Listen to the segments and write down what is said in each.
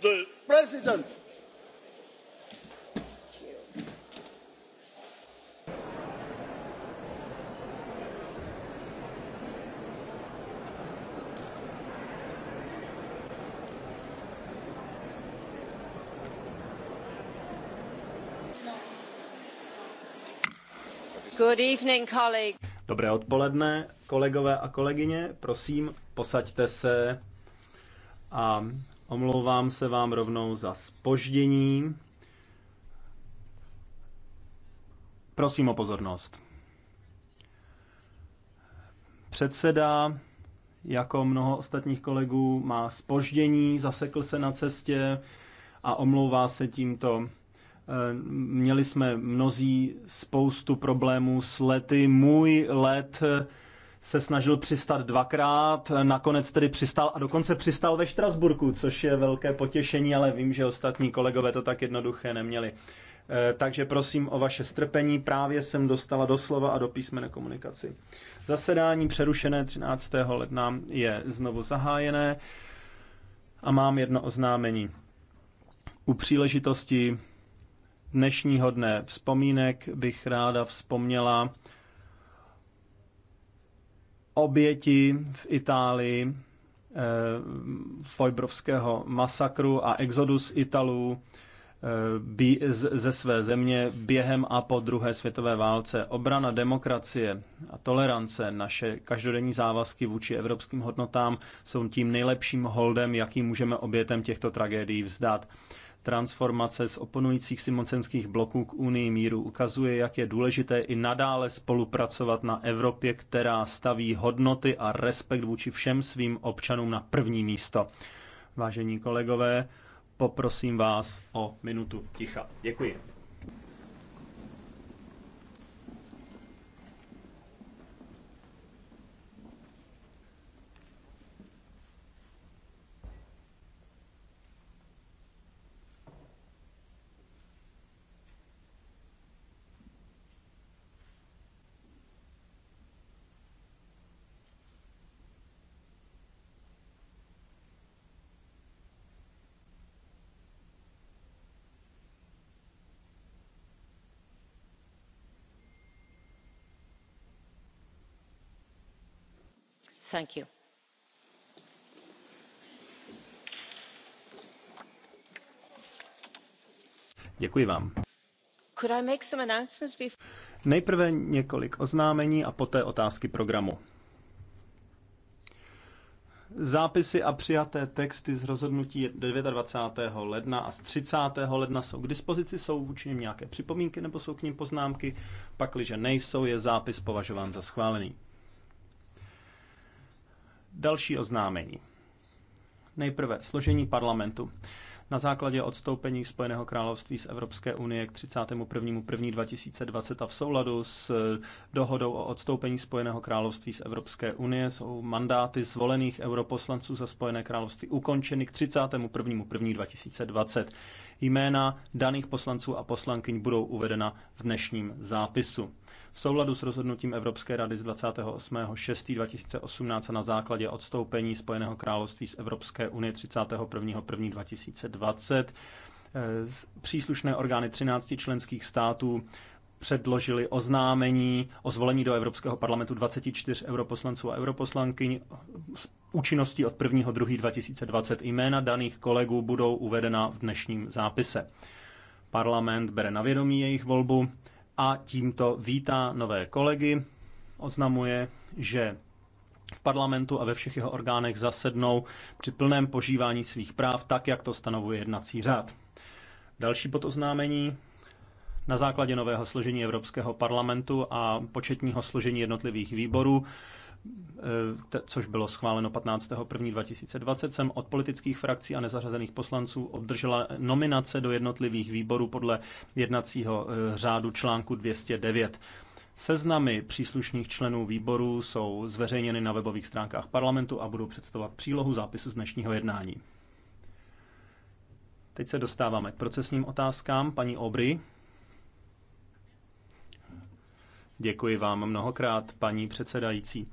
the president. Good evening, colleague. Dobré odpoledne, kolegové a kolegyně. Prosím, posaďte se a Omlouvám se vám rovnou za spoždění. Prosím o pozornost. Předseda, jako mnoho ostatních kolegů, má spoždění, zasekl se na cestě a omlouvá se tímto Měli jsme mnozí spoustu problémů s lety. Můj let se snažil přistat dvakrát, nakonec tedy přistál a dokonce přistál ve Štrasburku, což je velké potěšení, ale vím, že ostatní kolegové to tak jednoduché neměli. Eh, takže prosím o vaše strpení, právě jsem dostala doslova a do písmene komunikaci. Zasedání přerušené 13. ledna je znovu zahájené a mám jedno oznámení. U příležitosti dnešního dne vzpomínek bych ráda vzpomněla oběti v Itálii eh, Fojbrovského masakru a exodus Italů eh, ze své země během a po druhé světové válce. Obrana demokracie a tolerance, naše každodenní závazky vůči evropským hodnotám jsou tím nejlepším holdem, jaký můžeme obětem těchto tragédií vzdát transformace z oponujících si mocenských bloků k Unii míru ukazuje, jak je důležité i nadále spolupracovat na Evropě, která staví hodnoty a respekt vůči všem svým občanům na první místo. Vážení kolegové, poprosím vás o minutu ticha. Děkuji. Děkuji vám. Nejprve několik oznámení a poté otázky programu. Zápisy a přijaté texty z rozhodnutí 29. ledna a z 30. ledna jsou k dispozici, jsou vůči nim nějaké připomínky nebo jsou k nim poznámky, pakliže nejsou, je zápis považován za schválený. Další oznámení. Nejprve složení parlamentu. Na základě odstoupení Spojeného království z Evropské unie k 31.1.2020 a v souladu s eh, dohodou o odstoupení Spojeného království z Evropské unie jsou mandáty zvolených europoslanců za Spojené království ukončeny k 31.1.2020. Jména daných poslanců a poslankyň budou uvedena v dnešním zápisu. V souladu s rozhodnutím Evropské rady z 28.6.2018 na základě odstoupení Spojeného království z Evropské unie 31.1.2020 eh, příslušné orgány 13 členských států předložili oznámení o zvolení do Evropského parlamentu 24 europoslanců a europoslankyň s účinností od 1.2.2020. Jména daných kolegů budou uvedena v dnešním zápise. Parlament bere na vědomí jejich volbu a tímto vítá nové kolegy. Oznamuje, že v parlamentu a ve všech jeho orgánech zasednou při plném požívání svých práv, tak jak to stanovuje jednací řád. Další podoznámení. Na základě nového složení Evropského parlamentu a početního složení jednotlivých výborů Eh, což bylo schváleno 15.1.2020, jsem od politických frakcí a nezařazených poslanců obdržela nominace do jednotlivých výborů podle jednacího eh, řádu článku 209. Seznamy příslušných členů výborů jsou zveřejněny na webových stránkách parlamentu a budou představovat přílohu zápisu z dnešního jednání. Teď se dostáváme k procesním otázkám. Paní Obry. Děkuji vám mnohokrát, paní předsedající.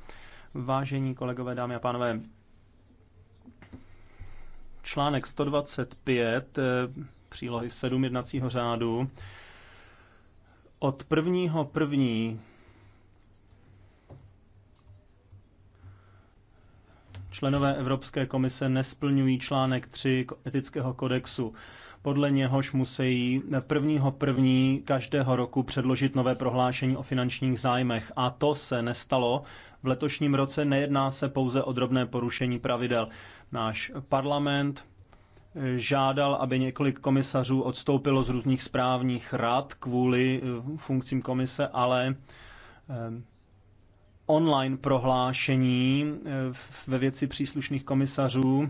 Vážení kolegové, dámy a pánové, článek 125 eh, přílohy 7 jednacího řádu od prvního první členové Evropské komise nesplňují článek 3 etického kodexu podle něhož musí prvního první každého roku předložit nové prohlášení o finančních zájmech. A to se nestalo. V letošním roce nejedná se pouze o drobné porušení pravidel. Náš parlament eh, žádal, aby několik komisařů odstoupilo z různých správních rad kvůli eh, funkcím komise, ale eh, online prohlášení ve věci příslušných komisařů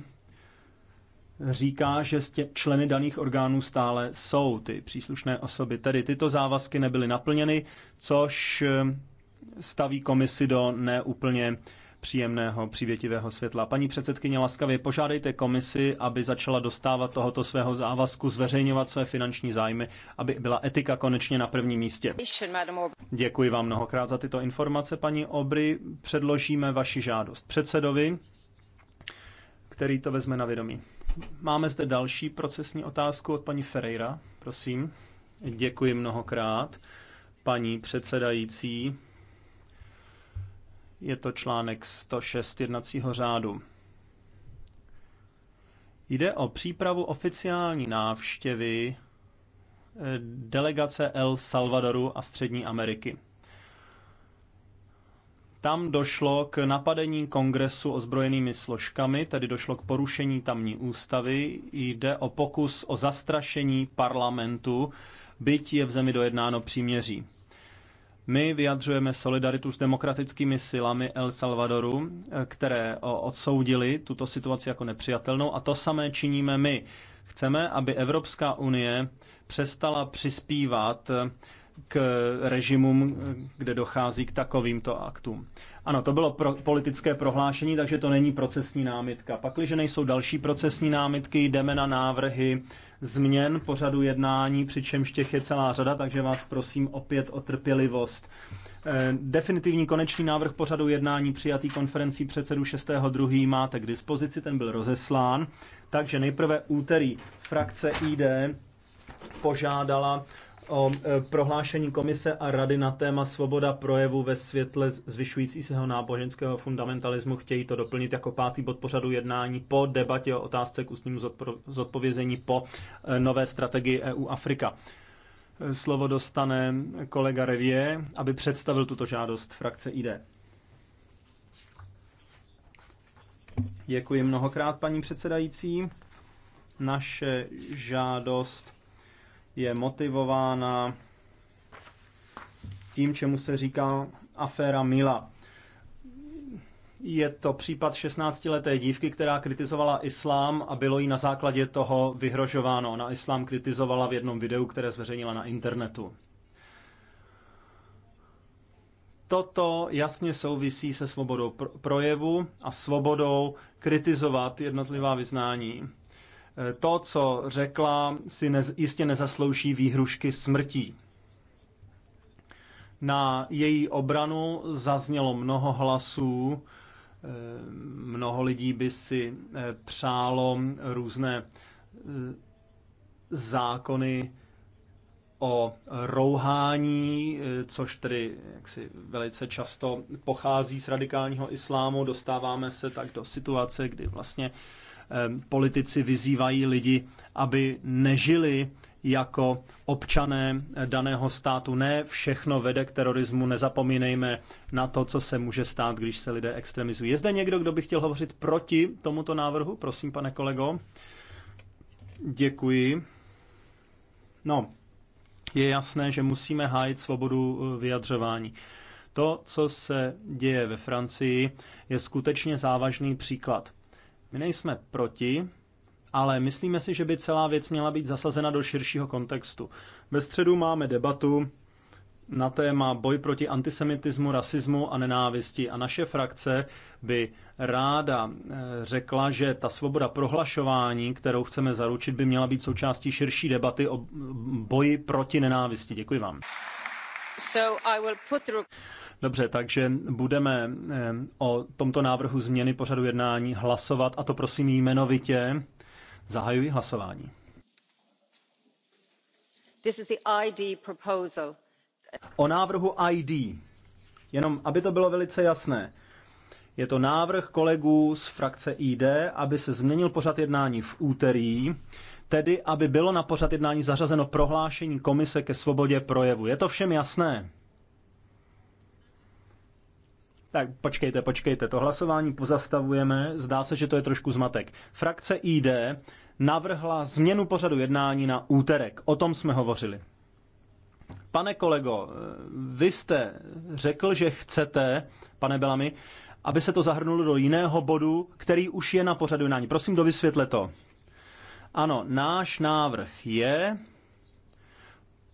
říká, že členy daných orgánů stále jsou ty příslušné osoby. Tedy tyto závazky nebyly naplněny, což eh, staví komisi do neúplně příjemného, přívětivého světla. Paní předsedkyně laskavě požádejte komisi, aby začala dostávat tohoto svého závazku, zveřejňovat své finanční zájmy, aby byla etika konečně na prvním místě. Děkuji vám mnohokrát za tyto informace, paní Obry. Předložíme vaši žádost předsedovi, který to vezme na vědomí. Máme zde další procesní otázku od paní Ferreira, prosím. Děkuji mnohokrát, paní předsedající. Je to článek 106 jednacího řádu. Jde o přípravu oficiální návštěvy eh, delegace El Salvadoru a Střední Ameriky. Tam došlo k napadení kongresu ozbrojenými složkami, tedy došlo k porušení tamní ústavy. Jde o pokus o zastrašení parlamentu, byť je v zemi dojednáno příměří. My vyjadřujeme solidaritu s demokratickými silami El Salvadoru, které odsoudili tuto situaci jako nepřijatelnou a to samé činíme my. Chceme, aby Evropská unie přestala přispívat k režimům, kde dochází k takovýmto aktům. Ano, to bylo pro, politické prohlášení, takže to není procesní námitka. Pakliže nejsou další procesní námitky, jdeme na návrhy změn pořadu jednání, přičemž těch je celá řada, takže vás prosím opět o trpělivost. Eh, definitivní konečný návrh pořadu jednání přijatý konferencí předsedu 6.2. máte k dispozici, ten byl rozeslán. Takže nejprve úterý frakce ID požádala o e, prohlášení komise a rady na téma svoboda projevu ve světle zvyšujícího náboženského fundamentalismu. Chtějí to doplnit jako pátý bod pořadu jednání po debatě o otázce k ústnímu zodpovězení po e, nové strategii EU Afrika. E, slovo dostane kolega Revie, aby představil tuto žádost frakce ID. Děkuji mnohokrát, paní předsedající. Naše žádost je motivována tím, čemu se říká aféra Mila. Je to případ 16-leté dívky, která kritizovala islám a bylo jí na základě toho vyhrožováno. Ona islám kritizovala v jednom videu, které zveřejnila na internetu. Toto jasně souvisí se svobodou projevu a svobodou kritizovat jednotlivá vyznání. To, co řekla, si nez, jistě nezaslouží výhrušky smrtí. Na její obranu zaznělo mnoho hlasů, eh, mnoho lidí by si eh, přálo různé eh, zákony o rouhání, což tedy jaksi velice často pochází z radikálního islámu. Dostáváme se tak do situace, kdy vlastně politici vyzývají lidi, aby nežili jako občané eh, daného státu. Ne všechno vede k terorismu, nezapomínejme na to, co se může stát, když se lidé extremizují. Je zde někdo, kdo by chtěl hovořit proti tomuto návrhu? Prosím, pane kolego. Děkuji. No, je jasné, že musíme hájit svobodu eh, vyjadřování. To, co se děje ve Francii, je skutečně závažný příklad. My nejsme proti, ale myslíme si, že by celá věc měla být zasazena do širšího kontextu. Ve středu máme debatu na téma boj proti antisemitismu, rasismu a nenávisti. A naše frakce by ráda eh, řekla, že ta svoboda prohlašování, kterou chceme zaručit, by měla být součástí širší debaty o boji proti nenávisti. Děkuji vám. So I will put the... Dobře, takže budeme eh, o tomto návrhu změny pořadu jednání hlasovat, a to prosím jmenovitě. Zahajuji hlasování. This is the ID proposal. O návrhu ID. Jenom, aby to bylo velice jasné. Je to návrh kolegů z frakce ID, aby se změnil pořad jednání v úterý, tedy aby bylo na pořad jednání zařazeno prohlášení Komise ke svobodě projevu. Je to všem jasné? Tak počkejte, počkejte, to hlasování pozastavujeme, zdá se, že to je trošku zmatek. Frakce ID navrhla změnu pořadu jednání na úterek, o tom jsme hovořili. Pane kolego, vy jste řekl, že chcete, pane Belami, aby se to zahrnulo do jiného bodu, který už je na pořadu jednání. Prosím, dovysvětle to. Ano, náš návrh je,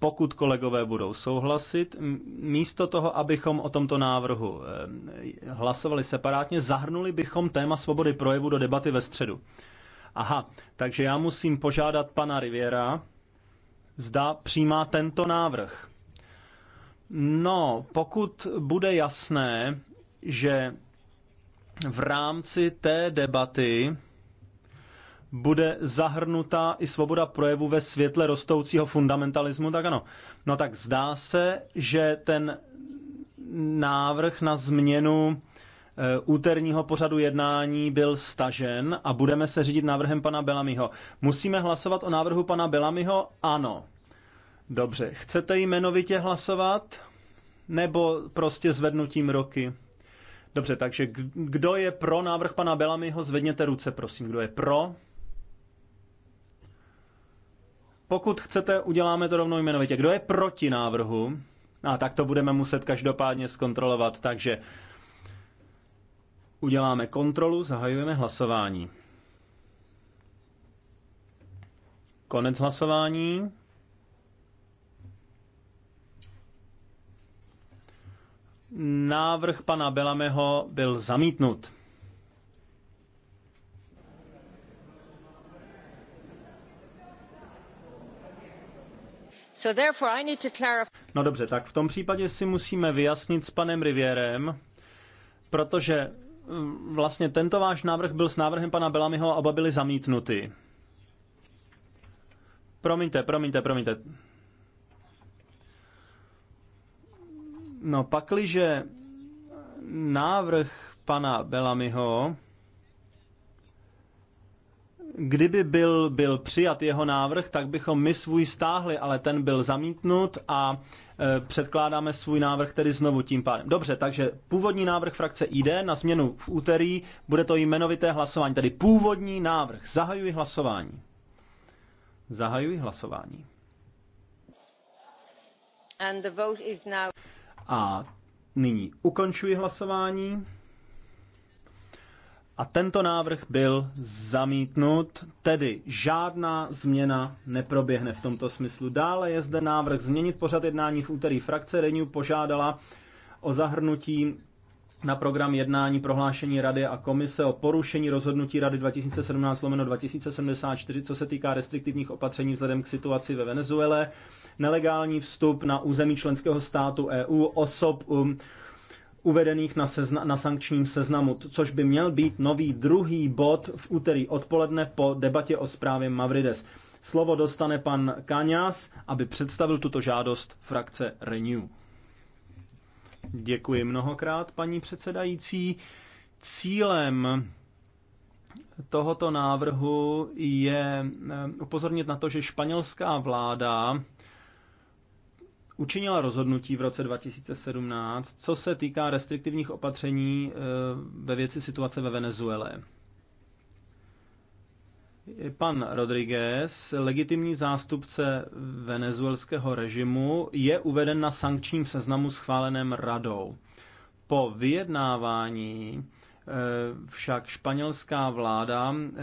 pokud kolegové budou souhlasit, místo toho, abychom o tomto návrhu eh, hlasovali separátně, zahrnuli bychom téma svobody projevu do debaty ve středu. Aha, takže já musím požádat pana Riviera, zda přijímá tento návrh. No, pokud bude jasné, že v rámci té debaty bude zahrnuta i svoboda projevu ve světle rostoucího fundamentalismu, tak ano. No tak zdá se, že ten návrh na změnu eh, úterního pořadu jednání byl stažen a budeme se řídit návrhem pana Belamiho. Musíme hlasovat o návrhu pana Belamiho? Ano. Dobře, chcete jmenovitě hlasovat? Nebo prostě zvednutím roky? Dobře, takže kdo je pro návrh pana Belamiho, zvedněte ruce, prosím. Kdo je pro? Pokud chcete, uděláme to rovnou jmenovitě. Kdo je proti návrhu? A tak to budeme muset každopádně zkontrolovat, takže uděláme kontrolu, zahajujeme hlasování. Konec hlasování. Návrh pana Belameho byl zamítnut. No dobře, tak v tom případě si musíme vyjasnit s panem Rivierem, protože mm, vlastně tento váš návrh byl s návrhem pana Belamiho a oba byly zamítnuty. Promiňte, promiňte, promiňte. No pakliže návrh pana Belamiho kdyby byl, byl přijat jeho návrh, tak bychom my svůj stáhli, ale ten byl zamítnut a e, předkládáme svůj návrh tedy znovu tím pádem. Dobře, takže původní návrh frakce ID na změnu v úterý, bude to jmenovité hlasování, tedy původní návrh. Zahajuji hlasování. Zahajuji hlasování. And the vote is now... A nyní ukončuji hlasování a tento návrh byl zamítnut, tedy žádná změna neproběhne v tomto smyslu. Dále je zde návrh změnit pořad jednání v úterý. Frakce Renew požádala o zahrnutí na program jednání prohlášení Rady a Komise o porušení rozhodnutí Rady 2017-2074, co se týká restriktivních opatření vzhledem k situaci ve Venezuele, nelegální vstup na území členského státu EU osob um, uvedených na, sezna, na sankčním seznamu, což by měl být nový druhý bod v úterý odpoledne po debatě o zprávě Mavrides. Slovo dostane pan Kaňas, aby představil tuto žádost frakce Renew. Děkuji mnohokrát, paní předsedající. Cílem tohoto návrhu je eh, upozornit na to, že španělská vláda učinila rozhodnutí v roce 2017, co se týká restriktivních opatření eh, ve věci situace ve Venezuele. Pan Rodriguez, legitimní zástupce venezuelského režimu, je uveden na sankčním seznamu schváleném radou. Po vyjednávání Eh, však španělská vláda eh,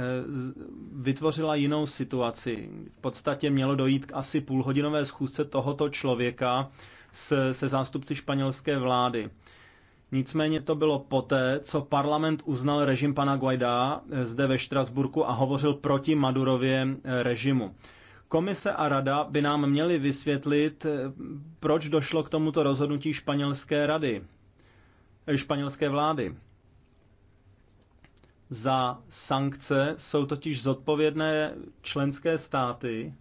vytvořila jinou situaci. V podstatě mělo dojít k asi půlhodinové schůzce tohoto člověka se, se zástupci španělské vlády. Nicméně to bylo poté, co parlament uznal režim pana Guaidá eh, zde ve Štrasburku a hovořil proti Madurově režimu. Komise a rada by nám měly vysvětlit, proč došlo k tomuto rozhodnutí španělské rady, španělské vlády za sankce jsou totiž zodpovědné členské státy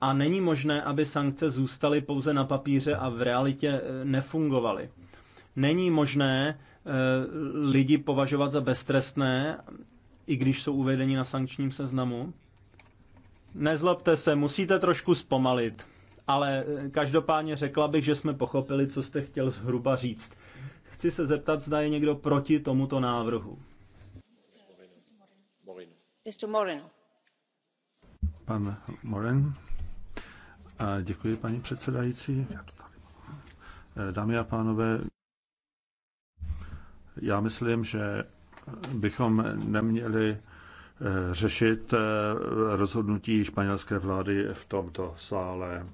a není možné, aby sankce zůstaly pouze na papíře a v realitě eh, nefungovaly. Není možné eh, lidi považovat za beztrestné, i když jsou uvedeni na sankčním seznamu. Nezlobte se, musíte trošku zpomalit. Ale eh, každopádně řekla bych, že jsme pochopili, co jste chtěl zhruba říct. Chci se zeptat, zda je někdo proti tomuto návrhu. Moreno. Pan Moren. A děkuji, paní předsedající. Dámy a pánové, já myslím, že bychom neměli eh, řešit eh, rozhodnutí španělské vlády v tomto sále.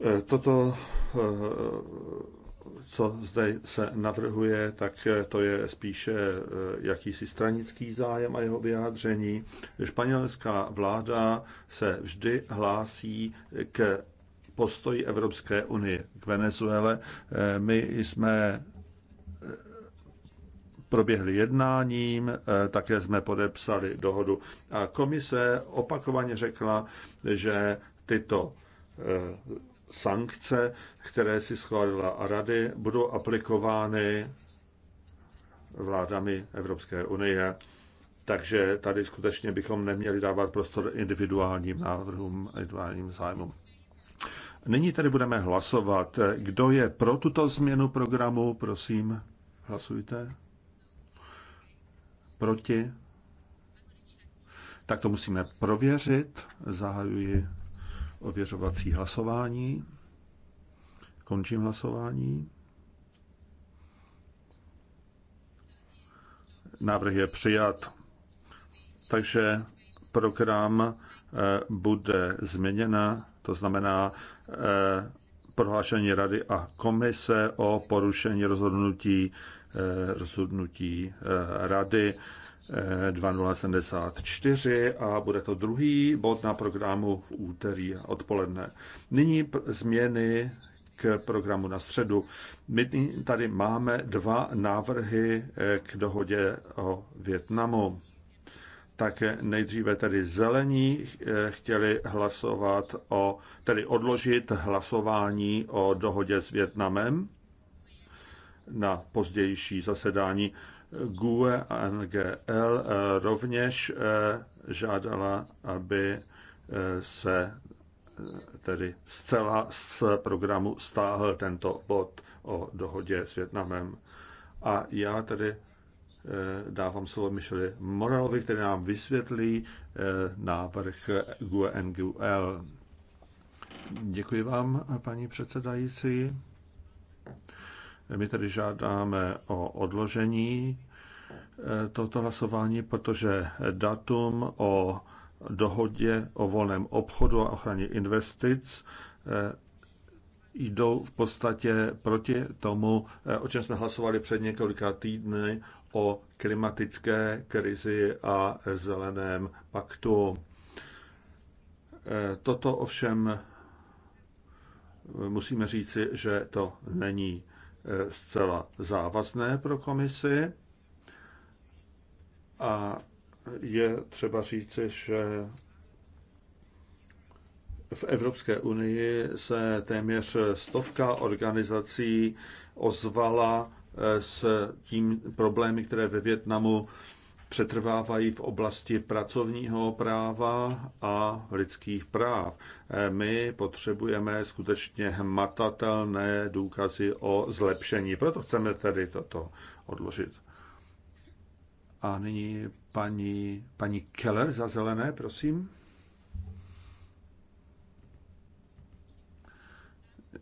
Eh, toto co zde se navrhuje, tak to je spíše eh, jakýsi stranický zájem a jeho vyjádření. Španělská vláda se vždy hlásí k postoji Evropské unie k Venezuele. Eh, my jsme eh, proběhli jednáním, také jsme podepsali dohodu. A komise opakovaně řekla, že tyto sankce, které si schválila Rady, budou aplikovány vládami Evropské unie. Takže tady skutečně bychom neměli dávat prostor individuálním návrhům, individuálním zájmům. Nyní tedy budeme hlasovat. Kdo je pro tuto změnu programu, prosím, hlasujte. Proti? Tak to musíme prověřit. Zahajuji ověřovací hlasování. Končím hlasování. Návrh je přijat. Takže program eh, bude změněna, to znamená eh, prohlášení Rady a komise o porušení rozhodnutí, eh, rozhodnutí Rady 2074 eh, a bude to druhý bod na programu v úterý odpoledne. Nyní změny k programu na středu. My tady máme dva návrhy eh, k dohodě o Větnamu. Tak nejdříve tedy zelení eh, chtěli hlasovat o, tedy odložit hlasování o dohodě s Větnamem na pozdější zasedání. GUE a NGL eh, rovněž eh, žádala, aby eh, se tedy zcela z programu stáhl tento bod o dohodě s Větnamem. A já tedy dávám slovo Micheli Morelovi, který nám vysvětlí návrh GUE NGL. Děkuji vám, paní předsedající. My tedy žádáme o odložení Eh, toto hlasování, protože datum o dohodě o volném obchodu a ochraně investic eh, jdou v podstatě proti tomu, eh, o čem jsme hlasovali před několika týdny o klimatické krizi a zeleném paktu. Toto ovšem musíme říci, že to není zcela závazné pro komisi a je třeba říci, že v Evropské unii se téměř stovka organizací ozvala eh, s tím problémy, které ve Větnamu přetrvávají v oblasti pracovního práva a lidských práv. Eh, my potřebujeme skutečně hmatatelné důkazy o zlepšení, proto chceme tedy toto odložit. A nyní paní, paní Keller za zelené, prosím.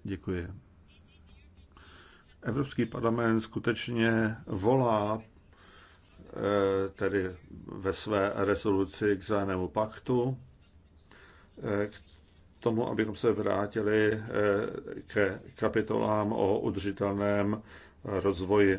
Děkuji. Evropský parlament skutečně volá eh, tedy ve své rezoluci k zelenému paktu, eh, k tomu, abychom se vrátili eh, ke kapitolám o udržitelném rozvoji.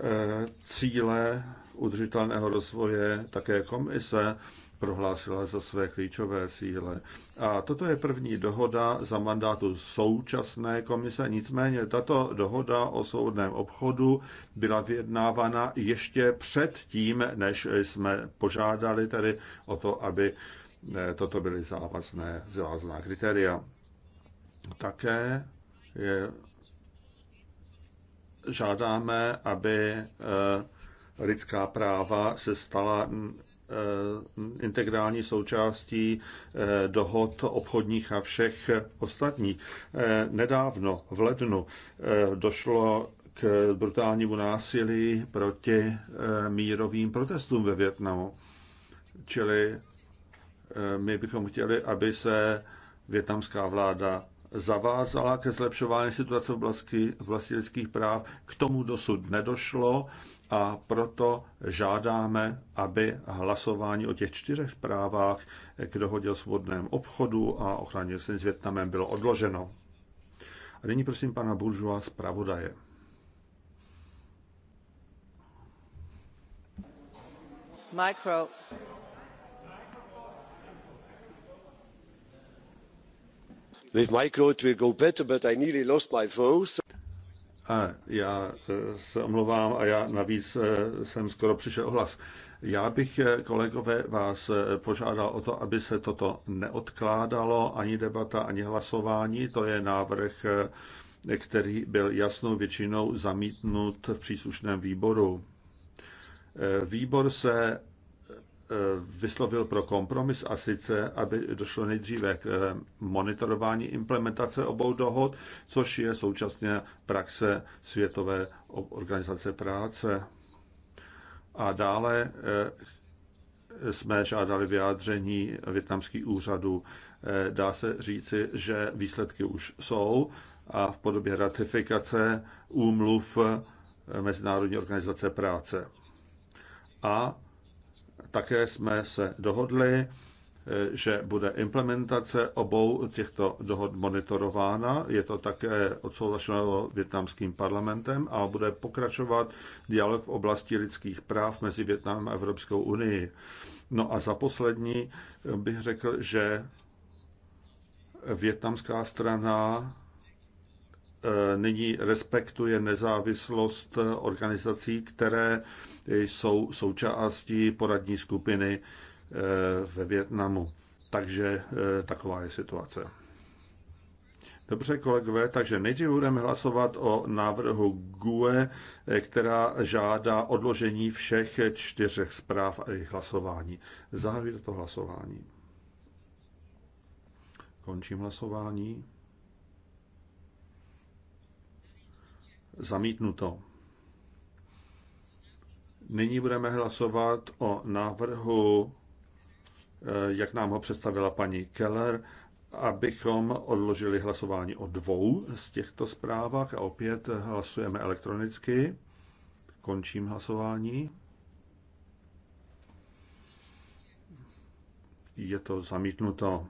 Eh, cíle udržitelného rozvoje také komise prohlásila za své klíčové síle. A toto je první dohoda za mandátu současné komise, nicméně tato dohoda o soudném obchodu byla vyjednávána ještě před tím, než jsme požádali tedy o to, aby eh, toto byly závazné, závazná kritéria. Také je žádáme, aby eh, lidská práva se stala mm, eh, integrální součástí eh, dohod obchodních a všech ostatních. Nedávno, v lednu, došlo k brutálnímu násilí proti mírovým protestům ve Větnamu. Čili my bychom chtěli, aby se větnamská vláda zavázala ke zlepšování situace v oblasti vlastnických práv. K tomu dosud nedošlo a proto žádáme, aby hlasování o těch čtyřech zprávách k dohodě o svobodném obchodu a ochraně se s Větnamem bylo odloženo. A nyní prosím pana Buržova zpravodaje. Micro. A já e, se omlouvám a já navíc e, jsem skoro přišel hlas. Já bych, e, kolegové, vás požádal o to, aby se toto neodkládalo, ani debata, ani hlasování. To je návrh, který byl jasnou většinou zamítnut v příslušném výboru. Výbor se Eh, vyslovil pro kompromis a sice, aby došlo nejdříve k eh, monitorování implementace obou dohod, což je současně praxe Světové organizace práce. A dále eh, jsme žádali vyjádření větnamských úřadů. Dá se říci, že výsledky už jsou a v podobě ratifikace úmluv Mezinárodní organizace práce. A také jsme se dohodli, eh, že bude implementace obou těchto dohod monitorována. Je to také odsouhlašeno větnamským parlamentem a bude pokračovat dialog v oblasti lidských práv mezi Větnamem a Evropskou unii. No a za poslední bych řekl, že větnamská strana Eh, nyní respektuje nezávislost organizací, které jsou součástí poradní skupiny eh, ve Větnamu. Takže eh, taková je situace. Dobře, kolegové, takže nejdřív budeme hlasovat o návrhu GUE, která žádá odložení všech čtyřech zpráv a jejich hlasování. Zahajuji toto hlasování. Končím hlasování. Zamítnuto. Nyní budeme hlasovat o návrhu, eh, jak nám ho představila paní Keller, abychom odložili hlasování o dvou z těchto zprávách a opět hlasujeme elektronicky. Končím hlasování. Je to zamítnuto.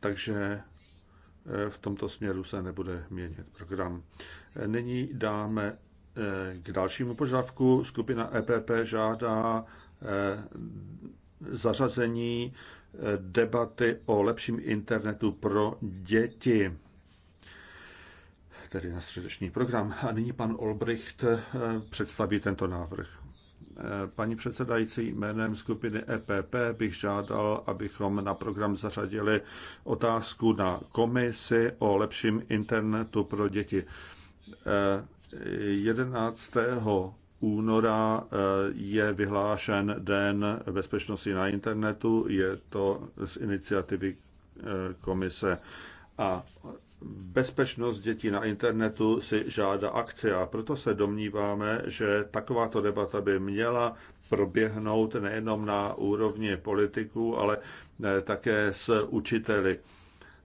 Takže eh, v tomto směru se nebude měnit program. Nyní dáme eh, k dalšímu požadavku. Skupina EPP žádá eh, zařazení eh, debaty o lepším internetu pro děti, tedy na středeční program. A nyní pan Olbricht představí tento návrh. Paní předsedající, jménem skupiny EPP bych žádal, abychom na program zařadili otázku na komisi o lepším internetu pro děti. 11. Eh, února eh, je vyhlášen Den bezpečnosti na internetu, je to z iniciativy eh, komise. A bezpečnost dětí na internetu si žádá akce a proto se domníváme, že takováto debata by měla proběhnout nejenom na úrovni politiků, ale také s učiteli.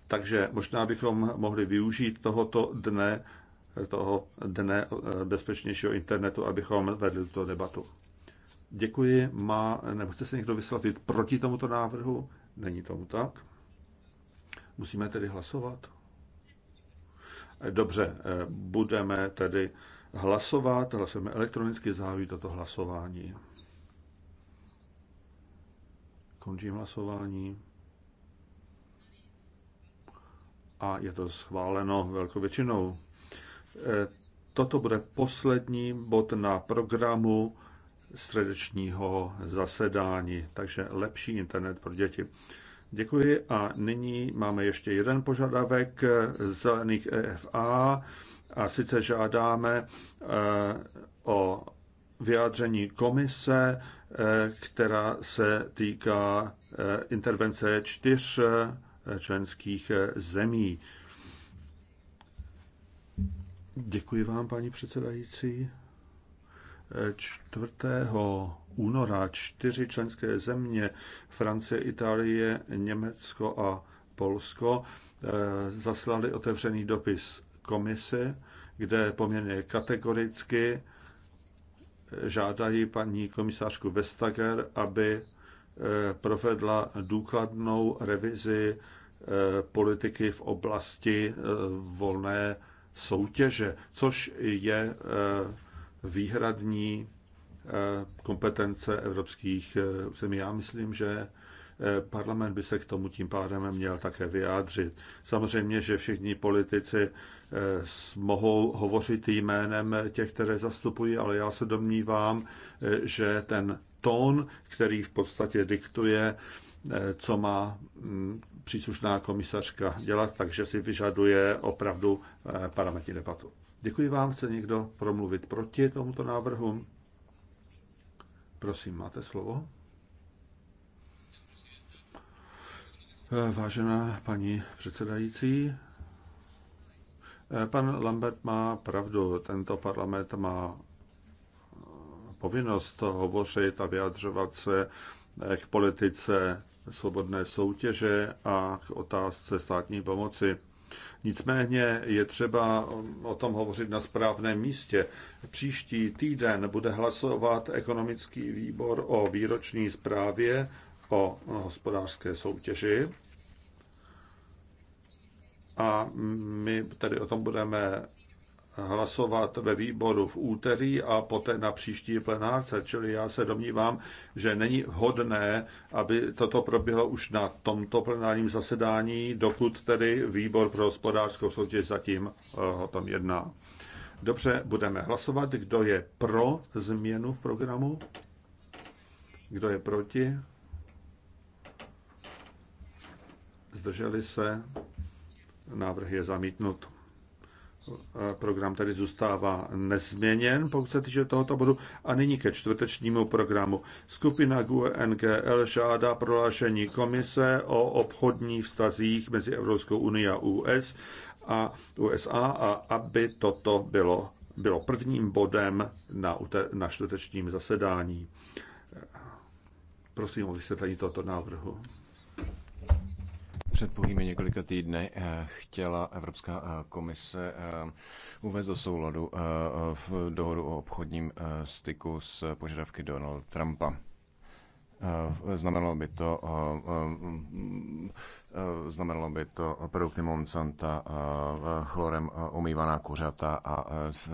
Takže možná bychom mohli využít tohoto dne toho dne eh, bezpečnějšího internetu, abychom vedli tuto debatu. Děkuji. Má, nebo chce se někdo vyslatit proti tomuto návrhu? Není tomu tak. Musíme tedy hlasovat. Eh, dobře, eh, budeme tedy hlasovat. Hlasujeme elektronicky, zahájí toto hlasování. Končím hlasování. A je to schváleno velkou většinou. Eh, toto bude poslední bod na programu středečního zasedání, takže lepší internet pro děti. Děkuji a nyní máme ještě jeden požadavek z zelených EFA a sice žádáme eh, o vyjádření komise, eh, která se týká intervence čtyř členských zemí. Děkuji vám, paní předsedající. 4. února čtyři členské země Francie, Itálie, Německo a Polsko eh, zaslali otevřený dopis komisi, kde poměrně kategoricky žádají paní komisářku Vestager, aby eh, provedla důkladnou revizi eh, politiky v oblasti volné soutěže, což je eh, výhradní eh, kompetence evropských eh, zemí. Já myslím, že parlament by se k tomu tím pádem měl také vyjádřit. Samozřejmě, že všichni politici mohou hovořit jménem těch, které zastupují, ale já se domnívám, že ten tón, který v podstatě diktuje, co má mm, příslušná komisařka dělat, takže si vyžaduje opravdu eh, parametní debatu. Děkuji vám. Chce někdo promluvit proti tomuto návrhu? Prosím, máte slovo. Eh, vážená paní předsedající, eh, pan Lambert má pravdu. Tento parlament má povinnost hovořit a vyjadřovat se k politice svobodné soutěže a k otázce státní pomoci. Nicméně je třeba o tom hovořit na správném místě. Příští týden bude hlasovat ekonomický výbor o výroční zprávě o hospodářské soutěži. A my tady o tom budeme hlasovat ve výboru v úterý a poté na příští plenárce. Čili já se domnívám, že není vhodné, aby toto proběhlo už na tomto plenárním zasedání, dokud tedy výbor pro hospodářskou soutěž zatím eh, o tom jedná. Dobře, budeme hlasovat. Kdo je pro změnu v programu? Kdo je proti? Zdrželi se? Návrh je zamítnut program tedy zůstává nezměněn, pokud se týče tohoto bodu. A nyní ke čtvrtečnímu programu. Skupina GUNGL e žádá prohlášení komise o obchodních vztazích mezi Evropskou unii a US a USA a aby toto bylo, bylo prvním bodem na, na čtvrtečním zasedání. Prosím o vysvětlení tohoto návrhu. Před pohými několika týdny eh, chtěla Evropská eh, komise eh, uvést do souladu v dohodu o obchodním styku s požadavky Donald Trumpa. Znamenalo by to Eh, znamenalo by to produkty Monsanta, eh, chlorem eh, umývaná kuřata a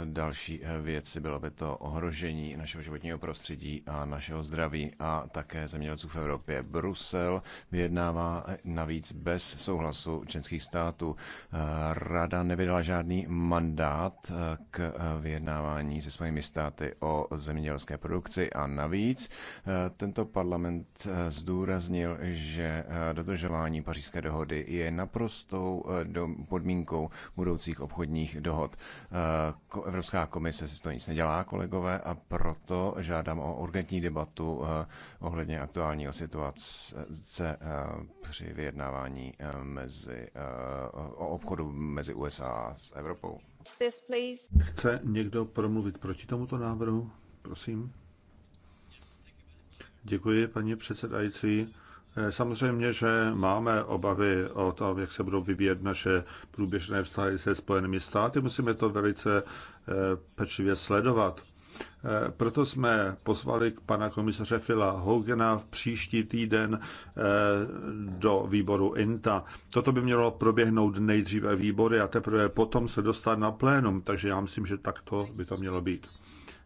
další věci. Bylo by to ohrožení našeho životního prostředí a našeho zdraví a také zemědělců v Evropě. Brusel vyjednává navíc bez souhlasu členských států. Rada nevydala žádný mandát k vyjednávání se svými státy o zemědělské produkci a navíc tento parlament zdůraznil, že dodržování Paří pařížské dohody je naprostou eh, podmínkou budoucích obchodních dohod. Eh, Evropská komise si to nic nedělá, kolegové, a proto žádám o urgentní debatu eh, ohledně aktuálního situace při vyjednávání mezi, o obchodu mezi USA a s Evropou. Chce někdo promluvit proti tomuto návrhu? Prosím. Děkuji, paní předsedající. Eh, samozřejmě, že máme obavy o to, jak se budou vyvíjet naše průběžné vztahy se Spojenými státy. Musíme to velice eh, pečlivě sledovat. Eh, proto jsme pozvali k pana komisaře Fila Hogena v příští týden do výboru INTA. Toto by mělo proběhnout nejdříve výbory a teprve potom se dostat na plénum, takže já myslím, že takto by to mělo být.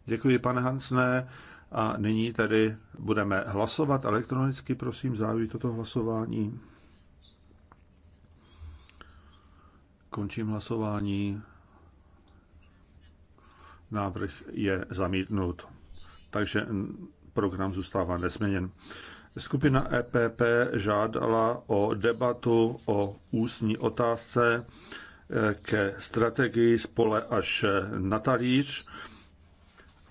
Děkuji, pane Hansné. A nyní tedy budeme hlasovat elektronicky, prosím, zájuji toto hlasování. Končím hlasování. Návrh je zamítnut. Takže program zůstává nesměněn. Skupina EPP žádala o debatu o ústní otázce e, ke strategii spole až na talíř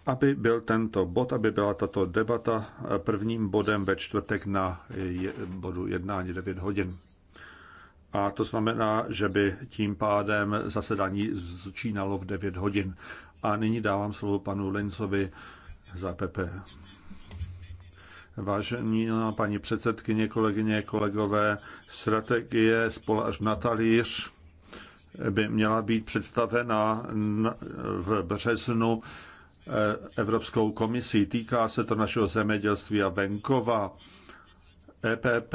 aby byl tento bod, aby byla tato debata prvním bodem ve čtvrtek na je, bodu jednání 9 hodin. A to znamená, že by tím pádem zasedání začínalo v 9 hodin. A nyní dávám slovo panu Lincovi za PP. Vážení paní předsedkyně, kolegyně, kolegové, strategie spol až na talíř by měla být představena v březnu Evropskou komisí. Týká se to našeho zemědělství a venkova EPP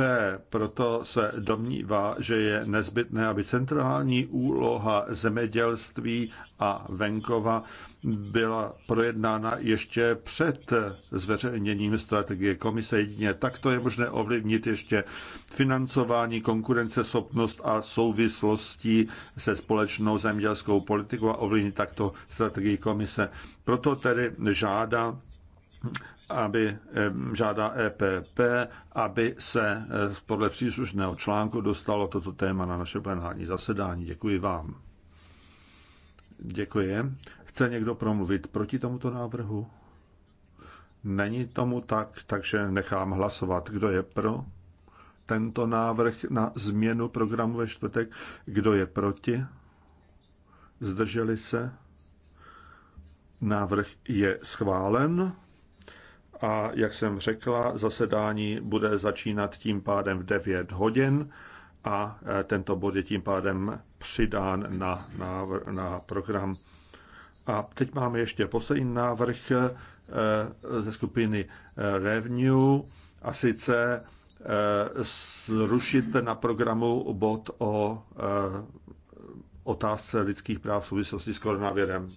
proto se domnívá, že je nezbytné, aby centrální úloha zemědělství a venkova byla projednána ještě před zveřejněním strategie komise. Jedině takto je možné ovlivnit ještě financování, konkurenceschopnost a souvislosti se společnou zemědělskou politikou a ovlivnit takto strategii komise. Proto tedy žádá aby žádá EPP, aby se eh, podle příslušného článku dostalo toto téma na naše plenární zasedání. Děkuji vám. Děkuji. Chce někdo promluvit proti tomuto návrhu? Není tomu tak, takže nechám hlasovat. Kdo je pro tento návrh na změnu programu ve čtvrtek? Kdo je proti? Zdrželi se? Návrh je schválen a jak jsem řekla, zasedání bude začínat tím pádem v 9 hodin a e, tento bod je tím pádem přidán na, na, na program. A teď máme ještě poslední návrh e, ze skupiny e, Revenue a sice zrušit na programu bod o otázce lidských práv v souvislosti s koronavirem.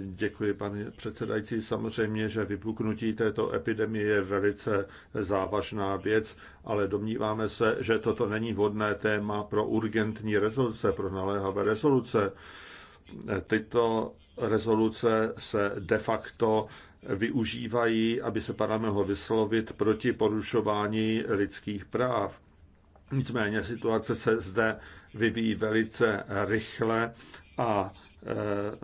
Děkuji, pane předsedající. Samozřejmě, že vypuknutí této epidemie je velice závažná věc, ale domníváme se, že toto není vhodné téma pro urgentní rezoluce, pro naléhavé rezoluce. Tyto rezoluce se de facto využívají, aby se pana mohl vyslovit proti porušování lidských práv. Nicméně situace se zde vyvíjí velice rychle a eh,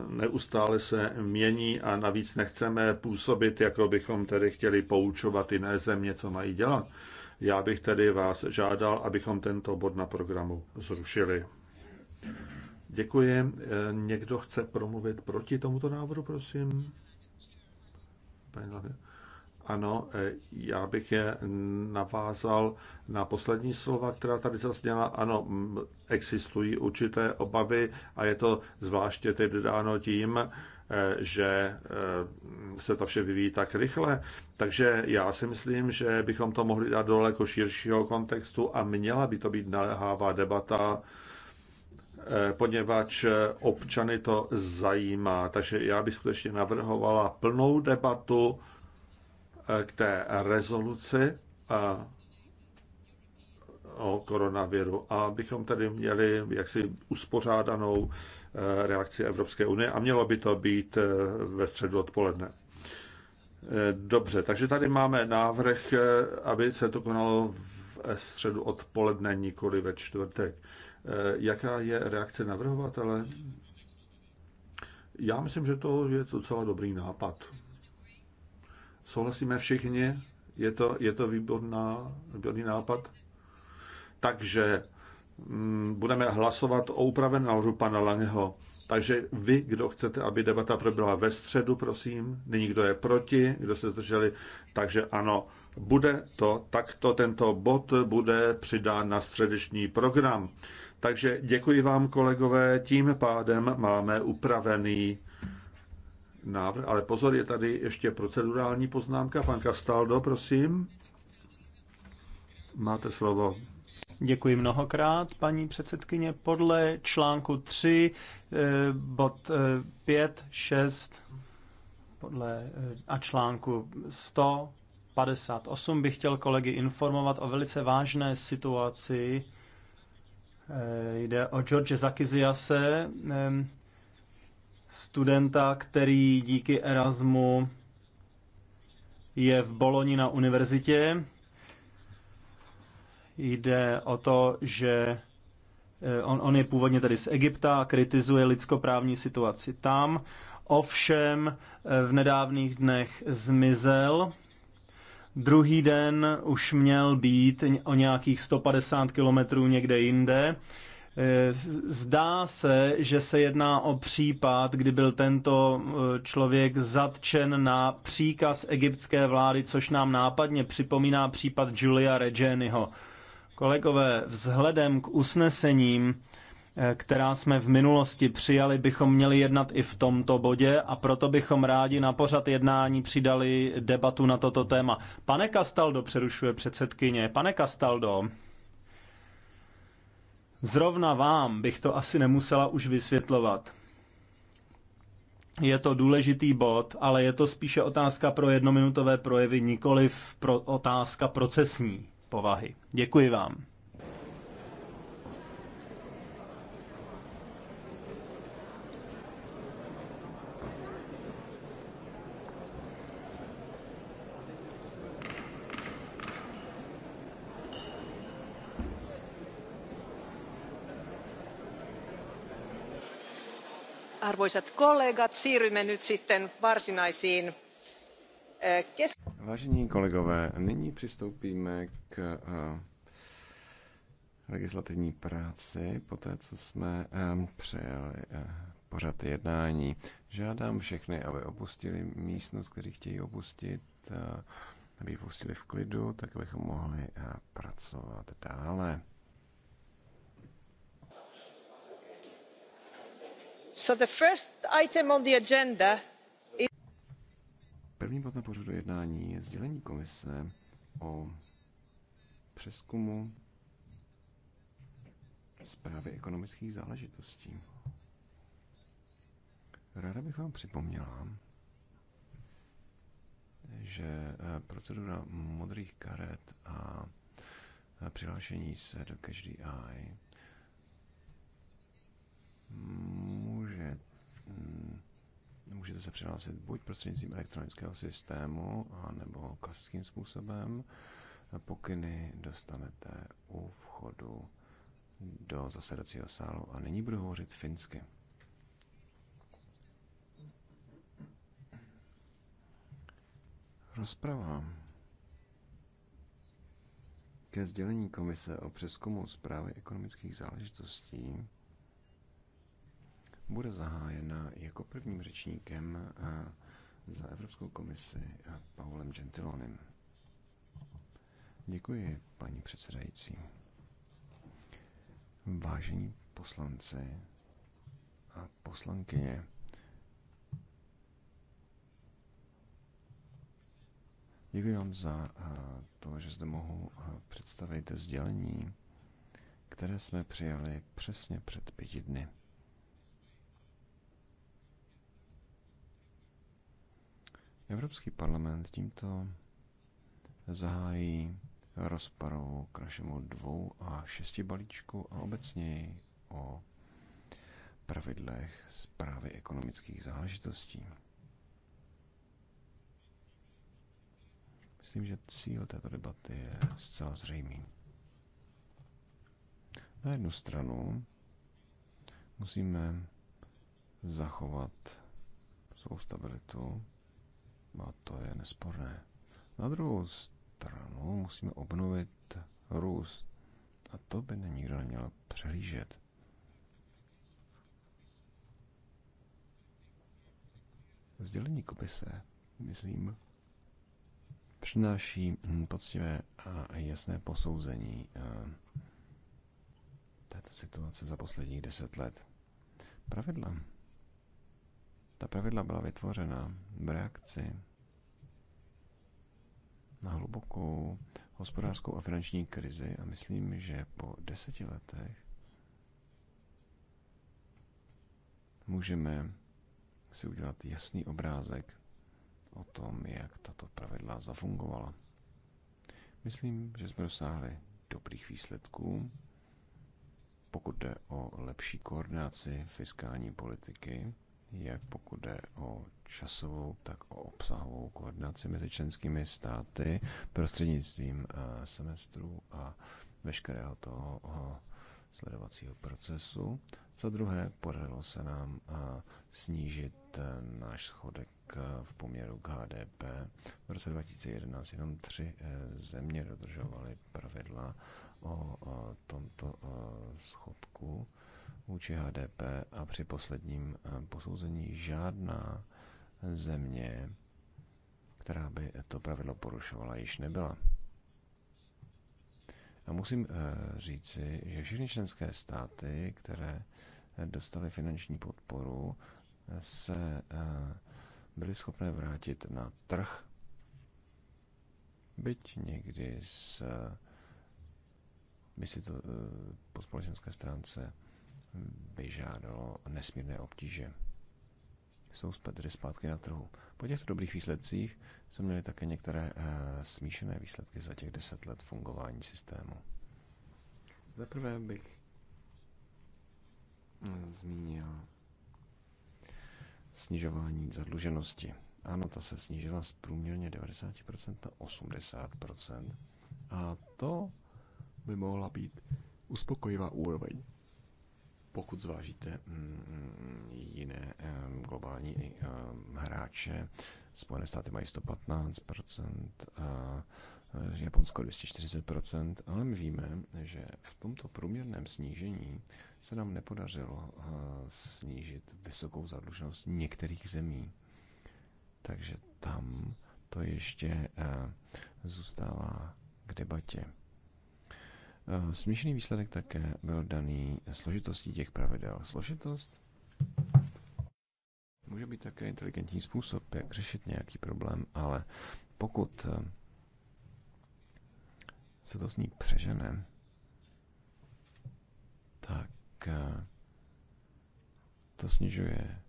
neustále se mění a navíc nechceme působit, jako bychom tedy chtěli poučovat jiné země, co mají dělat. Já bych tedy vás žádal, abychom tento bod na programu zrušili. Děkuji. Eh, někdo chce promluvit proti tomuto návrhu, prosím? Paní ano, e, já bych je navázal na poslední slova, která tady zazněla. Ano, existují určité obavy a je to zvláště teď dáno tím, e, že e, se to vše vyvíjí tak rychle. Takže já si myslím, že bychom to mohli dát do daleko jako širšího kontextu a měla by to být naléhává debata, poněvadž občany to zajímá. Takže já bych skutečně navrhovala plnou debatu, k té rezoluci a o koronaviru a bychom tady měli jaksi uspořádanou eh, reakci Evropské unie a mělo by to být eh, ve středu odpoledne. Eh, dobře, takže tady máme návrh, aby se to konalo v středu odpoledne, nikoli ve čtvrtek. Jaká je reakce navrhovatele? Já myslím, že to je docela dobrý nápad. Souhlasíme všichni? Je to, je to výborná, výborný nápad? Takže m, mm, budeme hlasovat o úpravě návrhu pana Langeho. Takže vy, kdo chcete, aby debata proběhla ve středu, prosím, není kdo je proti, kdo se zdrželi, takže ano, bude to takto, tento bod bude přidán na středeční program. Takže děkuji vám, kolegové, tím pádem máme upravený návrh, ale pozor, je tady ještě procedurální poznámka. Pan Castaldo, prosím. Máte slovo. Děkuji mnohokrát, paní předsedkyně. Podle článku 3, eh, bod 5, eh, 6 podle, eh, a článku 100, 58 bych chtěl kolegy informovat o velice vážné situaci. E, Jde o George Zakiziase, E, studenta, který díky Erasmu je v Boloni na univerzitě. Jde o to, že eh, on, on je původně tady z Egypta a kritizuje lidskoprávní situaci tam. Ovšem eh, v nedávných dnech zmizel. Druhý den už měl být o nějakých 150 kilometrů někde jinde Eh, zdá se, že se jedná o případ, kdy byl tento eh, člověk zatčen na příkaz egyptské vlády, což nám nápadně připomíná případ Julia Regeniho. Kolegové, vzhledem k usnesením, eh, která jsme v minulosti přijali, bychom měli jednat i v tomto bodě a proto bychom rádi na pořad jednání přidali debatu na toto téma. Pane Kastaldo přerušuje předsedkyně. Pane Kastaldo, Zrovna vám bych to asi nemusela už vysvětlovat. Je to důležitý bod, ale je to spíše otázka pro jednominutové projevy, nikoliv pro otázka procesní povahy. Děkuji vám. Arvoisat kollegat, siirrymme nyt sitten varsinaisiin eh, kes... Vážení kolegové, nyní přistoupíme k eh, legislativní práci, po té, co jsme eh, přejeli pořad jednání. Žádám všechny, aby opustili místnost, kteří chtějí opustit, aby ji opustili v klidu, tak abychom mohli pracovat dále. Prvním bodem pořadu jednání je sdělení komise o přeskumu zprávy ekonomických záležitostí. Ráda bych vám připomněla, že eh, procedura modrých karet a eh, přihlášení se do každý AI. Mm, můžete se přihlásit buď prostřednictvím elektronického systému, anebo klasickým způsobem. Pokyny dostanete u vchodu do zasedacího sálu a nyní budu hovořit finsky. Rozprava ke sdělení komise o přeskumu zprávy ekonomických záležitostí bude zahájena jako prvním řečníkem eh, za Evropskou komisi eh, Paulem Gentilonem. Děkuji, paní předsedající. Vážení poslanci a poslankyně, děkuji vám za eh, to, že zde mohu představit sdělení, které jsme přijali přesně před pěti dny. Evropský parlament tímto zahájí rozparovou krašemu dvou a šesti balíčku a obecně o pravidlech zprávy ekonomických záležitostí. Myslím, že cíl této debaty je zcela zřejmý. Na jednu stranu musíme zachovat svou stabilitu a to je nesporné. Na druhou stranu musíme obnovit růst. A to by nikdo neměl přehlížet. Sdělení komise, myslím, přináší hm, poctivé a jasné posouzení eh, této situace za posledních deset let. Pravidla ta pravidla byla vytvořena v reakci na hlubokou hospodářskou a finanční krizi a myslím, že po deseti letech můžeme si udělat jasný obrázek o tom, jak tato pravidla zafungovala. Myslím, že jsme dosáhli dobrých výsledků, pokud jde o lepší koordinaci fiskální politiky jak pokud jde o časovou, tak o obsahovou koordinaci mezi členskými státy prostřednictvím eh, semestru a veškerého toho eh, sledovacího procesu. Za druhé, podařilo se nám eh, snížit náš schodek v poměru k HDP. V roce 2011 jenom tři země dodržovaly pravidla o tomto schodku vůči HDP a při posledním eh, posouzení žádná země, která by to pravidlo porušovala, již nebyla. A musím eh, říci, že všechny členské státy, které eh, dostaly finanční podporu, se byly schopné vrátit na trh, byť někdy s, by si to po společenské stránce vyžádalo nesmírné obtíže. Jsou tedy zpátky na trhu. Po těchto dobrých výsledcích jsme měli také některé eh, smíšené výsledky za těch deset let fungování systému. Za prvé bych eh, zmínil snižování zadluženosti. Ano, ta se snížila z průměrně 90% na 80%. A to by mohla být uspokojivá úroveň pokud zvážíte mm, jiné globální hráče, Spojené státy mají 115%, e, Japonsko 240%, ale my víme, že v tomto průměrném snížení se nám nepodařilo e, snížit vysokou zadluženost některých zemí. Takže tam to ještě e, zůstává k debatě. Eh, Smíšený výsledek také byl daný složitostí těch pravidel. Složitost může být také inteligentní způsob, jak řešit nějaký problém, ale pokud eh, se to s ní přežene, tak eh, to snižuje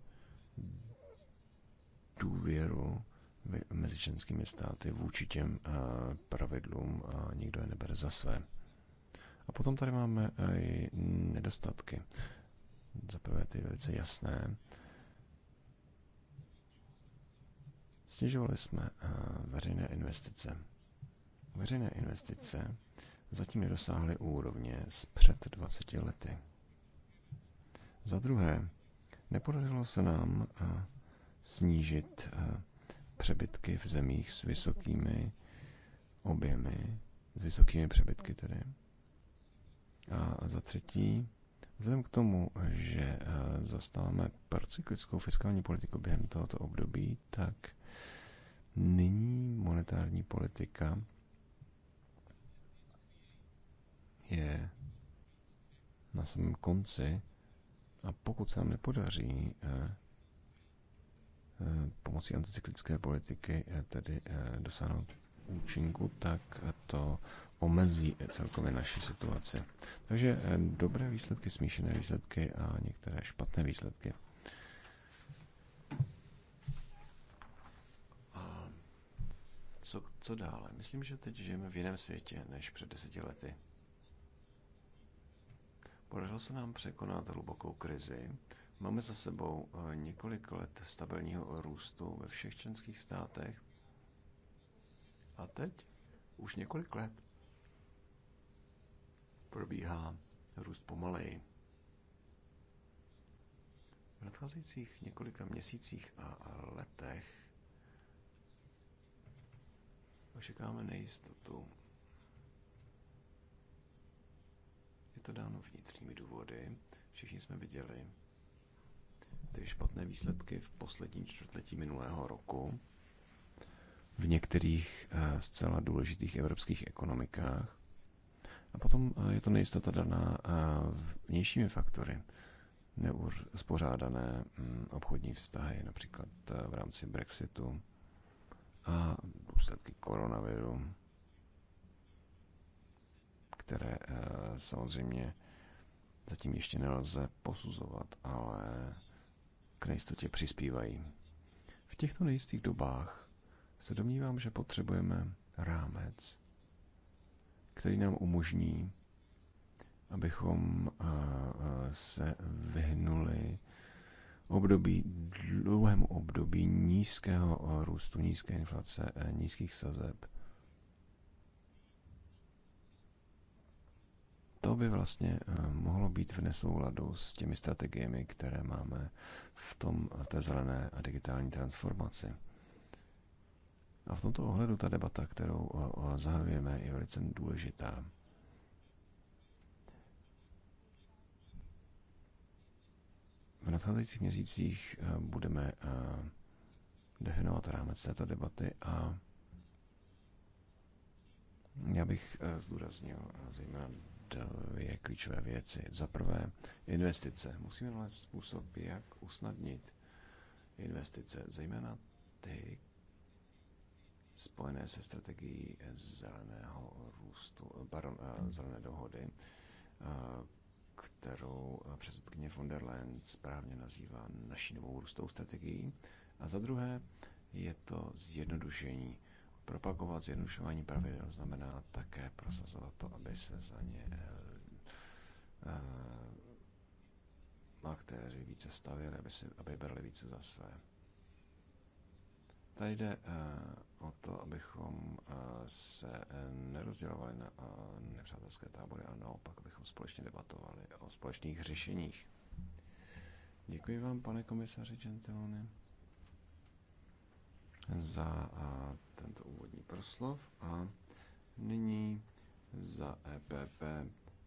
důvěru mezi členskými státy vůči těm pravidlům a nikdo je nebere za své. A potom tady máme eh, i nedostatky. Za prvé ty velice jasné. Snižovali jsme eh, veřejné investice. Veřejné investice zatím nedosáhly úrovně z před 20 lety. Za druhé, nepodařilo se nám eh, snížit přebytky v zemích s vysokými objemy, s vysokými přebytky tedy. A za třetí, vzhledem k tomu, že e, zastáváme procyklickou fiskální politiku během tohoto období, tak nyní monetární politika je na samém konci a pokud se nám nepodaří e, e, pomocí anticyklické politiky tedy dosáhnout účinku, tak to omezí celkově naši situaci. Takže eh, dobré výsledky, smíšené výsledky a některé špatné výsledky. A co, co dále? Myslím, že teď žijeme v jiném světě než před deseti lety. Podařilo se nám překonat hlubokou krizi. Máme za sebou eh, několik let stabilního růstu ve všech členských státech. A teď už několik let probíhá růst pomaleji. V nadcházejících několika měsících a letech očekáme nejistotu. Je to dáno vnitřními důvody. Všichni jsme viděli ty špatné výsledky v poslední čtvrtletí minulého roku v některých eh, zcela důležitých evropských ekonomikách. A potom eh, je to nejistota daná eh, vnějšími faktory, neuspořádané mm, obchodní vztahy, například eh, v rámci Brexitu a důsledky koronaviru, které samozřejmě zatím ještě nelze posuzovat, ale k nejistotě přispívají. V těchto nejistých dobách se domnívám, že potřebujeme rámec, který nám umožní, abychom eh, eh, se vyhnuli období, dlouhému období nízkého eh, růstu, nízké inflace, nízkých sazeb. To by vlastně mohlo být v nesouladu s těmi strategiemi, které máme v tom té zelené a digitální transformaci. A v tomto ohledu ta debata, kterou zahajujeme, je velice důležitá. V nadcházejících měsících e, budeme e, definovat rámec této debaty a já bych e, zdůraznil zejména dvě klíčové věci. Za prvé, investice. Musíme nalézt způsob, jak usnadnit investice, zejména ty, spojené se strategií zeleného růstu, eh, pardon, eh, zelené dohody, eh, kterou předsedkyně von der Leyen správně nazývá naší novou růstovou strategií. A za druhé je to zjednodušení. Propagovat zjednodušování pravidel znamená také prosazovat to, aby se za ně aktéři více stavěli, aby, si, aby brali více za své. Tady jde o to, abychom eh, se eh, nerozdělovali na eh, nepřátelské tábory, ale naopak, abychom společně debatovali o společných řešeních. Děkuji vám, pane komisaři Gentiloni, za tento úvodní proslov a nyní za EPP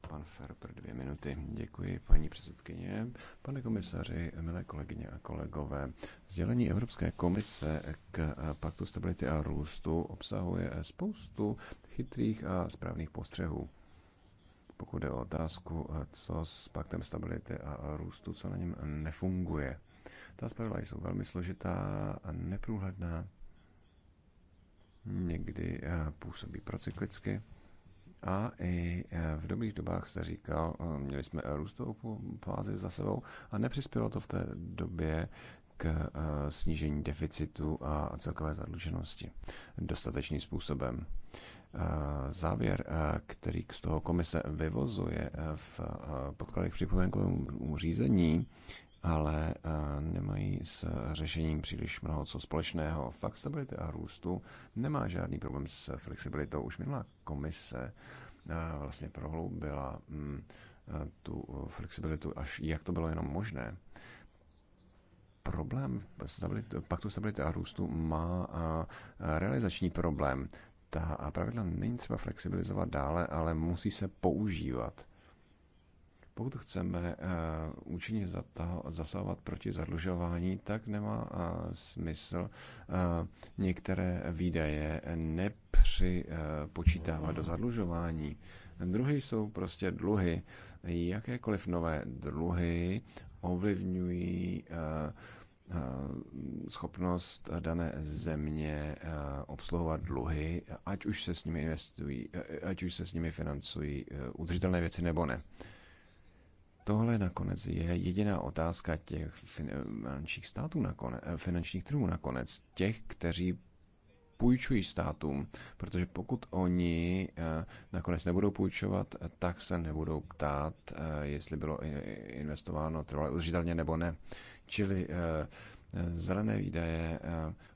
pan Ferber dvě minuty. Děkuji, paní předsedkyně, pane komisaři, milé kolegyně a kolegové. Sdělení Evropské komise k eh, Paktu stability a růstu obsahuje spoustu chytrých a správných postřehů. Pokud je o otázku, eh, co s Paktem stability a růstu, co na něm nefunguje. Ta zpravidla jsou velmi složitá a neprůhledná, někdy eh, působí procyklicky a i e, v dobrých dobách se říkal, e, měli jsme růstovou fázi za sebou a nepřispělo to v té době k e, snížení deficitu a celkové zadluženosti dostatečným způsobem. Závěr, který z toho komise vyvozuje v podkladech připomínkovému řízení, ale eh, nemají s řešením příliš mnoho co společného. Fakt stability a růstu nemá žádný problém s flexibilitou. Už minulá komise eh, vlastně prohloubila mm, eh, tu flexibilitu, až jak to bylo jenom možné. Problém stability, paktu stability a růstu má realizační problém. Ta pravidla není třeba flexibilizovat dále, ale musí se používat pokud chceme eh, účinně zasahovat proti zadlužování, tak nemá eh, smysl eh, některé výdaje nepřipočítávat do zadlužování. Druhy jsou prostě dluhy. Jakékoliv nové dluhy ovlivňují schopnost dané země obsluhovat dluhy, ať už se s nimi investují, ať už se s nimi financují udržitelné věci nebo ne. Tohle nakonec je jediná otázka těch finančních států, nakonec, eh, finančních trhů nakonec, těch, kteří půjčují státům, protože pokud oni eh, nakonec nebudou půjčovat, tak se nebudou ptát, eh, jestli bylo investováno trvalé udržitelně nebo ne. Čili zelené výdaje,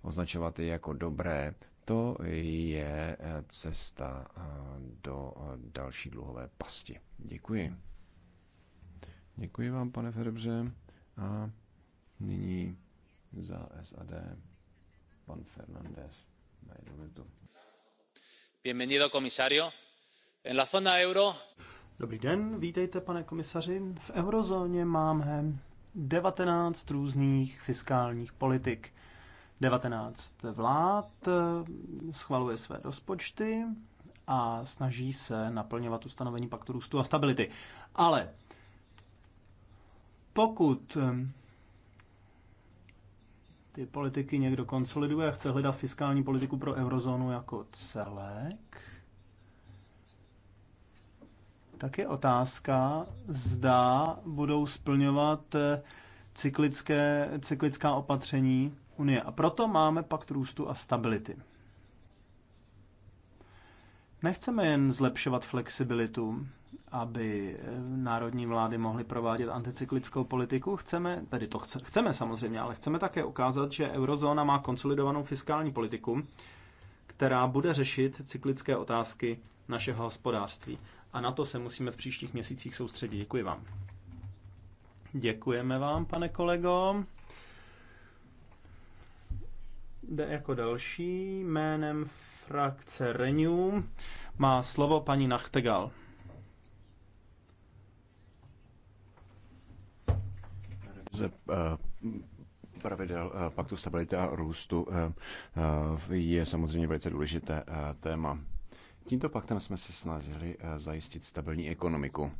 označovat je jako dobré, to je cesta do další dluhové pasti. Děkuji. Děkuji vám, pane Ferbře. A nyní za SAD pan Fernandez na jednu minutu. Bienvenido, komisario. En la zona euro... Dobrý den, vítejte, pane komisaři. V eurozóně máme 19 různých fiskálních politik. 19 vlád eh, schvaluje své rozpočty a snaží se naplňovat ustanovení paktu růstu a stability. Ale pokud ty politiky někdo konsoliduje a chce hledat fiskální politiku pro eurozónu jako celek, tak je otázka, zda budou splňovat eh, cyklické, cyklická opatření Unie. A proto máme pakt růstu a stability. Nechceme jen zlepšovat flexibilitu, aby eh, národní vlády mohly provádět anticyklickou politiku. Chceme, tedy to chce, chceme samozřejmě, ale chceme také ukázat, že eurozóna má konsolidovanou fiskální politiku, která bude řešit cyklické otázky našeho hospodářství. A na to se musíme v příštích měsících soustředit. Děkuji vám. Děkujeme vám, pane kolego. Jde jako další jménem frakce Renew má slovo paní Nachtegal. ze eh, pravidel eh, paktu stability a růstu eh, je samozřejmě velice důležité téma. Tímto paktem jsme se snažili zajistit stabilní ekonomiku.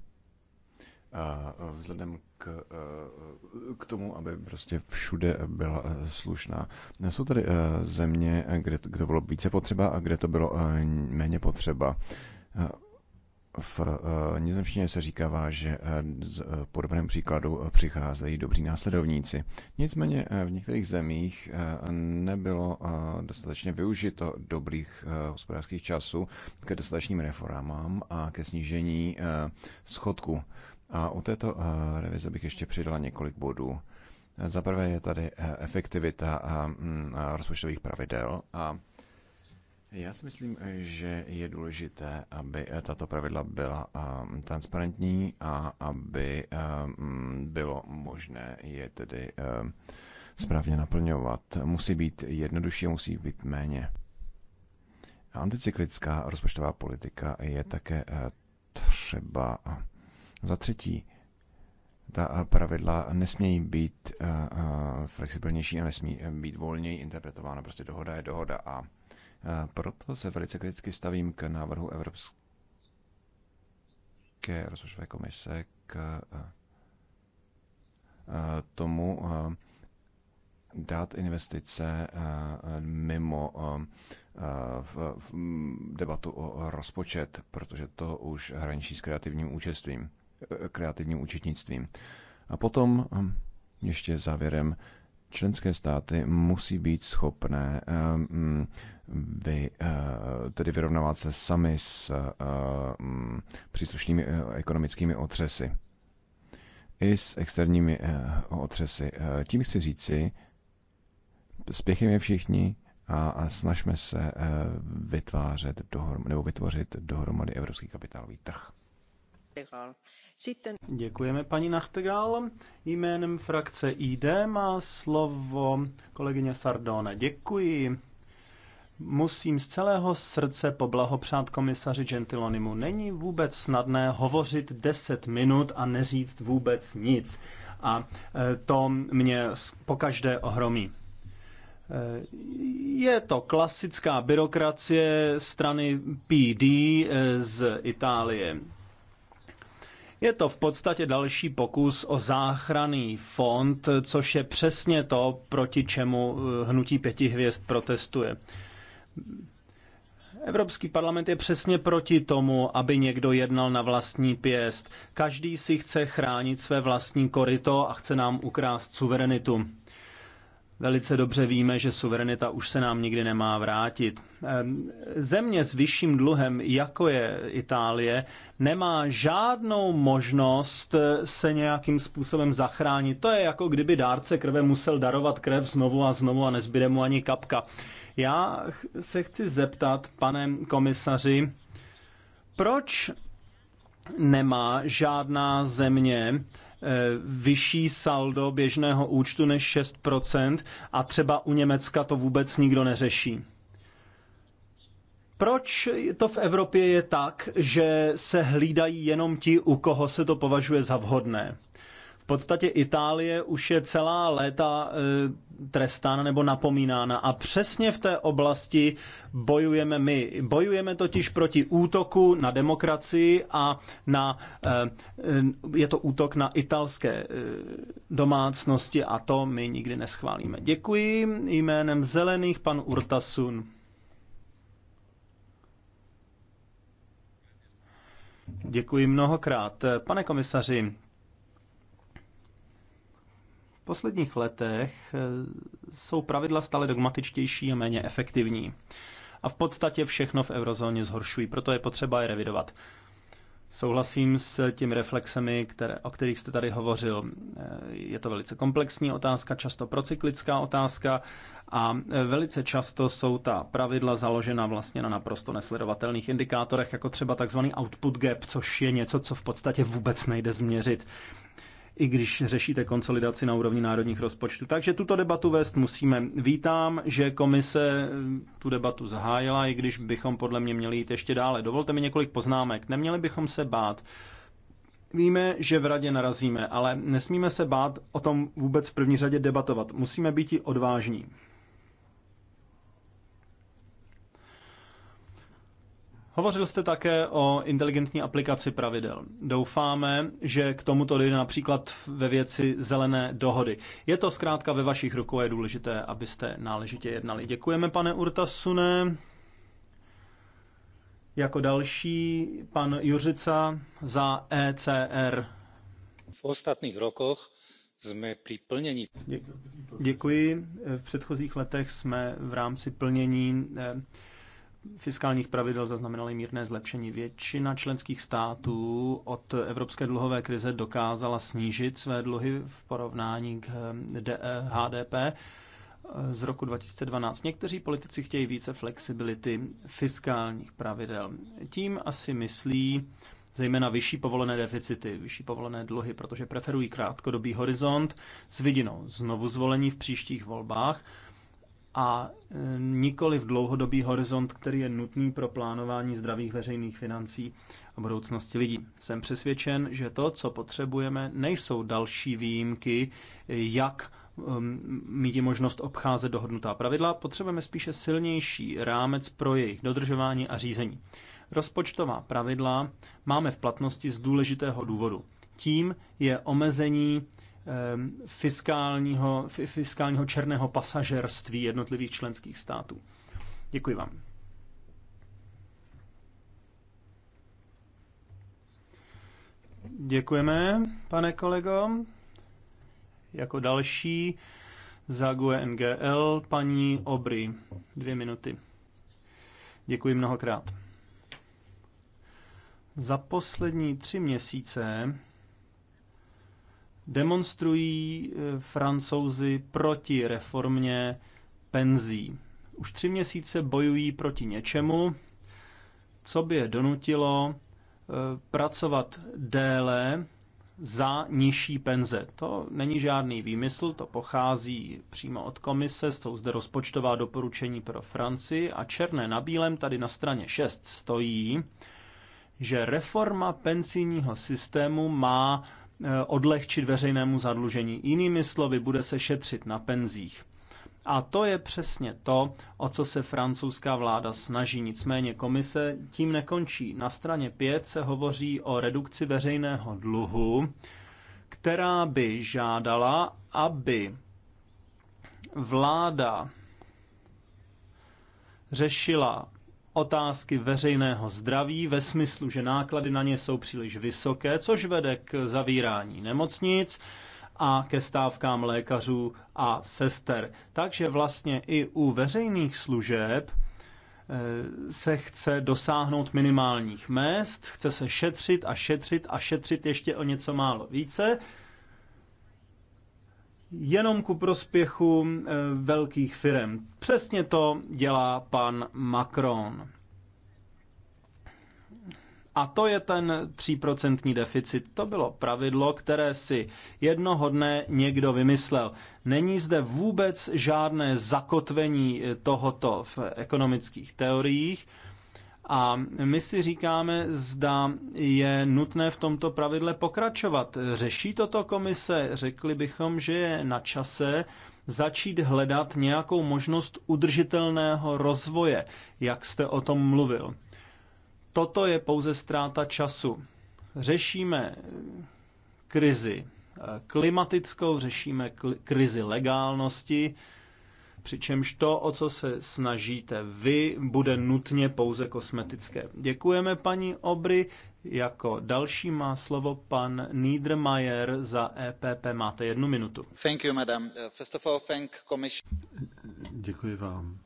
Vzhledem k, k tomu, aby prostě všude byla slušná. Jsou tady země, kde to bylo více potřeba a kde to bylo méně potřeba v eh, nizozemštině se říkává, že eh, eh, po podobném příkladu přicházejí dobří následovníci. Nicméně v některých zemích nebylo dostatečně využito dobrých hospodářských časů ke dostatečným reformám a ke snížení schodku. A u této revize bych ještě přidala několik bodů. Za prvé je tady efektivita mm, rozpočtových pravidel a já si myslím, že je důležité, aby eh, tato pravidla byla eh, transparentní a aby eh, mm, bylo možné je tedy správně naplňovat. Musí být jednodušší a musí být méně. Anticyklická rozpočtová politika je také třeba. Za třetí, ta pravidla nesmějí být flexibilnější a nesmí být volněji interpretována. Prostě dohoda je dohoda a proto se velice kriticky stavím k návrhu Evropské rozpočtové komise k tomu dát investice mimo debatu o rozpočet, protože to už hraničí s kreativním účestvím, e, e, kreativním účetnictvím. A potom ještě závěrem Členské státy musí být schopné ehm, mm, vy, eh, tedy vyrovnávat se sami s eh, mm, příslušnými eh, ekonomickými otřesy i s externími otřesy. Tím chci říci, spěchujeme všichni a, a snažme se vytvářet dohromady, nebo vytvořit dohromady evropský kapitálový trh. Děkujeme paní Nachtegal. Jménem frakce ID má slovo kolegyně Sardone. Děkuji. Musím z celého srdce poblahopřát komisaři Gentilonimu. Není vůbec snadné hovořit 10 minut a neříct vůbec nic. A e, to mě pokaždé ohromí. E, je to klasická byrokracie strany PD e, z Itálie. Je to v podstatě další pokus o záchranný fond, což je přesně to, proti čemu eh, hnutí pěti hvězd protestuje. Evropský parlament je přesně proti tomu, aby někdo jednal na vlastní pěst. Každý si chce chránit své vlastní koryto a chce nám ukrást suverenitu. Velice dobře víme, že suverenita už se nám nikdy nemá vrátit. Ehm, země s vyšším dluhem, jako je Itálie, nemá žádnou možnost eh, se nějakým způsobem zachránit. To je jako kdyby dárce krve musel darovat krev znovu a znovu a nezbyde mu ani kapka. Já se chci zeptat, pane komisaři, proč nemá žádná země Eh, vyšší saldo běžného účtu než 6% a třeba u Německa to vůbec nikdo neřeší. Proč to v Evropě je tak, že se hlídají jenom ti, u koho se to považuje za vhodné? podstatě Itálie už je celá léta e, trestána nebo napomínána. A přesně v té oblasti bojujeme my. Bojujeme totiž proti útoku na demokracii a na, e, e, je to útok na italské domácnosti a to my nikdy neschválíme. Děkuji jménem Zelených pan Urtasun. Děkuji mnohokrát. Pane komisaři, posledních letech eh, jsou pravidla stále dogmatičtější a méně efektivní. A v podstatě všechno v eurozóně zhoršují, proto je potřeba je revidovat. Souhlasím s těmi reflexemi, které, o kterých jste tady hovořil. Eh, je to velice komplexní otázka, často procyklická otázka a eh, velice často jsou ta pravidla založena vlastně na naprosto nesledovatelných indikátorech, jako třeba takzvaný output gap, což je něco, co v podstatě vůbec nejde změřit i když řešíte konsolidaci na úrovni národních rozpočtů. Takže tuto debatu vést musíme. Vítám, že komise eh, tu debatu zahájila, i když bychom podle mě měli jít ještě dále. Dovolte mi několik poznámek. Neměli bychom se bát. Víme, že v radě narazíme, ale nesmíme se bát o tom vůbec v první řadě debatovat. Musíme být i odvážní. Hovořil jste také o inteligentní aplikaci pravidel. Doufáme, že k tomu to jde například ve věci zelené dohody. Je to zkrátka ve vašich rukou, je důležité, abyste náležitě jednali. Děkujeme, pane Urtasune. Jako další pan Juřica za ECR. V ostatních rokoch jsme při plnění. Děkuji. V předchozích letech jsme v rámci plnění eh, fiskálních pravidel zaznamenaly mírné zlepšení. Většina členských států od evropské dluhové krize dokázala snížit své dluhy v porovnání k HDP eh, eh, eh, z roku 2012. Někteří politici chtějí více flexibility fiskálních pravidel. Tím asi myslí zejména vyšší povolené deficity, vyšší povolené dluhy, protože preferují krátkodobý horizont s vidinou znovu zvolení v příštích volbách a e, nikoli v dlouhodobý horizont, který je nutný pro plánování zdravých veřejných financí a budoucnosti lidí. Jsem přesvědčen, že to, co potřebujeme, nejsou další výjimky, jak um, mít možnost obcházet dohodnutá pravidla, potřebujeme spíše silnější rámec pro jejich dodržování a řízení. Rozpočtová pravidla máme v platnosti z důležitého důvodu. Tím je omezení Ehm, fiskálního, fiskálního černého pasažerství jednotlivých členských států. Děkuji vám. Děkujeme, pane kolego. Jako další za GUE NGL paní Obry. Dvě minuty. Děkuji mnohokrát. Za poslední tři měsíce Demonstrují eh, francouzi proti reformě penzí. Už tři měsíce bojují proti něčemu, co by je donutilo eh, pracovat déle za nižší penze. To není žádný výmysl, to pochází přímo od komise, toho zde rozpočtová doporučení pro Francii a černé na bílém tady na straně 6 stojí, že reforma penzijního systému má Eh, odlehčit veřejnému zadlužení. Jinými slovy, bude se šetřit na penzích. A to je přesně to, o co se francouzská vláda snaží. Nicméně komise tím nekončí. Na straně 5 se hovoří o redukci veřejného dluhu, která by žádala, aby vláda řešila otázky veřejného zdraví ve smyslu, že náklady na ně jsou příliš vysoké, což vede k zavírání nemocnic a ke stávkám lékařů a sester. Takže vlastně i u veřejných služeb eh, se chce dosáhnout minimálních mest, chce se šetřit a šetřit a šetřit ještě o něco málo více, jenom ku prospěchu eh, velkých firm. Přesně to dělá pan Macron. A to je ten 3% deficit. To bylo pravidlo, které si jednoho dne někdo vymyslel. Není zde vůbec žádné zakotvení eh, tohoto v ekonomických teoriích a my si říkáme, zda je nutné v tomto pravidle pokračovat. Řeší toto komise? Řekli bychom, že je na čase začít hledat nějakou možnost udržitelného rozvoje, jak jste o tom mluvil. Toto je pouze ztráta času. Řešíme krizi klimatickou, řešíme krizi legálnosti, Přičemž to, o co se snažíte vy, bude nutně pouze kosmetické. Děkujeme paní Obry. Jako další má slovo pan Niedermayer za EPP. Máte jednu minutu. Thank you, madam. Uh, first of all, thank commission. Děkuji vám.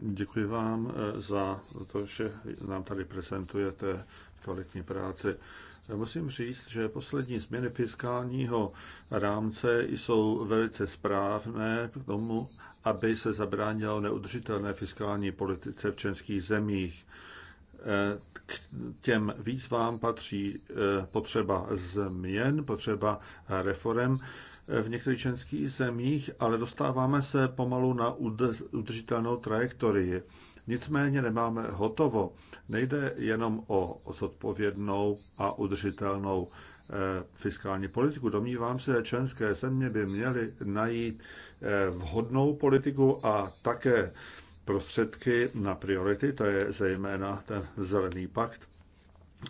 Děkuji vám uh, za to, že nám tady prezentujete kvalitní práci. Musím říct, že poslední změny fiskálního rámce jsou velice správné k tomu, aby se zabránilo neudržitelné fiskální politice v českých zemích. K těm výzvám patří eh, potřeba změn, potřeba reform, v některých členských zemích, ale dostáváme se pomalu na udržitelnou trajektorii. Nicméně nemáme hotovo. Nejde jenom o zodpovědnou a udržitelnou eh, fiskální politiku. Domnívám se, že členské země by měly najít eh, vhodnou politiku a také prostředky na priority, to je zejména ten zelený pakt.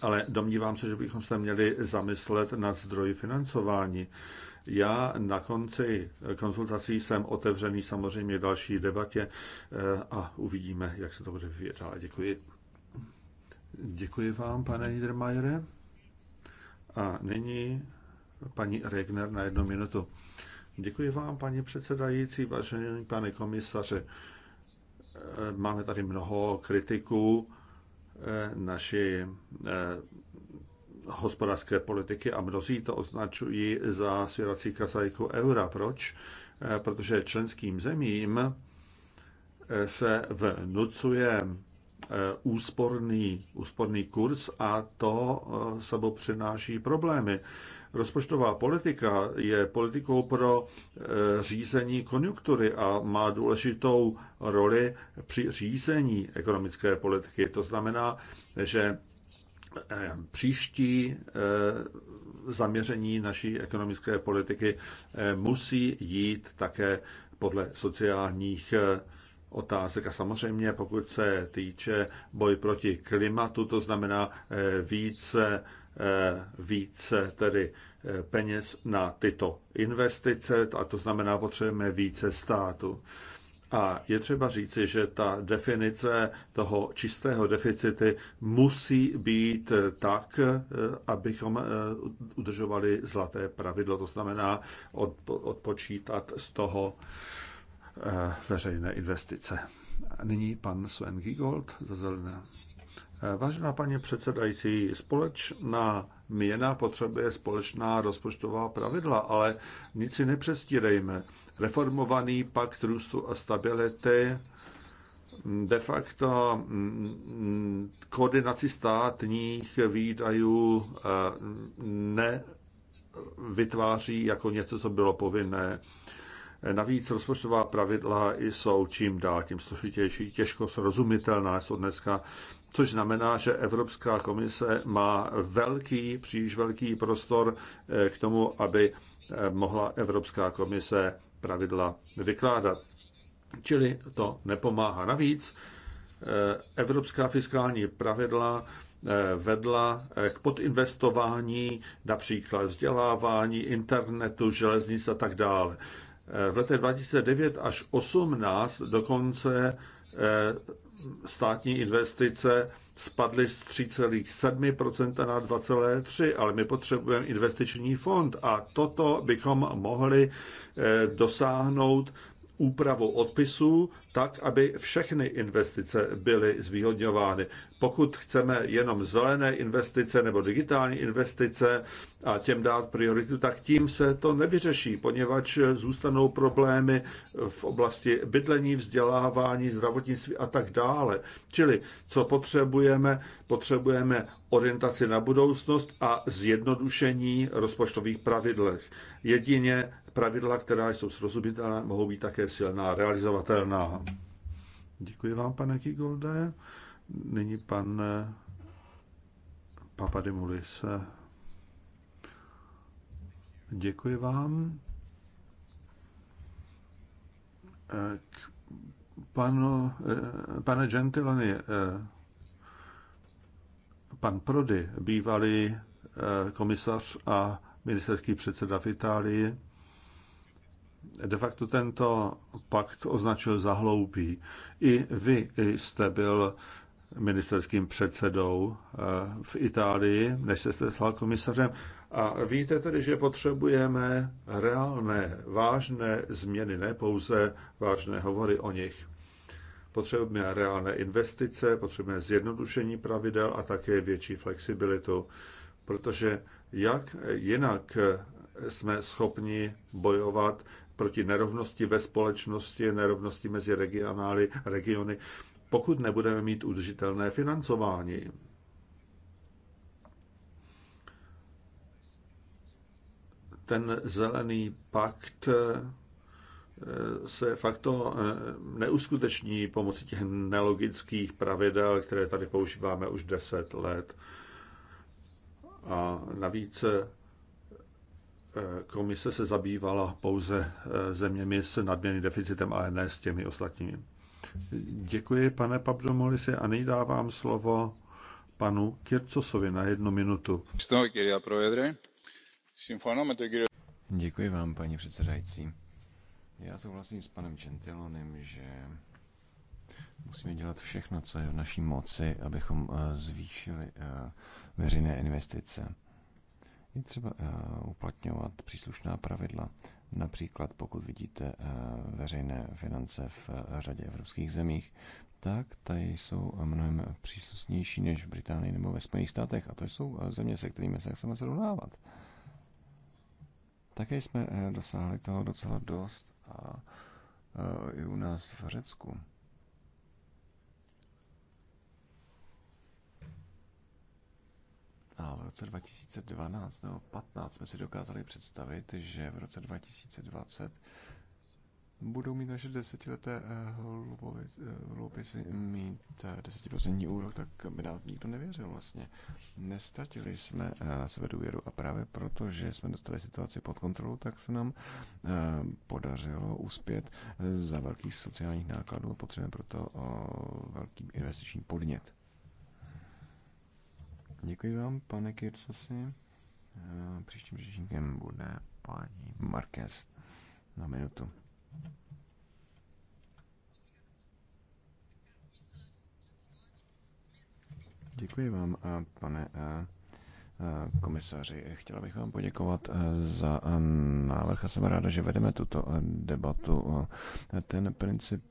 Ale domnívám se, že bychom se měli zamyslet nad zdroji financování. Já na konci konzultací jsem otevřený samozřejmě další debatě eh, a uvidíme, jak se to bude vyvíjet Děkuji. Děkuji vám, pane Niedermayere. A nyní paní Regner na jednu minutu. Děkuji vám, paní předsedající, vážený pane komisaře. Eh, máme tady mnoho kritiků. Eh, naši hospodářské politiky a mnozí to označují za svěrací kasajku eura. Proč? Eh, protože členským zemím eh, se vnucuje eh, úsporný, úsporný kurz a to sebou přináší problémy. Rozpočtová politika je politikou pro řízení konjunktury a má důležitou roli při řízení ekonomické politiky. To znamená, že Ehm, příští eh, zaměření naší ekonomické politiky eh, musí jít také podle sociálních eh, otázek. A samozřejmě, pokud se týče boj proti klimatu, to znamená více, více tedy peněz na tyto investice, a to znamená, potřebujeme více státu. A je třeba říci, že ta definice toho čistého deficitu musí být tak, eh, abychom eh, udržovali zlaté pravidlo, to znamená odpočítat z toho eh, veřejné investice. Nyní pan Sven Gigold za zelené. Vážená paní předsedající, společná měna potřebuje společná rozpočtová pravidla, ale nic si nepřestírejme. Reformovaný pakt růstu a stability de facto mm, koordinaci státních výdajů eh, nevytváří jako něco, co bylo povinné. Navíc rozpočtová pravidla jsou čím dál tím složitější, těžko srozumitelná jsou dneska, což znamená, že Evropská komise má velký, příliš velký prostor eh, k tomu, aby eh, mohla Evropská komise pravidla vykládat. Čili to nepomáhá. Navíc eh, evropská fiskální pravidla eh, vedla eh, k podinvestování například vzdělávání, internetu, železnic a tak dále. V letech 2009 až 2018 dokonce státní investice spadly z 3,7% na 2,3%, ale my potřebujeme investiční fond a toto bychom mohli eh, dosáhnout úpravu odpisů tak, aby všechny investice byly zvýhodňovány. Pokud chceme jenom zelené investice nebo digitální investice a těm dát prioritu, tak tím se to nevyřeší, poněvadž zůstanou problémy v oblasti bydlení, vzdělávání, zdravotnictví a tak dále. Čili co potřebujeme? Potřebujeme orientaci na budoucnost a zjednodušení rozpočtových pravidlech. Jedině pravidla, která jsou srozumitelná, mohou být také silná, realizovatelná. Děkuji vám, pane Kigolde. Nyní pan eh, Papadimulis. Děkuji vám. K panu, eh, pane Gentiloni, eh, pan Prody, bývalý komisař a ministerský předseda v Itálii, de facto tento pakt označil za hloupý. I vy jste byl ministerským předsedou eh, v Itálii, než jste stal komisařem. A víte tedy, že potřebujeme reálné, vážné změny, ne pouze vážné hovory o nich. Potřebujeme reálné investice, potřebujeme zjednodušení pravidel a také větší flexibilitu, protože jak jinak jsme schopni bojovat proti nerovnosti ve společnosti, nerovnosti mezi regionály, regiony, pokud nebudeme mít udržitelné financování. Ten zelený pakt eh, se fakt to eh, neuskuteční pomocí těch nelogických pravidel, které tady používáme už deset let. A navíc eh, Eh, komise se zabývala pouze eh, zeměmi s nadměrným deficitem, a ne s těmi ostatními. Děkuji, pane Pabdomolisi, a nyní dávám slovo panu Kircosovi na jednu minutu. Děkuji vám, paní předsedající. Já souhlasím s panem Gentilonem, že musíme dělat všechno, co je v naší moci, abychom eh, zvýšili veřejné investice je třeba eh, uplatňovat příslušná pravidla. Například pokud vidíte eh, veřejné finance v eh, řadě evropských zemích, tak tady jsou mnohem příslušnější než v Británii nebo ve Spojených státech. A to jsou země, se kterými se chceme srovnávat. Také jsme dosáhli toho docela dost a i u nás v Řecku. A v roce 2012 nebo 2015 jsme si dokázali představit, že v roce 2020 budou mít naše desetileté eh, hloupisy eh, mít eh, desetiprocentní úrok, tak by nám nikdo nevěřil vlastně. Nestratili jsme své důvěru a právě proto, že jsme dostali situaci pod kontrolu, tak se nám podařilo uspět za velkých sociálních nákladů a potřebujeme proto velký investiční podnět. Děkuji vám, pane Kircosi. Eh, příštím řečníkem bude paní Marquez na minutu. Děkuji vám, eh, pane eh, Eh, komisaři, chtěla bych vám poděkovat eh, za eh, návrh a jsem ráda, že vedeme tuto debatu. Ten princip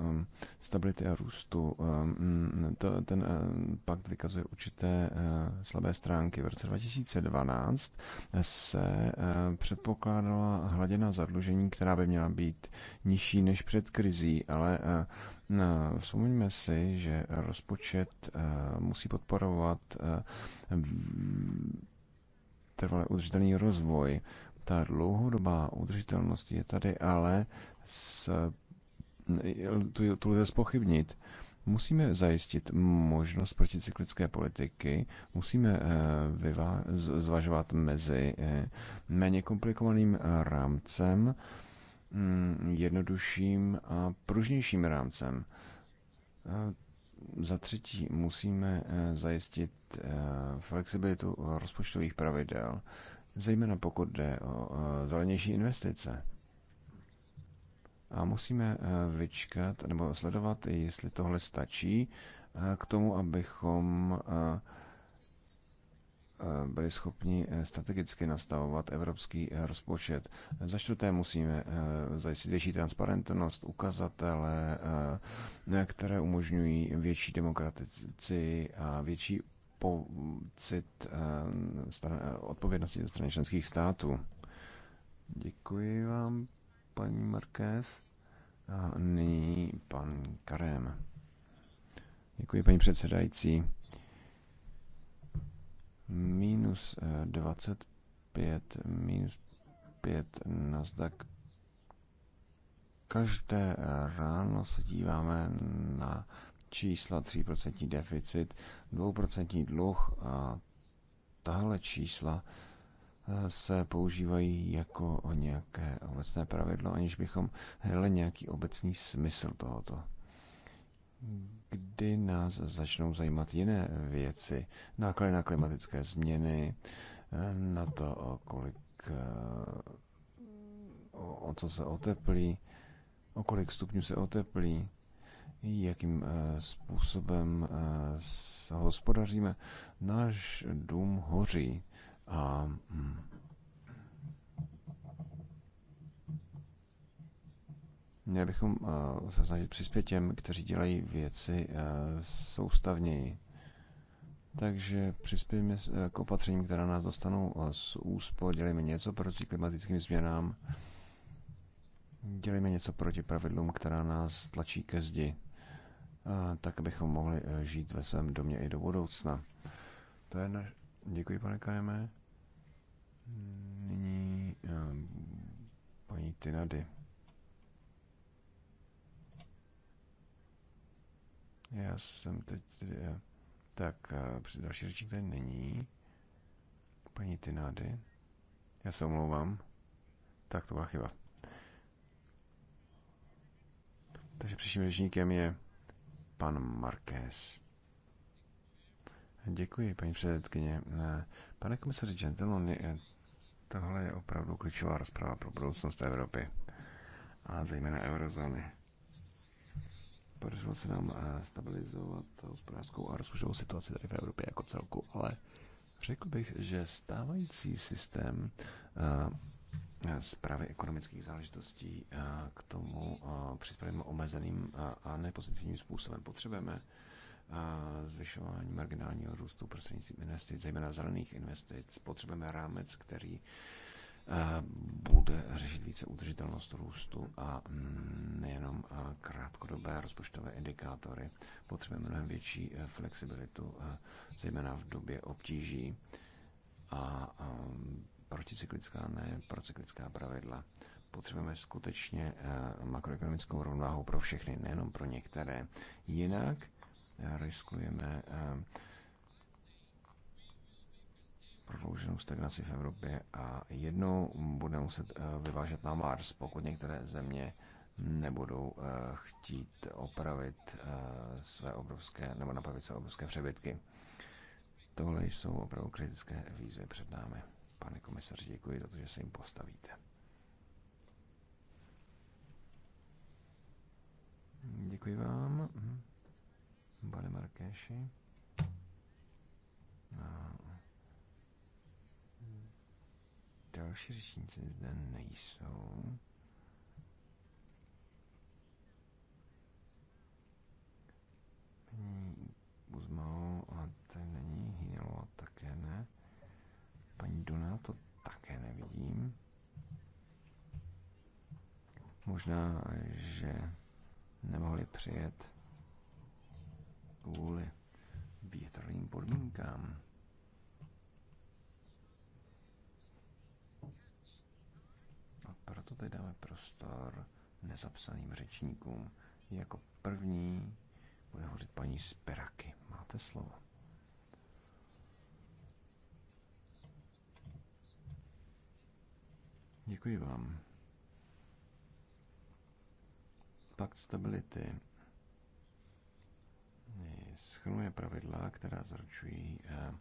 mm, stability a růstu, mm, ten pakt vykazuje určité slabé stránky. V roce 2012 se předpokládala hladina zadlužení, která by měla být nižší než před krizí, ale No, vzpomeňme si, že rozpočet eh, musí podporovat eh, trvalý udržitelný rozvoj. Ta dlouhodobá udržitelnost je tady, ale s, tu, tu lze spochybnit. Musíme zajistit možnost proticyklické politiky, musíme eh, zvažovat mezi méně komplikovaným rámcem, Mm, jednodušším a pružnějším rámcem. E, za třetí musíme e, zajistit e, flexibilitu rozpočtových pravidel, zejména pokud jde o zelenější investice. A musíme vyčkat nebo sledovat, jestli tohle stačí k tomu, abychom Eh, byli schopni eh, strategicky nastavovat evropský eh, rozpočet. Za čtvrté musíme zajistit větší transparentnost, ukazatele, které umožňují větší demokratici a větší pocit odpovědnosti ze strany členských států. Děkuji vám, paní Markéz. A nyní pan Karem. Děkuji, paní předsedající minus 25, eh, minus 5 Nasdaq. Každé eh, ráno se díváme na čísla 3% deficit, 2% dluh a tahle čísla eh, se používají jako nějaké obecné pravidlo, aniž bychom hledali nějaký obecný smysl tohoto kdy nás začnou zajímat jiné věci, náklady na klimatické změny, eh, na to, kolik, eh, o, o co se oteplí, o kolik stupňů se oteplí, jakým eh, způsobem hospodaříme. Náš dům hoří a mm, Měli bychom eh, se snažit přispět těm, kteří dělají věci eh, soustavněji. Takže přispějme eh, k opatřením, která nás dostanou z úspo, dělejme něco proti klimatickým změnám, dělejme něco proti pravidlům, která nás tlačí ke zdi, tak abychom mohli žít ve svém domě i do budoucna. To je naš... Děkuji, pane Kajeme. Nyní paní Tynady. Já jsem teď tedy... Eh, tak, eh, další řečník tady není. Paní Tynády. Já se omlouvám. Tak, to byla chyba. Takže příštím řečníkem je pan Marquez. Děkuji, paní předsedkyně. Eh, pane komisaři Gentiloni, tohle je opravdu klíčová rozprava pro budoucnost Evropy a zejména eurozóny podařilo se nám eh, stabilizovat hospodářskou a rozpočtovou situaci tady v Evropě jako celku, ale řekl bych, že stávající systém eh, zprávy ekonomických záležitostí eh, k tomu přispějeme omezeným a nepozitivním způsobem. Potřebujeme zvyšování marginálního růstu prostřednictvím investic, zejména zelených investic. Potřebujeme rámec, který Eh, bude řešit více udržitelnost růstu a mm, nejenom eh, krátkodobé rozpočtové indikátory. Potřebujeme mnohem větší eh, flexibilitu, zejména v době obtíží a proticyklická, ne procyklická pravidla. Potřebujeme skutečně makroekonomickou rovnováhu pro všechny, nejenom pro některé. Jinak riskujeme prodlouženou stagnaci v Evropě a jednou bude muset eh, vyvážet na Mars, pokud některé země nebudou eh, chtít opravit eh, své obrovské, nebo napravit své obrovské přebytky. Tohle jsou opravdu kritické výzvy před námi. Pane komisaři, děkuji za to, že se jim postavíte. Děkuji vám, mhm. pane Markéši. Další řečníci zde nejsou. Paní Uzmao, a tady není, a také ne. Paní Duna to také nevidím. Možná, že nemohli přijet kvůli větrným podmínkám. tady dáme prostor nezapsaným řečníkům. Jako první bude hovořit paní Speraky. Máte slovo. Děkuji vám. Pakt stability schrnuje pravidla, která zaručují eh,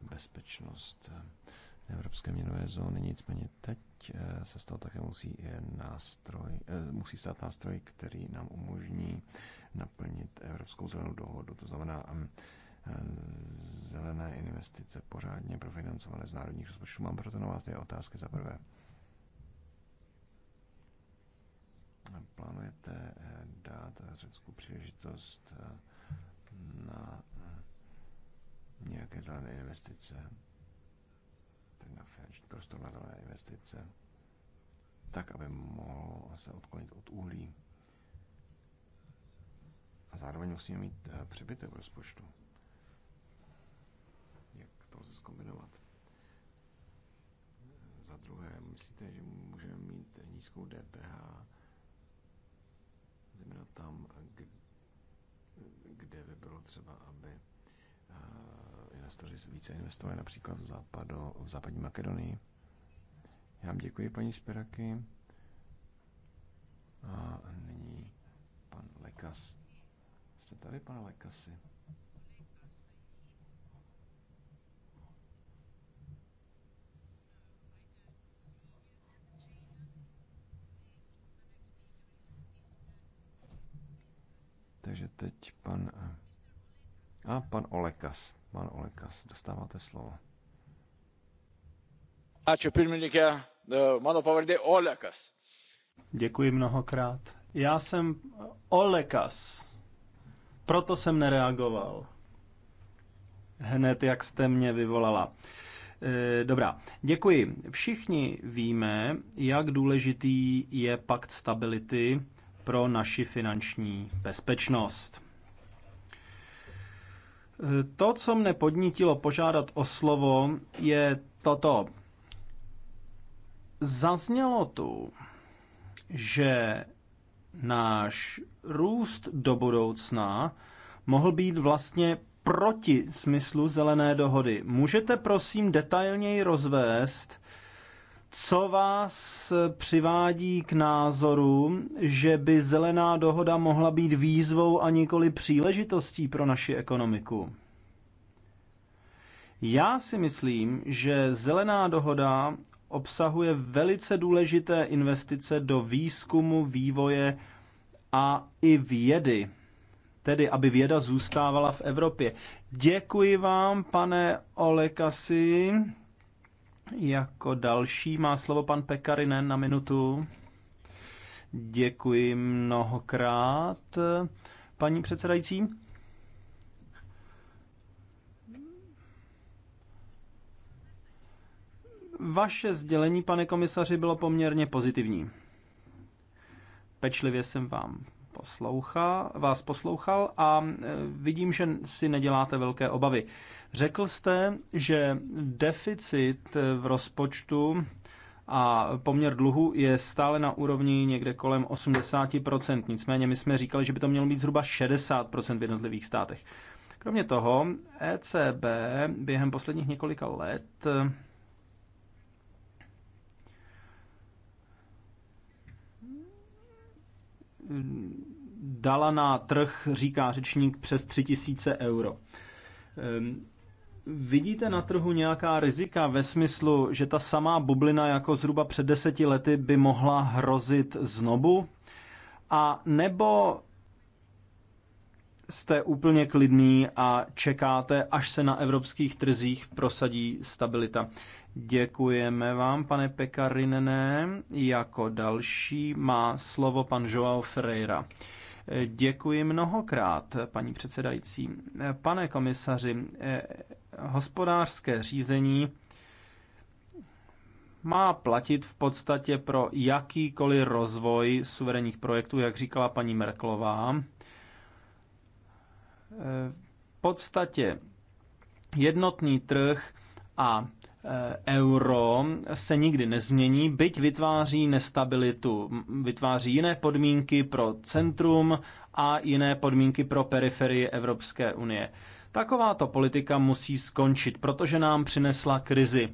bezpečnost Evropské měnové zóny. Nicméně teď eh, se z toho také musí, eh, nástroj, eh, musí stát nástroj, který nám umožní naplnit Evropskou zelenou dohodu. To znamená, mm, zelené investice pořádně profinancované z národních rozpočtů. Mám proto na vás dvě otázky. Za prvé, plánujete dát Řecku příležitost na nějaké zelené investice? na finanční prostor na zelené investice, tak, aby mohl se odklonit od uhlí. A zároveň musíme mít eh, přebytek v rozpočtu. Jak to lze zkombinovat? Za druhé, myslíte, že můžeme mít nízkou DPH, zejména tam, kde by bylo třeba, aby eh, investoři více investovali například v, západo, v západní Makedonii. Já vám děkuji, paní Spiraky. A nyní pan Lekas. Jste tady, pane Lekasi? Takže teď pan a pan Olekas. Pan Olekas, dostáváte slovo. Ačiū pirmininkė, e, mano pavardė Olekas. Děkuji mnohokrát. Já jsem Olekas, proto jsem nereagoval. Hned jak jste mě vyvolala. E, dobrá, děkuji. Všichni víme, jak důležitý je pakt stability pro naši finanční bezpečnost. To, co mne podnítilo požádat o slovo, je toto. Zaznělo tu, že náš růst do budoucna mohl být vlastně proti smyslu zelené dohody. Můžete prosím detailněji rozvést, co vás eh, přivádí k názoru, že by zelená dohoda mohla být výzvou a nikoli příležitostí pro naši ekonomiku? Já si myslím, že zelená dohoda obsahuje velice důležité investice do výzkumu, vývoje a i vědy. Tedy, aby věda zůstávala v Evropě. Děkuji vám, pane Olekasi. Jako další má slovo pan Pekarinen na minutu. Děkuji mnohokrát, paní předsedající. Vaše sdělení, pane komisaři, bylo poměrně pozitivní. Pečlivě jsem vám poslouchal, vás poslouchal a e, vidím, že si neděláte velké obavy. Řekl jste, že deficit v rozpočtu a poměr dluhu je stále na úrovni někde kolem 80%. Nicméně my jsme říkali, že by to mělo být zhruba 60% v jednotlivých státech. Kromě toho ECB během posledních několika let dala na trh, říká řečník, přes 3000 euro. Ehm, vidíte na trhu nějaká rizika ve smyslu, že ta samá bublina jako zhruba před deseti lety by mohla hrozit znovu? A nebo jste úplně klidný a čekáte, až se na evropských trzích prosadí stabilita. Děkujeme vám, pane Pekarinené. Jako další má slovo pan Joao Ferreira. Děkuji mnohokrát, paní předsedající. Pane komisaři, eh, hospodářské řízení má platit v podstatě pro jakýkoliv rozvoj suverénních projektů, jak říkala paní Merklová. Eh, v podstatě jednotný trh a Eh, euro se nikdy nezmění, byť vytváří nestabilitu, vytváří jiné podmínky pro centrum a jiné podmínky pro periferii Evropské unie. Takováto politika musí skončit, protože nám přinesla krizi.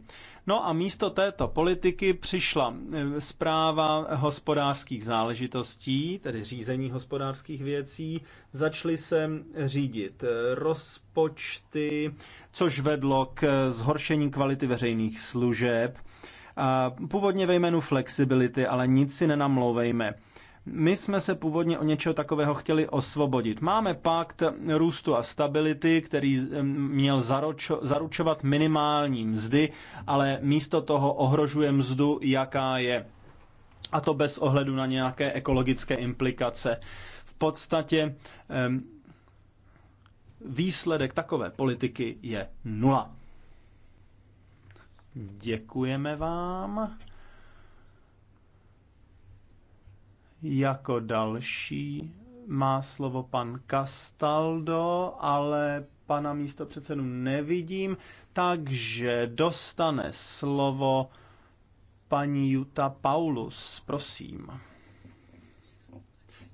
No a místo této politiky přišla eh, zpráva hospodářských záležitostí, tedy řízení hospodářských věcí, začaly se řídit eh, rozpočty, což vedlo k eh, zhoršení kvality veřejných služeb, původně ve jménu flexibility, ale nic si nenamlouvejme. My jsme se původně o něčeho takového chtěli osvobodit. Máme pakt růstu a stability, který eh, měl zaručo, zaručovat minimální mzdy, ale místo toho ohrožuje mzdu, jaká je. A to bez ohledu na nějaké ekologické implikace. V podstatě ehm, výsledek takové politiky je nula. Děkujeme vám. Jako další má slovo pan Castaldo, ale pana místo předsedu nevidím, takže dostane slovo paní Juta Paulus, prosím.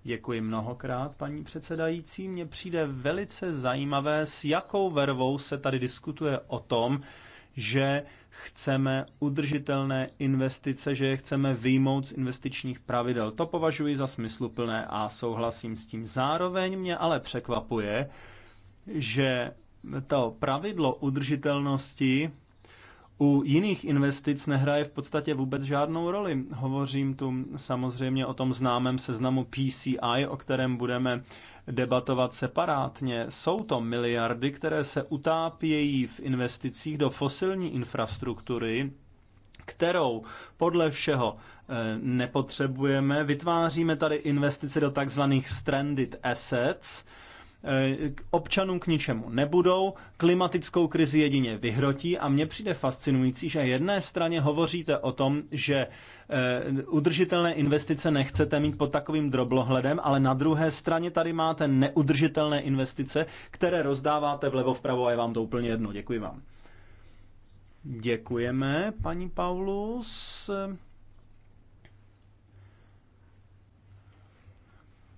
Děkuji mnohokrát, paní předsedající. Mně přijde velice zajímavé, s jakou vervou se tady diskutuje o tom, že chceme udržitelné investice, že je chceme výjmout z investičních pravidel. To považuji za smysluplné a souhlasím s tím. Zároveň mě ale překvapuje, že to pravidlo udržitelnosti u jiných investic nehraje v podstatě vůbec žádnou roli. Hovořím tu samozřejmě o tom známém seznamu PCI, o kterém budeme debatovat separátně. Jsou to miliardy, které se utápějí v investicích do fosilní infrastruktury, kterou podle všeho eh, nepotřebujeme. Vytváříme tady investice do takzvaných stranded assets, Eh, občanům k ničemu nebudou, klimatickou krizi jedině vyhrotí a mně přijde fascinující, že jedné straně hovoříte o tom, že eh, udržitelné investice nechcete mít pod takovým droblohledem, ale na druhé straně tady máte neudržitelné investice, které rozdáváte vlevo vpravo a je vám to úplně jedno. Děkuji vám. Děkujeme, paní Paulus.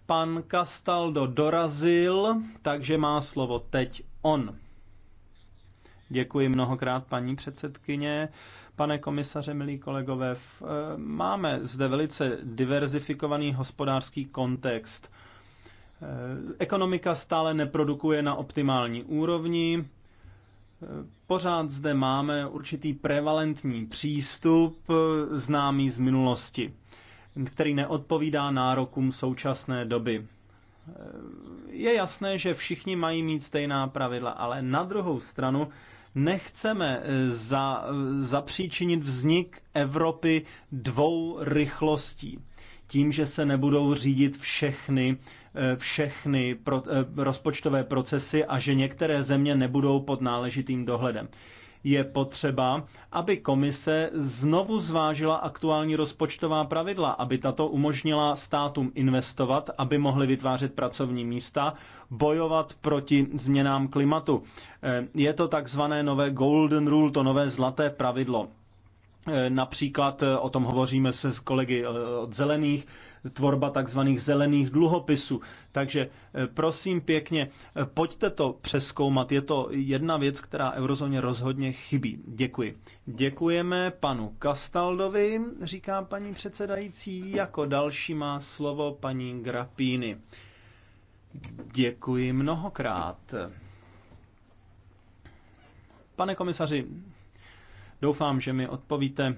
Pan Castaldo dorazil, takže má slovo teď on. Děkuji mnohokrát, paní předsedkyně. Pane komisaře, milí kolegové, eh, máme zde velice diverzifikovaný hospodářský kontext. Eh, ekonomika stále neprodukuje na optimální úrovni. Eh, pořád zde máme určitý prevalentní přístup známý z minulosti který neodpovídá nárokům současné doby. Je jasné, že všichni mají mít stejná pravidla, ale na druhou stranu nechceme eh, za, zapříčinit vznik Evropy dvou rychlostí. Tím, že se nebudou řídit všechny, eh, všechny pro, eh, rozpočtové procesy a že některé země nebudou pod náležitým dohledem je potřeba, aby komise znovu zvážila aktuální rozpočtová pravidla, aby tato umožnila státům investovat, aby mohly vytvářet pracovní místa, bojovat proti změnám klimatu. Eh, je to takzvané nové Golden Rule, to nové zlaté pravidlo. Eh, například eh, o tom hovoříme se s kolegy od zelených, tvorba takzvaných zelených dluhopisů. Takže eh, prosím pěkně, eh, pojďte to přeskoumat. Je to jedna věc, která eurozóně rozhodně chybí. Děkuji. Děkujeme panu Kastaldovi, říká paní předsedající. Jako další má slovo paní Grapíny. Děkuji mnohokrát. Pane komisaři, doufám, že mi odpovíte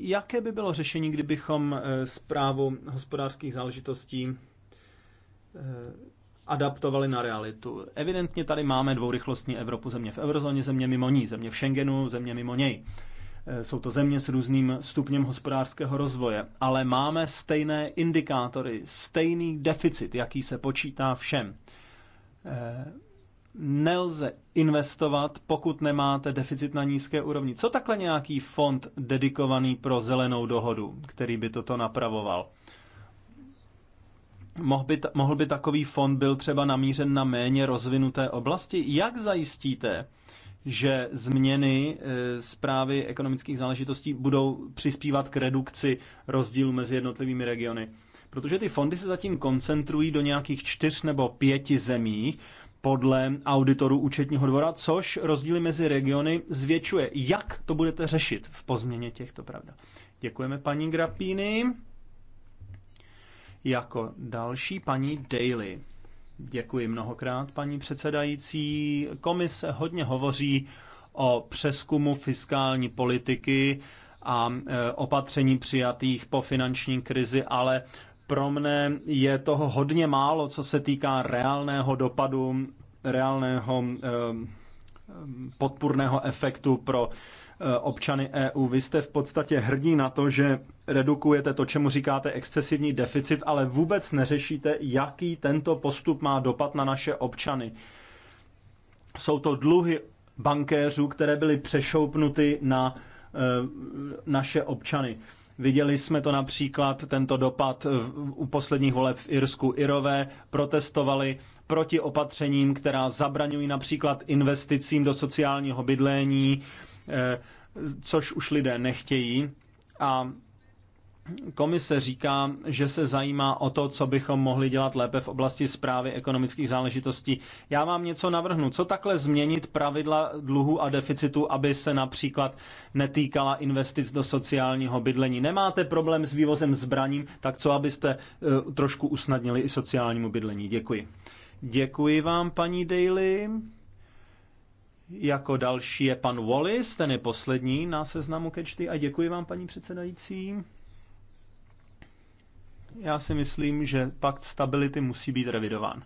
jaké by bylo řešení, kdybychom eh, zprávu hospodářských záležitostí eh, adaptovali na realitu. Evidentně tady máme dvourychlostní Evropu, země v eurozóně, země mimo ní, země v Schengenu, země mimo něj. Eh, jsou to země s různým stupněm hospodářského rozvoje, ale máme stejné indikátory, stejný deficit, jaký se počítá všem nelze investovat, pokud nemáte deficit na nízké úrovni. Co takhle nějaký fond dedikovaný pro zelenou dohodu, který by toto napravoval? Mohl by, mohl by takový fond byl třeba namířen na méně rozvinuté oblasti? Jak zajistíte, že změny eh, zprávy ekonomických záležitostí budou přispívat k redukci rozdílu mezi jednotlivými regiony? Protože ty fondy se zatím koncentrují do nějakých čtyř nebo pěti zemí podle auditorů účetního dvora, což rozdíly mezi regiony zvětšuje. Jak to budete řešit v pozměně těchto pravidel? Děkujeme paní Grapíny. Jako další paní Daly. Děkuji mnohokrát, paní předsedající. Komise hodně hovoří o přeskumu fiskální politiky a e, opatření přijatých po finanční krizi, ale pro mne je toho hodně málo, co se týká reálného dopadu, reálného ehm, ehm, podpůrného efektu pro eh, občany EU. Vy jste v podstatě hrdí na to, že redukujete to, čemu říkáte excesivní deficit, ale vůbec neřešíte, jaký tento postup má dopad na naše občany. Jsou to dluhy bankéřů, které byly přešoupnuty na eh, naše občany. Viděli jsme to například, tento dopad u posledních voleb v Irsku. Irové protestovali proti opatřením, která zabraňují například investicím do sociálního bydlení, eh, což už lidé nechtějí. A Komise říká, že se zajímá o to, co bychom mohli dělat lépe v oblasti zprávy ekonomických záležitostí. Já vám něco navrhnu. Co takhle změnit pravidla dluhu a deficitu, aby se například netýkala investic do sociálního bydlení? Nemáte problém s vývozem zbraním, tak co, abyste uh, trošku usnadnili i sociálnímu bydlení? Děkuji. Děkuji vám, paní Daly. Jako další je pan Wallis, ten je poslední na seznamu kečty a děkuji vám, paní předsedající. Já si myslím, že pakt stability musí být revidován.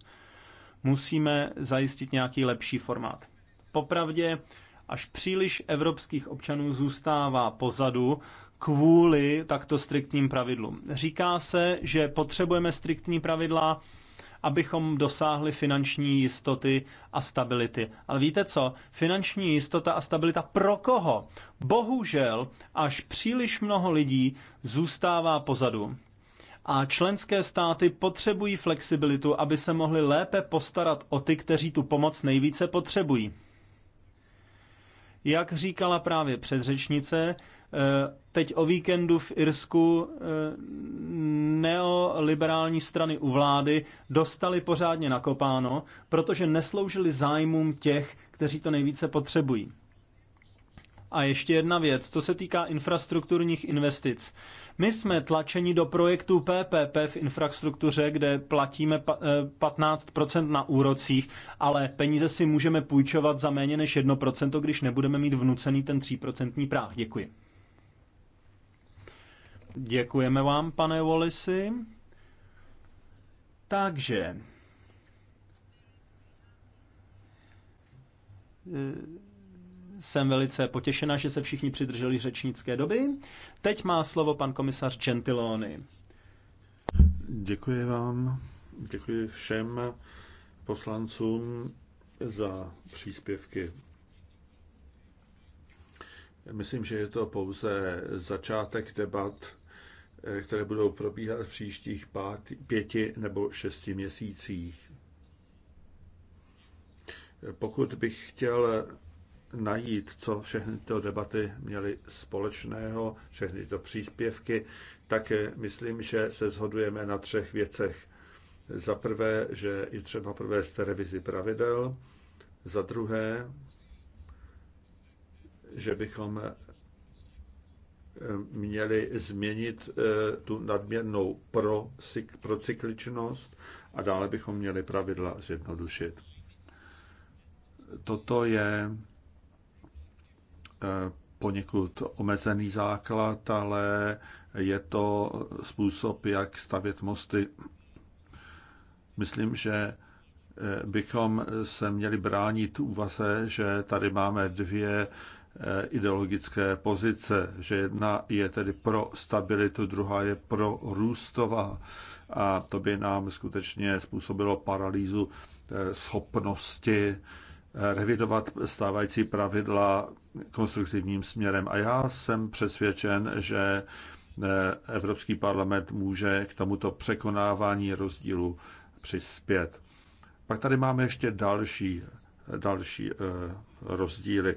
Musíme zajistit nějaký lepší formát. Popravdě, až příliš evropských občanů zůstává pozadu kvůli takto striktním pravidlům. Říká se, že potřebujeme striktní pravidla, abychom dosáhli finanční jistoty a stability. Ale víte co? Finanční jistota a stabilita pro koho? Bohužel až příliš mnoho lidí zůstává pozadu a členské státy potřebují flexibilitu, aby se mohly lépe postarat o ty, kteří tu pomoc nejvíce potřebují. Jak říkala právě předřečnice, eh, teď o víkendu v Irsku eh, neoliberální strany u vlády dostali pořádně nakopáno, protože nesloužili zájmům těch, kteří to nejvíce potřebují. A ještě jedna věc, co se týká infrastrukturních investic. My jsme tlačeni do projektu PPP v infrastruktuře, kde platíme 15% eh, na úrocích, ale peníze si můžeme půjčovat za méně než 1%, když nebudeme mít vnucený ten 3% práh. Děkuji. Děkujeme vám, pane Wallisi. Takže... Eh, jsem velice potěšena, že se všichni přidrželi řečnické doby. Teď má slovo pan komisař Gentiloni. Děkuji vám, děkuji všem poslancům za příspěvky. Myslím, že je to pouze začátek debat, které budou probíhat v příštích pěti nebo šesti měsících. Pokud bych chtěl najít, co všechny tyto debaty měly společného, všechny tyto příspěvky, tak eh, myslím, že se shodujeme na třech věcech. Za prvé, že je třeba provést revizi pravidel. Za druhé, že bychom eh, měli změnit eh, tu nadměrnou procykličnost a dále bychom měli pravidla zjednodušit. Toto je poněkud omezený základ, ale je to způsob, jak stavět mosty. Myslím, že eh, bychom se měli bránit úvaze, že tady máme dvě eh, ideologické pozice, že jedna je tedy pro stabilitu, druhá je pro růstová. A to by nám skutečně způsobilo paralýzu eh, schopnosti revidovat stávající pravidla konstruktivním směrem. A já jsem přesvědčen, že eh, Evropský parlament může k tomuto překonávání rozdílu přispět. Pak tady máme ještě další, další eh, rozdíly.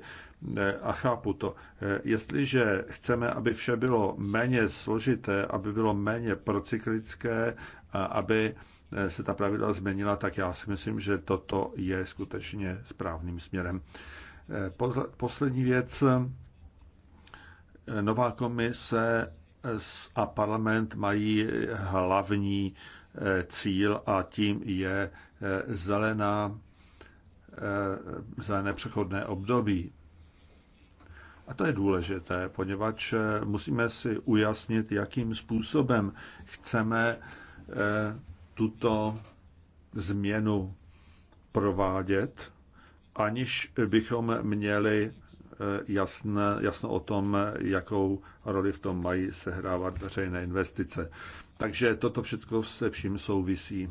Eh, a chápu to. Jestliže chceme, aby vše bylo méně složité, aby bylo méně procyklické, aby Eh, se ta pravidla změnila, tak já si myslím, že toto je skutečně správným směrem. Eh, poslední věc. Eh, nová komise a parlament mají hlavní cíl a tím je zelená, zelené přechodné období. A to je důležité, poněvadž musíme si ujasnit, jakým způsobem chceme tuto změnu provádět, aniž bychom měli eh, jasné, jasno o tom, jakou roli v tom mají sehrávat veřejné investice. Takže toto všechno se vším souvisí.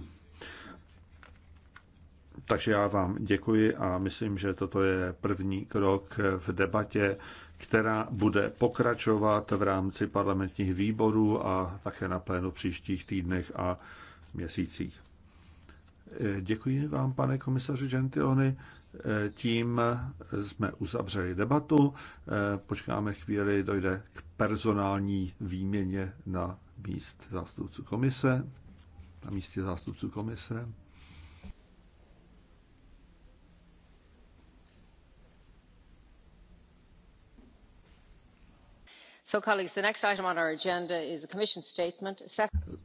Takže já vám děkuji a myslím, že toto je první krok v debatě, která bude pokračovat v rámci parlamentních výborů a také na plénu příštích týdnech a měsících. Eh, děkuji vám, pane komisaři Gentiloni. Eh, tím jsme uzavřeli debatu. Eh, počkáme chvíli, dojde k personální výměně na míst zástupců komise, na místě zástupců komise.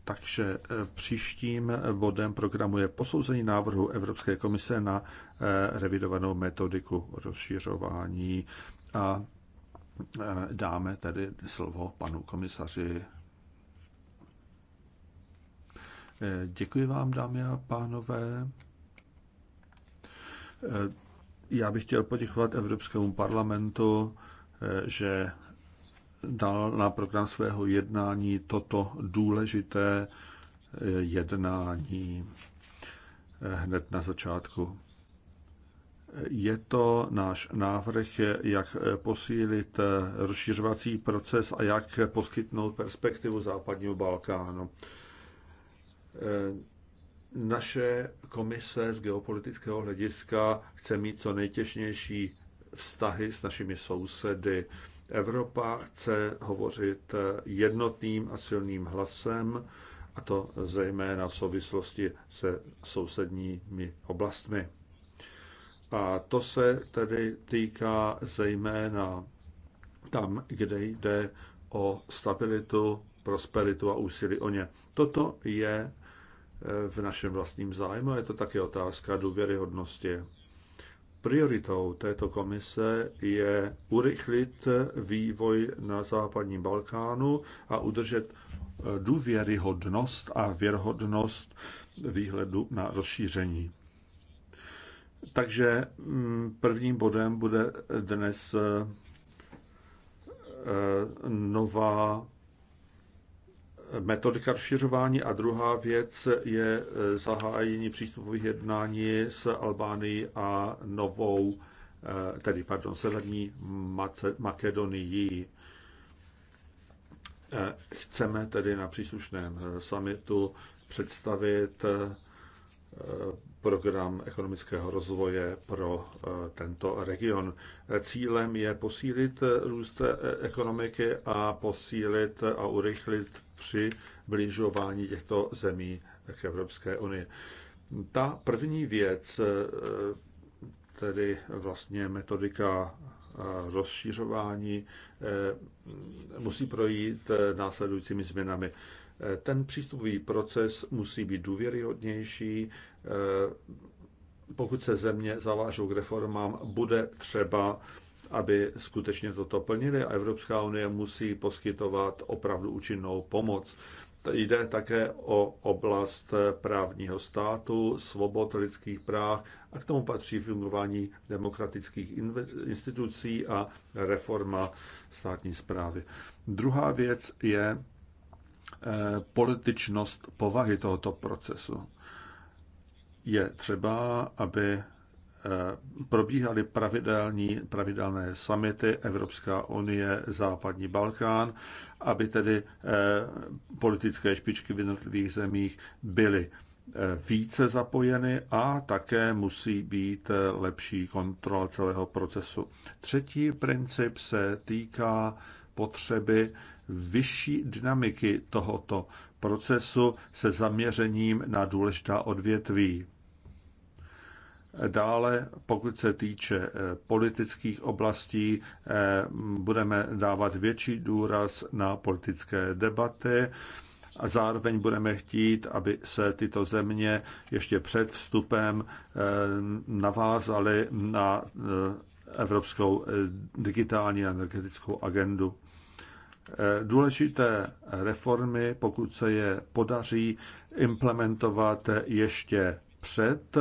Takže příštím bodem programu je posouzení návrhu Evropské komise na eh, revidovanou metodiku rozšiřování a eh, dáme tedy slovo panu komisaři. Eh, děkuji vám, dámy a pánové. Já bych chtěl poděkovat Evropskému parlamentu, že dal na program svého jednání toto důležité eh, jednání eh, hned na začátku. Je to náš návrh, jak posílit eh, rozšiřovací proces a jak poskytnout perspektivu západního Balkánu. Naše komise z geopolitického hlediska chce mít co nejtěžnější vztahy s našimi sousedy Evropa chce hovořit jednotným a silným hlasem, a to zejména v souvislosti se sousedními oblastmi. A to se tedy týká zejména tam, kde jde o stabilitu, prosperitu a úsilí o ně. Toto je v našem vlastním zájmu, je to také otázka důvěryhodnosti. Prioritou této komise je urychlit vývoj na západním Balkánu a udržet eh, důvěryhodnost a věrohodnost výhledu na rozšíření. Takže mm, prvním bodem bude dnes eh, eh, nová metodika rozšiřování a druhá věc je eh, zahájení přístupových jednání s Albánií a novou, eh, tedy pardon, Severní Makedonii. Eh, chceme tedy na příslušném summitu představit program ekonomického rozvoje pro tento region. Cílem je posílit růst ekonomiky a posílit a urychlit přibližování těchto zemí k Evropské unii. Ta první věc, eh, tedy vlastně metodika eh, rozšířování, eh, musí projít následujícími změnami. Ten přístupový proces musí být důvěryhodnější. Pokud se země zavážou k reformám, bude třeba aby skutečně toto plnili a Evropská unie musí poskytovat opravdu účinnou pomoc. Jde také o oblast právního státu, svobod lidských práv a k tomu patří fungování demokratických institucí a reforma státní zprávy. Druhá věc je eh, političnost povahy tohoto procesu. Je třeba, aby Eh, probíhaly pravidelní, pravidelné samity Evropská unie, Západní Balkán, aby tedy eh, politické špičky v jednotlivých zemích byly eh, více zapojeny a také musí být lepší kontrola celého procesu. Třetí princip se týká potřeby vyšší dynamiky tohoto procesu se zaměřením na důležitá odvětví. Dále, pokud se týče eh, politických oblastí, eh, budeme dávat větší důraz na politické debaty a zároveň budeme chtít, aby se tyto země ještě před vstupem eh, navázaly na evropskou digitální a energetickou agendu. Důležité reformy, pokud se je podaří implementovat ještě před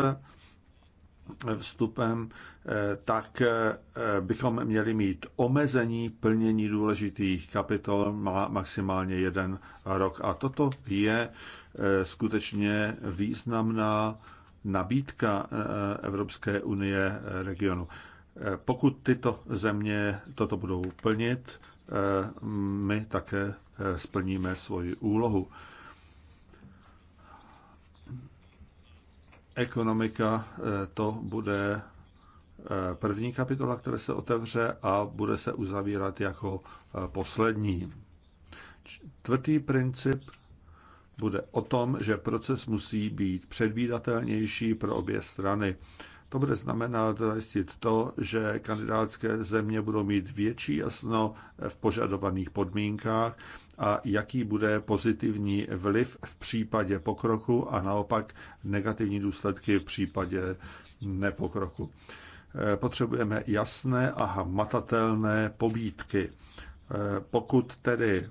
vstupem, eh, tak eh, bychom měli mít omezení plnění důležitých kapitol má maximálně jeden rok. A toto je eh, skutečně významná nabídka Evropské unie regionu. Pokud tyto země toto budou plnit, my také splníme svoji úlohu. ekonomika eh, to bude eh, první kapitola, která se otevře a bude se uzavírat jako eh, poslední. Čtvrtý princip bude o tom, že proces musí být předvídatelnější pro obě strany. To bude znamenat zajistit to, že kandidátské země budou mít větší jasno v požadovaných podmínkách a jaký bude pozitivní vliv v případě pokroku a naopak negativní důsledky v případě nepokroku. Eh, potřebujeme jasné a hmatatelné pobídky. Eh, pokud tedy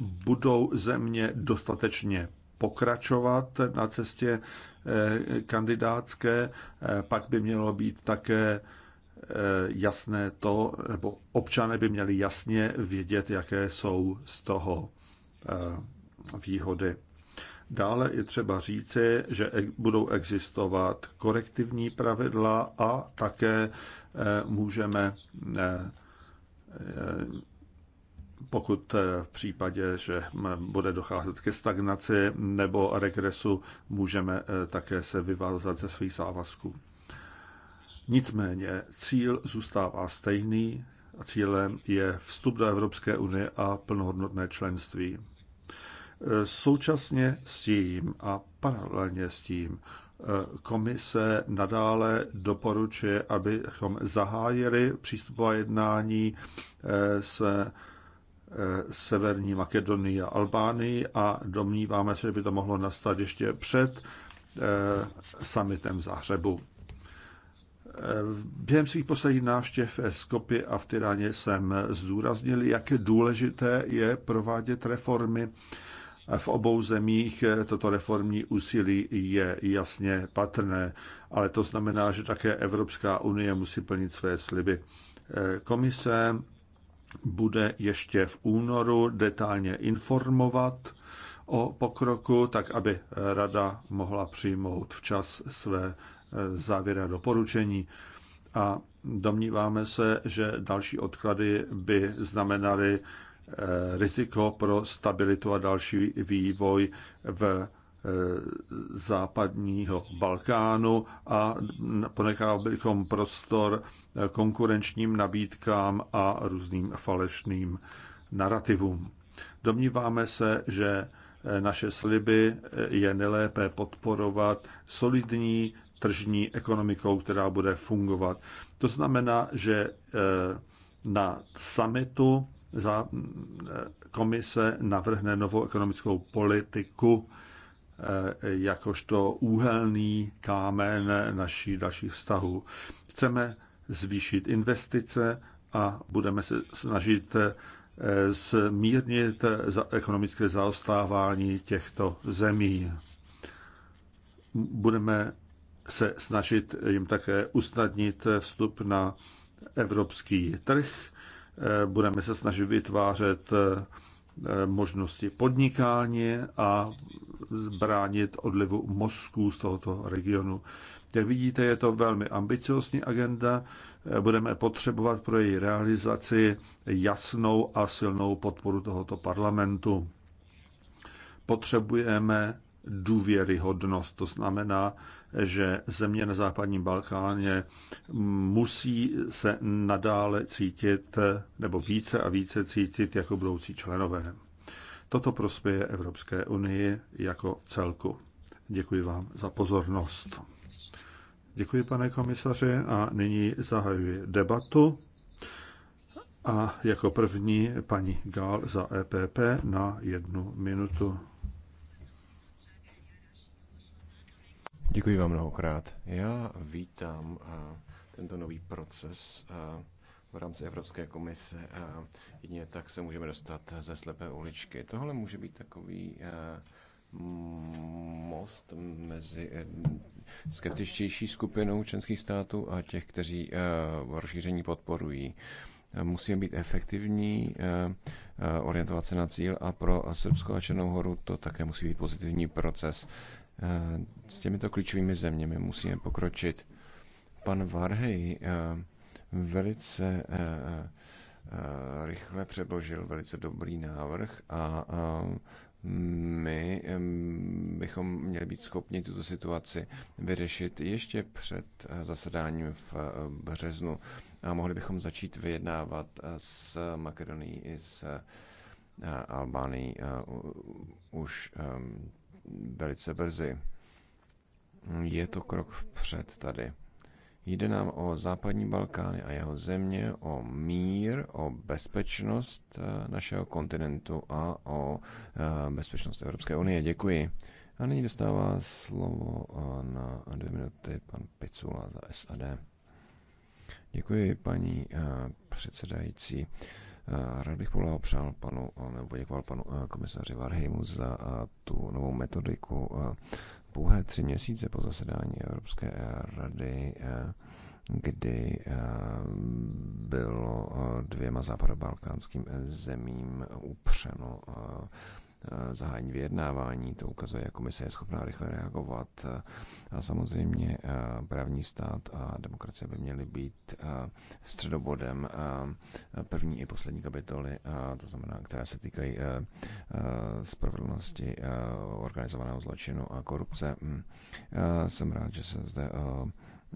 budou země dostatečně pokračovat na cestě eh, kandidátské, pak by mělo být také Eh, jasné to, nebo občané by měli jasně vědět, jaké jsou z toho eh, výhody. Dále je třeba říci, že e- budou existovat korektivní pravidla a také eh, můžeme, pokud v případě, že bude docházet ke stagnaci nebo regresu, můžeme také se vyvázat ze svých závazků. Nicméně cíl zůstává stejný a cílem je vstup do Evropské unie a plnohodnotné členství. Současně s tím a paralelně s tím komise nadále doporučuje, abychom zahájili přístupová jednání eh, se eh, Severní Makedonii a Albánii a domníváme se, že by to mohlo nastat ještě před eh, summitem v Během svých posledních návštěv v Skopě a v Tyraně jsem zdůraznil, jak důležité je provádět reformy v obou zemích toto reformní úsilí je jasně patrné, ale to znamená, že také Evropská unie musí plnit své sliby. Komise bude ještě v únoru detailně informovat o pokroku, tak aby Rada mohla přijmout včas své závěry a doporučení. A domníváme se, že další odklady by znamenaly eh, riziko pro stabilitu a další vývoj v eh, západního Balkánu a ponechal bychom prostor eh, konkurenčním nabídkám a různým falešným narrativům. Domníváme se, že naše sliby je nelépe podporovat solidní tržní ekonomikou, která bude fungovat. To znamená, že eh, na summitu za mm, eh, komise navrhne novou ekonomickou politiku eh, jakožto úhelný kámen našich dalších vztahů. Chceme zvýšit investice a budeme se snažit zmírnit ekonomické zaostávání těchto zemí. Budeme se snažit jim také usnadnit vstup na evropský trh. Budeme se snažit vytvářet eh, možnosti podnikání a bránit odlivu mozků z tohoto regionu. Jak vidíte, je to velmi ambiciozní agenda. Budeme potřebovat pro její realizaci jasnou a silnou podporu tohoto parlamentu. Potřebujeme důvěryhodnost, to znamená, že země na západním Balkáně musí se nadále cítit, nebo více a více cítit jako budoucí členové. Toto prospěje Evropské unii jako celku. Děkuji vám za pozornost. Děkuji, pane komisaři, a nyní zahajuji debatu. A jako první paní Gál za EPP na jednu minutu. Děkuji vám mnohokrát. Já vítám eh, tento nový proces eh, v rámci Evropské komise a eh, jedině tak se můžeme dostat ze slepé uličky. Tohle může být takový most mezi skeptičtější skupinou členských států a těch, kteří rozšíření podporují. Musíme být efektivní, orientovat se na cíl a pro Srbsko a Černou horu to také musí být pozitivní proces. Eh, s těmito klíčovými zeměmi musíme pokročit. Pan Varhej eh, velice eh, rychle předložil velice dobrý návrh a my bychom měli být schopni tuto situaci vyřešit ještě před zasedáním v březnu a mohli bychom začít vyjednávat s Makedonií i s Albánií už velice brzy. Je to krok vpřed tady. Jde nám o západní Balkány a jeho země, o mír, o bezpečnost eh, našeho kontinentu a o eh, bezpečnost Evropské unie. Děkuji. A nyní dostává slovo eh, na dvě minuty pan Picula za SAD. Děkuji, paní předsedající. Eh, rád bych přál panu, eh, nebo poděkoval panu eh, komisaři Varheimu za tu novou metodiku. Pouhé tři měsíce po zasedání Evropské rady kdy bylo dvěma západobalkánským zemím upřeno Eh, zahájení vyjednávání. To ukazuje, jak komise je schopná rychle reagovat. Eh, a samozřejmě eh, právní stát a demokracie by měly být středobodem první i poslední kapitoly, to znamená, které se týkají spravedlnosti, organizovaného zločinu a korupce. Mm. Jsem rád, že se zde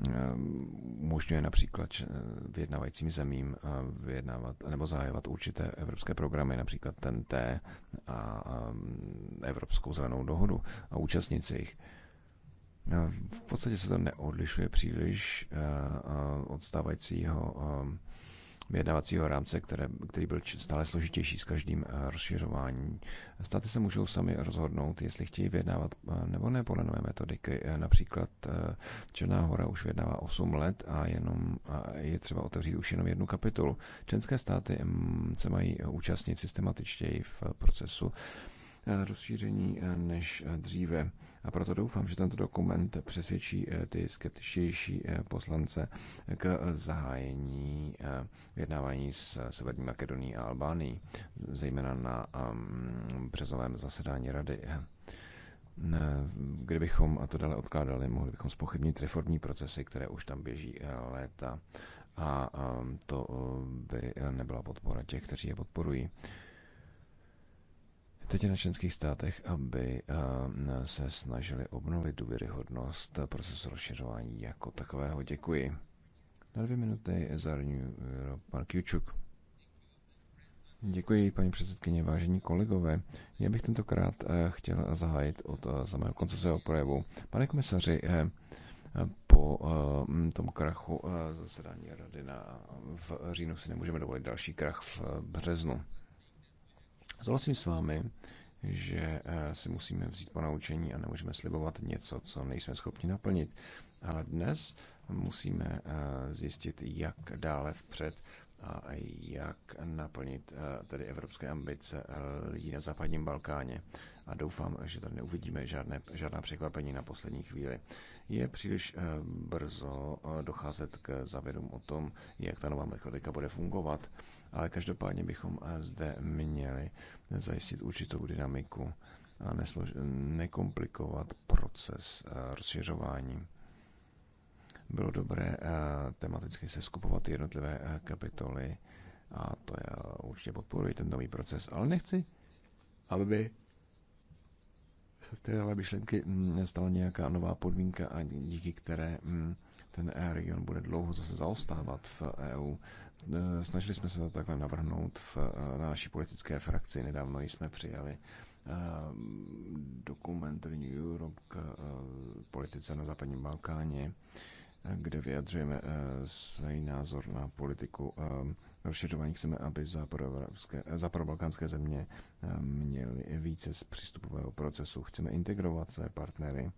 Ehm, umožňuje například eh, vyjednávajícím zemím eh, vyjednávat nebo zahajovat určité evropské programy, například T a mm, Evropskou zelenou dohodu a účastnit se jich. Eh, v podstatě se to neodlišuje příliš od stávajícího ehm, vyjednávacího rámce, které, který byl stále složitější s každým eh, rozšiřováním. Státy se můžou sami rozhodnout, jestli chtějí vyjednávat eh, nebo ne podle nové metodiky. Eh, například Černá hora už vyjednává 8 let a jenom je třeba otevřít už jenom jednu kapitolu. Členské státy mm, se mají účastnit systematičtěji v procesu rozšíření než dříve. A proto doufám, že tento dokument přesvědčí eh, ty skeptičtější eh, poslance k zahájení eh, jednávání s Severní Makedonií a Albánií, zejména na ehm, březovém zasedání rady. Kdybychom a to dále odkládali, mohli bychom spochybnit reformní procesy, které už tam běží léta a ehm, to by nebyla podpora těch, kteří je podporují teď na členských státech, aby eh, se snažili obnovit důvěryhodnost procesu rozšiřování jako takového. Děkuji. Na dvě minuty zahrnu pan Kjučuk. Děkuji, paní předsedkyně, vážení kolegové. Já bych tentokrát eh, chtěl zahájit od samého eh, konce svého projevu. Pane komisaři, po tom krachu zasedání rady na, v říjnu si nemůžeme dovolit další krach v březnu. Souhlasím s vámi, že eh, si musíme vzít po naučení a nemůžeme slibovat něco, co nejsme schopni naplnit. Ale dnes musíme eh, zjistit, jak dále vpřed a jak naplnit eh, tedy evropské ambice lidí na západním Balkáně. A doufám, že tady neuvidíme žádné, žádná překvapení na poslední chvíli. Je příliš brzo docházet k závěrům o tom, jak ta nová metodika bude fungovat ale každopádně bychom eh, zde měli zajistit určitou dynamiku a neslož- nekomplikovat proces eh, rozšiřování. Bylo dobré eh, tematicky se skupovat jednotlivé kapitoly a to já určitě podporuji ten nový proces, ale nechci, aby se z téhle myšlenky mm, stala nějaká nová podmínka, a díky které mm, ten region bude dlouho zase zaostávat v EU. Eh, snažili jsme se to takhle navrhnout v, eh, na naší politické frakci. Nedávno jsme přijali eh, dokument New Europe k politice na západním Balkáně, kde vyjadřujeme svůj názor na politiku rozšiřování. Chceme, aby západobalkánské země měly více z přístupového procesu. Chceme integrovat své partnery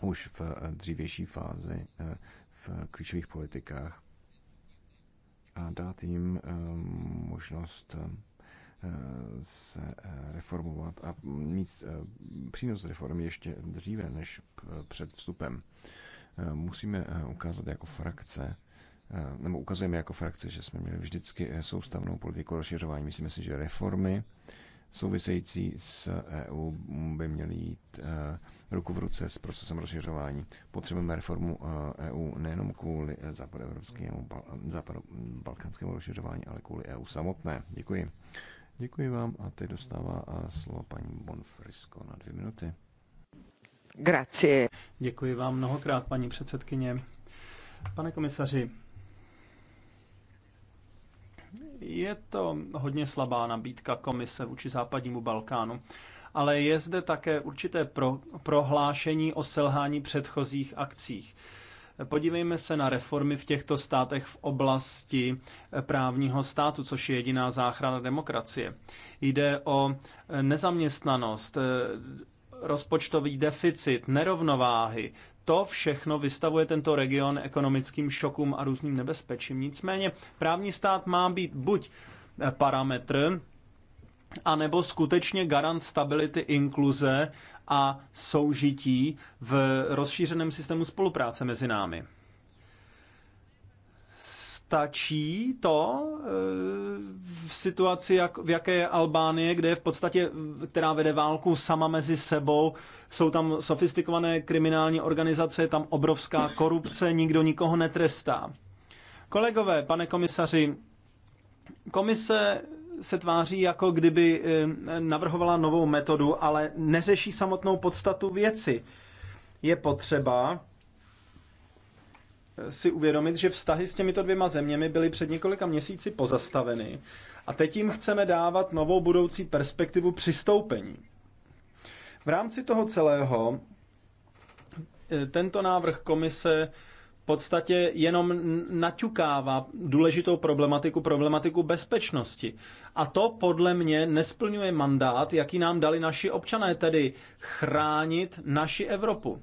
už v dřívější fázi v klíčových politikách a dát jim eh, možnost eh, se eh, reformovat a mít přínos reform ještě dříve než před vstupem. Musíme ukázat jako frakce, nebo ukazujeme jako frakce, že jsme měli vždycky soustavnou politiku rozšiřování. Myslíme si, že reformy související s EU by měly jít eh, ruku v ruce s procesem rozšiřování. Potřebujeme reformu EU eh, e nejenom kvůli eh, západoevropskému, balkánskému rozšiřování, ale kvůli EU samotné. Děkuji. Děkuji vám a teď dostává slovo paní Bonfrisko na dvě minuty. Grazie. Děkuji vám mnohokrát, paní předsedkyně. Pane komisaři, je to hodně slabá nabídka komise vůči západnímu Balkánu, ale je zde také určité pro, prohlášení o selhání předchozích akcích. Podívejme se na reformy v těchto státech v oblasti právního státu, což je jediná záchrana demokracie. Jde o nezaměstnanost, rozpočtový deficit, nerovnováhy, to všechno vystavuje tento region ekonomickým šokům a různým nebezpečím. Nicméně právní stát má být buď eh, parametr, anebo skutečně garant stability, inkluze a soužití v rozšířeném systému spolupráce mezi námi stačí to eh, v situaci, jak, v jaké je Albánie, kde je v podstatě, která vede válku sama mezi sebou, jsou tam sofistikované kriminální organizace, je tam obrovská korupce, nikdo nikoho netrestá. Kolegové, pane komisaři, komise se tváří jako kdyby eh, navrhovala novou metodu, ale neřeší samotnou podstatu věci. Je potřeba, si uvědomit, že vztahy s těmito dvěma zeměmi byly před několika měsíci pozastaveny a teď jim chceme dávat novou budoucí perspektivu přistoupení. V rámci toho celého e, tento návrh komise v podstatě jenom naťukává důležitou problematiku, problematiku bezpečnosti. A to podle mě nesplňuje mandát, jaký nám dali naši občané, tedy chránit naši Evropu.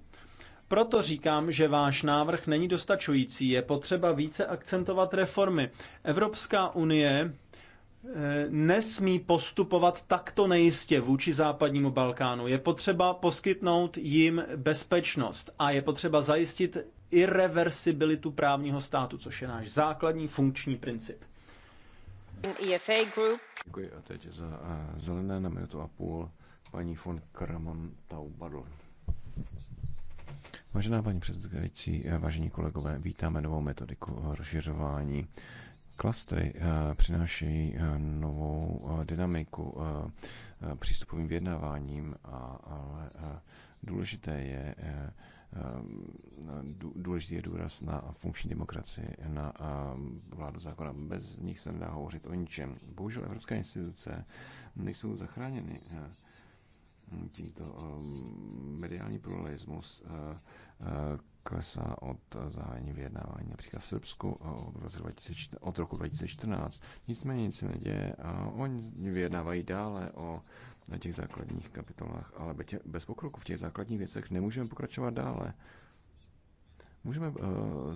Proto říkám, že váš návrh není dostačující. Je potřeba více akcentovat reformy. Evropská unie eh, nesmí postupovat takto nejistě vůči západnímu Balkánu. Je potřeba poskytnout jim bezpečnost a je potřeba zajistit irreversibilitu právního státu, což je náš základní funkční princip. E Děkuji a teď za eh, zelené na minutu a půl paní von Kramon Taubadl. Vážená paní předsedající, vážení kolegové, vítáme novou metodiku rozšiřování. Klastry eh, přinášejí eh, novou eh, dynamiku přístupovým vyjednáváním, ale důležité je, důležitý je důraz na funkční demokracii, na vládu zákona. Bez nich se nedá hovořit o ničem. Bohužel evropské instituce nejsou zachráněny tímto eh, mediální pluralismus eh, eh, klesá od zahájení vyjednávání například v Srbsku od, roce 2014, od roku 2014. Nicméně nic se neděje a oni vyjednávají dále o těch základních kapitolách, ale bez pokroku v těch základních věcech nemůžeme pokračovat dále. Můžeme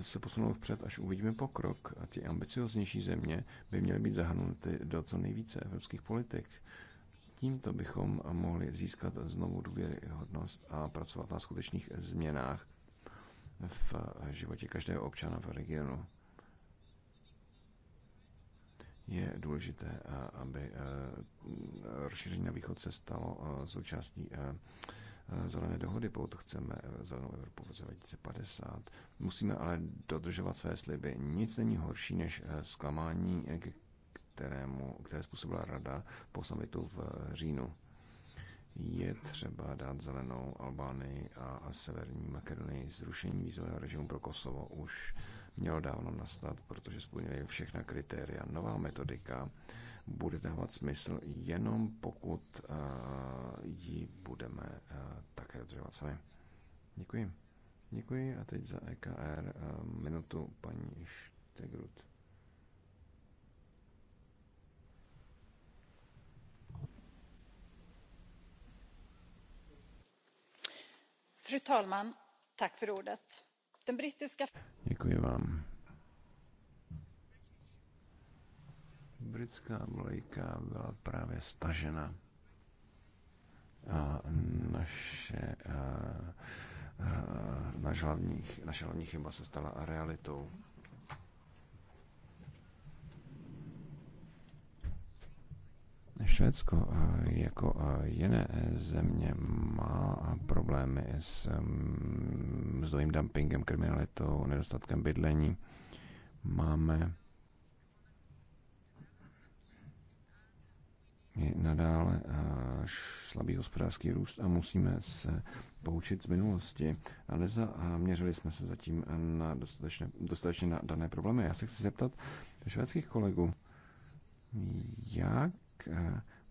se posunout vpřed, až uvidíme pokrok a ty ambicioznější země by měly být zahrnuty do co nejvíce evropských politik Tímto bychom mohli získat znovu důvěryhodnost a pracovat na skutečných změnách v životě každého občana v regionu. Je důležité, aby e, rozšíření na východ se stalo e, součástí e, zelené dohody, pokud chceme zelenou Evropu v roce 2050. Musíme ale dodržovat své sliby. Nic není horší než zklamání, kterému, které způsobila rada po samitu v říjnu. Je třeba dát zelenou Albánii a Severní Makedonii. Zrušení vízového režimu pro Kosovo už mělo dávno nastat, protože splnili všechna kritéria. Nová metodika bude dávat smysl jenom pokud uh, ji budeme uh, také dodržovat sami. Děkuji. Děkuji a teď za EKR uh, eh, minutu paní Štegrut. Děkuji vám. Britská vlajka byla právě stažena a naše, a, a, naš hlavní, naše hlavní chyba se stala realitou. Švédsko jako jiné země má problémy s mzdovým mm, dumpingem, kriminalitou, nedostatkem bydlení. Máme nadále slabý hospodářský růst a musíme se poučit z minulosti. A nezaměřili jsme se zatím na dostatečně, dostatečně na dané problémy. Já se chci zeptat švédských kolegů, jak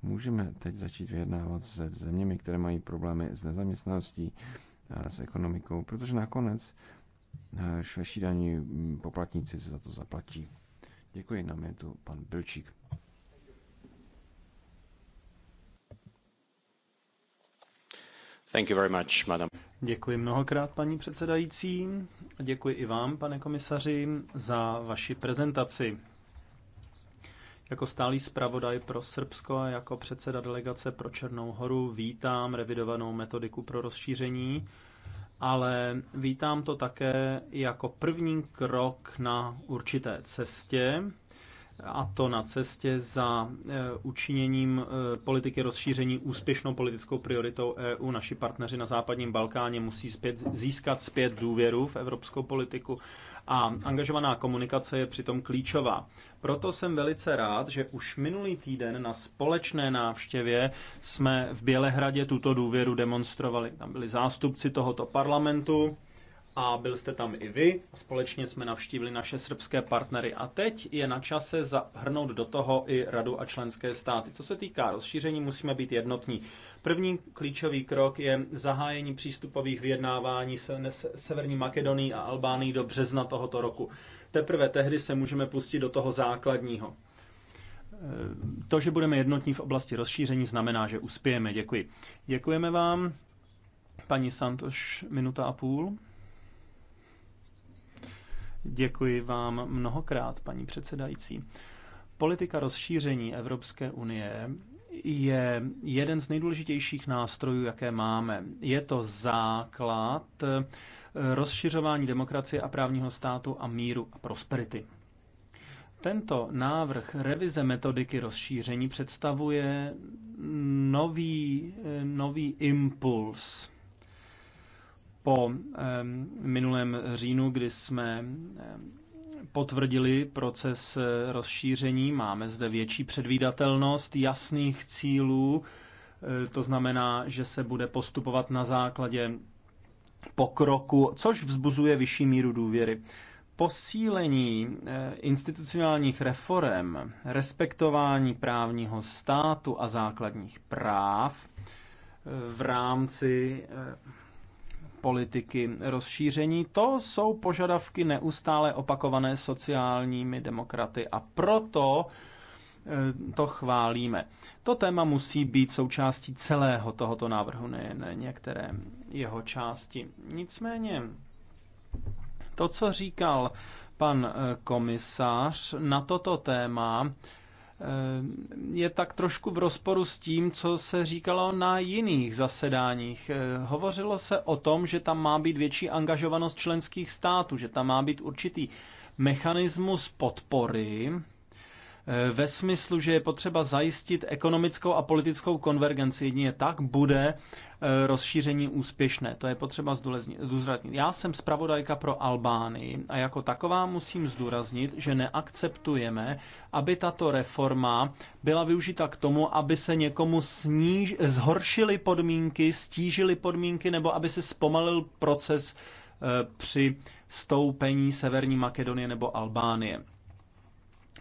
Můžeme teď začít vyjednávat se zeměmi, které mají problémy s nezaměstnaností a s ekonomikou, protože nakonec eh, švejší daní mm, poplatníci se za to zaplatí. Děkuji, nám je tu pan Bilčík. Thank you very much, madam. Děkuji mnohokrát, paní předsedající. Děkuji i vám, pane komisaři, za vaši prezentaci. Jako stálý zpravodaj pro Srbsko a jako předseda delegace pro Černou horu vítám revidovanou metodiku pro rozšíření, ale vítám to také jako první krok na určité cestě, a to na cestě za e, učiněním e, politiky rozšíření úspěšnou politickou prioritou EU. Naši partneři na západním Balkáně musí zpět, získat zpět důvěru v evropskou politiku a angažovaná komunikace je přitom klíčová. Proto jsem velice rád, že už minulý týden na společné návštěvě jsme v Bělehradě tuto důvěru demonstrovali. Tam byli zástupci tohoto parlamentu, a byl jste tam i vy. Společně jsme navštívili naše srbské partnery a teď je na čase zahrnout do toho i radu a členské státy. Co se týká rozšíření, musíme být jednotní. První klíčový krok je zahájení přístupových vyjednávání se, se, Severní Makedonii a Albánii do března tohoto roku. Teprve tehdy se můžeme pustit do toho základního. E, to, že budeme jednotní v oblasti rozšíření, znamená, že uspějeme. Děkuji. Děkujeme vám. Paní Santoš, minuta a půl. Děkuji vám mnohokrát, paní předsedající. Politika rozšíření Evropské unie je jeden z nejdůležitějších nástrojů, jaké máme. Je to základ eh, rozšiřování demokracie a právního státu a míru a prosperity. Tento návrh revize metodiky rozšíření představuje nový, eh, nový impuls po minulém říjnu, kdy jsme potvrdili proces eh, rozšíření, máme zde větší předvídatelnost jasných cílů, eh, to znamená, že se bude postupovat na základě pokroku, což vzbuzuje vyšší míru důvěry. Posílení eh, institucionálních reform, respektování právního státu a základních práv v rámci politiky rozšíření. To jsou požadavky neustále opakované sociálními demokraty a proto eh, to chválíme. To téma musí být součástí celého tohoto návrhu, nejen některé jeho části. Nicméně to, co říkal pan eh, komisář na toto téma, Ehm, je tak trošku v rozporu s tím, co se říkalo na jiných zasedáních. Ehm, hovořilo se o tom, že tam má být větší angažovanost členských států, že tam má být určitý mechanismus podpory ehm, ve smyslu, že je potřeba zajistit ekonomickou a politickou konvergenci. Jedině tak bude Eh, rozšíření úspěšné. To je potřeba zdůraznit. Já jsem zpravodajka pro Albánii a jako taková musím zdůraznit, že neakceptujeme, aby tato reforma byla využita k tomu, aby se někomu sníž, zhoršily podmínky, stížily podmínky nebo aby se zpomalil proces eh, při stoupení Severní Makedonie nebo Albánie.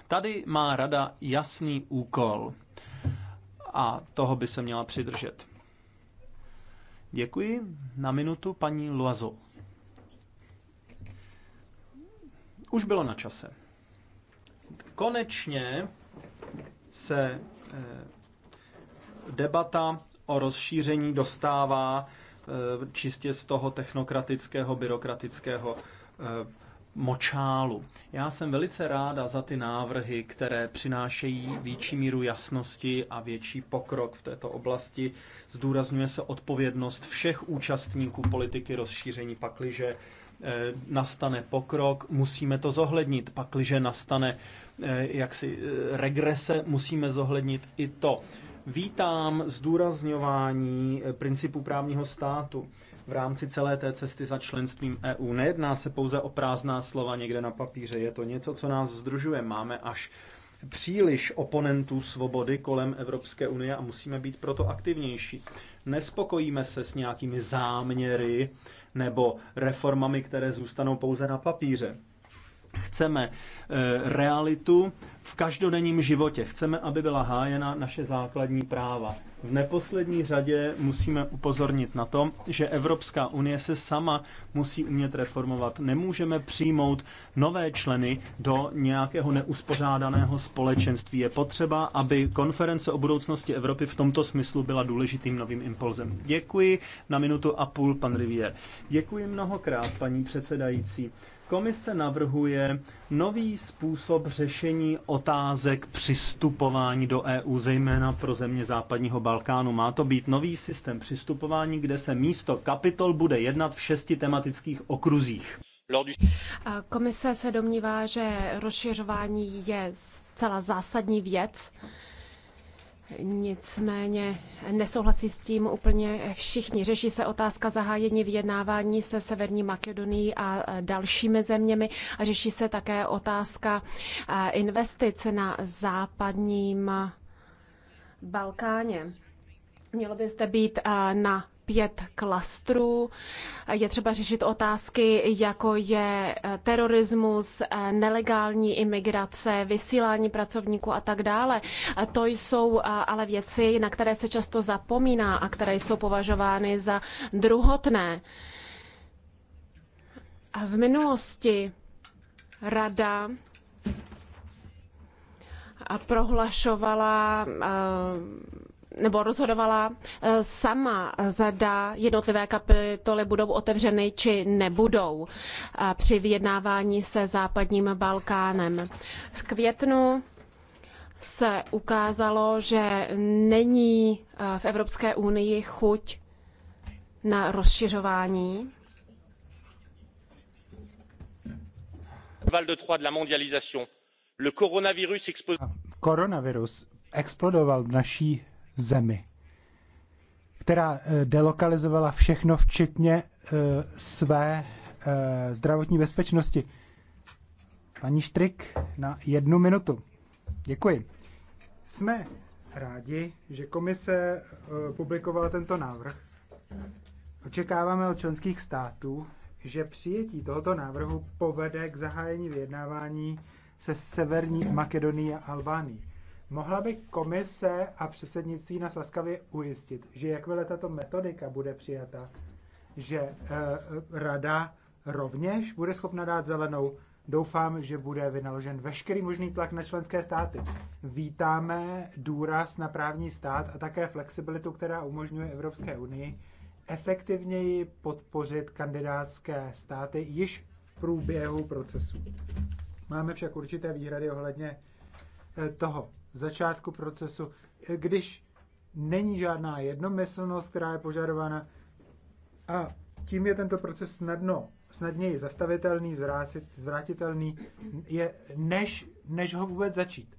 Tady má rada jasný úkol a toho by se měla přidržet. Děkuji. Na minutu paní Loazo. Už bylo na čase. Konečně se eh, debata o rozšíření dostává eh, čistě z toho technokratického, byrokratického eh, močálu. Já jsem velice ráda za ty návrhy, které přinášejí větší míru jasnosti a větší pokrok v této oblasti. Zdůrazňuje se odpovědnost všech účastníků politiky rozšíření, pakliže eh, nastane pokrok, musíme to zohlednit. Pakliže nastane eh, jaksi eh, regrese, musíme zohlednit i to. Vítám zdůrazňování principu právního státu v rámci celé té cesty za členstvím EU. Nejedná se pouze o prázdná slova někde na papíře, je to něco, co nás združuje. Máme až příliš oponentů svobody kolem Evropské unie a musíme být proto aktivnější. Nespokojíme se s nějakými záměry nebo reformami, které zůstanou pouze na papíře. Chceme eh, realitu v každodenním životě. Chceme, aby byla hájena naše základní práva. V neposlední řadě musíme upozornit na to, že Evropská unie se sama musí umět reformovat. Nemůžeme přijmout nové členy do nějakého neuspořádaného společenství. Je potřeba, aby konference o budoucnosti Evropy v tomto smyslu byla důležitým novým impulzem. Děkuji na minutu a půl, pan Rivier. Děkuji mnohokrát, paní předsedající. Komise navrhuje nový způsob řešení otázek přistupování do EU, zejména pro země západního Balkánu. Má to být nový systém přistupování, kde se místo kapitol bude jednat v šesti tematických okruzích. Komise se domnívá, že rozšiřování je zcela zásadní věc Nicméně nesouhlasí s tím úplně všichni. Řeší se otázka zahájení vyjednávání se Severní Makedonií a e, dalšími zeměmi a řeší se také otázka e, investic na západním Balkáně. Mělo by zde být e, na pět klastrů. Je třeba řešit otázky, jako je eh, terorismus, eh, nelegální imigrace, vysílání pracovníků a tak dále. To jsou eh, ale věci, na které se často zapomíná a které jsou považovány za druhotné. A v minulosti rada a prohlašovala nebo rozhodovala eh, sama, zda jednotlivé kapitoly budou otevřeny či nebudou při vyjednávání se západním Balkánem. V květnu se ukázalo, že není eh, v Evropské unii chuť na rozšiřování. Koronavirus explodoval v naší zemi, která eh, delokalizovala všechno, včetně eh, své eh, zdravotní bezpečnosti. Paní Štrik, na jednu minutu. Děkuji. Jsme rádi, že komise publikovala tento návrh. Očekáváme od členských států, že přijetí tohoto návrhu povede k zahájení vyjednávání se Severní Makedonií a Albánií. Mohla by komise a předsednictví nás laskavě ujistit, že jakmile tato metodika bude přijata, že uh, rada rovněž bude schopna dát zelenou. Doufám, že bude vynaložen veškerý možný tlak na členské státy. Vítáme důraz na právní stát a také flexibilitu, která umožňuje Evropské unii efektivněji podpořit kandidátské státy již v průběhu procesu. Máme však určité výhrady ohledně eh, toho, začátku procesu, eh, když není žádná jednomyslnost, která je požadována a tím je tento proces snadno, snadněji zastavitelný, zvrátit, zvrátitelný, je, než, než ho vůbec začít.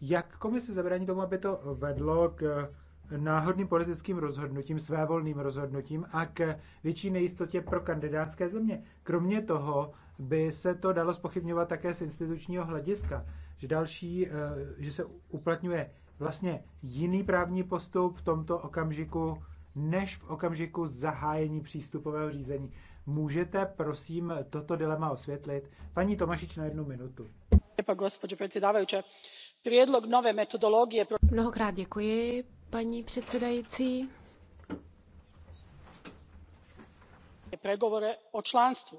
Jak komise zabrání tomu, aby to vedlo k eh, náhodným politickým rozhodnutím, svévolným rozhodnutím a k větší nejistotě pro kandidátské země. Kromě toho by se to dalo spochybňovat také z institučního hlediska že další, eh, že se uplatňuje vlastně jiný právní postup v tomto okamžiku, než v okamžiku zahájení přístupového řízení. Můžete, prosím, toto dilema osvětlit? Paní Tomašič na jednu minutu. Gospođo predsjedavajuća, Mnohokrát děkuji, paní předsedající. ...pregovore o členství.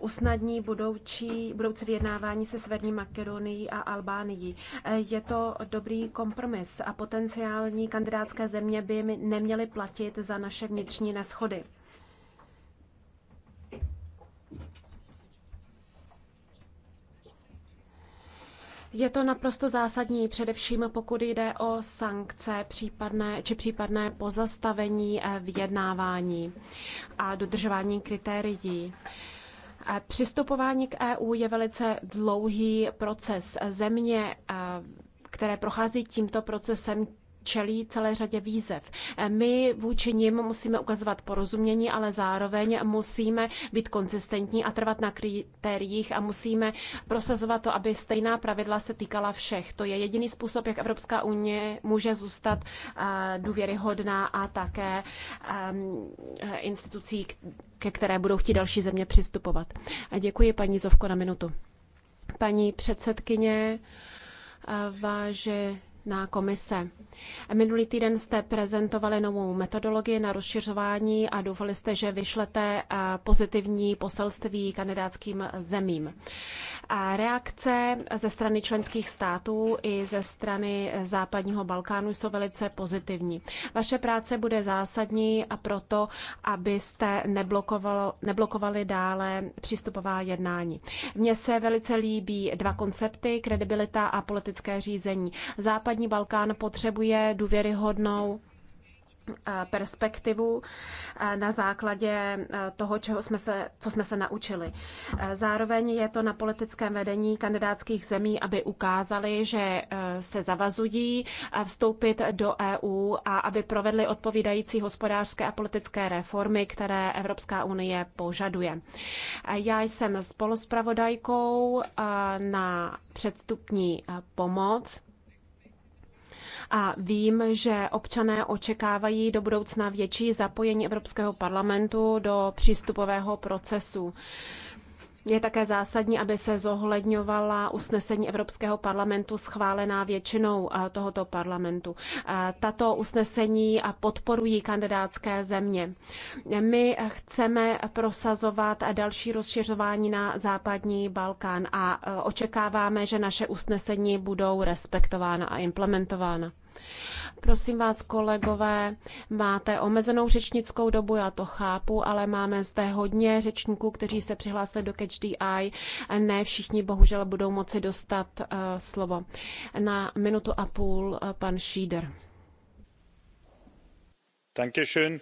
usnadní budoucí, budoucí vyjednávání se Severní Makedonií a Albánií. Je to dobrý kompromis a potenciální kandidátské země by neměly platit za naše vnitřní neschody. Je to naprosto zásadní, především pokud jde o sankce případné, či případné pozastavení eh, vyjednávání a dodržování kritérií. Přistupování k EU je velice dlouhý proces. Země, které prochází tímto procesem, čelí celé řadě výzev. Eh, my vůči nim musíme ukazovat porozumění, ale zároveň musíme být konzistentní a trvat na kritériích a musíme prosazovat to, aby stejná pravidla se týkala všech. To je jediný způsob, jak Evropská unie může zůstat eh, důvěryhodná a také ehm, eh, institucí, ke které budou chtít další země přistupovat. A děkuji paní Zovko na minutu. Paní předsedkyně, váže na komise. Minulý týden jste prezentovali novou metodologii na rozšiřování a doufali jste, že vyšlete pozitivní poselství kandidátským zemím. A reakce ze strany členských států i ze strany západního Balkánu jsou velice pozitivní. Vaše práce bude zásadní a proto, abyste neblokovali dále přístupová jednání. Mně se velice líbí dva koncepty, kredibilita a politické řízení. Západní Balkán potřebuje je důvěryhodnou eh, perspektivu eh, na základě eh, toho, čeho jsme se, co jsme se naučili. Zároveň je to na politickém vedení kandidátských zemí, aby ukázali, že se zavazují vstoupit do EU a aby provedli odpovídající hospodářské a politické reformy, které Evropská unie požaduje. Já jsem spoluspravodajkou na předstupní pomoc a vím, že občané očekávají do budoucna větší zapojení Evropského parlamentu do přístupového procesu. Je také zásadní, aby se zohledňovala usnesení Evropského parlamentu schválená většinou eh, tohoto parlamentu. Eh, tato usnesení eh, podporují kandidátské země. My chceme prosazovat další rozšiřování na západní Balkán a očekáváme, že naše usnesení budou respektována a implementována. Prosím vás, kolegové, máte omezenou řečnickou dobu, já to chápu, ale máme zde hodně řečníků, kteří se přihlásili do Catch the Eye. Ne všichni bohužel budou moci dostat uh, slovo. Na minutu a půl uh, pan Šíder. Dankeschön.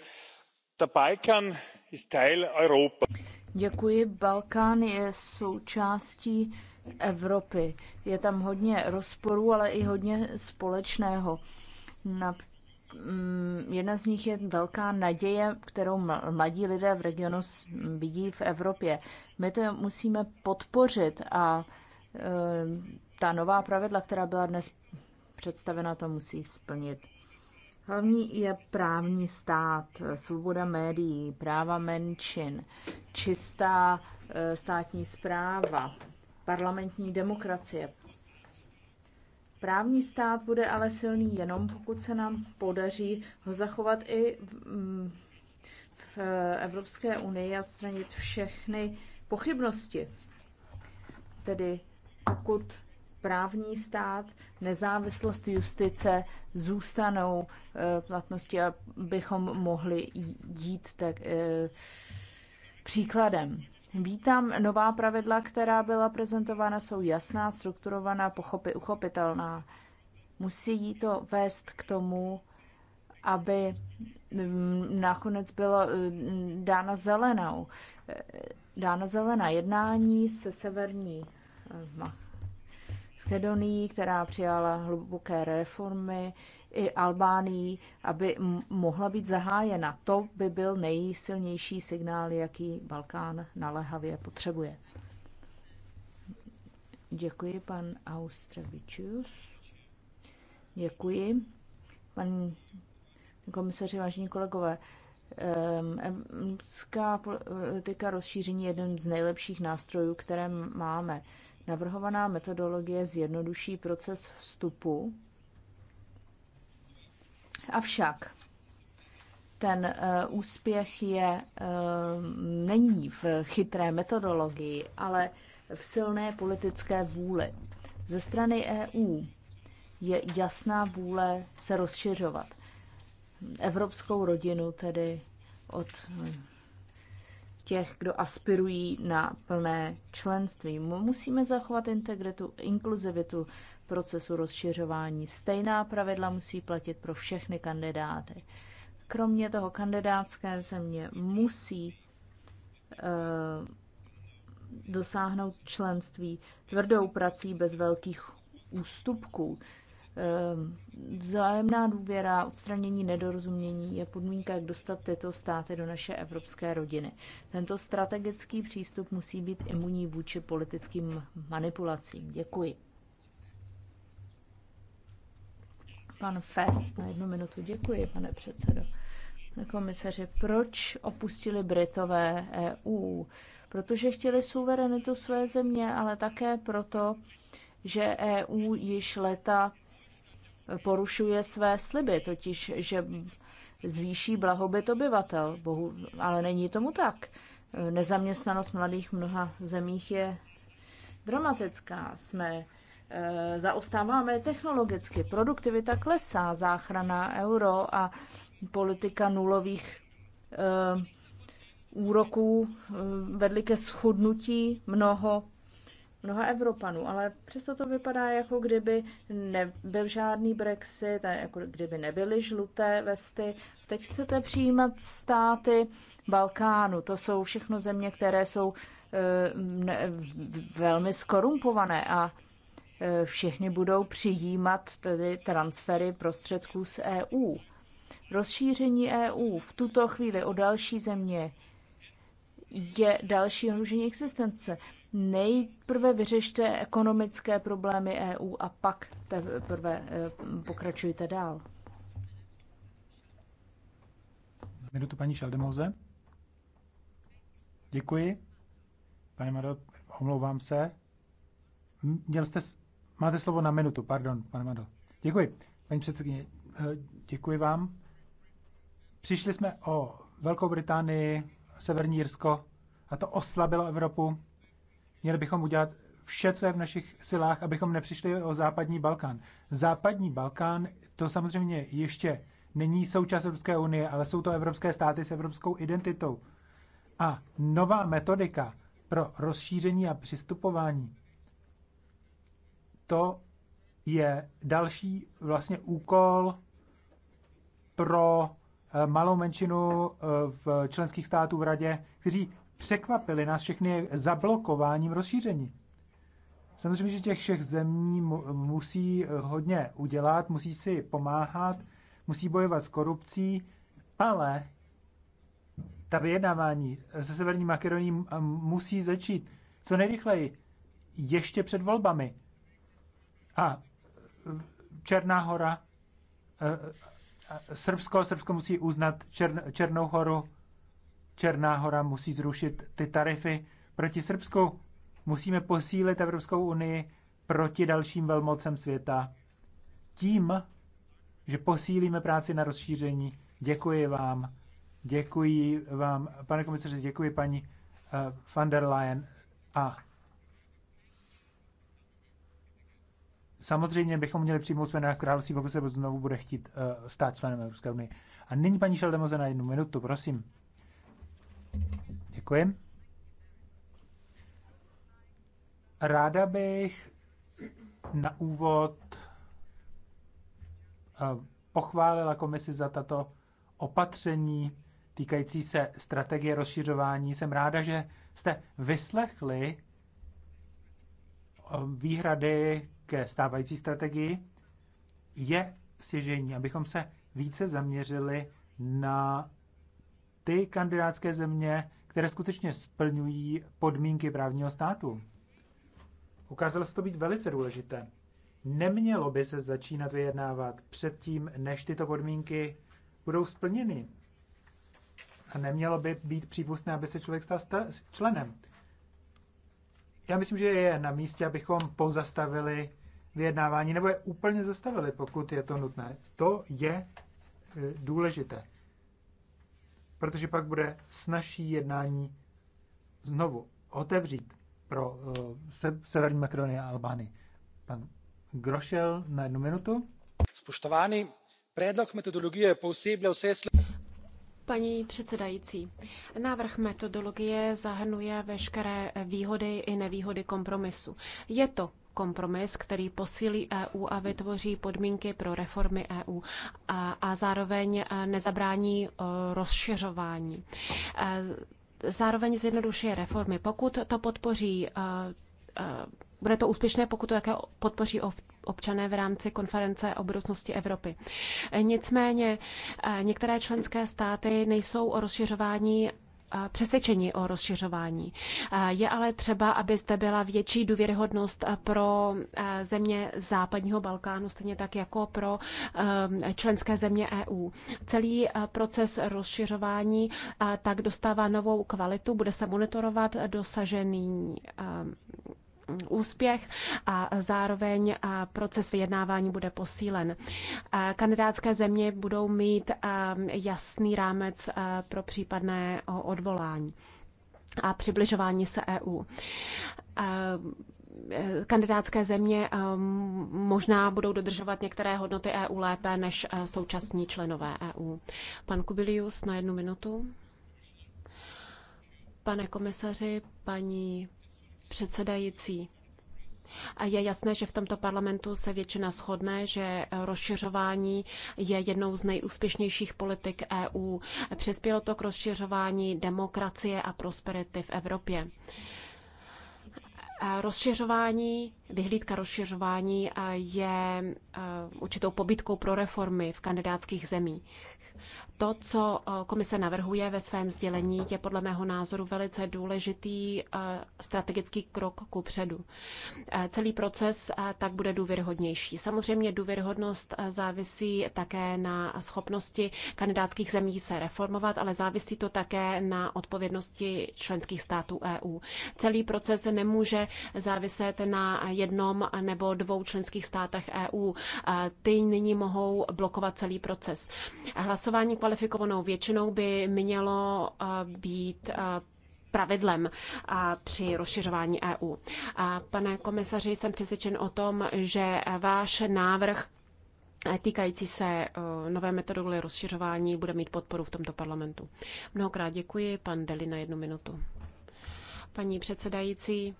Der Balkan ist Teil Europa. Děkuji. Balkán je součástí Evropy. Je tam hodně rozporů, ale i hodně společného na, mm, jedna z nich je velká naděje, kterou mladí lidé v regionu vidí v Evropě. My to musíme podpořit a eh, ta nová pravidla, která byla dnes představena, to musí splnit. Hlavní je právní stát, eh, svoboda médií, práva menšin, čistá eh, státní zpráva, parlamentní demokracie, Právní stát bude ale silný jenom, pokud se nám podaří ho zachovat i v mm, Evropské unii a odstranit všechny pochybnosti. Tedy pokud právní stát, nezávislost justice zůstanou eh, platnosti, abychom mohli jít tak eh, příkladem. Vítám nová pravidla, která byla prezentována, jsou jasná, strukturovaná, pochopy, uchopitelná. Musí to vést k tomu, aby mm, nakonec byla mm, dána zelenou. Eh, dána zelená jednání se severní eh, Makedonii, která přijala hluboké reformy, i Albánii, aby mohla být zahájena. To by byl nejsilnější signál, jaký Balkán naléhavě potřebuje. Děkuji, pan Austrevičus. Děkuji. Pan komisaři, vážení kolegové, evropská politika rozšíření je jeden z nejlepších nástrojů, které máme. Navrhovaná metodologie zjednoduší proces vstupu Avšak ten uh, úspěch je uh, není v chytré metodologii, ale v silné politické vůli. Ze strany EU je jasná vůle se rozšiřovat. Evropskou rodinu tedy od těch, kdo aspirují na plné členství. Musíme zachovat integritu, inkluzivitu, procesu rozšiřování. Stejná pravidla musí platit pro všechny kandidáty. Kromě toho kandidátské země musí uh, dosáhnout členství tvrdou prací bez velkých ústupků. Eh, vzájemná důvěra, odstranění nedorozumění je podmínka, jak dostat tyto státy do naše evropské rodiny. Tento strategický přístup musí být imunní vůči politickým manipulacím. Děkuji. Pan Fest na jednu minutu. Děkuji, pane předsedo. Pane komisaři, proč opustili Britové EU? Protože chtěli suverenitu své země, ale také proto, že EU již leta porušuje své sliby, totiž že zvýší blahobyt obyvatel. Bohu, ale není tomu tak. Nezaměstnanost mladých v mnoha zemích je dramatická. Jsme Eh, zaostáváme technologicky, produktivita klesá, záchrana euro a politika nulových eh, úroků eh, vedly ke schudnutí mnoho mnoha Evropanů, ale přesto to vypadá, jako kdyby nebyl žádný Brexit, jako kdyby nebyly žluté vesty. Teď chcete přijímat státy Balkánu. To jsou všechno země, které jsou velmi skorumpované a Eh, všichni budou přijímat tedy transfery prostředků z EU. Rozšíření EU v tuto chvíli o další země je další ohrožení existence. Nejprve vyřešte ekonomické problémy EU a pak teprve eh, pokračujte dál. Minutu paní Šaldemoze. Děkuji. Pane Mado, omlouvám se. Měl jste Máte slovo na minutu, pardon, pane Madl. Děkuji, paní předsedkyně, eh, děkuji vám. Přišli jsme o Velkou Británii, Severní Jirsko a to oslabilo Evropu. Měli bychom udělat vše, co je v našich silách, abychom nepřišli o západní Balkán. Západní Balkán to samozřejmě ještě není součást Evropské unie, ale jsou to evropské státy s evropskou identitou. A nová metodika pro rozšíření a přistupování to je další vlastně úkol pro eh, malou menšinu eh, v členských států v radě, kteří překvapili nás všechny zablokováním rozšíření. Samozřejmě, že těch všech zemí musí hodně udělat, musí si pomáhat, musí bojovat s korupcí, ale ta vyjednávání se Severní Makedonií musí začít co nejrychleji, ještě před volbami a e, Černá hora, e, e, Srbsko, Srbsko musí uznat Čern, Černou horu, Černá hora musí zrušit ty tarify proti Srbsku. Musíme posílit Evropskou unii proti dalším velmocem světa tím, že posílíme práci na rozšíření. Děkuji vám. Děkuji vám, pane komisaři, děkuji paní uh, van der Leyen a Samozřejmě bychom měli přijmout Spojené království, pokud se znovu bude chtít uh, stát členem Evropské unie. A nyní paní Šeldemoze na jednu minutu, prosím. Děkuji. Ráda bych na úvod uh, pochválila komisi za tato opatření týkající se strategie rozšiřování. Jsem ráda, že jste vyslechli eh, výhrady ke stávající strategii, je stěžení, abychom se více zaměřili na ty kandidátské země, které skutečně splňují podmínky právního státu. Ukázalo se to být velice důležité. Nemělo by se začínat vyjednávat předtím, než tyto podmínky budou splněny. A nemělo by být přípustné, aby se člověk stal členem. Já myslím, že je na místě, abychom pozastavili vyjednávání nebo je úplně zastavili, pokud je to nutné. To je e, důležité, protože pak bude snažší jednání znovu otevřít pro e, Severní Makedonii a Albánii. Pan Grošel na jednu minutu. Spoštovány, predlog metodologie pooseblja vse Paní předsedající, návrh metodologie zahrnuje veškeré výhody i nevýhody kompromisu. Je to kompromis, který posílí EU a vytvoří podmínky pro reformy EU a, a zároveň eh, nezabrání eh, rozšiřování. Eh, zároveň zjednodušuje reformy. Pokud to podpoří bude to úspěšné, pokud to také podpoří občané v rámci konference o budoucnosti Evropy. Nicméně některé členské státy nejsou o rozšiřování přesvědčení o rozšiřování. Je ale třeba, aby zde byla větší důvěryhodnost pro e, země západního Balkánu, stejně tak jako pro e, členské země EU. Celý e, proces rozšiřování tak dostává novou kvalitu, bude se monitorovat dosažený úspěch a zároveň proces vyjednávání bude posílen. Kandidátské země budou mít jasný rámec pro případné odvolání a přibližování se EU kandidátské země možná budou dodržovat některé hodnoty EU lépe než současní členové EU. Pan Kubilius na jednu minutu. Pane komisaři, paní předsedající. A je jasné, že v tomto parlamentu se většina shodne, že rozšiřování je jednou z nejúspěšnějších politik EU. Přispělo to k rozšiřování demokracie a prosperity v Evropě. Rozšiřování, vyhlídka rozšiřování je určitou pobytkou pro reformy v kandidátských zemích. To, co eh, komise navrhuje ve svém sdělení, je podle mého názoru velice důležitý eh, strategický krok ku předu. Eh, celý proces tak bude důvěryhodnější. Samozřejmě důvěryhodnost závisí také na schopnosti kandidátských zemí se reformovat, ale závisí to také na odpovědnosti členských států EU. Celý proces nemůže záviset na jednom nebo dvou členských státech EU. Ty nyní mohou blokovat celý proces. Hlasování kvalifikovanou většinou by mělo eh, být eh, pravidlem eh, při rozšiřování EU. Pane komisaři, jsem přesvědčen o tom, že váš návrh týkající se nové metodologie rozšiřování bude mít podporu v tomto parlamentu. Mnohokrát děkuji, pan Deli na jednu minutu. Paní předsedající,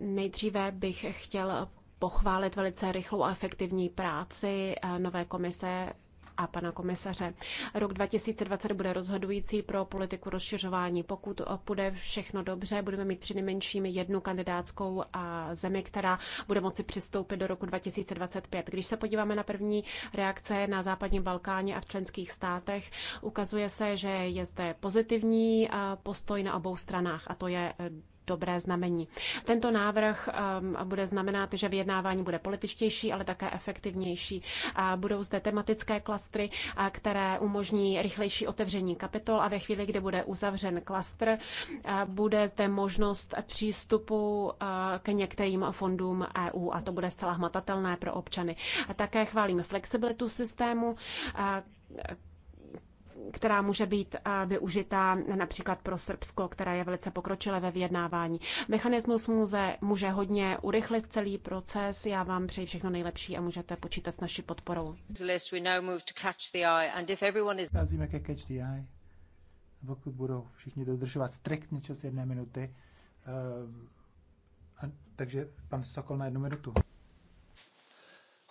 nejdříve bych chtěl pochválit velice rychlou a efektivní práci nové komise a pana komisaře. Rok 2020 bude rozhodující pro politiku rozšiřování. Pokud bude všechno dobře, budeme mít tři nejmenšími jednu kandidátskou zemi, která bude moci přistoupit do roku 2025. Když se podíváme na první reakce na západním Balkáně a v členských státech, ukazuje se, že je zde pozitivní eh, postoj na obou stranách a to je eh, dobré znamení. Tento návrh um, bude znamenat, že vyjednávání bude političtější, ale také efektivnější. Budou zde tematické klastry, které umožní rychlejší otevření kapitol a ve chvíli, kdy bude uzavřen klastr, bude zde možnost přístupu k některým fondům EU a to bude zcela hmatatelné pro občany. Také chválím flexibilitu systému, která může být eh, využitá například pro Srbsko, které je velice pokročilé ve vyjednávání. Mechanismus může, může hodně urychlit celý proces. Já vám přeji všechno nejlepší a můžete počítat s naší podporou. Zázíme ke Catch the Eye. Pokud budou všichni dodržovat striktně čas jedné minuty, Uh, a, takže pan Sokol na jednu minutu.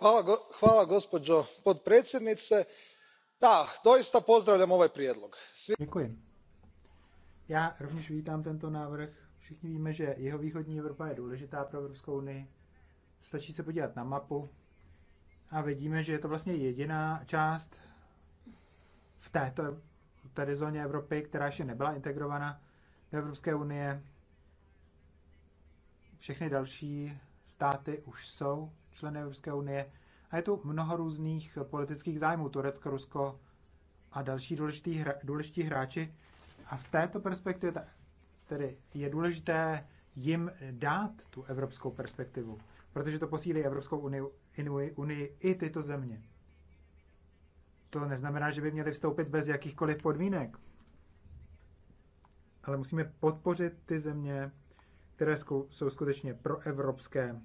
Hvala, hvala gospodžo podpredsednice. Da, doista pozdravljam ovaj prijedlog. Svi... Děkuji. Já rovněž vítám tento návrh. Všichni víme, že jeho východní Evropa je důležitá pro Evropskou unii. Stačí se podívat na mapu a vidíme, že je to vlastně jediná část v této tady zóně Evropy, která ještě nebyla integrovaná do Evropské unie. Všechny další státy už jsou členy Evropské unie a je tu mnoho různých politických zájmů, Turecko, Rusko a další důležití, hra, důležití hráči. A v této perspektivě tedy je důležité jim dát tu evropskou perspektivu, protože to posílí Evropskou unii, unii, i tyto země. To neznamená, že by měli vstoupit bez jakýchkoliv podmínek. Ale musíme podpořit ty země, které jsou skutečně proevropské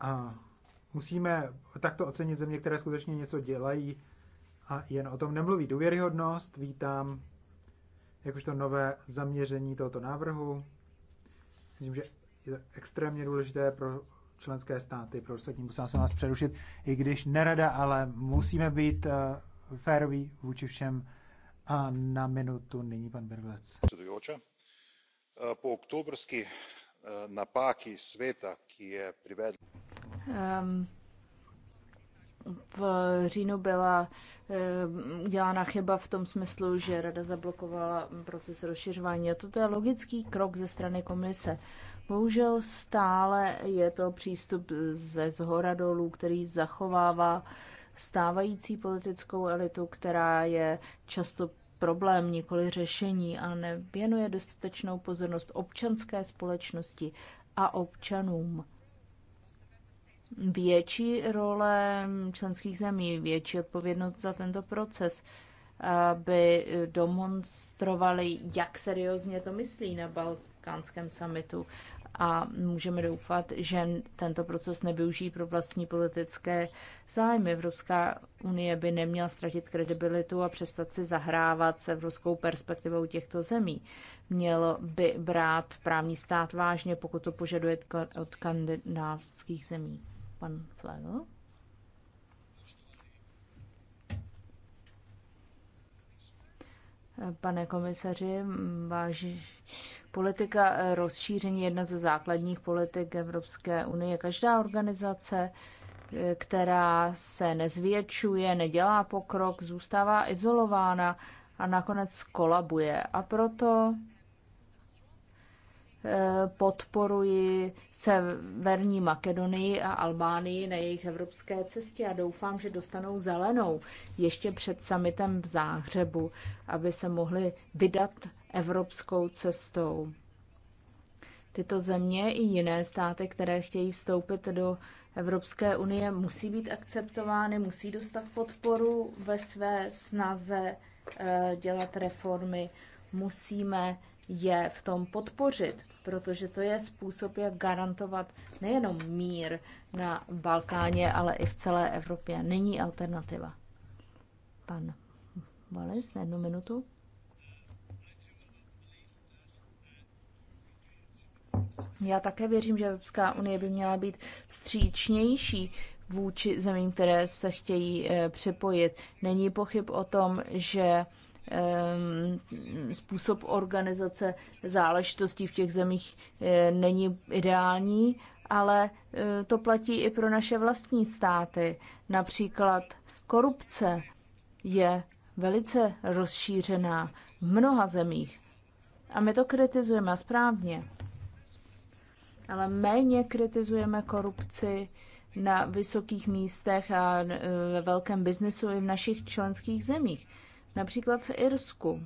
a musíme takto ocenit země, které skutečně něco dělají a jen o tom nemluví. Důvěryhodnost vítám jakožto nové zaměření tohoto návrhu. Myslím, že je extrémně důležité pro členské státy, pro ostatní musím se nás přerušit, i když nerada, ale musíme být uh, féroví vůči všem. A na minutu nyní pan Berglec. Eh, po oktobrský eh, napáky světa, který je přivedl... Ehm, v říjnu byla ehm, dělána chyba v tom smyslu, že rada zablokovala proces rozšiřování. A toto je logický krok ze strany komise. Bohužel stále je to přístup ze zhora dolů, který zachovává stávající politickou elitu, která je často problém, nikoli řešení a nevěnuje dostatečnou pozornost občanské společnosti a občanům větší role členských zemí, větší odpovědnost za tento proces, aby demonstrovali, jak seriózně to myslí na balkánském summitu. A můžeme doufat, že tento proces nevyužijí pro vlastní politické zájmy. Evropská unie by neměla ztratit kredibilitu a přestat si zahrávat se evropskou perspektivou těchto zemí. Mělo by brát právní stát vážně, pokud to požaduje od kandidávských zemí. Pan Flagl. Pane komisaři, váží politika rozšíření je jedna ze základních politik Evropské unie. Každá organizace, která se nezvětšuje, nedělá pokrok, zůstává izolována a nakonec kolabuje. A proto podporuji Severní Makedonii a Albánii na jejich evropské cestě a doufám, že dostanou zelenou ještě před samitem v Záhřebu, aby se mohli vydat evropskou cestou. Tyto země i jiné státy, které chtějí vstoupit do Evropské unie, musí být akceptovány, musí dostat podporu ve své snaze eh, dělat reformy. Musíme je v tom podpořit, protože to je způsob, jak garantovat nejenom mír na Balkáně, ale i v celé Evropě. Není alternativa. Pan Vales, na jednu minutu. Já také věřím, že Evropská unie by měla být vstříčnější vůči zemím, které se chtějí eh, připojit. Není pochyb o tom, že Ehm, způsob organizace záležitostí v těch zemích eh, není ideální, ale eh, to platí i pro naše vlastní státy. Například korupce je velice rozšířená v mnoha zemích. A my to kritizujeme správně. Ale méně kritizujeme korupci na vysokých místech a eh, ve velkém biznesu i v našich členských zemích. Například v Irsku,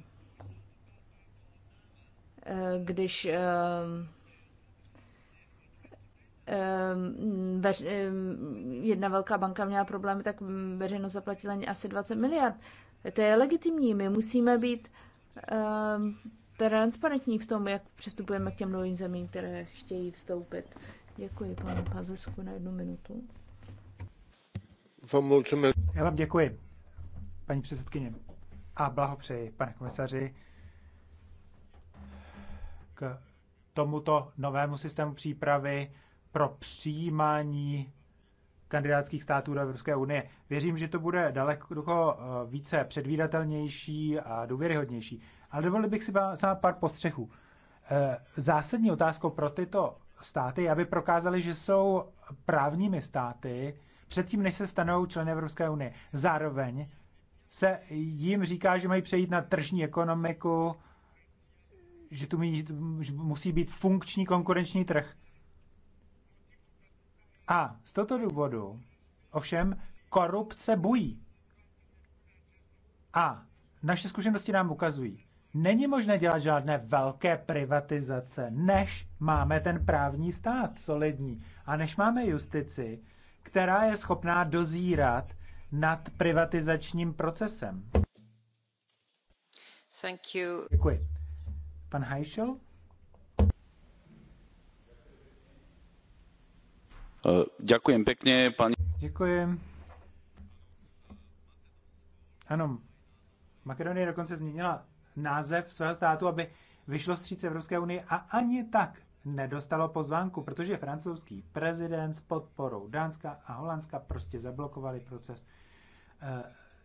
eh, když ehm, ehm, ehm, jedna velká banka měla problémy, tak veřejnost zaplatila asi 20 miliard. To je legitimní. My musíme být transparentní v tom, jak přistupujeme k těm novým zemím, které chtějí vstoupit. Děkuji panu Pazesku na jednu minutu. Já vám děkuji, paní předsedkyně a blahopřeji, pane komisaři, k tomuto novému systému přípravy pro přijímání kandidátských států do Evropské unie. Věřím, že to bude daleko eh, více předvídatelnější a důvěryhodnější. Ale dovolil bych si sám pár postřehů. Eh, zásadní otázkou pro tyto státy, aby prokázali, že jsou právními státy předtím, než se stanou členy Evropské unie. Zároveň se jim říká, že mají přejít na tržní ekonomiku, že tu musí být funkční konkurenční trh. A z tohoto důvodu ovšem korupce bují. A naše zkušenosti nám ukazují, není možné dělat žádné velké privatizace, než máme ten právní stát solidní a než máme justici, která je schopná dozírat nad privatizačním procesem. Thank you. Děkuji. Pan Heischel? Eh, děkuji pěkně, paní. Děkuji. Ano, Makedonie dokonce změnila název svého státu, aby vyšlo vstříc Evropské unii a ani tak nedostalo pozvánku, protože francouzský prezident s podporou Dánska a Holandska prostě zablokovali proces eh,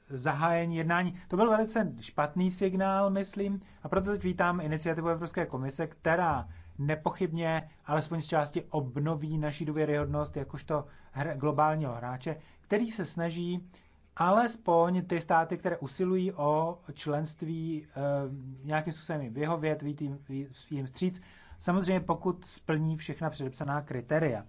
zahájení jednání. To byl velice špatný signál, myslím, a proto teď vítám iniciativu Evropské komise, která nepochybně, alespoň z části, obnoví naši důvěryhodnost jakožto hr- globálního hráče, který se snaží alespoň ty státy, které usilují o členství e, nějakým způsobem vyhovět, vít svým stříc, Samozřejmě pokud splní všechna předepsaná kritéria.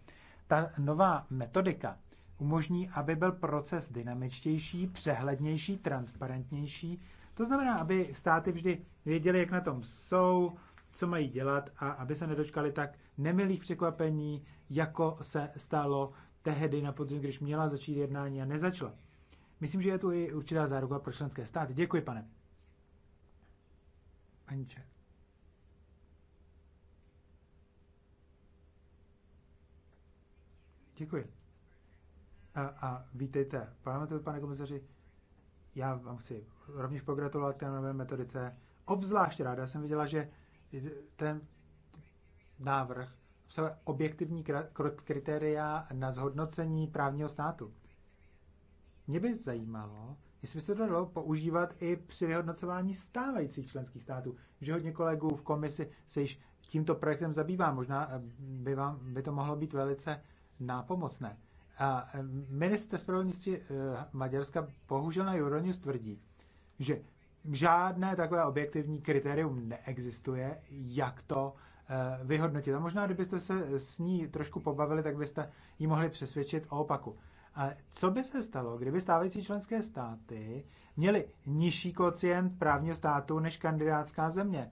Ta nová metodika umožní, aby byl proces dynamičtější, přehlednější, transparentnější. To znamená, aby státy vždy věděli, jak na tom jsou, co mají dělat a aby se nedočkali tak nemilých překvapení, jako se stalo tehdy na podzim, když měla začít jednání a nezačala. Myslím, že je tu i určitá záruka pro členské státy. Děkuji, pane. Aniček. Děkuji. A, a vítejte, pane, pane komisaři. Já vám chci rovněž pogratulovat té nové metodice. Obzvlášť ráda jsem viděla, že ten návrh obsahuje objektivní kritéria na zhodnocení právního státu. Mě by zajímalo, jestli by se to dalo používat i při vyhodnocování stávajících členských států, že hodně kolegů v komisi se již tímto projektem zabývá. Možná eh, by, vám, by to mohlo být velice nápomocné. A eh, minister spravedlnosti eh, Maďarska bohužel na Euronews tvrdí, že žádné takové objektivní kritérium neexistuje, jak to eh, vyhodnotit. A možná, kdybyste se s ní trošku pobavili, tak byste ji mohli přesvědčit o opaku. A co by se stalo, kdyby stávající členské státy měly nižší kocient právního státu než kandidátská země?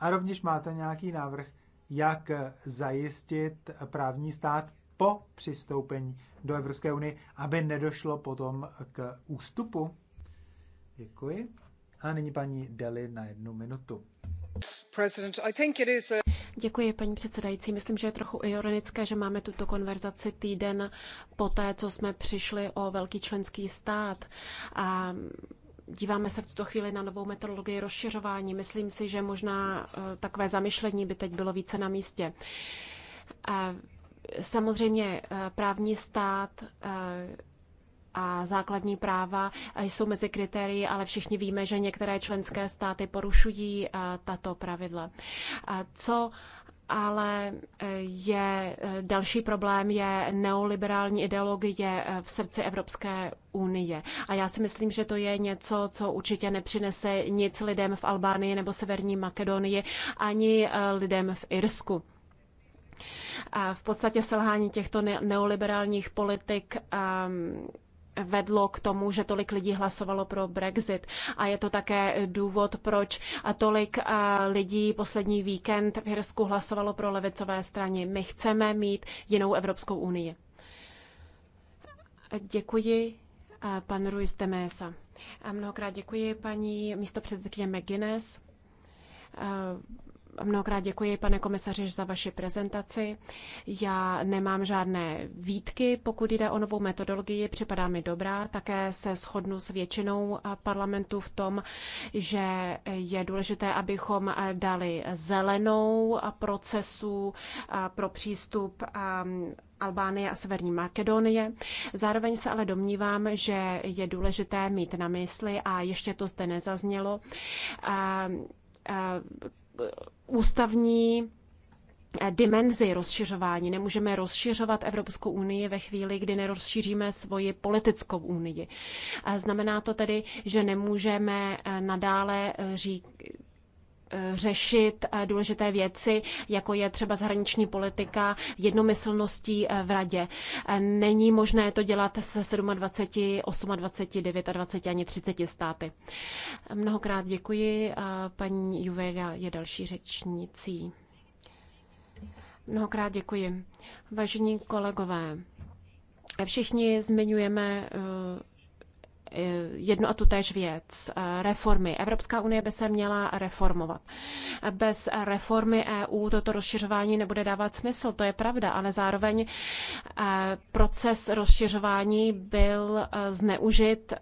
A rovněž máte nějaký návrh, jak zajistit právní stát po přistoupení do Evropské unie, aby nedošlo potom k ústupu. Děkuji. A nyní paní Deli na jednu minutu. Děkuji, paní předsedající. Myslím, že je trochu ironické, že máme tuto konverzaci týden po té, co jsme přišli o velký členský stát. A díváme se v tuto chvíli na novou metodologii rozšiřování. Myslím si, že možná eh, takové zamyšlení by teď bylo více na místě. A Samozřejmě eh, právní stát eh, a základní práva eh, jsou mezi kritérii, ale všichni víme, že některé členské státy porušují tato pravidla. Co ale je další problém je neoliberální ideologie v srdci Evropské unie. A já si myslím, že to je něco, co určitě nepřinese nic lidem v Albánii nebo Severní Makedonii, ani lidem v Irsku. V podstatě selhání těchto neoliberálních politik ehm, vedlo k tomu, že tolik lidí hlasovalo pro Brexit. A je to také důvod, proč tolik eh, lidí poslední víkend v Hirsku hlasovalo pro levicové strany. My chceme mít jinou Evropskou unii. Děkuji, eh, pan Ruiz de Mesa. A mnohokrát děkuji, paní místopředsedkyně McGuinness eh, Mnohokrát děkuji, pane komisaři, za vaši prezentaci. Já nemám žádné výtky, pokud jde o novou metodologii, připadá mi dobrá. Také se shodnu s většinou parlamentu v tom, že je důležité, abychom dali zelenou procesu pro přístup Albánie a Severní Makedonie. Zároveň se ale domnívám, že je důležité mít na mysli, a ještě to zde nezaznělo, ústavní eh, dimenzi rozšiřování. Nemůžeme rozšiřovat Evropskou unii ve chvíli, kdy nerozšíříme svoji politickou unii. Eh, znamená to tedy, že nemůžeme eh, nadále řík, Eh, řešit eh, důležité věci, jako je třeba zahraniční politika, jednomyslností eh, v radě. Není možné to dělat se 27, 28, 29 ani 30 státy. Mnohokrát děkuji. Paní Juvega je další řečnící. Mnohokrát děkuji. Vážení kolegové, všichni zmiňujeme Eh, jednu a tu též věc. Eh, reformy. Evropská unie by se měla reformovat. Bez reformy EU toto rozšiřování nebude dávat smysl, to je pravda, ale zároveň eh, proces rozšiřování byl zneužit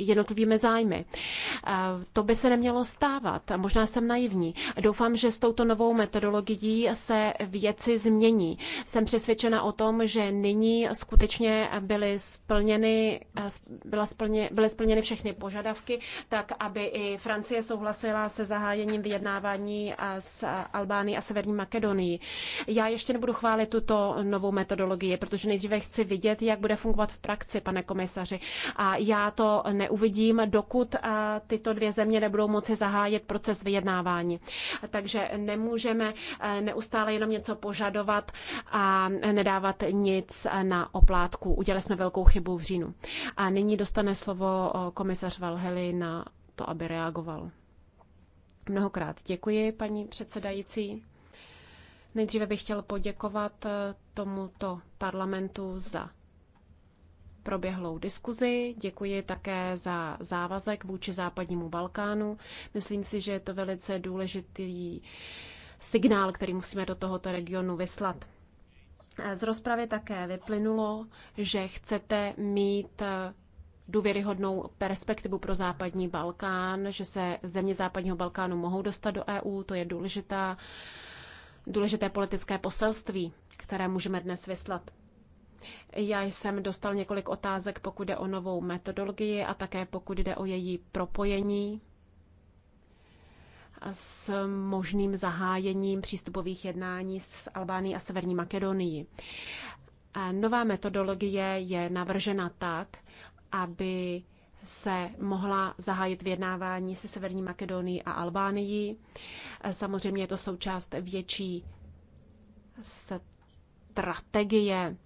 jednotlivými zájmy. Eh, to by se nemělo stávat. Možná jsem naivní. Doufám, že s touto novou metodologií se věci změní. Jsem přesvědčena o tom, že nyní skutečně byly splněny, eh, byla splně, byly splněny všechny požadavky, tak aby i Francie souhlasila se zahájením vyjednávání eh, s Albánií a Severní Makedonii. Já ještě nebudu chválit tuto novou metodologii, protože nejdříve chci vidět, jak bude fungovat v praxi, pane komisaři. A já to ne neuvidím, dokud tyto dvě země nebudou moci zahájit proces vyjednávání. Takže nemůžeme e, neustále jenom něco požadovat a nedávat nic na oplátku. Udělali jsme velkou chybu v říjnu. A nyní dostane slovo komisař Valheli na to, aby reagoval. Mnohokrát děkuji, paní předsedající. Nejdříve bych chtěl poděkovat e, tomuto parlamentu za proběhlou diskuzi, děkuji také za závazek vůči západnímu Balkánu. Myslím si, že je to velice důležitý signál, který musíme do tohoto regionu vyslat. Z rozpravy také vyplynulo, že chcete mít důvěryhodnou perspektivu pro západní Balkán, že se země západního Balkánu mohou dostat do EU, to je důležitá, důležité politické poselství, které můžeme dnes vyslat. Já jsem dostal několik otázek, pokud jde o novou metodologii a také pokud jde o její propojení s možným zahájením přístupových jednání s Albánií a Severní Makedonií. Nová metodologie je navržena tak, aby se mohla zahájit vyjednávání se Severní Makedonií a Albánií. Samozřejmě je to součást větší strategie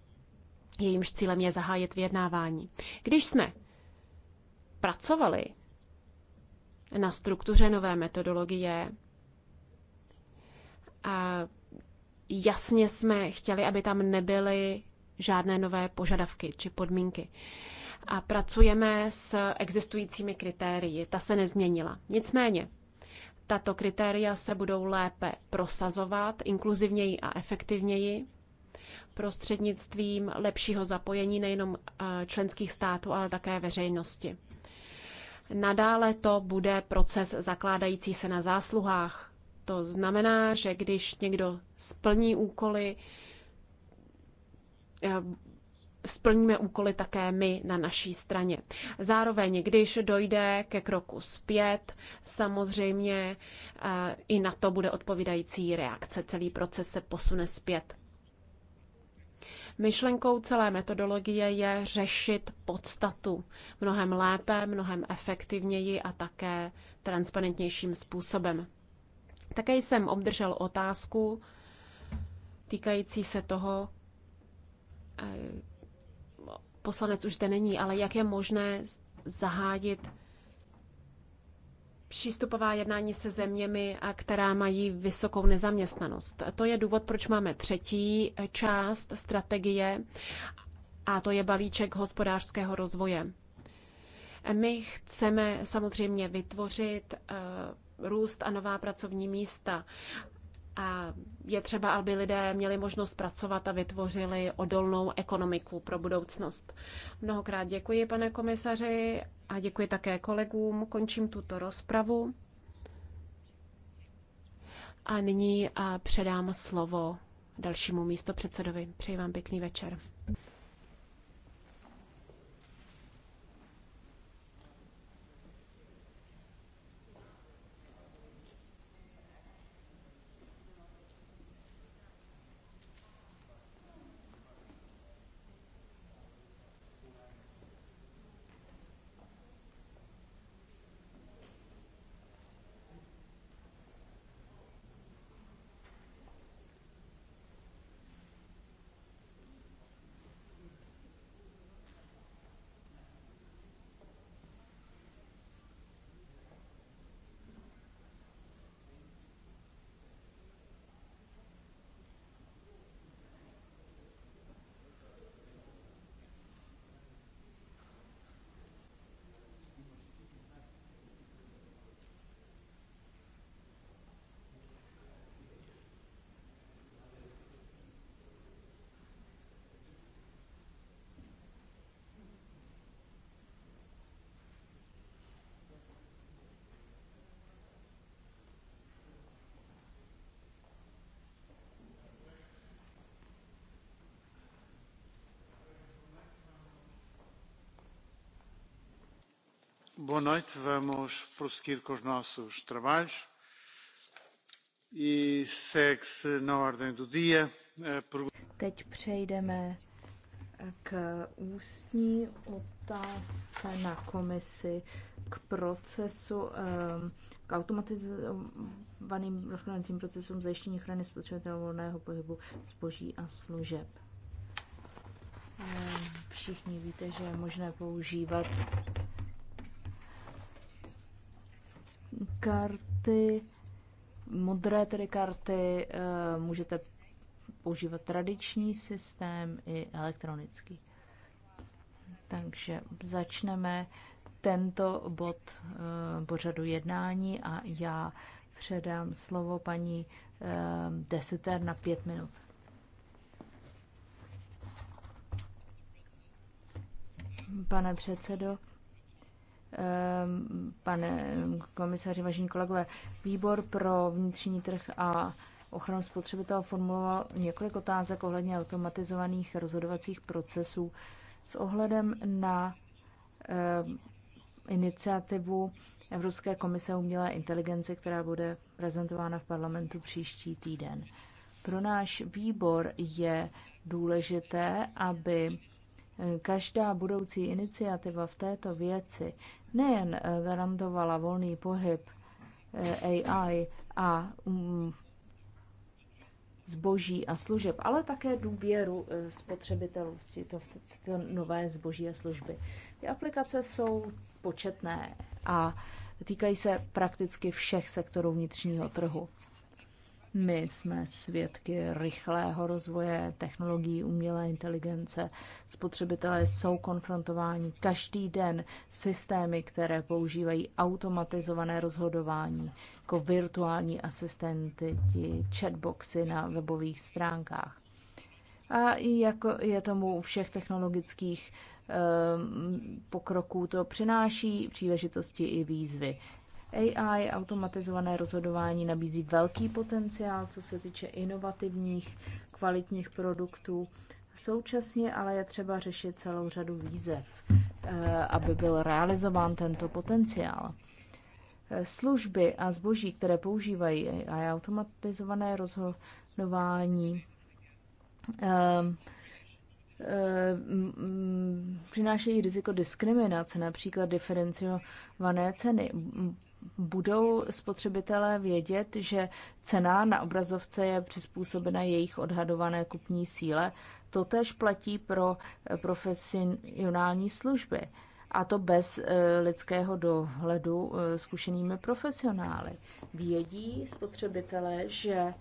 jejímž cílem je zahájit vyjednávání. Když jsme pracovali na struktuře nové metodologie, a jasně jsme chtěli, aby tam nebyly žádné nové požadavky či podmínky. A pracujeme s existujícími kritérii, ta se nezměnila. Nicméně, tato kritéria se budou lépe prosazovat, inkluzivněji a efektivněji prostřednictvím lepšího zapojení nejenom eh, členských států, ale také veřejnosti. Nadále to bude proces zakládající se na zásluhách. To znamená, že když někdo splní úkoly, eh, splníme úkoly také my na naší straně. Zároveň, když dojde ke kroku zpět, samozřejmě eh, i na to bude odpovídající reakce. Celý proces se posune zpět. Myšlenkou celé metodologie je řešit podstatu mnohem lépe, mnohem efektivněji a také transparentnějším způsobem. Také jsem obdržel otázku týkající se toho, eh, poslanec už zde není, ale jak je možné zahájit přístupová jednání se zeměmi, která mají vysokou nezaměstnanost. To je důvod, proč máme třetí část strategie a to je balíček hospodářského rozvoje. My chceme samozřejmě vytvořit eh, růst a nová pracovní místa. A je třeba, aby lidé měli možnost pracovat a vytvořili odolnou ekonomiku pro budoucnost. Mnohokrát děkuji, pane komisaři, a děkuji také kolegům. Končím tuto rozpravu. A nyní předám slovo dalšímu místopředsedovi. Přeji vám pěkný večer. Boa noite, vamos prosseguir com os nossos trabalhos. E segue-se na ordem do dia. A pergunta... Teď přejdeme k ústní otázce na komisi k procesu, ehm, k automatizovaným rozhodovacím procesům zajištění ochrany spotřebitelů volného pohybu zboží a služeb. Ehm, všichni víte, že je možné používat karty, modré tedy karty, eh, můžete používat tradiční systém i elektronický. Takže začneme tento bod eh, pořadu jednání a já předám slovo paní eh, Desuter na pět minut. Pane předsedo, Ehm, pane komisaři, vážení kolegové. Výbor pro vnitřní trh a ochranu spotřebitele formuloval několik otázek ohledně automatizovaných rozhodovacích procesů s ohledem na ehm, iniciativu Evropské komise umělé inteligence, která bude prezentována v parlamentu příští týden. Pro náš výbor je důležité, aby Každá budoucí iniciativa v této věci nejen eh, garantovala volný pohyb AI eh, a mm, zboží a služeb, ale také důvěru eh, spotřebitelů v tyto, v tyto nové zboží a služby. Ty aplikace jsou početné a týkají se prakticky všech sektorů vnitřního trhu. My jsme svědky rychlého rozvoje technologií umělé inteligence. Spotřebitelé jsou konfrontováni každý den systémy, které používají automatizované rozhodování, jako virtuální asistenty, chatboxy na webových stránkách. A jako je tomu u všech technologických ehm, pokroků to přináší příležitosti i výzvy. AI, automatizované rozhodování nabízí velký potenciál, co se týče inovativních, kvalitních produktů. Současně ale je třeba řešit celou řadu výzev, eh, aby byl realizován tento potenciál. Eh, služby a zboží, které používají AI, automatizované rozhodování, ehm, ehm, mm, mm, přinášejí riziko diskriminace, například diferenciované ceny, budou spotřebitelé vědět, že cena na obrazovce je přizpůsobena jejich odhadované kupní síle. To tež platí pro eh, profesionální služby. A to bez eh, lidského dohledu eh, zkušenými profesionály. Vědí spotřebitelé, že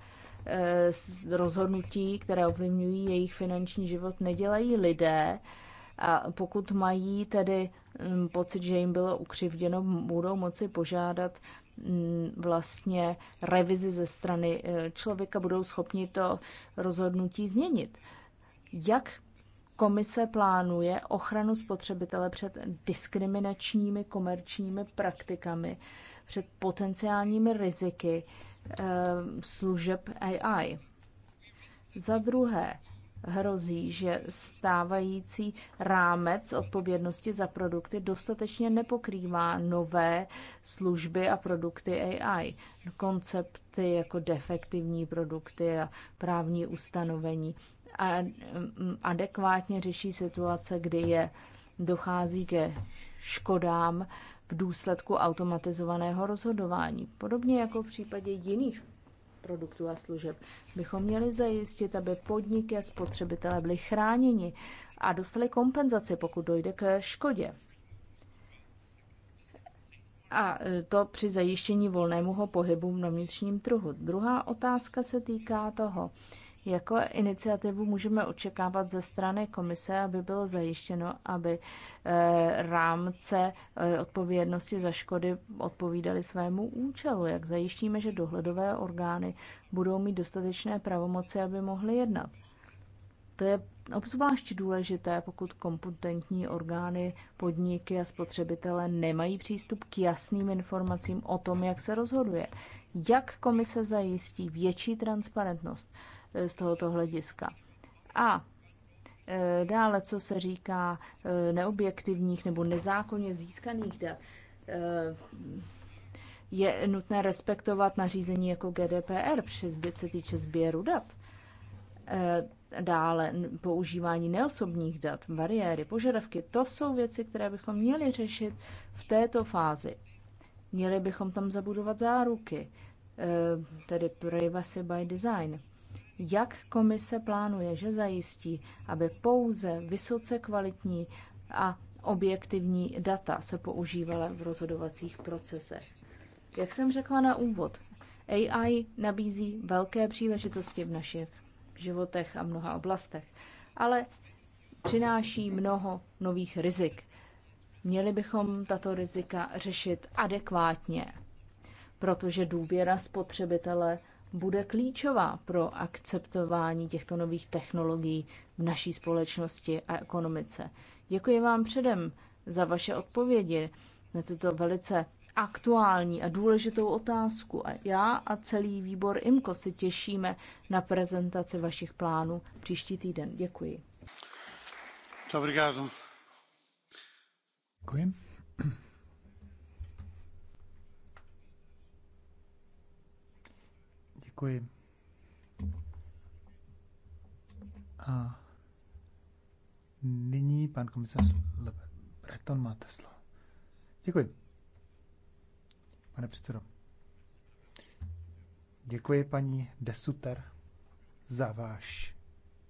rozhodnutí, které ovlivňují jejich finanční život, nedělají lidé. A pokud mají tedy pocit, že jim bylo ukřivděno, budou moci požádat mm, vlastně revizi ze strany e, člověka, budou schopni to rozhodnutí změnit. Jak komise plánuje ochranu spotřebitele před diskriminačními komerčními praktikami, před potenciálními riziky e, služeb AI? Za druhé, hrozí, že stávající rámec odpovědnosti za produkty dostatečně nepokrývá nové služby a produkty AI. Koncepty jako defektivní produkty a právní ustanovení a mm, adekvátně řeší situace, kdy je dochází ke škodám v důsledku automatizovaného rozhodování. Podobně jako v případě jiných produktů a služeb. Bychom měli zajistit, aby podniky a spotřebitelé byli chráněni a dostali kompenzaci, pokud dojde k škodě. A e, to při zajištění volnému pohybu na vnitřním trhu. Druhá otázka se týká toho, jako iniciativu můžeme očekávat ze strany komise, aby bylo zajištěno, aby eh, rámce eh, odpovědnosti za škody odpovídaly svému účelu. Jak zajištíme, že dohledové orgány budou mít dostatečné pravomoci, aby mohly jednat? To je obzvlášť důležité, pokud kompetentní orgány, podniky a spotřebitele nemají přístup k jasným informacím o tom, jak se rozhoduje. Jak komise zajistí větší transparentnost? Eh, z tohoto hlediska. A eh, dále, co se říká eh, neobjektivních nebo nezákonně získaných dat, je nutné respektovat nařízení jako GDPR, protože se týče sběru dat. Dále používání neosobních dat, bariéry, požadavky, to jsou věci, které bychom měli řešit v této fázi. Měli bychom tam zabudovat záruky, tedy privacy by design jak komise plánuje, že zajistí, aby pouze vysoce kvalitní a objektivní data se používala v rozhodovacích procesech? Jak jsem řekla na úvod, AI nabízí velké příležitosti v našich životech a mnoha oblastech, ale přináší mnoho nových rizik. Měli bychom tato rizika řešit adekvátně, protože důvěra spotřebitele bude klíčová pro akceptování těchto nových technologií v naší společnosti a ekonomice. Děkuji vám předem za vaše odpovědi na tuto velice aktuální a důležitou otázku. A já a celý výbor IMKO se těšíme na prezentaci vašich plánů příští týden. Děkuji. Dobrý Děkuji. Děkuji. A nyní pan komisař Breton máte slovo. Děkuji. Pane předsedo. Děkuji paní Desuter za váš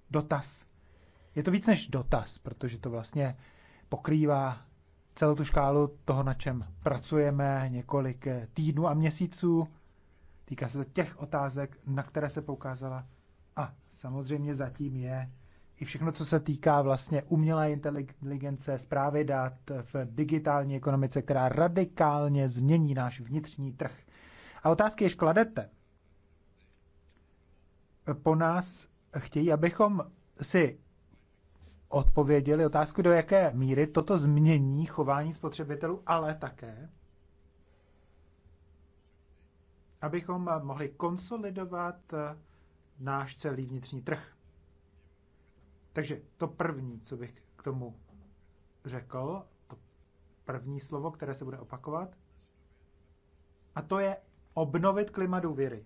dotaz. Je to víc než dotaz, protože to vlastně pokrývá celou tu škálu toho, na čem pracujeme několik týdnů a měsíců Týká se to těch otázek, na které se poukázala. A samozřejmě zatím je i všechno, co se týká vlastně umělé inteligence, zprávy dat v digitální ekonomice, která radikálně změní náš vnitřní trh. A otázky, jež kladete, po nás chtějí, abychom si odpověděli otázku, do jaké míry toto změní chování spotřebitelů, ale také abychom mohli konsolidovat eh, náš celý vnitřní trh. Takže to první, co bych k tomu řekl, to první slovo, které se bude opakovat, a to je obnovit klima důvěry.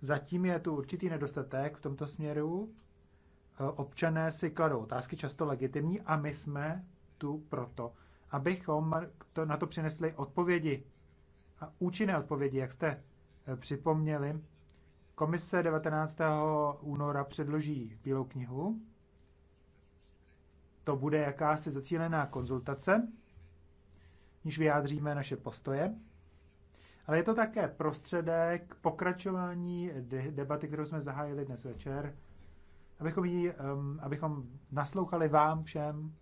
Zatím je tu určitý nedostatek v tomto směru. Eh, občané si kladou otázky, často legitimní, a my jsme tu proto, abychom to, na to přinesli odpovědi a účinné odpovědi, jak jste eh, připomněli. Komise 19. února předloží Bílou knihu. To bude jakási zacílená konzultace, níž vyjádříme naše postoje. Ale je to také prostředek pokračování debaty, kterou jsme zahájili dnes večer, abychom, ji, um, abychom naslouchali vám všem,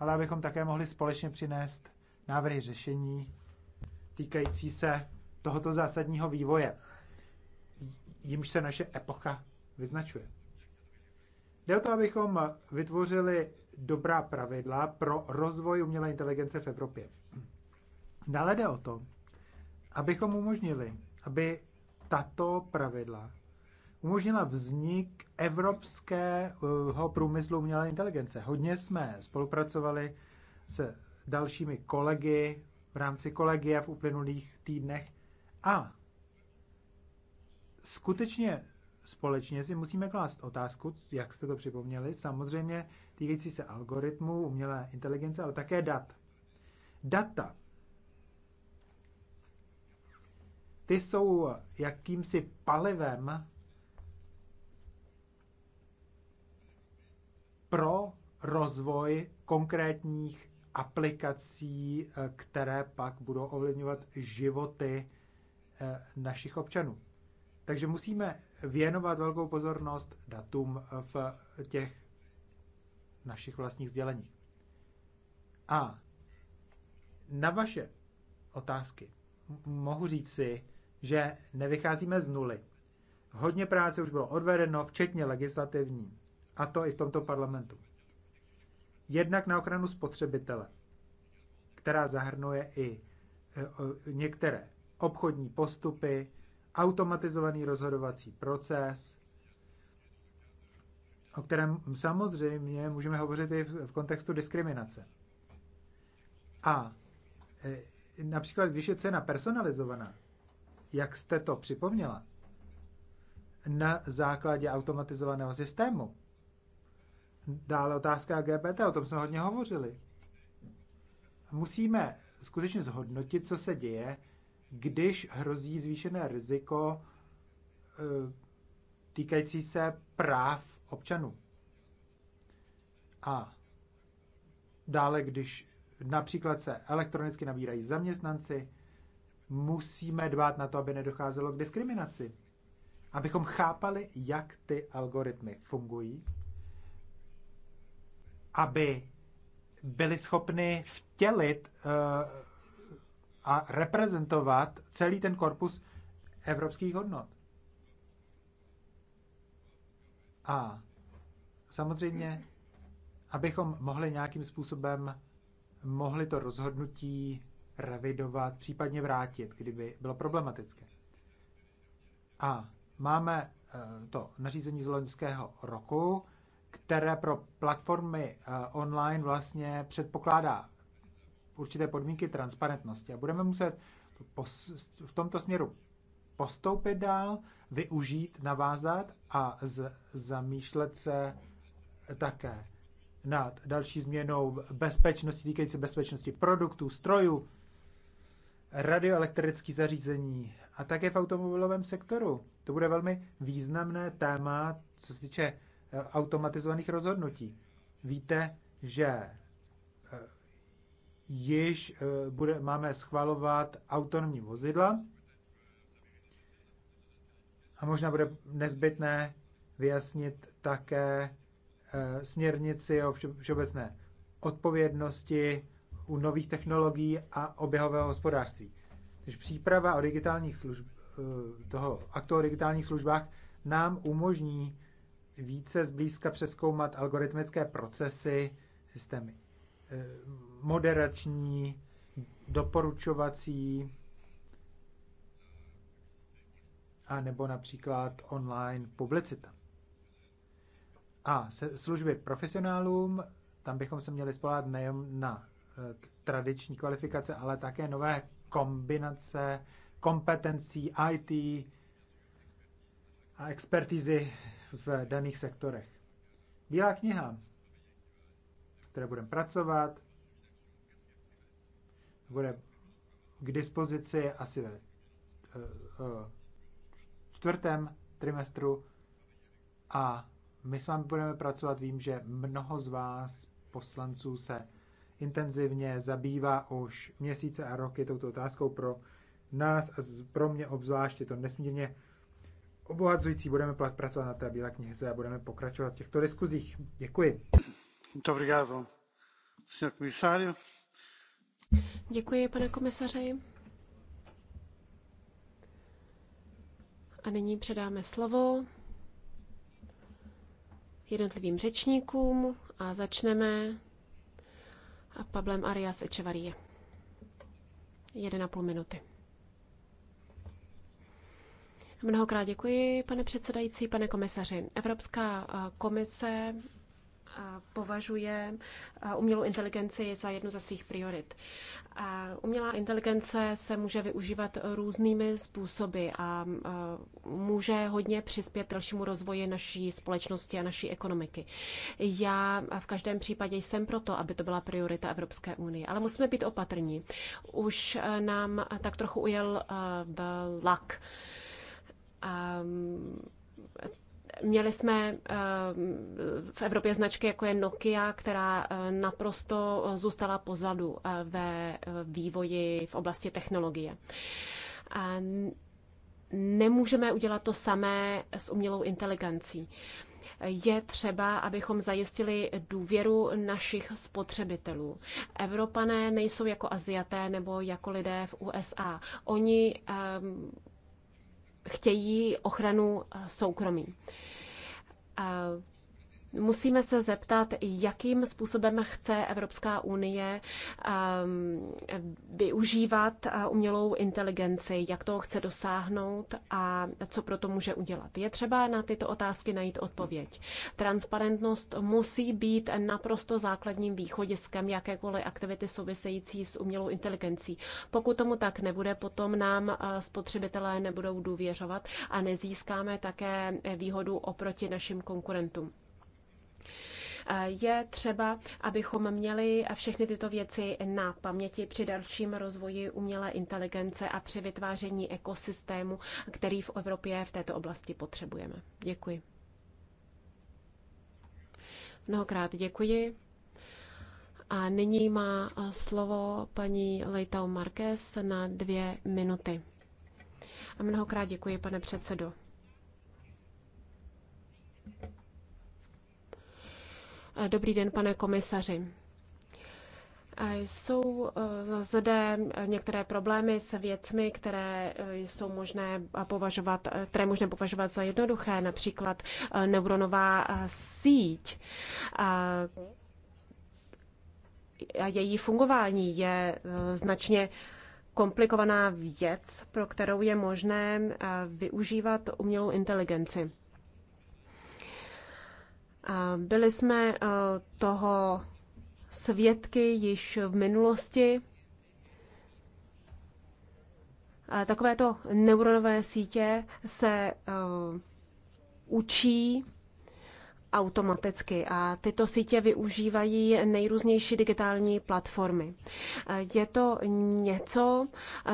ale abychom také mohli společně přinést návrhy řešení týkající se tohoto zásadního vývoje, jimž se naše epocha vyznačuje. Jde o to, abychom vytvořili dobrá pravidla pro rozvoj umělé inteligence v Evropě. Dále jde o to, abychom umožnili, aby tato pravidla umožnila vznik evropského průmyslu umělé inteligence. Hodně jsme spolupracovali se dalšími kolegy rámci kolegie v uplynulých týdnech a skutečně společně si musíme klást otázku, jak jste to připomněli, samozřejmě týkající se algoritmů, umělé inteligence, ale také dat. Data. Ty jsou jakýmsi palivem pro rozvoj konkrétních aplikací, eh, které pak budou ovlivňovat životy eh, našich občanů. Takže musíme věnovat velkou pozornost datům eh, v těch našich vlastních sděleních. A na vaše otázky mohu říct si, že nevycházíme z nuly. Hodně práce už bylo odvedeno, včetně legislativní, a to i v tomto parlamentu jednak na ochranu spotřebitele, která zahrnuje i e, některé obchodní postupy, automatizovaný rozhodovací proces, o kterém samozřejmě můžeme hovořit i v kontextu diskriminace. A e, například, když je cena personalizovaná, jak jste to připomněla, na základě automatizovaného systému, Dále otázka GPT, o tom jsme hodně hovořili. Musíme skutečně zhodnotit, co se děje, když hrozí zvýšené riziko eh, týkající se práv občanů. A dále, když například se elektronicky nabírají zaměstnanci, musíme dbát na to, aby nedocházelo k diskriminaci. Abychom chápali, jak ty algoritmy fungují aby byli schopni vtělit eh, a reprezentovat celý ten korpus evropských hodnot. A samozřejmě, abychom mohli nějakým způsobem mohli to rozhodnutí revidovat, případně vrátit, kdyby bylo problematické. A máme eh, to nařízení z loňského roku, které pro platformy eh, online vlastně předpokládá určité podmínky transparentnosti. A budeme muset v tomto směru postoupit dál, využít, navázat a z, zamýšlet se také nad další změnou bezpečnosti, týkající bezpečnosti produktů, strojů, radioelektrických zařízení a také v automobilovém sektoru. To bude velmi významné téma, co se týče automatizovaných rozhodnutí. Víte, že eh, již eh, bude, máme schvalovat autonomní vozidla a možná bude nezbytné vyjasnit také eh, směrnici o všeobecné odpovědnosti u nových technologií a oběhového hospodářství. Takže příprava o digitálních služb, toho aktu o digitálních službách nám umožní více zblízka přeskoumat algoritmické procesy, systémy eh, moderační, doporučovací, a nebo například online publicita. A služby profesionálům, tam bychom se měli spolát nejen na eh, tradiční kvalifikace, ale také nové kombinace kompetencí IT a expertizy v daných sektorech. Bílá kniha, které budeme pracovat, bude k dispozici asi ve eh, eh, čtvrtém trimestru a my s vámi budeme pracovat. Vím, že mnoho z vás, poslanců, se intenzivně zabývá už měsíce a roky touto otázkou pro nás a pro mě obzvlášť je to nesmírně obohacující. Budeme pracovat na té Bílé knize a budeme pokračovat v těchto diskuzích. Děkuji. Dobrý Děkuji, pane komisaři. A nyní předáme slovo jednotlivým řečníkům a začneme a Pablem Arias Echevarie. půl minuty. Mnohokrát děkuji, pane předsedající, pane komisaři. Evropská eh, komise eh, považuje eh, umělou inteligenci za jednu ze svých priorit. Umělá inteligence se může využívat různými způsoby a může hodně přispět dalšímu rozvoji naší společnosti a naší ekonomiky. Já v každém případě jsem proto, aby to byla priorita Evropské unie, ale musíme být opatrní. Už nám tak trochu ujel vlak. Uh, Ehm, měli jsme ehm, v Evropě značky jako je Nokia, která eh, naprosto zůstala pozadu eh, ve eh, vývoji v oblasti technologie. Ehm, nemůžeme udělat to samé s umělou inteligencí. Je třeba, abychom zajistili důvěru našich spotřebitelů. Evropané nejsou jako Aziaté nebo jako lidé v USA. Oni um, chtějí ochranu eh, soukromí. Eh, Musíme se zeptat, jakým způsobem chce Evropská unie ehm, využívat eh, umělou inteligenci, jak toho chce dosáhnout a co pro to může udělat. Je třeba na tyto otázky najít odpověď. Transparentnost musí být naprosto základním východiskem jakékoliv aktivity související s umělou inteligencí. Pokud tomu tak nebude, potom nám eh, spotřebitelé nebudou důvěřovat a nezískáme také výhodu oproti našim konkurentům. Je třeba, abychom měli všechny tyto věci na paměti při dalším rozvoji umělé inteligence a při vytváření ekosystému, který v Evropě v této oblasti potřebujeme. Děkuji. Mnohokrát děkuji. A nyní má slovo paní Leitao Marquez na dvě minuty. A mnohokrát děkuji, pane předsedo. Dobrý den, pane komisaři. Jsou e, zde některé problémy se věcmi, které e, jsou možné považovat, e, které možné považovat za jednoduché, například neuronová síť. A její fungování je značně komplikovaná věc, pro kterou je možné využívat umělou inteligenci. Byli jsme eh, toho svědky již v minulosti. Takovéto neuronové sítě se eh, učí automaticky a tyto sítě využívají nejrůznější digitální platformy. Je to něco,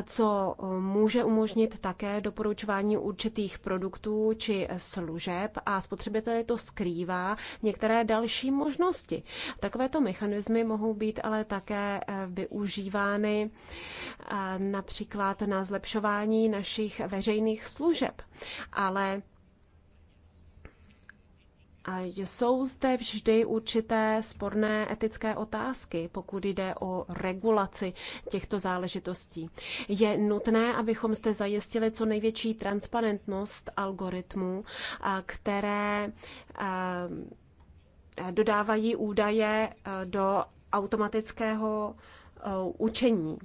co může umožnit také doporučování určitých produktů či služeb a spotřebiteli to skrývá některé další možnosti. Takovéto mechanismy mohou být ale také eh, využívány eh, například na zlepšování našich veřejných služeb, ale jsou zde vždy určité sporné etické otázky, pokud jde o regulaci těchto záležitostí. Je nutné, abychom zde zajistili co největší transparentnost algoritmů, které eh, dodávají údaje eh, do automatického eh, učení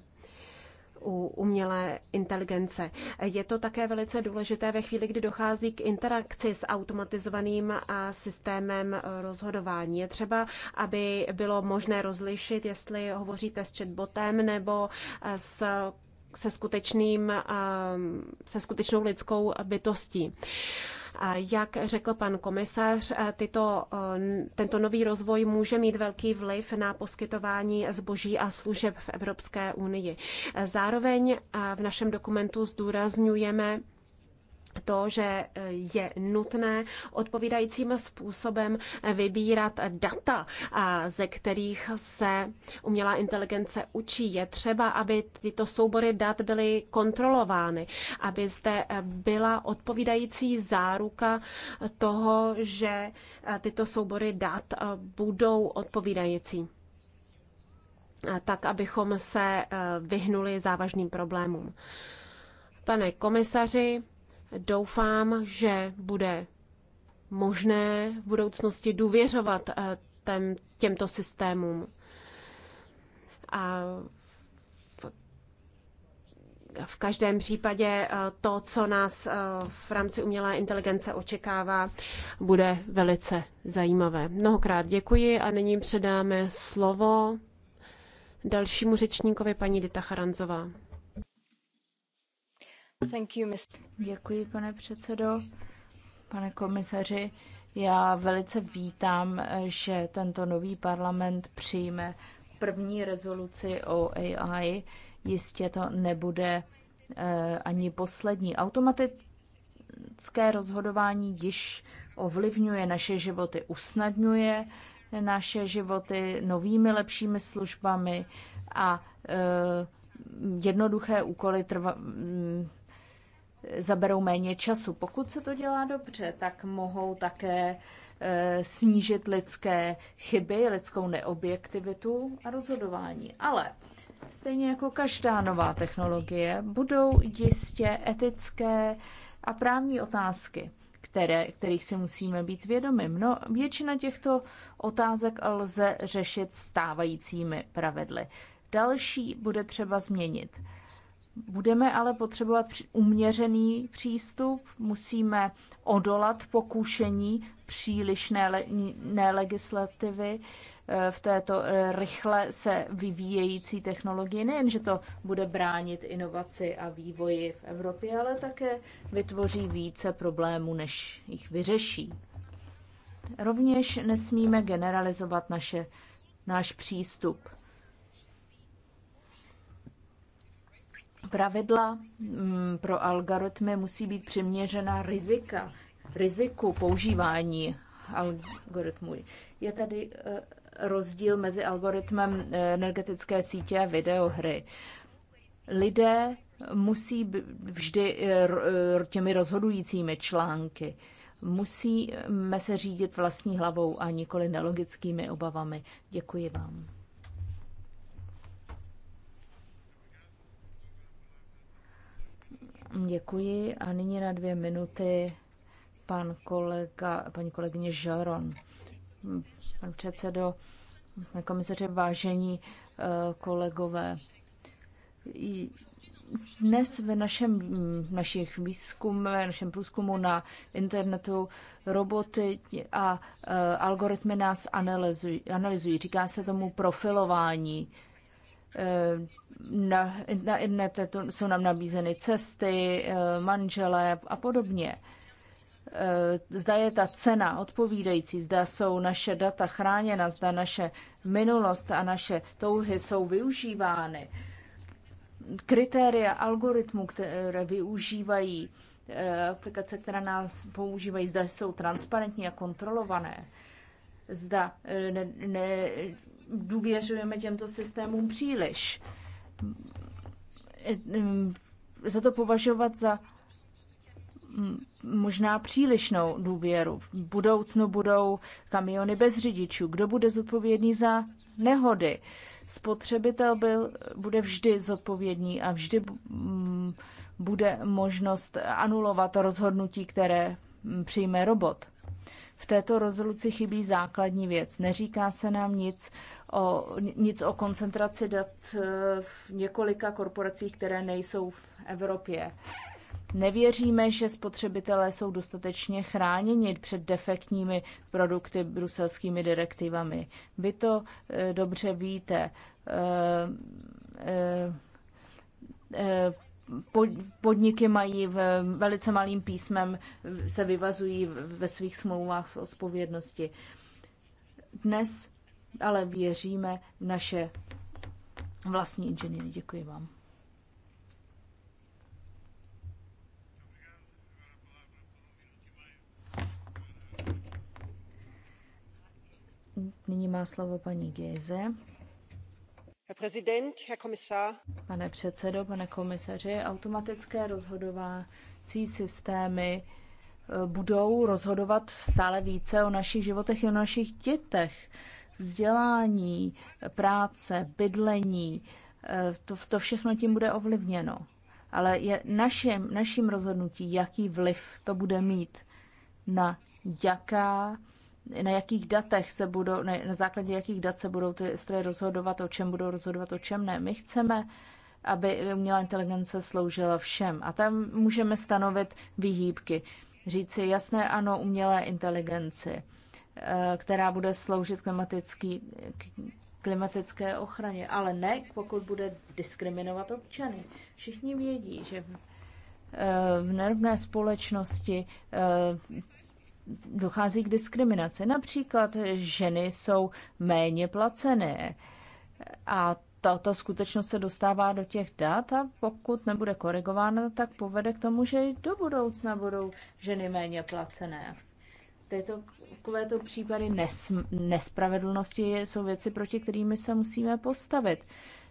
u umělé inteligence. Je to také velice důležité ve chvíli, kdy dochází k interakci s automatizovaným systémem e, rozhodování. Je třeba, aby bylo možné rozlišit, jestli hovoříte s chatbotem nebo e, s se, skutečným, e, se skutečnou lidskou bytostí. Jak řekl pan komisař, eh, tyto, eh, tento nový rozvoj může mít velký vliv na poskytování zboží a služeb v Evropské unii. Eh, zároveň v našem dokumentu zdůrazňujeme, to, že eh, je nutné odpovídajícím způsobem eh, vybírat data, ze kterých se umělá inteligence učí. Je třeba, aby tyto soubory dat byly kontrolovány, aby zde eh, byla odpovídající záruka toho, že tyto soubory dat budou odpovídající tak abychom se vyhnuli závažným problémům. Pane komisaři, Doufám, že bude možné v budoucnosti důvěřovat eh, těmto systémům. A v, v každém případě eh, to, co nás v eh, rámci umělé inteligence očekává, bude velice zajímavé. Mnohokrát děkuji a nyní předáme slovo dalšímu řečníkovi paní Dita Charanzová. Děkuji, pane předsedo. Pane komisaři, já velice vítám, že tento nový parlament přijme první rezoluci o AI. Jistě to nebude eh, ani poslední. Automatické rozhodování již ovlivňuje naše životy, usnadňuje naše životy novými lepšími službami a eh, jednoduché úkoly zaberou méně času. Pokud se to dělá dobře, tak mohou také e, snížit lidské chyby, lidskou neobjektivitu a rozhodování. Ale stejně jako každá nová technologie, budou jistě etické a právní otázky, které, kterých si musíme být vědomi. No, většina těchto otázek lze řešit stávajícími pravidly. Další bude třeba změnit. Budeme ale potřebovat uměřený přístup, musíme odolat pokušení přílišné legislativy eh, v této eh, rychle se vyvíjející technologii. Nejen, že to bude bránit inovaci a vývoji v Evropě, ale také vytvoří více problémů, než jich vyřeší. Rovněž nesmíme generalizovat naše, náš přístup Pravidla mm, pro algoritmy musí být přiměřená rizika, riziku používání algoritmů. Je tady e, rozdíl mezi algoritmem e, energetické sítě a videohry. Lidé musí vždy e, těmi rozhodujícími články. Musíme se řídit vlastní hlavou a nikoli nelogickými obavami. Děkuji vám. Děkuji a nyní na dvě minuty pan kolega, paní kolegyně Žaron. Pan předsedo, pan komisaře, vážení eh, kolegové, dnes ve našem, našich výzkumu, našem průzkumu na internetu roboty a eh, algoritmy nás analyzují. analyzují. Říká se tomu profilování Eh, na, na internetu jsou nám nabízeny cesty, eh, manžele a podobně. Eh, zda je ta cena odpovídající, zda jsou naše data chráněna, zda naše minulost a naše touhy jsou využívány. Kritéria algoritmů, které využívají aplikace, které nás používají, zda jsou transparentní a kontrolované, zda ne, ne, důvěřujeme těmto systémům příliš. E, za to považovat za možná přílišnou důvěru. V budoucnu budou kamiony bez řidičů. Kdo bude zodpovědný za nehody? Spotřebitel byl, bude vždy zodpovědný a vždy bude možnost anulovat rozhodnutí, které přijme robot. V této rezoluci chybí základní věc. Neříká se nám nic o, nic o koncentraci dat eh, v několika korporacích, které nejsou v Evropě. Nevěříme, že spotřebitelé jsou dostatečně chráněni před defektními produkty bruselskými direktivami. Vy to e, dobře víte. E, e, e podniky mají v velice malým písmem, se vyvazují ve svých smlouvách v odpovědnosti. Dnes ale věříme v naše vlastní inženýry. Děkuji vám. Nyní má slovo paní Géze. Pane předsedo, pane komisaři, automatické rozhodovací systémy eh, budou rozhodovat stále více o našich životech i o našich dětech. Vzdělání, práce, bydlení, eh, to, to všechno tím bude ovlivněno. Ale je naším, naším rozhodnutí, jaký vliv to bude mít na jaká na jakých datech se budou, na, základě jakých dat se budou ty stroje rozhodovat, o čem budou rozhodovat, o čem ne. My chceme, aby umělá inteligence sloužila všem. A tam můžeme stanovit výhýbky. Říci jasné ano umělé inteligenci, eh, která bude sloužit klimatický, klimatické ochraně, ale ne, pokud bude diskriminovat občany. Všichni vědí, že v eh, nerovné společnosti eh, dochází k diskriminaci. Například ženy jsou méně placené a tato skutečnost se dostává do těch dat a pokud nebude korigována, tak povede k tomu, že i do budoucna budou ženy méně placené. Tyto takovéto případy nes, nespravedlnosti jsou věci, proti kterými se musíme postavit.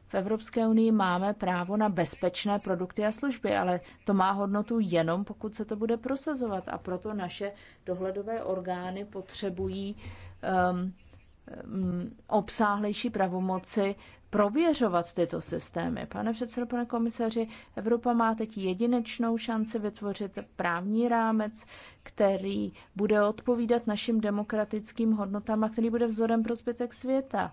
V Evropské unii máme právo na bezpečné produkty a služby, ale to má hodnotu jenom, pokud se to bude prosazovat. A proto naše dohledové orgány potřebují um, um, obsáhlejší pravomoci prověřovat tyto systémy. Pane předsedo, pane komisaři, Evropa má teď jedinečnou šanci vytvořit právní rámec, který bude odpovídat našim demokratickým hodnotám a který bude vzorem pro zbytek světa.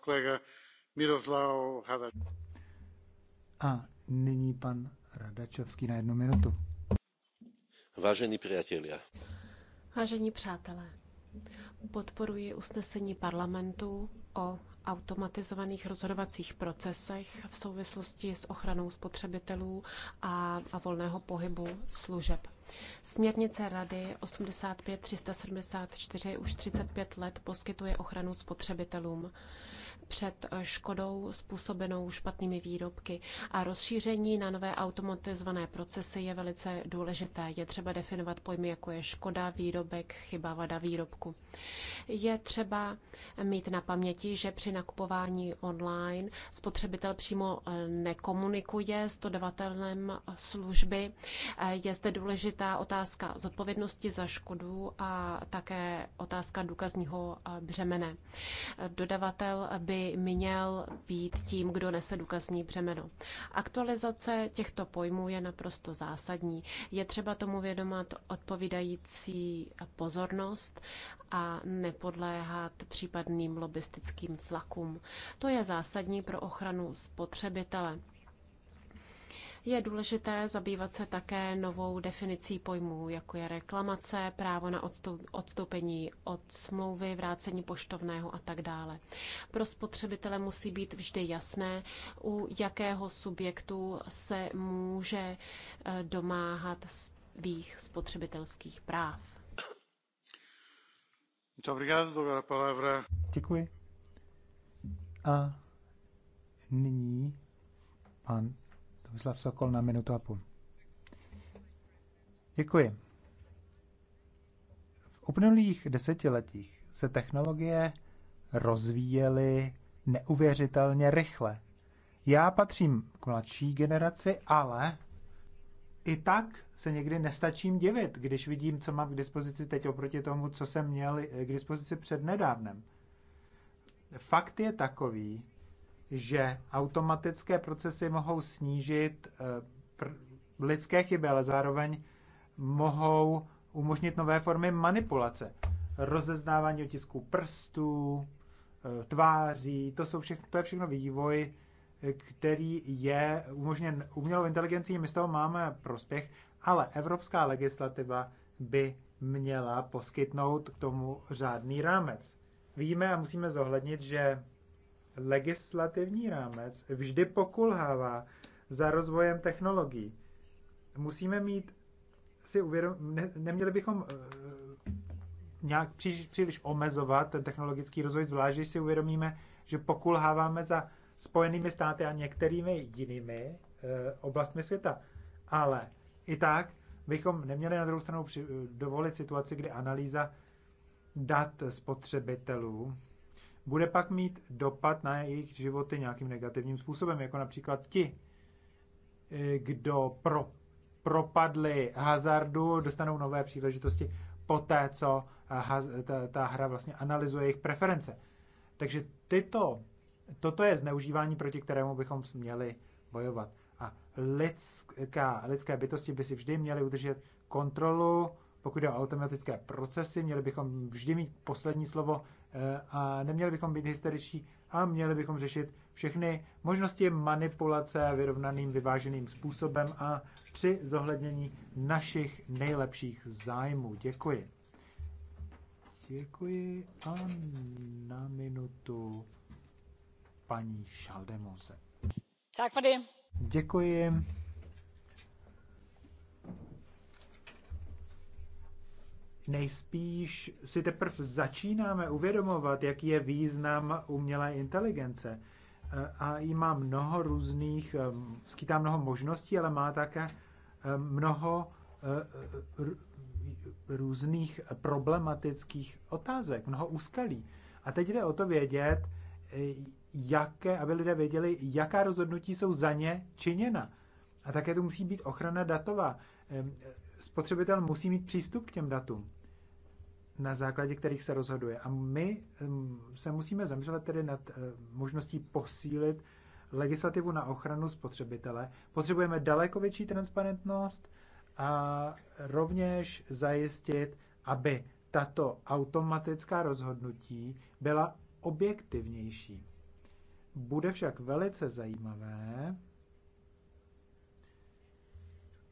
kolega eh, A nyní pan Radačovský na jednu minutu. Vážení přátelé. Vážení přátelé, podporuji usnesení parlamentu o automatizovaných rozhodovacích procesech v souvislosti s ochranou spotřebitelů a, a volného pohybu služeb. Směrnice Rady 85374 už 35 let poskytuje ochranu spotřebitelům před škodou způsobenou špatnými výrobky. A rozšíření na nové automatizované procesy je velice důležité. Je třeba definovat pojmy, jako je škoda, výrobek, chyba, vada výrobku. Je třeba mít na paměti, že při nakupování online spotřebitel přímo eh, nekomunikuje s dodavatelem služby. Eh, je zde důležitá otázka zodpovědnosti za škodu a také otázka důkazního eh, břemene. Dodavatel by by měl být tím, kdo nese důkazní břemeno. Aktualizace těchto pojmů je naprosto zásadní. Je třeba tomu vědomat odpovídající pozornost a nepodléhat případným lobistickým tlakům. To je zásadní pro ochranu spotřebitele. Je důležité zabývat se také novou definicí pojmů, jako je reklamace, právo na odstoupení od smlouvy, vrácení poštovného a tak dále. Pro spotřebitele musí být vždy jasné, u jakého subjektu se může eh, domáhat svých spotřebitelských práv. Děkuji. A nyní pan Slav Sokol na minutu a půl. Děkuji. V uplynulých desetiletích se technologie rozvíjely neuvěřitelně rychle. Já patřím k mladší generaci, ale i tak se někdy nestačím divit, když vidím, co mám k dispozici teď oproti tomu, co jsem měl k dispozici před nedávnem. Fakt je takový, že automatické procesy mohou snížit eh, lidské chyby, ale zároveň mohou umožnit nové formy manipulace. Rozeznávání otisků prstů, eh, tváří, to, jsou všechno, to je všechno vývoj, eh, který je umožněn umělou inteligencí, my z toho máme prospěch, ale evropská legislativa by měla poskytnout k tomu řádný rámec. Víme a musíme zohlednit, že legislativní rámec vždy pokulhává za rozvojem technologií. Musíme mít si uvědom, ne, neměli bychom eh, nějak příliš, příliš omezovat ten technologický rozvoj, zvlášť když si uvědomíme, že pokulháváme za Spojenými státy a některými jinými uh, oblastmi světa. Ale i tak bychom neměli na druhou stranu při, dovolit situaci, kdy analýza dat spotřebitelů bude pak mít dopad na jejich životy nějakým negativním způsobem, jako například ti, eh, kdo pro, propadli hazardu, dostanou nové příležitosti po té, co haz, ta, ta hra vlastně analyzuje jejich preference. Takže tyto, toto je zneužívání, proti kterému bychom měli bojovat. A lidská, lidské bytosti by si vždy měly udržet kontrolu, pokud jde o automatické procesy, měli bychom vždy mít poslední slovo Eh, a neměli bychom být hysteriční a měli bychom řešit všechny možnosti manipulace vyrovnaným, vyváženým způsobem a při zohlednění našich nejlepších zájmů. Děkuji. Děkuji a na minutu paní Šaldemose. Tak, Děkuji. nejspíš si teprve začínáme uvědomovat, jaký je význam umělé inteligence. A i má mnoho různých, skýtá mnoho možností, ale má také mnoho eh, eh, různých problematických otázek, mnoho úskalí. A teď jde o to vědět, eh, jaké, aby lidé věděli, jaká rozhodnutí jsou za ně činěna. A také to musí být ochrana datová spotřebitel musí mít přístup k těm datům, na základě kterých se rozhoduje. A my se musíme zamýšlet tedy nad eh, možností posílit legislativu na ochranu spotřebitele. Potřebujeme daleko větší transparentnost a rovněž zajistit, aby tato automatická rozhodnutí byla objektivnější. Bude však velice zajímavé,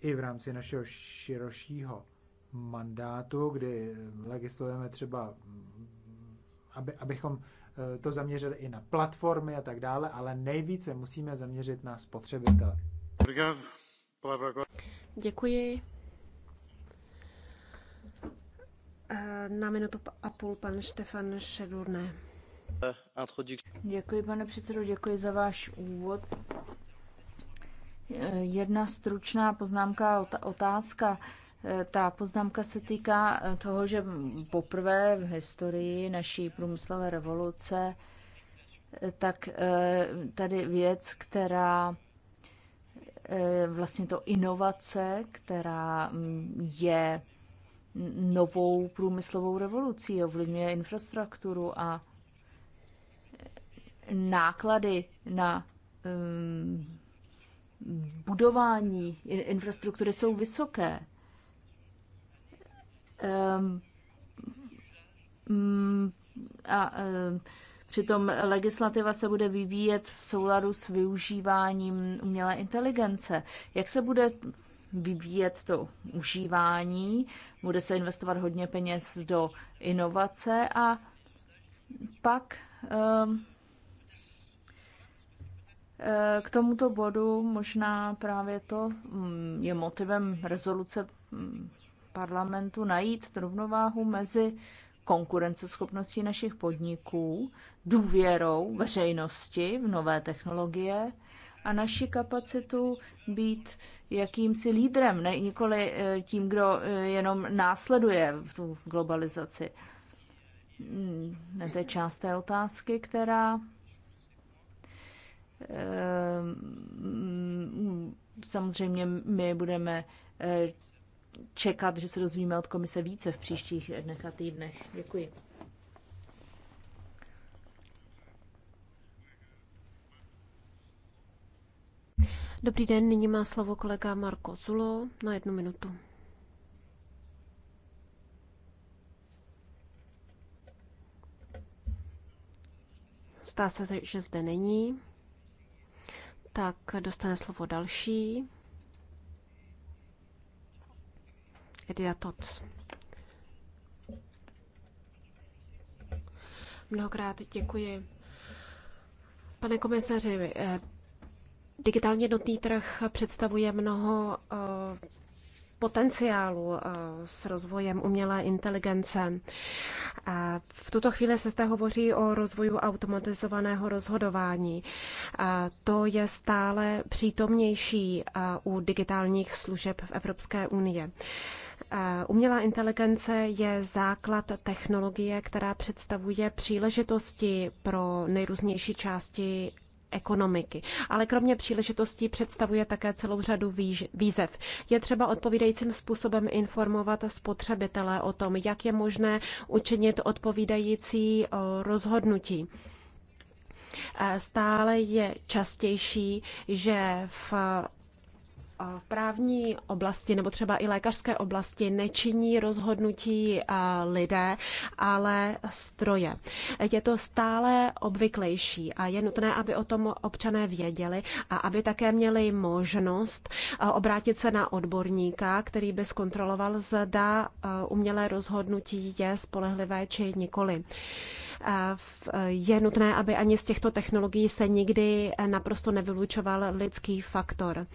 i v rámci našeho širšího mandátu, kdy eh, legislujeme třeba, mm, aby, abychom eh, to zaměřili i na platformy a tak dále, ale nejvíce musíme zaměřit na spotřebitele. Děkuji. Eh, na minutu a půl pan Štefan Šedurné. Děkuji, pane předsedo, děkuji za váš úvod. Jedna stručná poznámka, otázka. E, ta poznámka se týká e, toho, že poprvé v historii naší průmyslové revoluce e, tak tady věc, která vlastně to inovace, která je novou průmyslovou revolucí, ovlivňuje infrastrukturu a náklady na budování infrastruktury jsou vysoké. Ehm, mm, a ehm, přitom legislativa se bude vyvíjet v souladu s využíváním umělé inteligence. Jak se bude vyvíjet to užívání, bude se investovat hodně peněz do inovace a pak um, k tomuto bodu možná právě to mm, je motivem rezoluce mm, parlamentu najít rovnováhu mezi konkurenceschopností našich podniků, důvěrou veřejnosti v nové technologie a naši kapacitu být jakýmsi lídrem, ne, nikoli eh, tím, kdo eh, jenom následuje v tu globalizaci. Mm, to je část té otázky, která Ehm, samozřejmě my budeme eh, čekat, že se dozvíme od komise více v příštích dnech a týdnech. Děkuji. Dobrý den, nyní má slovo kolega Marko Zulo na jednu minutu. Zdá se, že zde není tak dostane slovo další. Edia Toc. Mnohokrát děkuji. Pane komisaři, eh, digitálně jednotný trh představuje mnoho eh, potenciálu eh, s rozvojem umělé inteligence. Eh, v tuto chvíli se zde hovoří o rozvoju automatizovaného rozhodování. Eh, to je stále přítomnější u digitálních služeb v Evropské unii. Umělá inteligence je základ technologie, která představuje příležitosti pro nejrůznější části ekonomiky. Ale kromě příležitostí představuje také celou řadu výzev. Je třeba odpovídajícím způsobem informovat spotřebitele o tom, jak je možné učinit odpovídající eh, rozhodnutí. Eh, stále je častější, že v v právní oblasti nebo třeba i lékařské oblasti nečiní rozhodnutí lidé, ale stroje. Je to stále obvyklejší a je nutné, aby o tom občané věděli a aby také měli možnost obrátit se na odborníka, který by zkontroloval, zda umělé rozhodnutí je spolehlivé či nikoli. Je nutné, aby ani z těchto technologií se nikdy naprosto nevylučoval lidský faktor.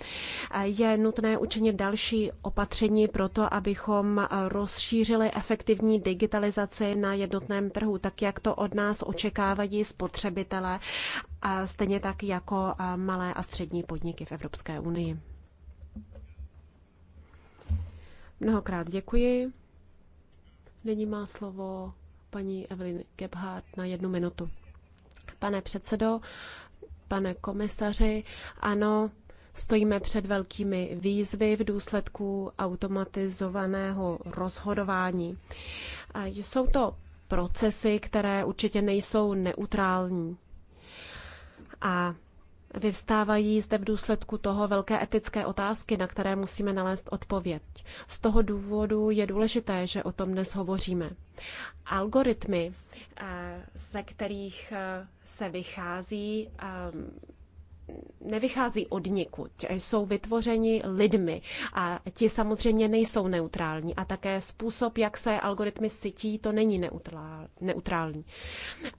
Je nutné učinit další opatření pro to, abychom rozšířili efektivní digitalizaci na jednotném trhu, tak jak to od nás očekávají spotřebitelé, a stejně tak jako malé a střední podniky v Evropské unii. Mnohokrát děkuji. Nyní má slovo paní Evelyn Gebhardt na jednu minutu. Pane předsedo, pane komisaři, ano, Stojíme před velkými výzvy v důsledku automatizovaného rozhodování. Jsou to procesy, které určitě nejsou neutrální. A Vyvstávají zde v důsledku toho velké etické otázky, na které musíme nalézt odpověď. Z toho důvodu je důležité, že o tom dnes hovoříme. Algoritmy, eh, ze kterých eh, se vychází, eh, nevychází od nikud, jsou vytvořeni lidmi a ti samozřejmě nejsou neutrální a také způsob, jak se algoritmy sytí, to není neutrální.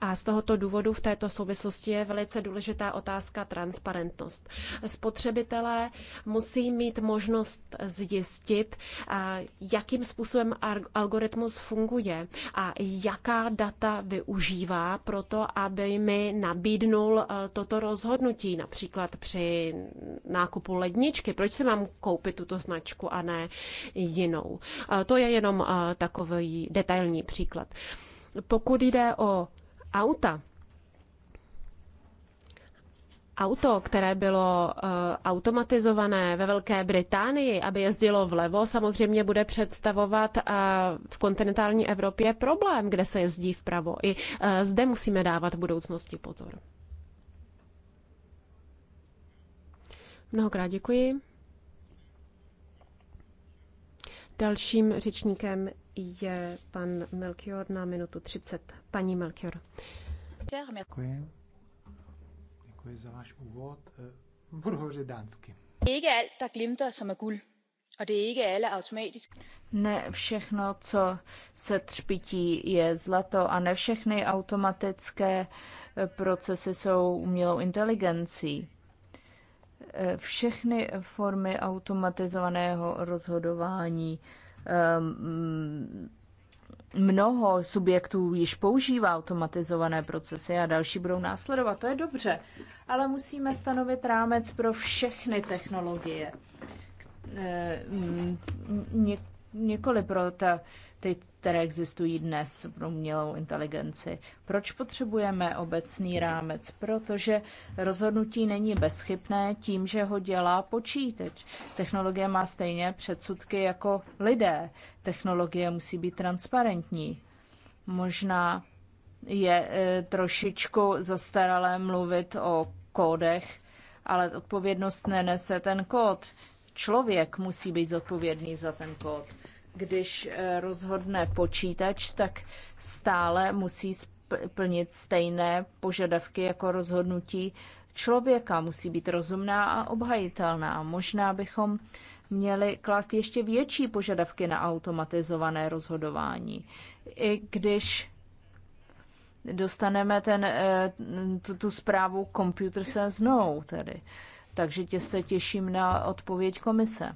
A z tohoto důvodu v této souvislosti je velice důležitá otázka transparentnost. Spotřebitelé musí mít možnost zjistit, jakým způsobem algoritmus funguje a jaká data využívá pro to, aby mi nabídnul e, toto rozhodnutí, například například při nákupu ledničky. Proč si mám koupit tuto značku a ne jinou? To je jenom takový detailní příklad. Pokud jde o auta, auto, které bylo automatizované ve Velké Británii, aby jezdilo vlevo, samozřejmě bude představovat v kontinentální Evropě problém, kde se jezdí vpravo. I zde musíme dávat v budoucnosti pozor. Mnohokrát děkuji. Dalším řečníkem je pan Melchior na minutu 30. Paní Melchior. Děkuji. Děkuji za váš úvod. Eh, budu hovořit dánsky. Er er er ne všechno, co se třpití, je zlato a ne všechny automatické eh, procesy jsou umělou inteligencí všechny formy automatizovaného rozhodování. Ehm, mnoho subjektů již používá automatizované procesy a další budou následovat. To je dobře, ale musíme stanovit rámec pro všechny technologie. Ehm, Nikoli pro ta ty, které existují dnes pro umělou inteligenci. Proč potřebujeme obecný rámec? Protože rozhodnutí není bezchybné tím, že ho dělá počítač. Technologie má stejně předsudky jako lidé. Technologie musí být transparentní. Možná je e, trošičku zastaralé mluvit o kódech, ale odpovědnost nenese ten kód. Člověk musí být zodpovědný za ten kód když eh, rozhodne počítač, tak stále musí plnit stejné požadavky jako rozhodnutí člověka. Musí být rozumná a obhajitelná. Možná bychom měli klást ještě větší požadavky na automatizované rozhodování. I když dostaneme ten, eh, tu, tu zprávu Computer Says No, tedy. Takže tě se těším na odpověď komise.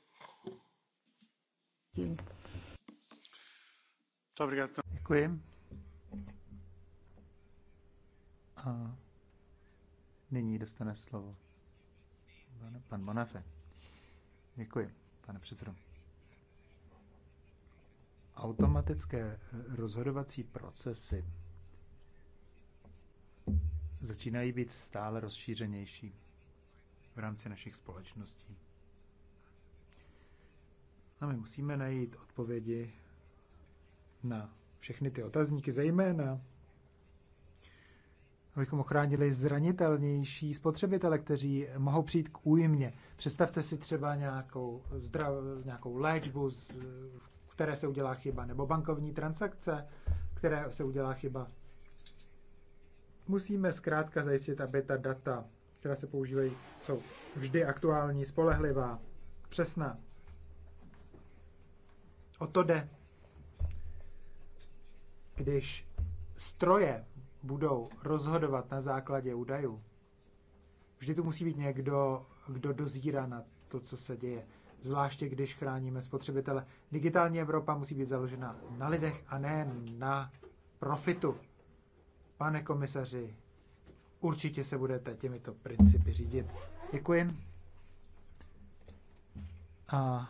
Děkuji. A nyní dostane slovo pan Bonafé. Děkuji, pane předsedo. Automatické eh, rozhodovací procesy začínají být stále rozšířenější v rámci našich společností. A my musíme najít odpovědi na všechny ty otazníky, zejména abychom ochránili zranitelnější spotřebitele, kteří mohou přijít k újmě. Představte si třeba nějakou, zdrav, nějakou léčbu, v které se udělá chyba, nebo bankovní transakce, které se udělá chyba. Musíme zkrátka zajistit, aby ta data, která se používají, jsou vždy aktuální, spolehlivá, přesná. O to jde. Když stroje budou rozhodovat na základě údajů, vždy tu musí být někdo, kdo dozírá na to, co se děje. Zvláště když chráníme spotřebitele. Digitální Evropa musí být založena na lidech a ne na profitu. Pane komisaři, určitě se budete těmito principy řídit. Děkuji. A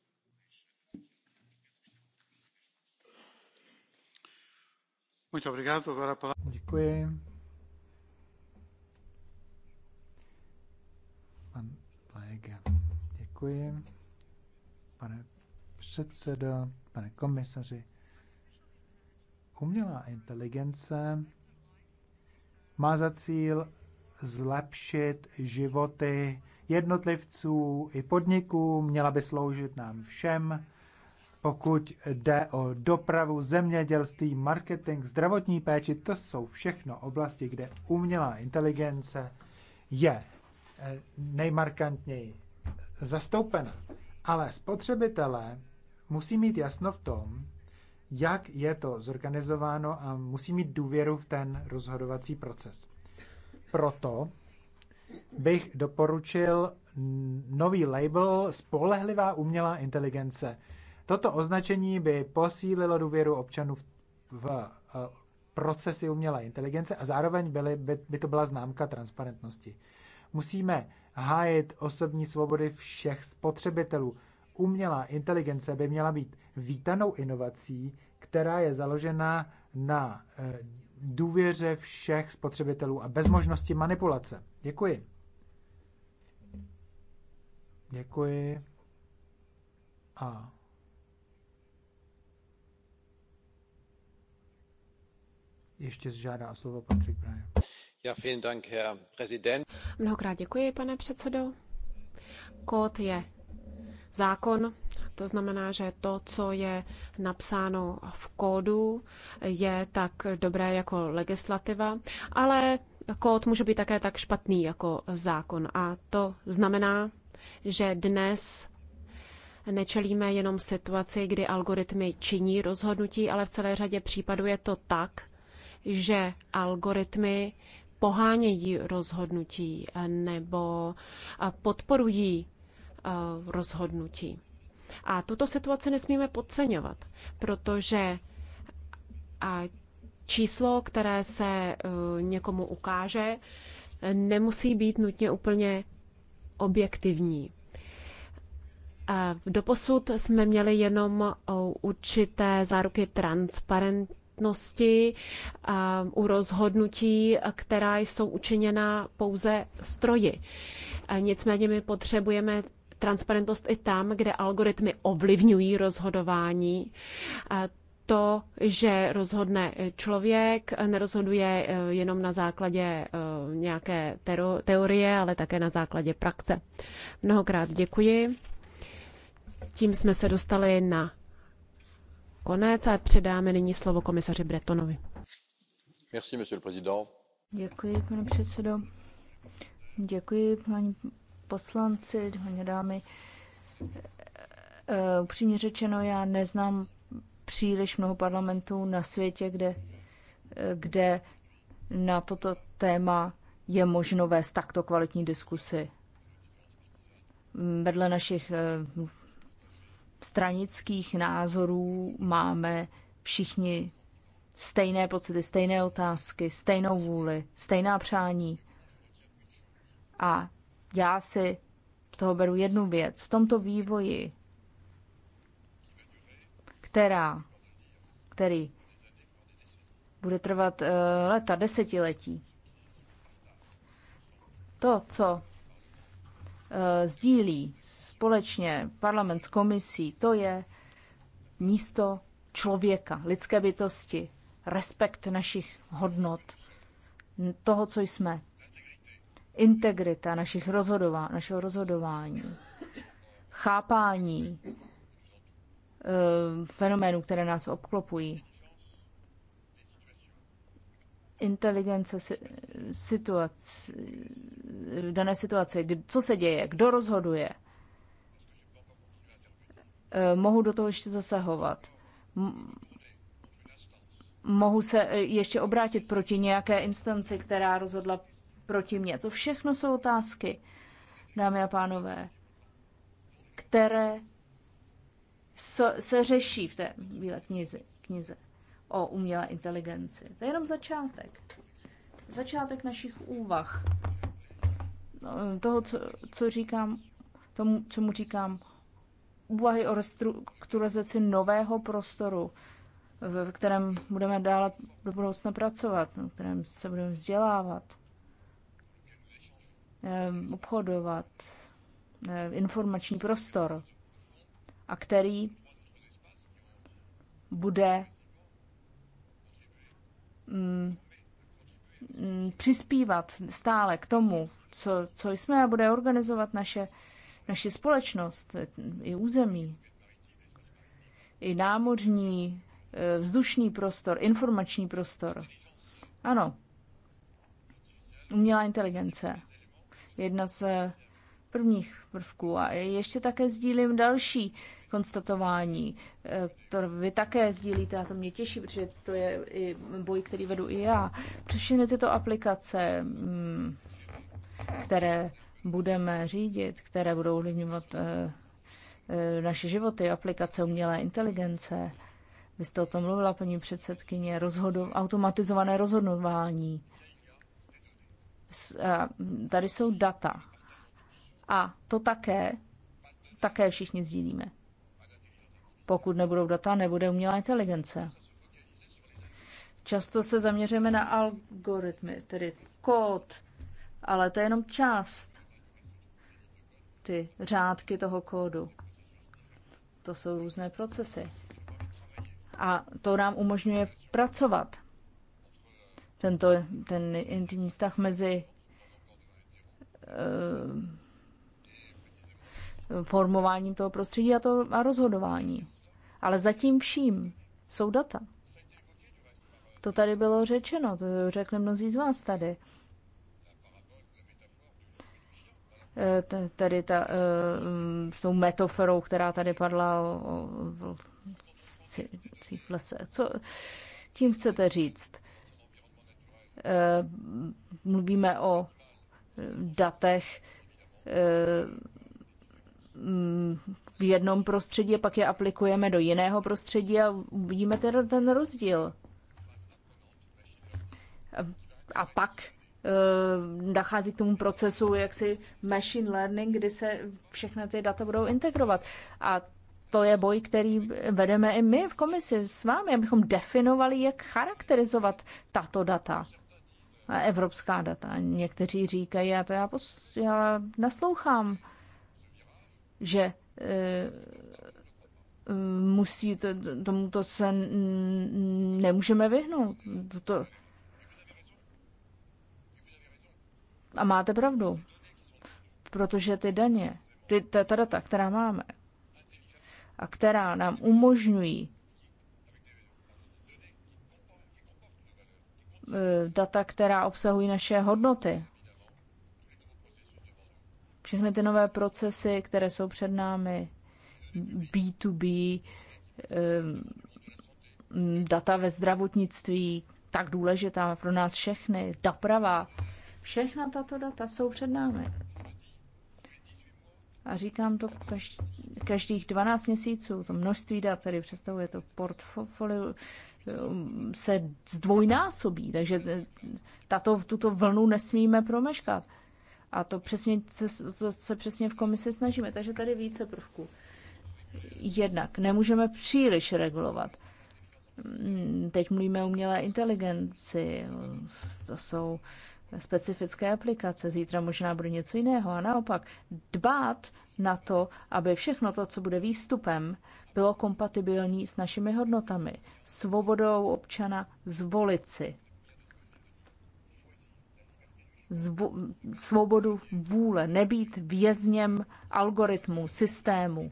Děkuji. Pan Plege. Děkuji. Pane předsedo, pane komisaři. Umělá inteligence má za cíl zlepšit životy jednotlivců i podniků, měla by sloužit nám všem pokud jde o dopravu, zemědělství, marketing, zdravotní péči, to jsou všechno oblasti, kde umělá inteligence je eh, nejmarkantněji zastoupena. Ale spotřebitelé musí mít jasno v tom, jak je to zorganizováno a musí mít důvěru v ten rozhodovací proces. Proto bych doporučil nový label Spolehlivá umělá inteligence, Toto označení by posílilo důvěru občanů v, v eh, procesy umělé inteligence a zároveň byly, by, by to byla známka transparentnosti. Musíme hájit osobní svobody všech spotřebitelů. Umělá inteligence by měla být vítanou inovací, která je založena na e, důvěře všech spotřebitelů a bez možnosti manipulace. Děkuji. Děkuji. A ještě žádá o slovo Ja, vielen Dank, Herr Präsident. Mnohokrát děkuji, pane předsedo. Kód je zákon, to znamená, že to, co je napsáno v kódu, je tak dobré jako legislativa, ale kód může být také tak špatný jako zákon. A to znamená, že dnes nečelíme jenom situaci, kdy algoritmy činí rozhodnutí, ale v celé řadě případů je to tak, že algoritmy pohánějí rozhodnutí nebo podporují eh, rozhodnutí. A tuto situaci nesmíme podceňovat, protože číslo, které se eh, někomu ukáže, nemusí být nutně úplně objektivní. Eh, doposud jsme měli jenom určité záruky transparent, platnosti u rozhodnutí, která jsou učiněna pouze stroji. Nicméně my potřebujeme transparentnost i tam, kde algoritmy ovlivňují rozhodování. To, že rozhodne člověk, nerozhoduje e, jenom na základě e, nějaké teorie, ale také na základě praxe. Mnohokrát děkuji. Tím jsme se dostali na konec a předáme nyní slovo komisaři Bretonovi. Merci, monsieur le président. Děkuji, pane předsedo. Děkuji, paní poslanci, paní dámy. Eh, upřímně řečeno, já neznám příliš mnoho parlamentů na světě, kde, eh, kde na toto téma je možno vést takto kvalitní diskusy. Vedle našich eh, stranických názorů máme všichni stejné pocity, stejné otázky, stejnou vůli, stejná přání. A já si z toho beru jednu věc. V tomto vývoji, která, který bude trvat uh, eh, leta, desetiletí, to, co uh, sdílí společně, parlament s komisí, to je místo člověka, lidské bytosti, respekt našich hodnot, toho, co jsme, integrita našich rozhodová, našeho rozhodování, chápání e, fenoménů, které nás obklopují, inteligence situace, dané situace, co se děje, kdo rozhoduje, Eh, mohu do toho ještě zasahovat. Mohu se eh, ještě obrátit proti nějaké instanci, která rozhodla proti mně. To všechno jsou otázky, dámy a pánové, které se řeší v té bílé knize, knize o umělé inteligenci. To je jenom začátek. Začátek našich úvah. No, eh, toho, co, co říkám, tomu, čemu říkám úvahy o restrukturalizaci nového prostoru, v kterém budeme dále do budoucna pracovat, v kterém se budeme vzdělávat, obchodovat, informační prostor, a který bude mm, mm, přispívat stále k tomu, co, co jsme a bude organizovat naše naši společnost i území, i námořní, e, vzdušný prostor, informační prostor. Ano, umělá inteligence. Jedna z prvních prvků. A ještě také sdílím další konstatování. E, to vy také sdílíte a to mě těší, protože to je i boj, který vedu i já. Přešly tyto aplikace, mm, které budeme řídit, které budou ovlivňovat eh, eh, naše životy, aplikace umělé inteligence. Vy jste o tom mluvila, paní předsedkyně, rozhodu, automatizované rozhodování. Tady jsou data. A to také, také všichni sdílíme. Pokud nebudou data, nebude umělá inteligence. Často se zaměřujeme na algoritmy, tedy kód, ale to je jenom část ty řádky toho kódu. To jsou různé procesy. A to nám umožňuje pracovat. Tento, ten intimní vztah mezi uh, formováním toho prostředí a, to, a rozhodování. Ale zatím vším jsou data. To tady bylo řečeno, to řekli mnozí z vás tady. tady ta, eh, mm, tou metaforou, která tady padla o, o, o v lese. Co tím chcete říct? Eh, mluvíme o eh, datech mm, v jednom prostředí a pak je aplikujeme do jiného prostředí a uvidíme ten rozdíl. A pak Eh, dochází k tomu procesu jaksi machine learning, kdy se všechny ty data budou integrovat. A to je boj, který vedeme i my v komisi s vámi, abychom definovali, jak charakterizovat tato data. Evropská data. Někteří říkají, a to já, pos- já naslouchám, že e, musí, to, tomuto se n- nemůžeme vyhnout. To, A máte pravdu, protože ty daně, ty, ta, ta data, která máme a která nám umožňují eh, data, která obsahují naše hodnoty, všechny ty nové procesy, které jsou před námi, B2B, eh, data ve zdravotnictví, tak důležitá pro nás všechny, doprava, Všechna tato data jsou před námi. A říkám to každých 12 měsíců, to množství dat, tedy představuje to portfolio, um, se zdvojnásobí, takže eh, tato, tuto vlnu nesmíme promeškat. A to, přesně, to se přesně v komisi snažíme. Takže tady více prvků. Jednak nemůžeme příliš regulovat. Mm, teď mluvíme o umělé inteligenci. To jsou uh, specifické aplikace. Zítra možná bude něco jiného. A naopak dbát na to, aby všechno to, co bude výstupem, bylo kompatibilní s našimi hodnotami, svobodou občana zvolit si zvo- svobodu vůle, nebýt vězněm algoritmu, systému,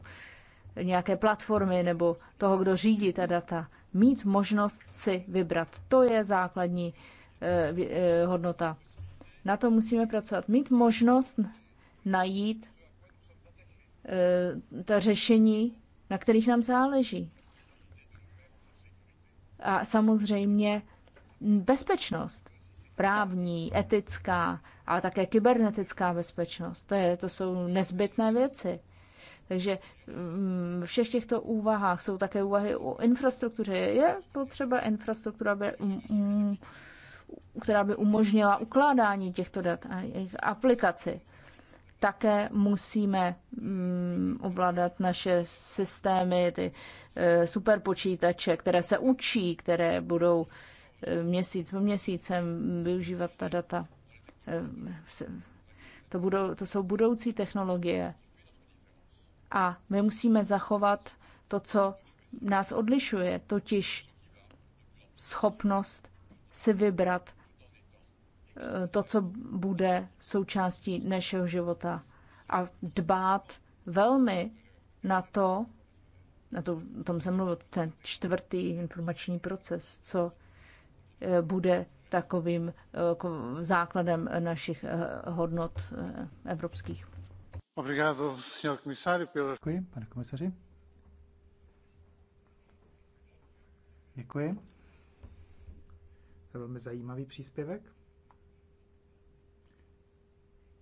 nějaké platformy nebo toho, kdo řídí ta data. Mít možnost si vybrat. To je základní eh, eh, hodnota na to musíme pracovat. Mít možnost najít e, ta řešení, na kterých nám záleží. A samozřejmě bezpečnost právní, etická, ale také kybernetická bezpečnost. To, je, to jsou nezbytné věci. Takže mm, v všech těchto úvahách jsou také úvahy o infrastruktuře. Je potřeba infrastruktura, aby mm, mm, která by umožnila ukládání těchto dat a jejich aplikaci. Také musíme mm, ovládat naše systémy, ty e, superpočítače, které se učí, které budou e, měsíc po měsícem využívat ta data. E, to, budou, to jsou budoucí technologie. A my musíme zachovat to, co nás odlišuje, totiž schopnost si vybrat eh, to, co bude součástí našeho života a dbát velmi na to, na to, o tom jsem mluvil, ten čtvrtý informační proces, co eh, bude takovým eh, základem našich hodnot evropských. Děkuji, pane komisaři. Děkuji. To je velmi zajímavý příspěvek.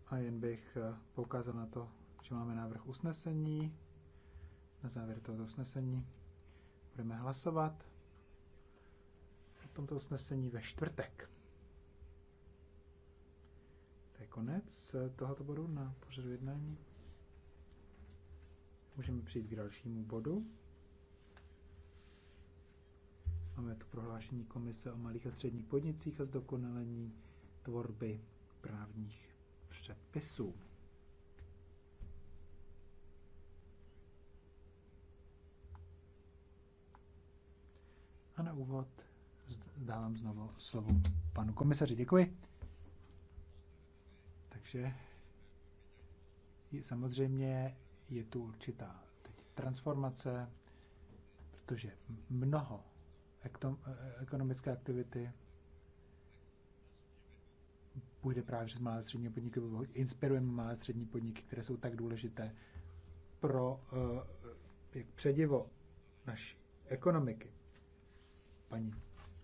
A jen bych eh, poukázal na to, že máme návrh usnesení. Na závěr tohoto usnesení budeme hlasovat o tomto usnesení ve čtvrtek. To je konec eh, tohoto bodu na pořadu jednání. Můžeme přijít k dalšímu bodu. Máme tu prohlášení Komise o malých a středních podnicích a zdokonalení tvorby právních předpisů. A na úvod dávám znovu slovo panu komisaři. Děkuji. Takže samozřejmě je tu určitá transformace, protože mnoho ekonomické aktivity půjde právě přes malé střední podniky, inspirujeme malé střední podniky, které jsou tak důležité pro eh, jak předivo naší ekonomiky. Paní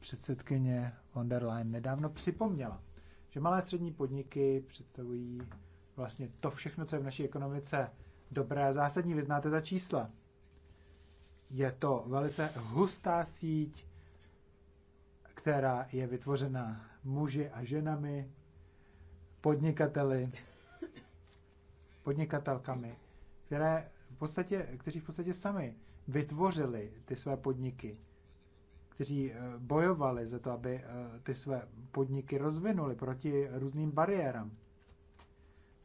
předsedkyně von der Leyen nedávno připomněla, že malé střední podniky představují vlastně to všechno, co je v naší ekonomice dobré a zásadní. Vy znáte ta čísla. Je to velice hustá síť, která je vytvořena muži a ženami, podnikateli, podnikatelkami, které v podstatě, kteří v podstatě sami vytvořili ty své podniky, kteří eh, bojovali za to, aby eh, ty své podniky rozvinuli proti různým bariérám.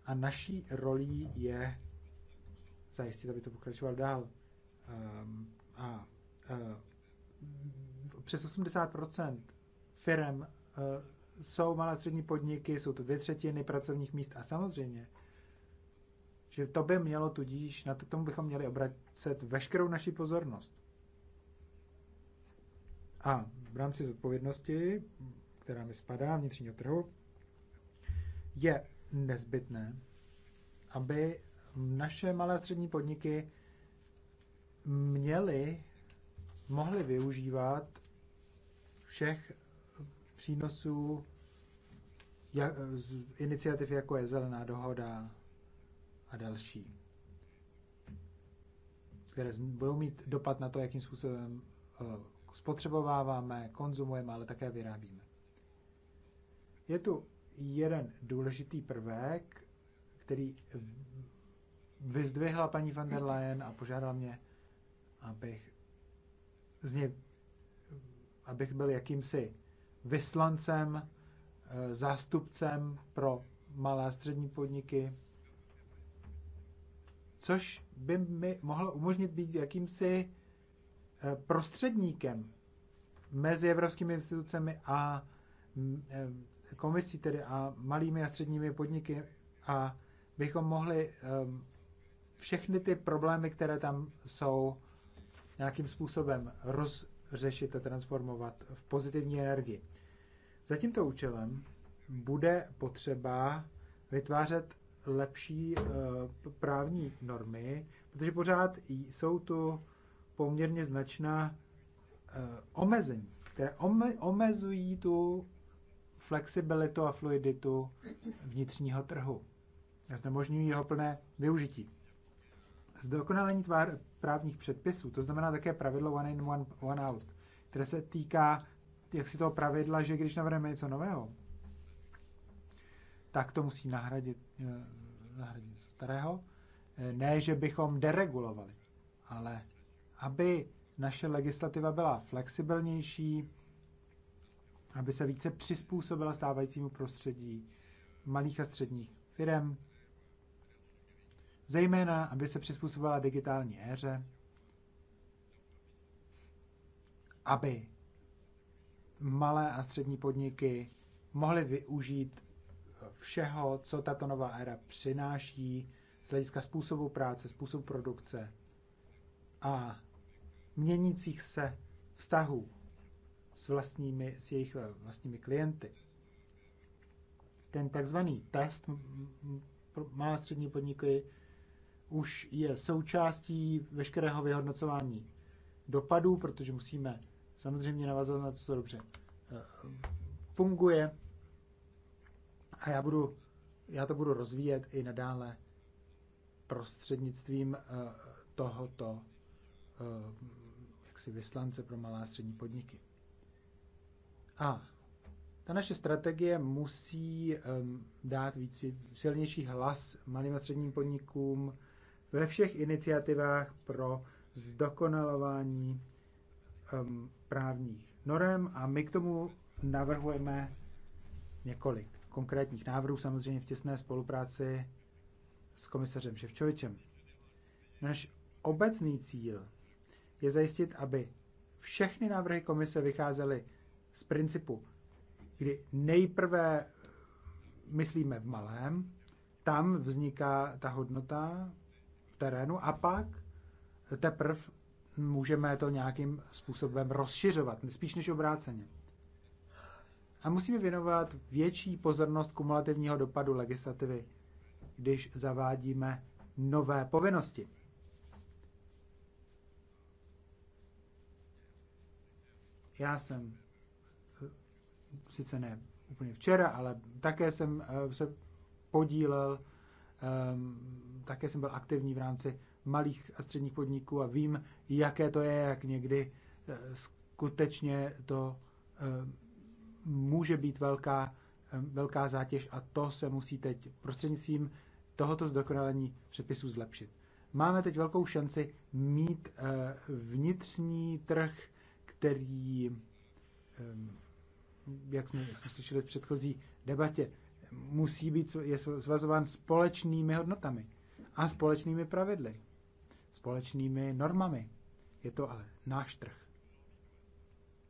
A naší rolí je zajistit, aby to pokračovalo dál. Ehm, a e, přes 80% firm e, jsou malé střední podniky, jsou to dvě třetiny pracovních míst a samozřejmě, že to by mělo tudíž, na to k tomu bychom měli obracet veškerou naši pozornost. A v rámci zodpovědnosti, která mi spadá vnitřního trhu, je nezbytné, aby naše malé a střední podniky měli, mohli využívat všech přínosů jak, z iniciativ, jako je Zelená dohoda a další, které budou mít dopad na to, jakým způsobem eh, spotřebováváme, konzumujeme, ale také vyrábíme. Je tu jeden důležitý prvek, který vyzdvihla paní van der Leyen a požádala mě abych z ně, abych byl jakýmsi vyslancem, eh, zástupcem pro malé a střední podniky, což by mi mohlo umožnit být jakýmsi eh, prostředníkem mezi evropskými institucemi a mm, eh, komisí, tedy a malými a středními podniky a bychom mohli všechny ty problémy, které tam jsou, nějakým způsobem rozřešit a transformovat v pozitivní energii. Za tímto účelem bude potřeba vytvářet lepší eh, právní normy, protože pořád jsou tu poměrně značná eh, omezení, které omezují tu flexibilitu a fluiditu vnitřního trhu a znemožňují jeho plné využití. Zdokonalení tvár, právních předpisů, to znamená také pravidlo one in, one, one out, které se týká jak si toho pravidla, že když navrhneme něco nového, tak to musí nahradit, eh, nahradit něco starého. Eh, ne, že bychom deregulovali, ale aby naše legislativa byla flexibilnější, aby se více přizpůsobila stávajícímu prostředí malých a středních firm, zejména aby se přizpůsobila digitální éře, aby malé a střední podniky mohly využít všeho, co tato nová éra přináší z hlediska způsobu práce, způsobu produkce a měnících se vztahů s, vlastními, s jejich eh, vlastními klienty. Ten takzvaný test malé a střední podniky už je součástí veškerého vyhodnocování dopadů, protože musíme samozřejmě navazovat na to, co dobře eh, funguje. A já, budu, já to budu rozvíjet i nadále prostřednictvím eh, tohoto eh, jaksi vyslance pro malá a střední podniky. A ta naše strategie musí um, dát víc silnější hlas malým a středním podnikům, ve všech iniciativách pro zdokonalování um, právních norem a my k tomu navrhujeme několik konkrétních návrhů, samozřejmě v těsné spolupráci s komisařem Ševčovičem. Náš obecný cíl je zajistit, aby všechny návrhy komise vycházely z principu, kdy nejprve myslíme v malém, tam vzniká ta hodnota terénu a pak teprve můžeme to nějakým způsobem rozšiřovat, spíš než obráceně. A musíme věnovat větší pozornost kumulativního dopadu legislativy, když zavádíme nové povinnosti. Já jsem eh, sice ne úplně včera, ale také jsem eh, se podílel ehm, také jsem byl aktivní v rámci malých a středních podniků a vím, jaké to je, jak někdy eh, skutečně to eh, může být velká, eh, velká zátěž a to se musí teď prostřednictvím tohoto zdokonalení předpisů zlepšit. Máme teď velkou šanci mít vnitřní trh, který, jak jsme, jak jsme slyšeli v předchozí debatě, musí být je svazován společnými hodnotami a společnými pravidly, společnými normami. Je to ale náš trh.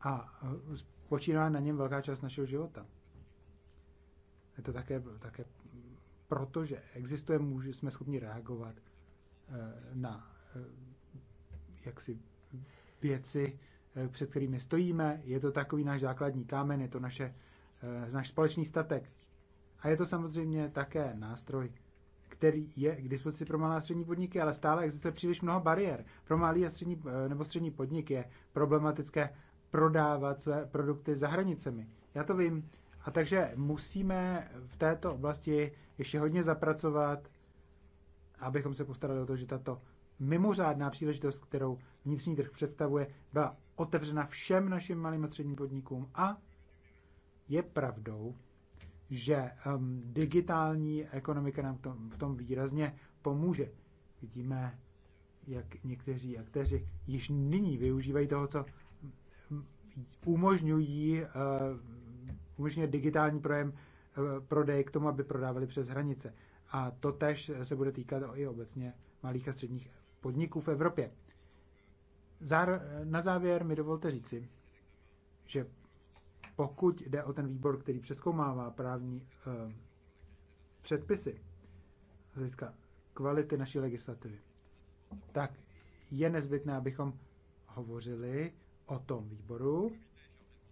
A eh, počíná na něm velká část našeho života. Je to také, také proto, že existuje, může, jsme schopni reagovat eh, na eh, jaksi věci, před kterými stojíme. Je to takový náš základní kámen, je to naše, náš společný statek. A je to samozřejmě také nástroj který je k dispozici pro malé a střední podniky, ale stále existuje příliš mnoho bariér. Pro malé a střední, eh, nebo střední podnik je problematické prodávat své produkty za hranicemi. Já to vím. A takže musíme v této oblasti ještě hodně zapracovat, abychom se postarali o to, že tato mimořádná příležitost, kterou vnitřní trh představuje, byla otevřena všem našim malým a středním podnikům. A je pravdou, že um, digitální ekonomika nám tom, v tom výrazně pomůže. Vidíme, jak někteří akteři již nyní využívají toho, co umožňují, uh, umožňuje digitální projem uh, eh, prodej k tomu, aby prodávali přes hranice. A to tež se bude týkat i obecně malých a středních podniků v Evropě. Záro, na závěr mi dovolte říci, že pokud jde o ten výbor, který přeskoumává právní eh, předpisy z hlediska kvality naší legislativy, tak je nezbytné, abychom hovořili o tom výboru.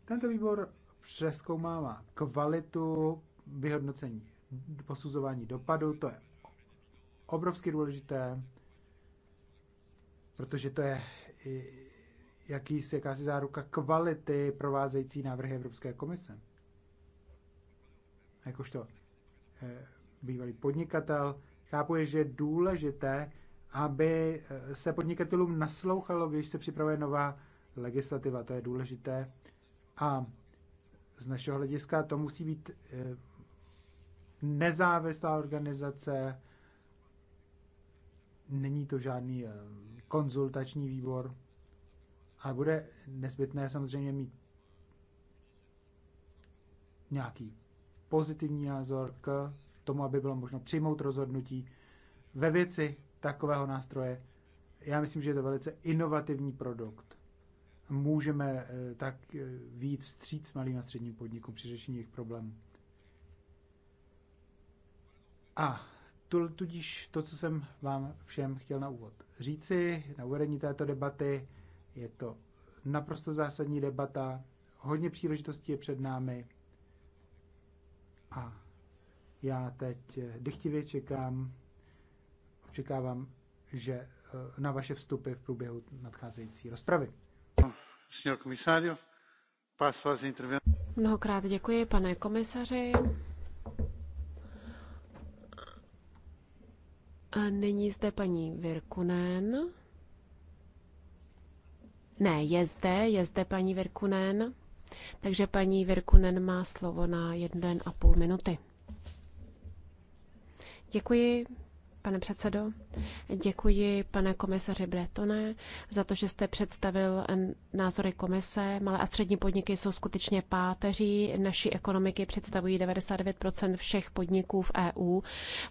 Tento výbor přeskoumává kvalitu vyhodnocení, posuzování dopadu, to je obrovsky důležité, protože to je jaký se jakási záruka kvality provázející návrhy Evropské komise. Jakožto eh, bývalý podnikatel, chápu, že je důležité, aby eh, se podnikatelům naslouchalo, když se připravuje nová legislativa. To je důležité. A z našeho hlediska to musí být eh, nezávislá organizace, není to žádný konzultační výbor ale bude nezbytné samozřejmě mít nějaký pozitivní názor k tomu, aby bylo možno přijmout rozhodnutí ve věci takového nástroje. Já myslím, že je to velice inovativní produkt. Můžeme eh, tak eh, víc vstříc malým a středním podnikům při řešení jejich problémů. A tudíž to, co jsem vám všem chtěl na úvod říci, na uvedení této debaty, je to naprosto zásadní debata, hodně příležitostí je před námi a já teď eh, dychtivě čekám, očekávám, že eh, na vaše vstupy v průběhu nadcházející rozpravy. Mnohokrát děkuji, pane komisaři. A nyní zde paní Virkunen. Ne, je zde, je zde paní Virkunen. Takže paní Virkunen má slovo na jeden a půl minuty. Děkuji, pane předsedo. Děkuji, pane komisaři Bretone, za to, že jste představil názory komise. Malé a střední podniky jsou skutečně páteří naší ekonomiky, představují 99 všech podniků v EU,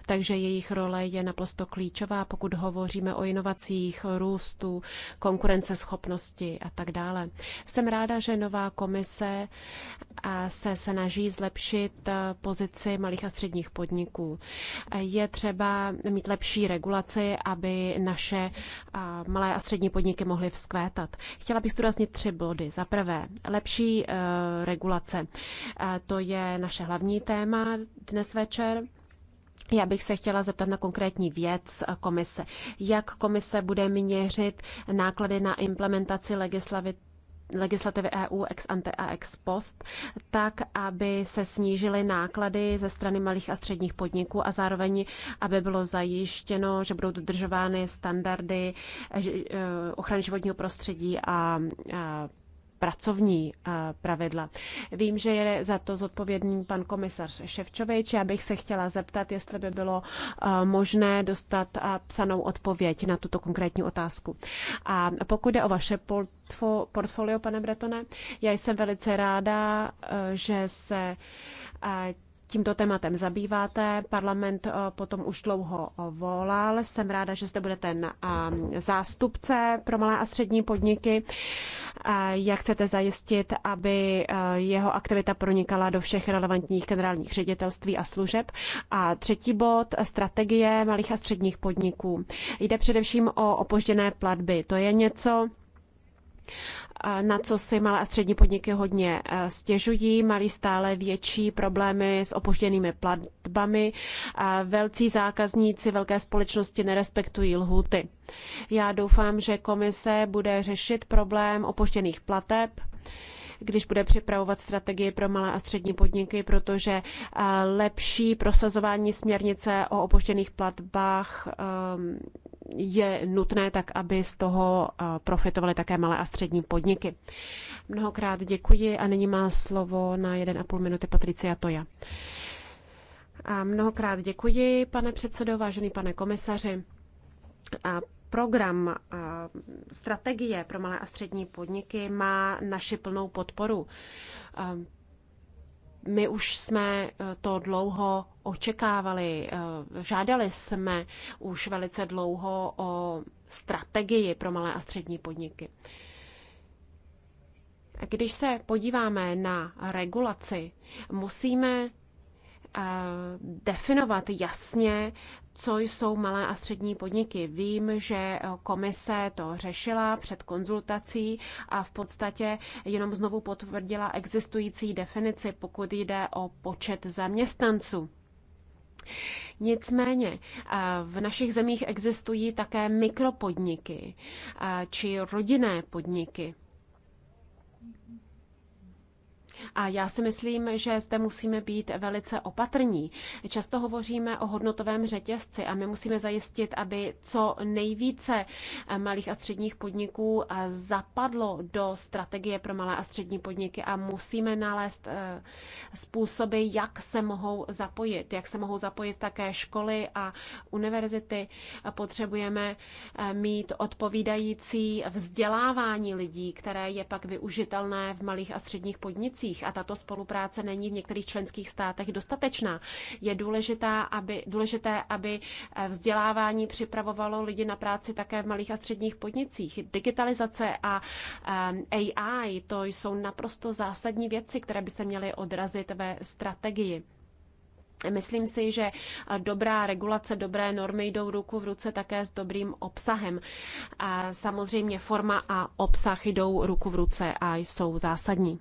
takže jejich role je naprosto klíčová, pokud hovoříme o inovacích, růstu, konkurenceschopnosti a tak dále. Jsem ráda, že nová komise se snaží zlepšit pozici malých a středních podniků. Je třeba mít lepší regulaci pomoci, aby naše malé a střední podniky mohly vzkvétat. Chtěla bych zdůraznit tři body. Za prvé, lepší e, regulace. E, to je naše hlavní téma dnes večer. Já bych se chtěla zeptat na konkrétní věc komise. Jak komise bude měřit náklady na implementaci legislativy legislativy EU ex ante a ex post, tak, aby se snížily náklady ze strany malých a středních podniků a zároveň, aby bylo zajištěno, že budou dodržovány standardy eh, eh, ochrany životního prostředí a pracovní eh, pravidla. Vím, že je za to zodpovědný pan komisař Ševčovič. Já bych se chtěla zeptat, jestli by bylo eh, možné dostat eh, psanou odpověď na tuto konkrétní otázku. A pokud jde o vaše portfolio, pane Bretone, já jsem velice ráda, že se tímto tématem zabýváte. Parlament eh, potom už dlouho volal. Jsem ráda, že zde bude ten zástupce pro malé a střední podniky. Eh, jak chcete zajistit, aby eh, jeho aktivita pronikala do všech relevantních generálních ředitelství a služeb? A třetí bod, strategie malých a středních podniků. Jde především o opožděné platby. To je něco, na co si malé a střední podniky hodně eh, stěžují. Mají stále větší problémy s opožděnými platbami. Velcí zákazníci velké společnosti nerespektují lhuty. Já doufám, že komise bude řešit problém opožděných plateb když bude připravovat strategii pro malé a střední podniky, protože eh, lepší prosazování směrnice o opožděných platbách ehm, je nutné tak, aby z toho eh, profitovaly také malé a střední podniky. Mnohokrát děkuji a nyní má slovo na 1,5 minuty Patricia Toja. A mnohokrát děkuji, pane předsedo, vážený pane komisaři. A program a eh, strategie pro malé a střední podniky má naši plnou podporu. Eh, my už jsme eh, to dlouho očekávali, eh, žádali jsme už velice dlouho o strategii pro malé a střední podniky. Když se podíváme na regulaci, musíme eh, definovat jasně co jsou malé a střední podniky. Vím, že komise to řešila před konzultací a v podstatě jenom znovu potvrdila existující definici, pokud jde o počet zaměstnanců. Nicméně eh, v našich zemích existují také mikropodniky eh, či rodinné podniky. A já si myslím, že zde musíme být velice opatrní. Často hovoříme o hodnotovém řetězci a my musíme zajistit, aby co nejvíce eh, malých a středních podniků eh, zapadlo do strategie pro malé a střední podniky a musíme nalézt eh, způsoby, jak se mohou zapojit. Jak se mohou zapojit také školy a univerzity. Potřebujeme mít odpovídající vzdělávání lidí, které je pak využitelné v malých a středních podnicích a tato spolupráce není v některých členských státech dostatečná. Je důležitá, aby, důležité, aby eh, vzdělávání připravovalo lidi na práci také v malých a středních podnicích. Digitalizace a eh, AI, to jsou naprosto zásadní věci, které by se měly odrazit ve strategii. Myslím si, že eh, dobrá regulace, dobré normy jdou ruku v ruce také s dobrým obsahem. A samozřejmě forma a obsah jdou ruku v ruce a jsou zásadní.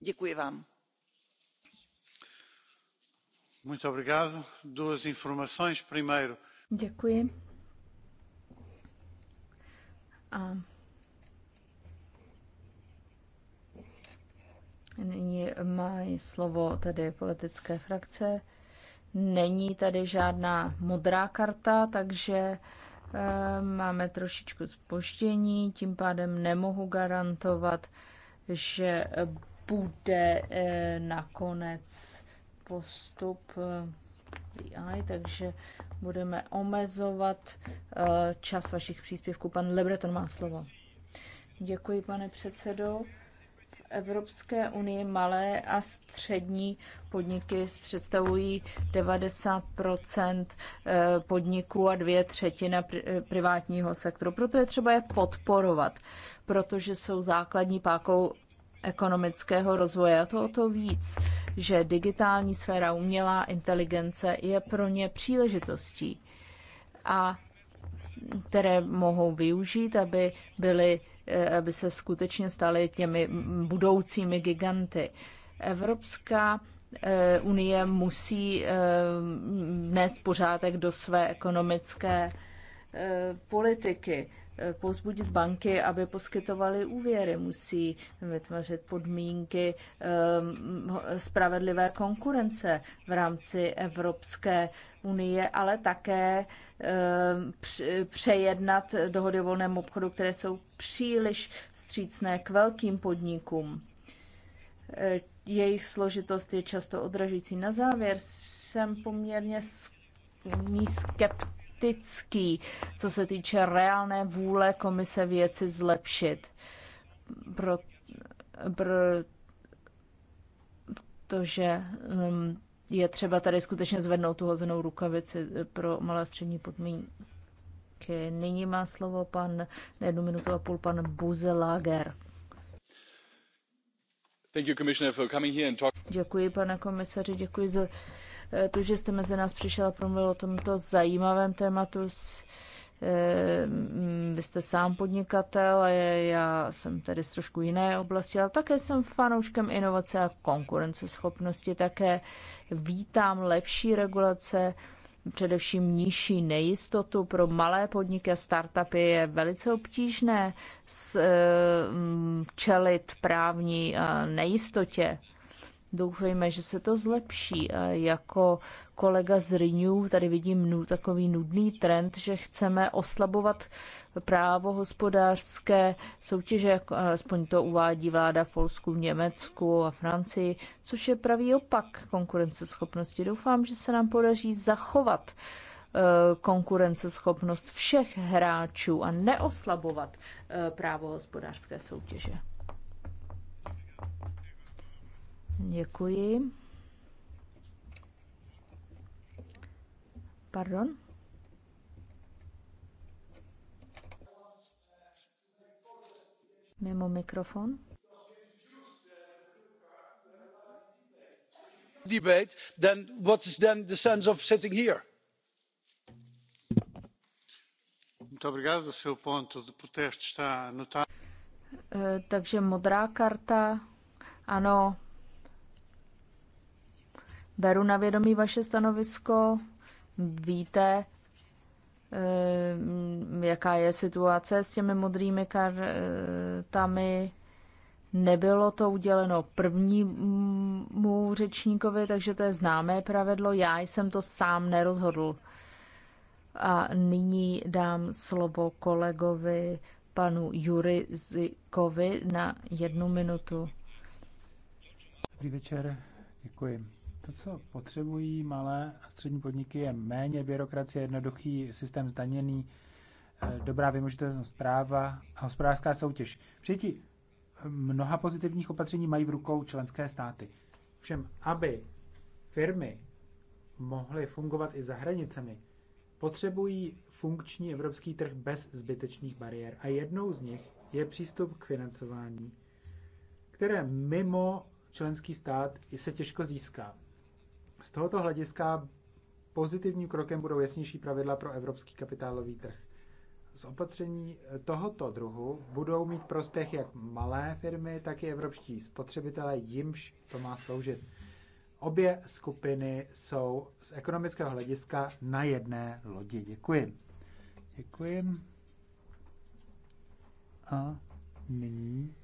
děkuji vám. Děkuji. A nyní mají slovo tedy politické frakce. Není tady žádná modrá karta, takže eh, máme trošičku zpoždění. tím pádem nemohu garantovat, že bude eh, nakonec postup VI, eh, takže budeme omezovat eh, čas vašich příspěvků. Pan Lebreton má slovo. Děkuji, pane předsedo. V Evropské unii malé a střední podniky představují 90 podniků a dvě třetina privátního sektoru. Proto je třeba je podporovat, protože jsou základní pákou ekonomického rozvoje. A to o to víc, že digitální sféra umělá inteligence je pro ně příležitostí, a které mohou využít, aby, byly, eh, aby se skutečně staly těmi budoucími giganty. Evropská eh, unie musí vnést eh, pořádek do své ekonomické politiky pouzbudit banky, aby poskytovaly úvěry. Musí vytvořit podmínky ehm, spravedlivé konkurence v rámci Evropské unie, ale také ehm, přejednat dohody o volném obchodu, které jsou příliš střícné k velkým podnikům. Eh, jejich složitost je často odražující. Na závěr jsem poměrně nízkeptický kritický, co se týče reálné vůle komise věci zlepšit. Pro, pro, protože um, je třeba tady skutečně zvednout tu hozenou rukavici pro malé střední podmínky. Nyní má slovo pan, na jednu minutu a půl, pan Buzelager. Děkuji, pane komisaři, děkuji za Eh, to, že jste mezi nás přišel a promluvil o tomto zajímavém tématu. Eh, mm, vy jste sám podnikatel, já jsem tady z trošku jiné oblasti, ale také jsem fanouškem inovace a konkurenceschopnosti. Také vítám lepší regulace, především nižší nejistotu pro malé podniky a startupy je velice obtížné eh, mm, čelit právní nejistotě. Doufejme, že se to zlepší. A jako kolega z Renew tady vidím nů, takový nudný trend, že chceme oslabovat právo hospodářské soutěže, jako alespoň to uvádí vláda v Polsku, v Německu a Francii, což je pravý opak konkurenceschopnosti. Doufám, že se nám podaří zachovat eh, konkurenceschopnost všech hráčů a neoslabovat eh, právo hospodářské soutěže. Děkuji. Pardon? Mimo mikrofon. Debate, then what is then the sense of sitting here? Eh, takže modrá karta. Ano, Beru na vědomí vaše stanovisko. Víte, eh, jaká je situace s těmi modrými kartami. Nebylo to uděleno prvnímu řečníkovi, takže to je známé pravidlo. Já jsem to sám nerozhodl. A nyní dám slovo kolegovi panu Jurizikovi na jednu minutu. Dobrý večer, děkuji. To, co potřebují malé a střední podniky, je méně byrokracie, jednoduchý systém zdanění, eh, dobrá vymožitelnost práva a hospodářská soutěž. Přijetí eh, mnoha pozitivních opatření mají v rukou členské státy. Všem, aby firmy mohly fungovat i za hranicemi, potřebují funkční evropský trh bez zbytečných bariér. A jednou z nich je přístup k financování, které mimo členský stát se těžko získá. Z tohoto hlediska pozitivním krokem budou jasnější pravidla pro evropský kapitálový trh. Z opatření tohoto druhu budou mít prospěch jak malé firmy, tak i evropští spotřebitelé, jimž to má sloužit. Obě skupiny jsou z ekonomického hlediska na jedné lodi. Děkuji. Děkuji. A nyní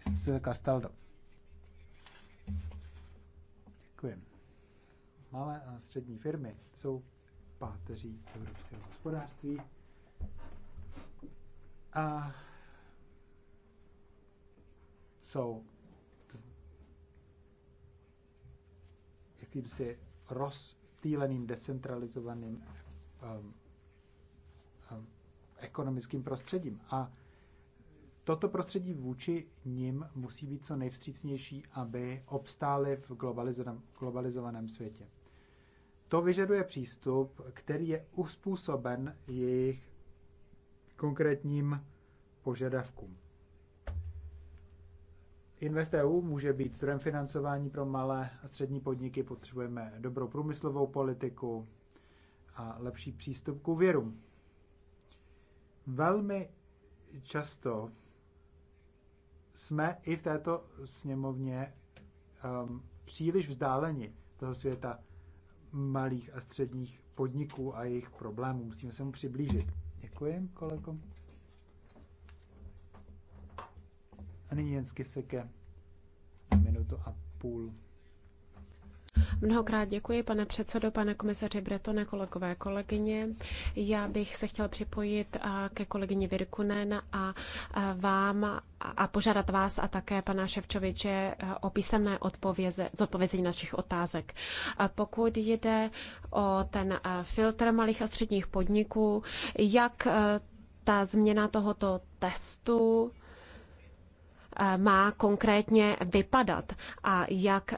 Cecil Castaldo. Malé a střední firmy jsou páteří evropského hospodářství. A jsou jakýmsi rozptýleným, decentralizovaným um, um, ekonomickým prostředím. A toto prostředí vůči nim musí být co nejvstřícnější, aby obstály v globalizovaném světě. To vyžaduje přístup, který je uspůsoben jejich konkrétním požadavkům. InvestEU může být zdrojem financování pro malé a střední podniky, potřebujeme dobrou průmyslovou politiku a lepší přístup k úvěrům. Velmi často jsme i v této sněmovně um, příliš vzdáleni toho světa malých a středních podniků a jejich problémů. Musíme se mu přiblížit. Děkuji, kolego. A nyní Jensky Seke. Minutu a půl. Mnohokrát děkuji, pane předsedo, pane komisaři Bretone, kolegové, kolegyně. Já bych se chtěla připojit ke kolegyni Virkunen a vám a požádat vás a také pana Ševčoviče o písemné odpověze, zodpovězení našich otázek. Pokud jde o ten filtr malých a středních podniků, jak ta změna tohoto testu Eh, má konkrétně vypadat a jak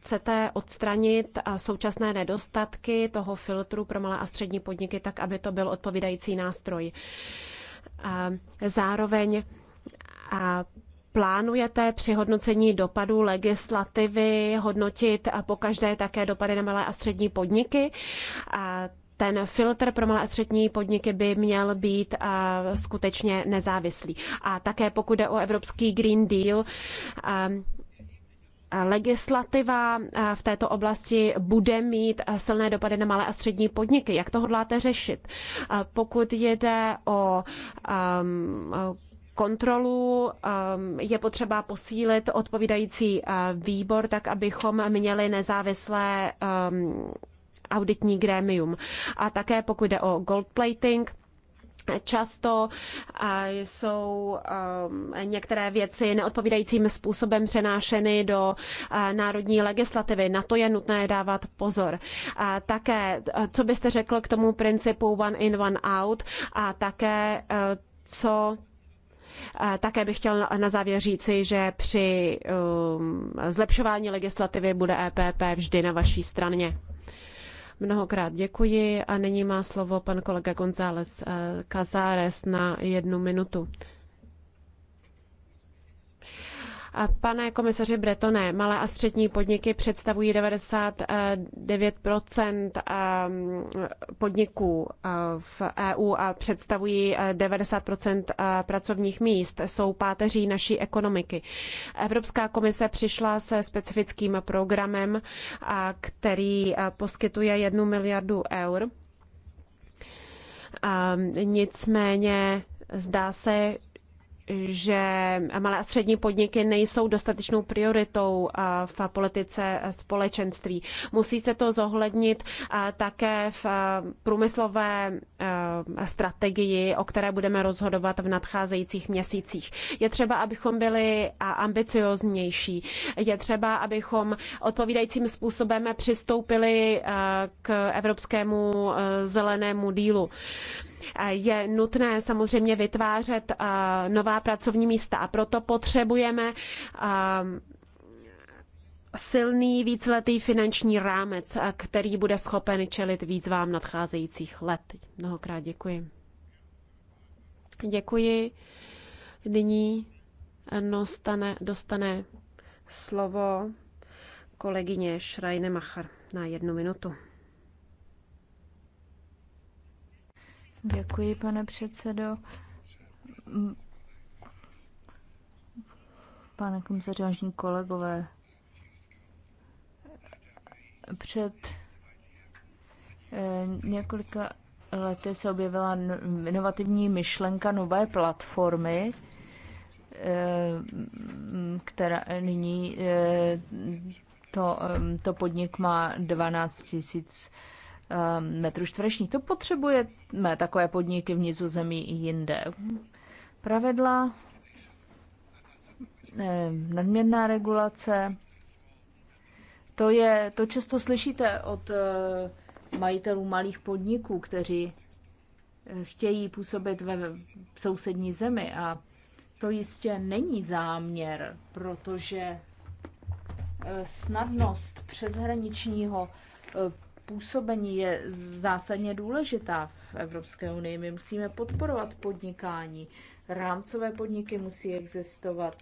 chcete odstranit eh, současné nedostatky toho filtru pro malé a střední podniky, tak aby to byl odpovídající nástroj. Eh, zároveň plánujete při hodnocení dopadů legislativy hodnotit a pokaždé také dopady na malé a střední podniky? ten filtr pro malé a střední podniky by měl být eh, skutečně nezávislý. A také pokud jde o Evropský Green Deal, eh, legislativa eh, v této oblasti bude mít silné dopady na malé a střední podniky. Jak to hodláte řešit? Pokud jde o ehm, kontrolu ehm, je potřeba posílit odpovídající výbor, tak abychom měli nezávislé ehm, auditní grémium. A také pokud jde o gold plating, Často jsou některé věci neodpovídajícím způsobem přenášeny do národní legislativy. Na to je nutné dávat pozor. Také, co byste řekl k tomu principu one in, one out a také, co také bych chtěl na závěr říci, že při um, zlepšování legislativy bude EPP vždy na vaší straně. Mnohokrát děkuji a nyní má slovo pan kolega González eh, Casares na jednu minutu. Pane komisaři Bretone, malé a střední podniky představují 99 ehm, podniků eh, v EU a představují 90 eh, eh, pracovních míst. Jsou páteří naší ekonomiky. Evropská komise přišla se specifickým programem, který poskytuje jednu miliardu eur. Ehm, nicméně zdá se, že malé a střední podniky nejsou dostatečnou prioritou v politice společenství. Musí se to zohlednit také v průmyslové strategii, o které budeme rozhodovat v nadcházejících měsících. Je třeba, abychom byli ambicioznější. Je třeba, abychom odpovídajícím způsobem přistoupili k evropskému zelenému dílu. Je nutné samozřejmě vytvářet nová pracovní místa a proto potřebujeme silný víceletý finanční rámec, který bude schopen čelit výzvám nadcházejících let. Mnohokrát děkuji. Děkuji. Nyní dostane, dostane slovo kolegyně Šrajne Machar na jednu minutu. Děkuji, pane předsedo. Pane komisaři, vážení kolegové, před eh, několika lety se objevila no, inovativní myšlenka nové platformy, eh, která nyní eh, to, to podnik má 12 tisíc 000 Um, metrů čtvereční. To potřebujeme takové podniky v Nizozemí i jinde. Pravidla, eh, nadměrná regulace, to, je, to často slyšíte od eh, majitelů malých podniků, kteří eh, chtějí působit ve sousední zemi a to jistě není záměr, protože snadnost přeshraničního působení je zásadně důležitá v Evropské unii. My musíme podporovat podnikání. Rámcové podniky musí existovat.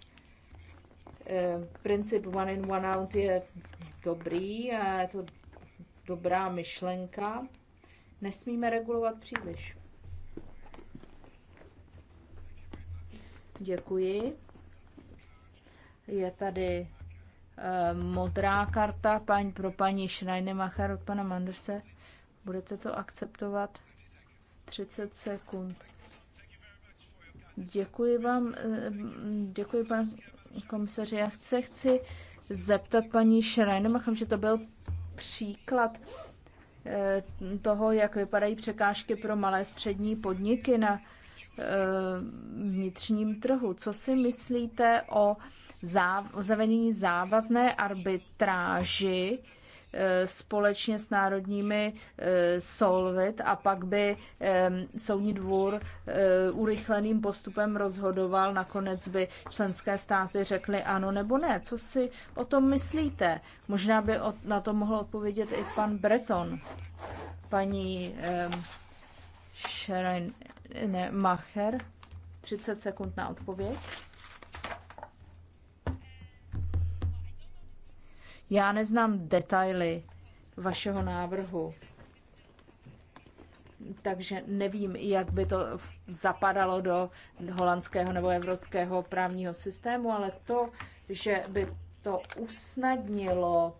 Eh, princip one in, one out je dobrý a je to dobrá myšlenka. Nesmíme regulovat příliš. Děkuji. Je tady Eh, modrá karta paň, pro paní Schneinemachar od pana Manderse. Budete to akceptovat? 30 sekund. Děkuji vám, eh, děkuji pane komisaři. Já se chci zeptat paní Schreinemacher, že to byl příklad eh, toho, jak vypadají překážky pro malé střední podniky na vnitřním trhu. Co si myslíte o záv- zavedení závazné arbitráži e, společně s národními e, solvit a pak by soudní dvůr e, urychleným postupem rozhodoval, nakonec by členské státy řekly ano nebo ne. Co si o tom myslíte? Možná by na to mohl odpovědět i pan Breton. Paní Schreinmacher. Macher, 30 sekund na odpověď. Já neznám detaily vašeho návrhu, takže nevím, jak by to zapadalo do holandského nebo evropského právního systému, ale to, že by to usnadnilo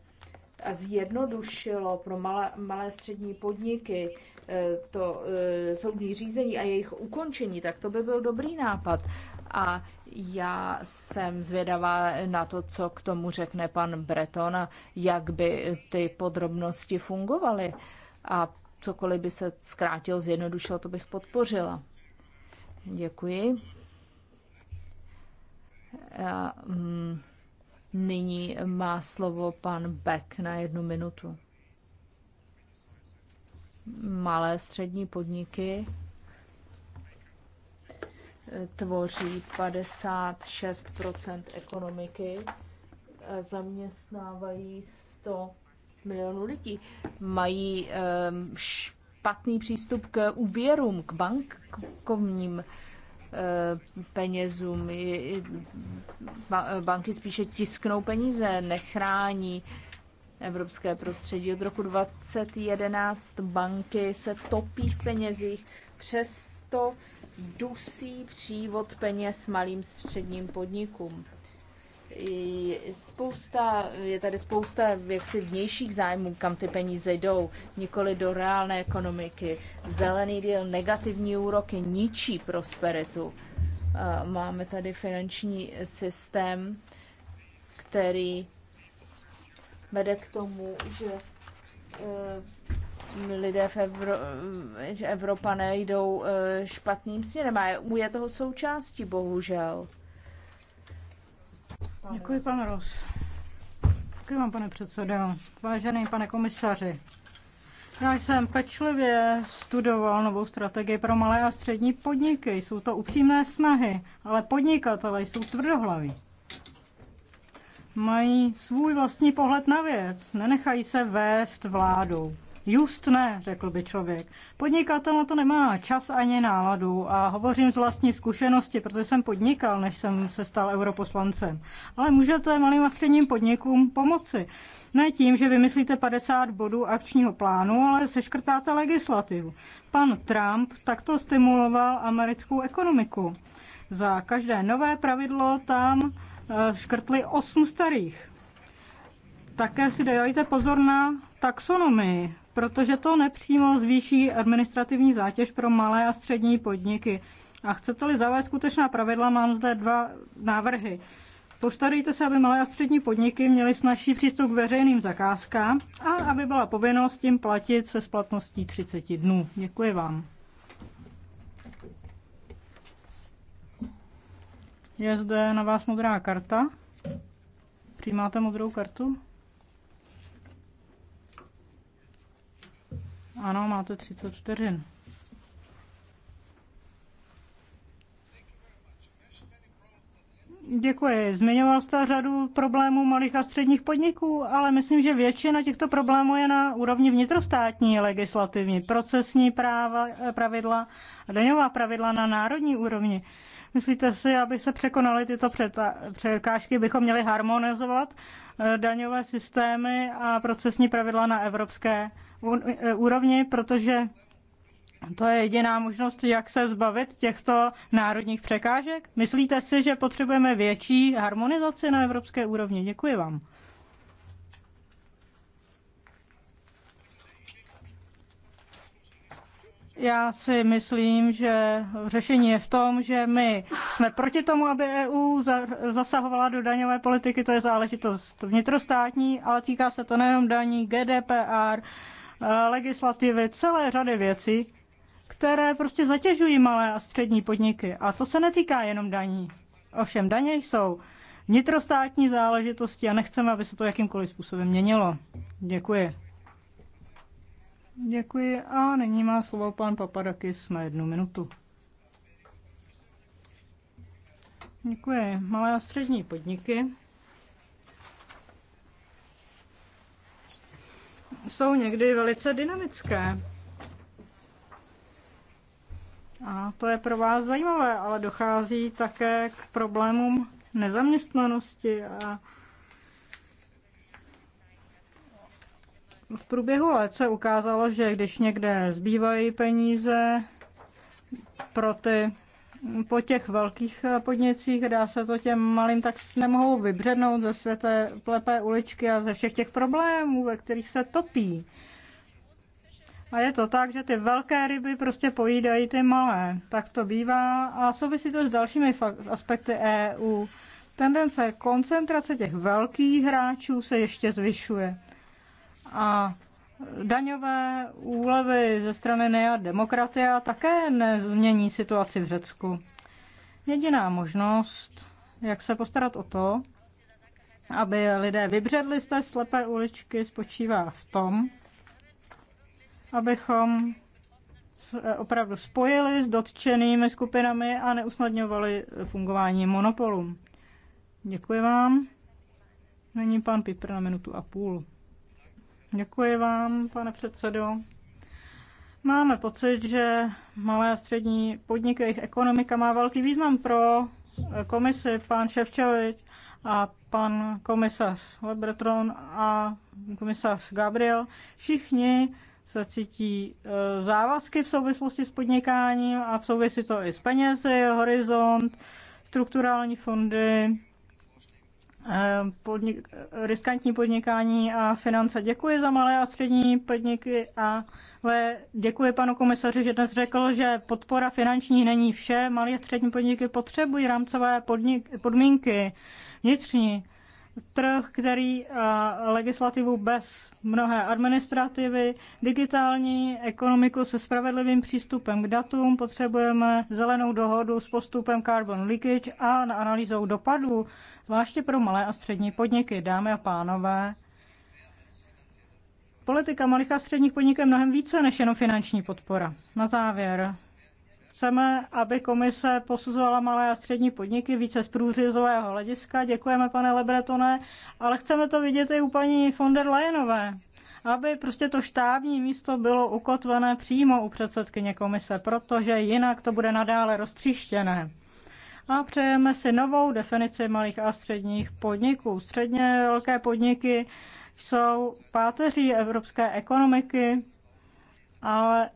a zjednodušilo pro malé, malé střední podniky eh, to eh, soudní řízení a jejich ukončení, tak to by byl dobrý nápad. A já jsem zvědavá na to, co k tomu řekne pan Breton a jak by ty podrobnosti fungovaly. A cokoliv by se zkrátil, zjednodušil, to bych podpořila. Děkuji. A, mm, nyní má slovo pan Beck na jednu minutu. Malé střední podniky tvoří 56 ekonomiky, zaměstnávají 100 milionů lidí, mají ehm, špatný přístup k úvěrům, k bankovním ehm, penězům. Banky spíše tisknou peníze, nechrání evropské prostředí. Od roku 2011 banky se topí v penězích, přesto dusí přívod peněz malým středním podnikům. Spousta, je tady spousta jaksi vnějších zájmů, kam ty peníze jdou, nikoli do reálné ekonomiky. Zelený díl, negativní úroky ničí prosperitu. Eh, máme tady finanční systém, který vede k tomu, že eh, lidé v Evro, že Evropané jdou e, špatným směrem a je toho součástí, bohužel. Pane. Děkuji, pan Ros. Děkuji vám, pane předsedo. Vážený pane komisaři, já jsem pečlivě studoval novou strategii pro malé a střední podniky. Jsou to upřímné snahy, ale podnikatelé jsou tvrdohlaví. Mají svůj vlastní pohled na věc, nenechají se vést vládou. Just ne, řekl by člověk. Podnikatel na to nemá čas ani náladu a hovořím z vlastní zkušenosti, protože jsem podnikal, než jsem se stal europoslancem. Ale můžete malým a středním podnikům pomoci. Ne tím, že vymyslíte 50 bodů akčního plánu, ale seškrtáte legislativu. Pan Trump takto stimuloval americkou ekonomiku. Za každé nové pravidlo tam eh, škrtli 8 starých. Také si dejte pozor na taxonomii, protože to nepřímo zvýší administrativní zátěž pro malé a střední podniky. A chcete-li zavést skutečná pravidla, mám zde dva návrhy. Postarejte se, aby malé a střední podniky měly snažší přístup k veřejným zakázkám a aby byla povinnost tím platit se splatností 30 dnů. Děkuji vám. Je zde na vás modrá karta. Přijímáte modrou kartu? Ano, máte 30 vteřin. Děkuji. Zmiňoval jste řadu problémů malých a středních podniků, ale myslím, že většina těchto problémů je na úrovni vnitrostátní legislativní, procesní práva, eh, pravidla a daňová pravidla na národní úrovni. Myslíte si, aby se překonaly tyto překážky, bychom měli harmonizovat eh, daňové systémy a procesní pravidla na evropské E, úrovni, protože to je jediná možnost, jak se zbavit těchto národních překážek. Myslíte si, že potřebujeme větší harmonizaci na evropské úrovni? Děkuji vám. Já si myslím, že řešení je v tom, že my jsme proti tomu, aby EU zasahovala do daňové politiky, to je záležitost vnitrostátní, ale týká se to nejenom daní, GDPR, Eh, legislativy, celé řady věcí, které prostě zatěžují malé a střední podniky. A to se netýká jenom daní. Ovšem, daně jsou vnitrostátní záležitosti a nechceme, aby se to jakýmkoliv způsobem měnilo. Děkuji. Děkuji a nyní má slovo pan Papadakis na jednu minutu. Děkuji. Malé a střední podniky jsou někdy velice dynamické. A to je pro vás zajímavé, ale dochází také k problémům nezaměstnanosti a v průběhu let se ukázalo, že když někde zbývají peníze pro ty po těch velkých podnicích, dá se to těm malým, tak nemohou vybřednout ze světé plepé uličky a ze všech těch problémů, ve kterých se topí. A je to tak, že ty velké ryby prostě pojídají ty malé. Tak to bývá a souvisí to s dalšími aspekty EU. Tendence koncentrace těch velkých hráčů se ještě zvyšuje. A daňové úlevy ze strany NEA demokracie a také nezmění situaci v Řecku. Jediná možnost, jak se postarat o to, aby lidé vybředli z té slepé uličky, spočívá v tom, abychom opravdu spojili s dotčenými skupinami a neusnadňovali fungování monopolům. Děkuji vám. Není pan Piper na minutu a půl. Děkuji vám, pane předsedo. Máme pocit, že malé a střední podniky, jejich ekonomika má velký význam pro komisi, pan Ševčevič a pan komisař Lebretron a komisař Gabriel. Všichni se cítí e, závazky v souvislosti s podnikáním a v souvisí to i s penězi, horizont, strukturální fondy, Eh, podnik, riskantní podnikání a finance. Děkuji za malé a střední podniky, a, ale děkuji panu komisaři, že dnes řekl, že podpora finanční není vše. Malé a střední podniky potřebují rámcové podnik, podmínky vnitřní trh, který a eh, legislativu bez mnohé administrativy, digitální ekonomiku se spravedlivým přístupem k datům, potřebujeme zelenou dohodu s postupem carbon leakage a na analýzou dopadů, zvláště pro malé a střední podniky. Dámy a pánové, politika malých a středních podniků je mnohem více než jenom finanční podpora. Na závěr, Chceme, aby komise posuzovala malé a střední podniky více z průřizového hlediska. Děkujeme, pane Lebretone, ale chceme to vidět i u paní von der Leyenové, aby prostě to štábní místo bylo ukotvené přímo u předsedkyně komise, protože jinak to bude nadále roztříštěné. A přejeme si novou definici malých a středních podniků. Středně velké podniky jsou páteří evropské ekonomiky, ale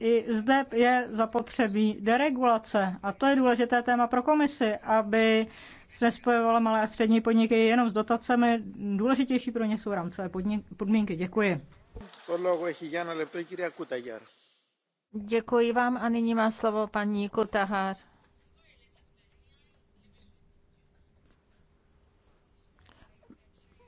i zde je zapotřebí deregulace a to je důležité téma pro komisi, aby se nespojovala malé a střední podniky jenom s dotacemi. Důležitější pro ně jsou rámcové podmínky. Děkuji. Děkuji vám a nyní má slovo paní Kutahar.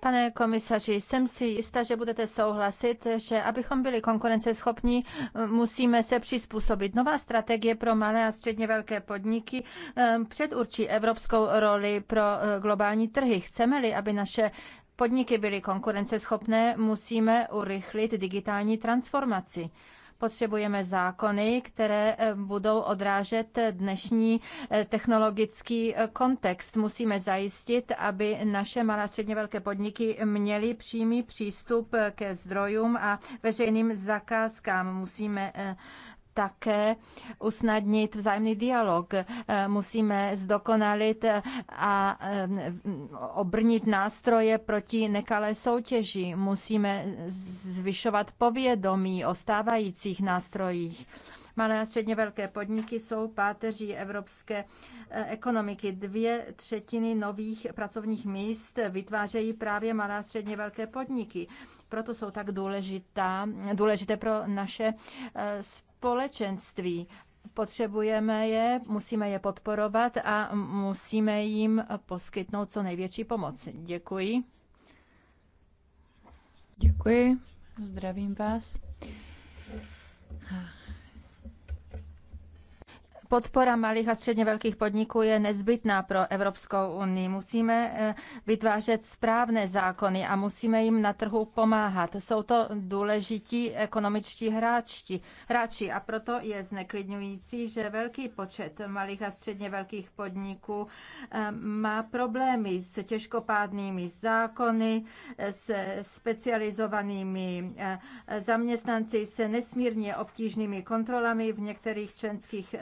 Pane komisaři, jsem si jistá, že budete souhlasit, že abychom byli konkurenceschopní, musíme se přizpůsobit. Nová strategie pro malé a středně velké podniky eh, předurčí evropskou roli pro eh, globální trhy. Chceme-li, aby naše podniky byly konkurenceschopné, musíme urychlit digitální transformaci. Potřebujeme zákony, které eh, budou odrážet dnešní eh, technologický eh, kontext. Musíme zajistit, aby naše malé a středně velké podniky měly přímý přístup ke zdrojům a veřejným zakázkám. Musíme také usnadnit vzájemný dialog. Eh, musíme zdokonalit a eh, obrnit nástroje proti nekalé soutěži. Musíme zvyšovat povědomí o stávajících nástrojích. Malé a středně velké podniky jsou páteří evropské eh, ekonomiky. Dvě třetiny nových pracovních míst vytvářejí právě malé a středně velké podniky. Proto jsou tak důležitá, důležité pro naše společnosti společenství. Potřebujeme je, musíme je podporovat a musíme jim poskytnout co největší pomoc. Děkuji. Děkuji, zdravím vás. Podpora malých a středně velkých podniků je nezbytná pro Evropskou unii. Musíme eh, vytvářet správné zákony a musíme jim na trhu pomáhat. Jsou to důležití ekonomičtí hráči, hráči a proto je zneklidňující, že velký počet malých a středně velkých podniků eh, má problémy s těžkopádnými zákony, eh, s specializovanými zaměstnanci, se nesmírně obtížnými kontrolami v některých členských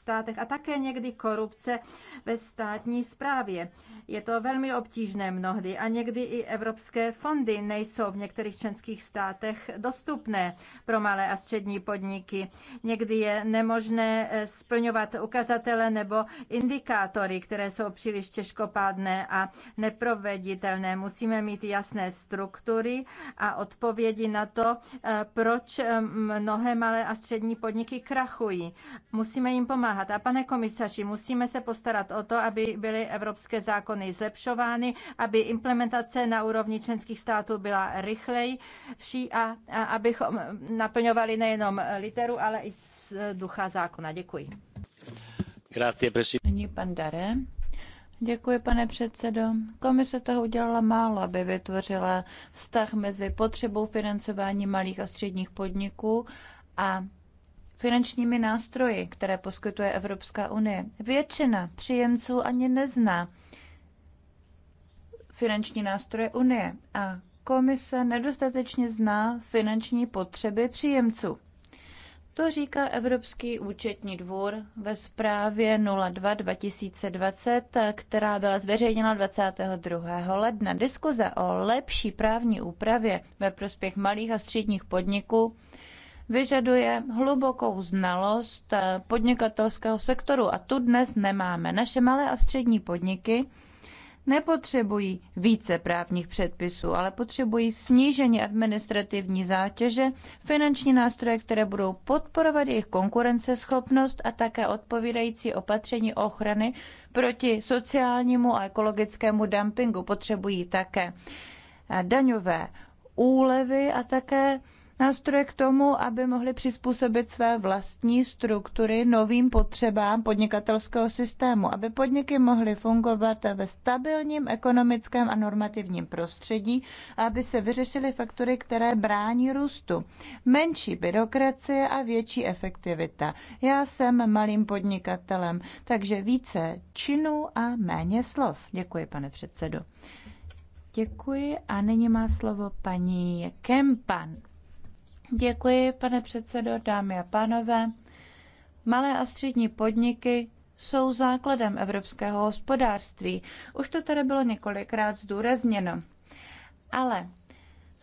státech a také někdy korupce ve státní správě. Je to velmi obtížné mnohdy a někdy i evropské fondy nejsou v některých členských státech dostupné pro malé a střední podniky. Někdy je nemožné eh, splňovat ukazatele nebo indikátory, které jsou příliš těžkopádné a neproveditelné. Musíme mít jasné struktury a odpovědi na to, eh, proč eh, mnohé malé a střední podniky krachují. Musíme jim pomáhat pomáhat. A pane komisaři, musíme se postarat o to, aby byly evropské zákony zlepšovány, aby implementace na úrovni členských států byla rychlejší a, a abychom naplňovali nejenom literu, ale i z ducha zákona. Děkuji. Nyní pan Dare. Děkuji, pane předsedo. Komise toho udělala málo, aby vytvořila vztah mezi potřebou financování malých a středních podniků a finančními nástroji, které poskytuje Evropská unie. Většina příjemců ani nezná finanční nástroje unie a komise nedostatečně zná finanční potřeby příjemců. To říká Evropský účetní dvůr ve zprávě 02 2020, která byla zveřejněna 22. ledna. Diskuze o lepší právní úpravě ve prospěch malých a středních podniků vyžaduje hlubokou znalost eh, podnikatelského sektoru a tu dnes nemáme. Naše malé a střední podniky nepotřebují více právních předpisů, ale potřebují snížení administrativní zátěže, finanční nástroje, které budou podporovat jejich konkurenceschopnost a také odpovídající opatření ochrany proti sociálnímu a ekologickému dumpingu. Potřebují také eh, daňové úlevy a také nástroje k tomu, aby mohli přizpůsobit své vlastní struktury novým potřebám podnikatelského systému, aby podniky mohly fungovat ve stabilním ekonomickém a normativním prostředí a aby se vyřešily faktory, které brání růstu. Menší byrokracie a větší efektivita. Já jsem malým podnikatelem, takže více činů a méně slov. Děkuji, pane předsedo. Děkuji a nyní má slovo paní Kempan. Děkuji, pane předsedo, dámy a pánové. Malé a střední podniky jsou základem evropského hospodářství. Už to tady bylo několikrát zdůrazněno. Ale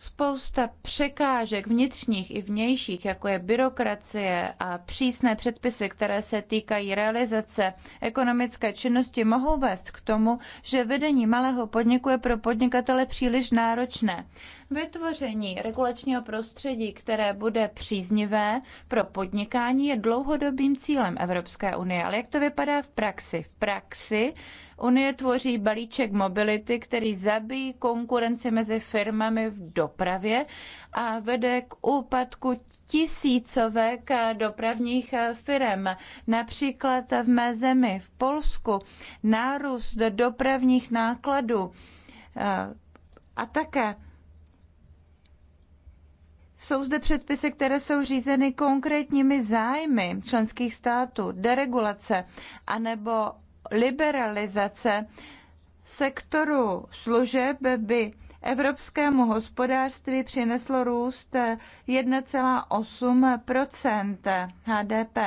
spousta překážek vnitřních i vnějších, jako je byrokracie a přísné předpisy, které se týkají realizace ekonomické činnosti, mohou vést k tomu, že vedení malého podniku je pro podnikatele příliš náročné. Vytvoření regulačního prostředí, které bude příznivé pro podnikání, je dlouhodobým cílem Evropské unie. Ale jak to vypadá v praxi? V praxi Unie tvoří balíček mobility, který zabíjí konkurenci mezi firmami v dopravě a vede k úpadku tisícovek dopravních firm. Například v mé zemi, v Polsku, nárůst dopravních nákladů eh, a také jsou zde předpisy, které jsou řízeny konkrétními zájmy členských států, deregulace anebo liberalizace sektoru služeb by evropskému hospodářství přineslo růst 1,8 HDP.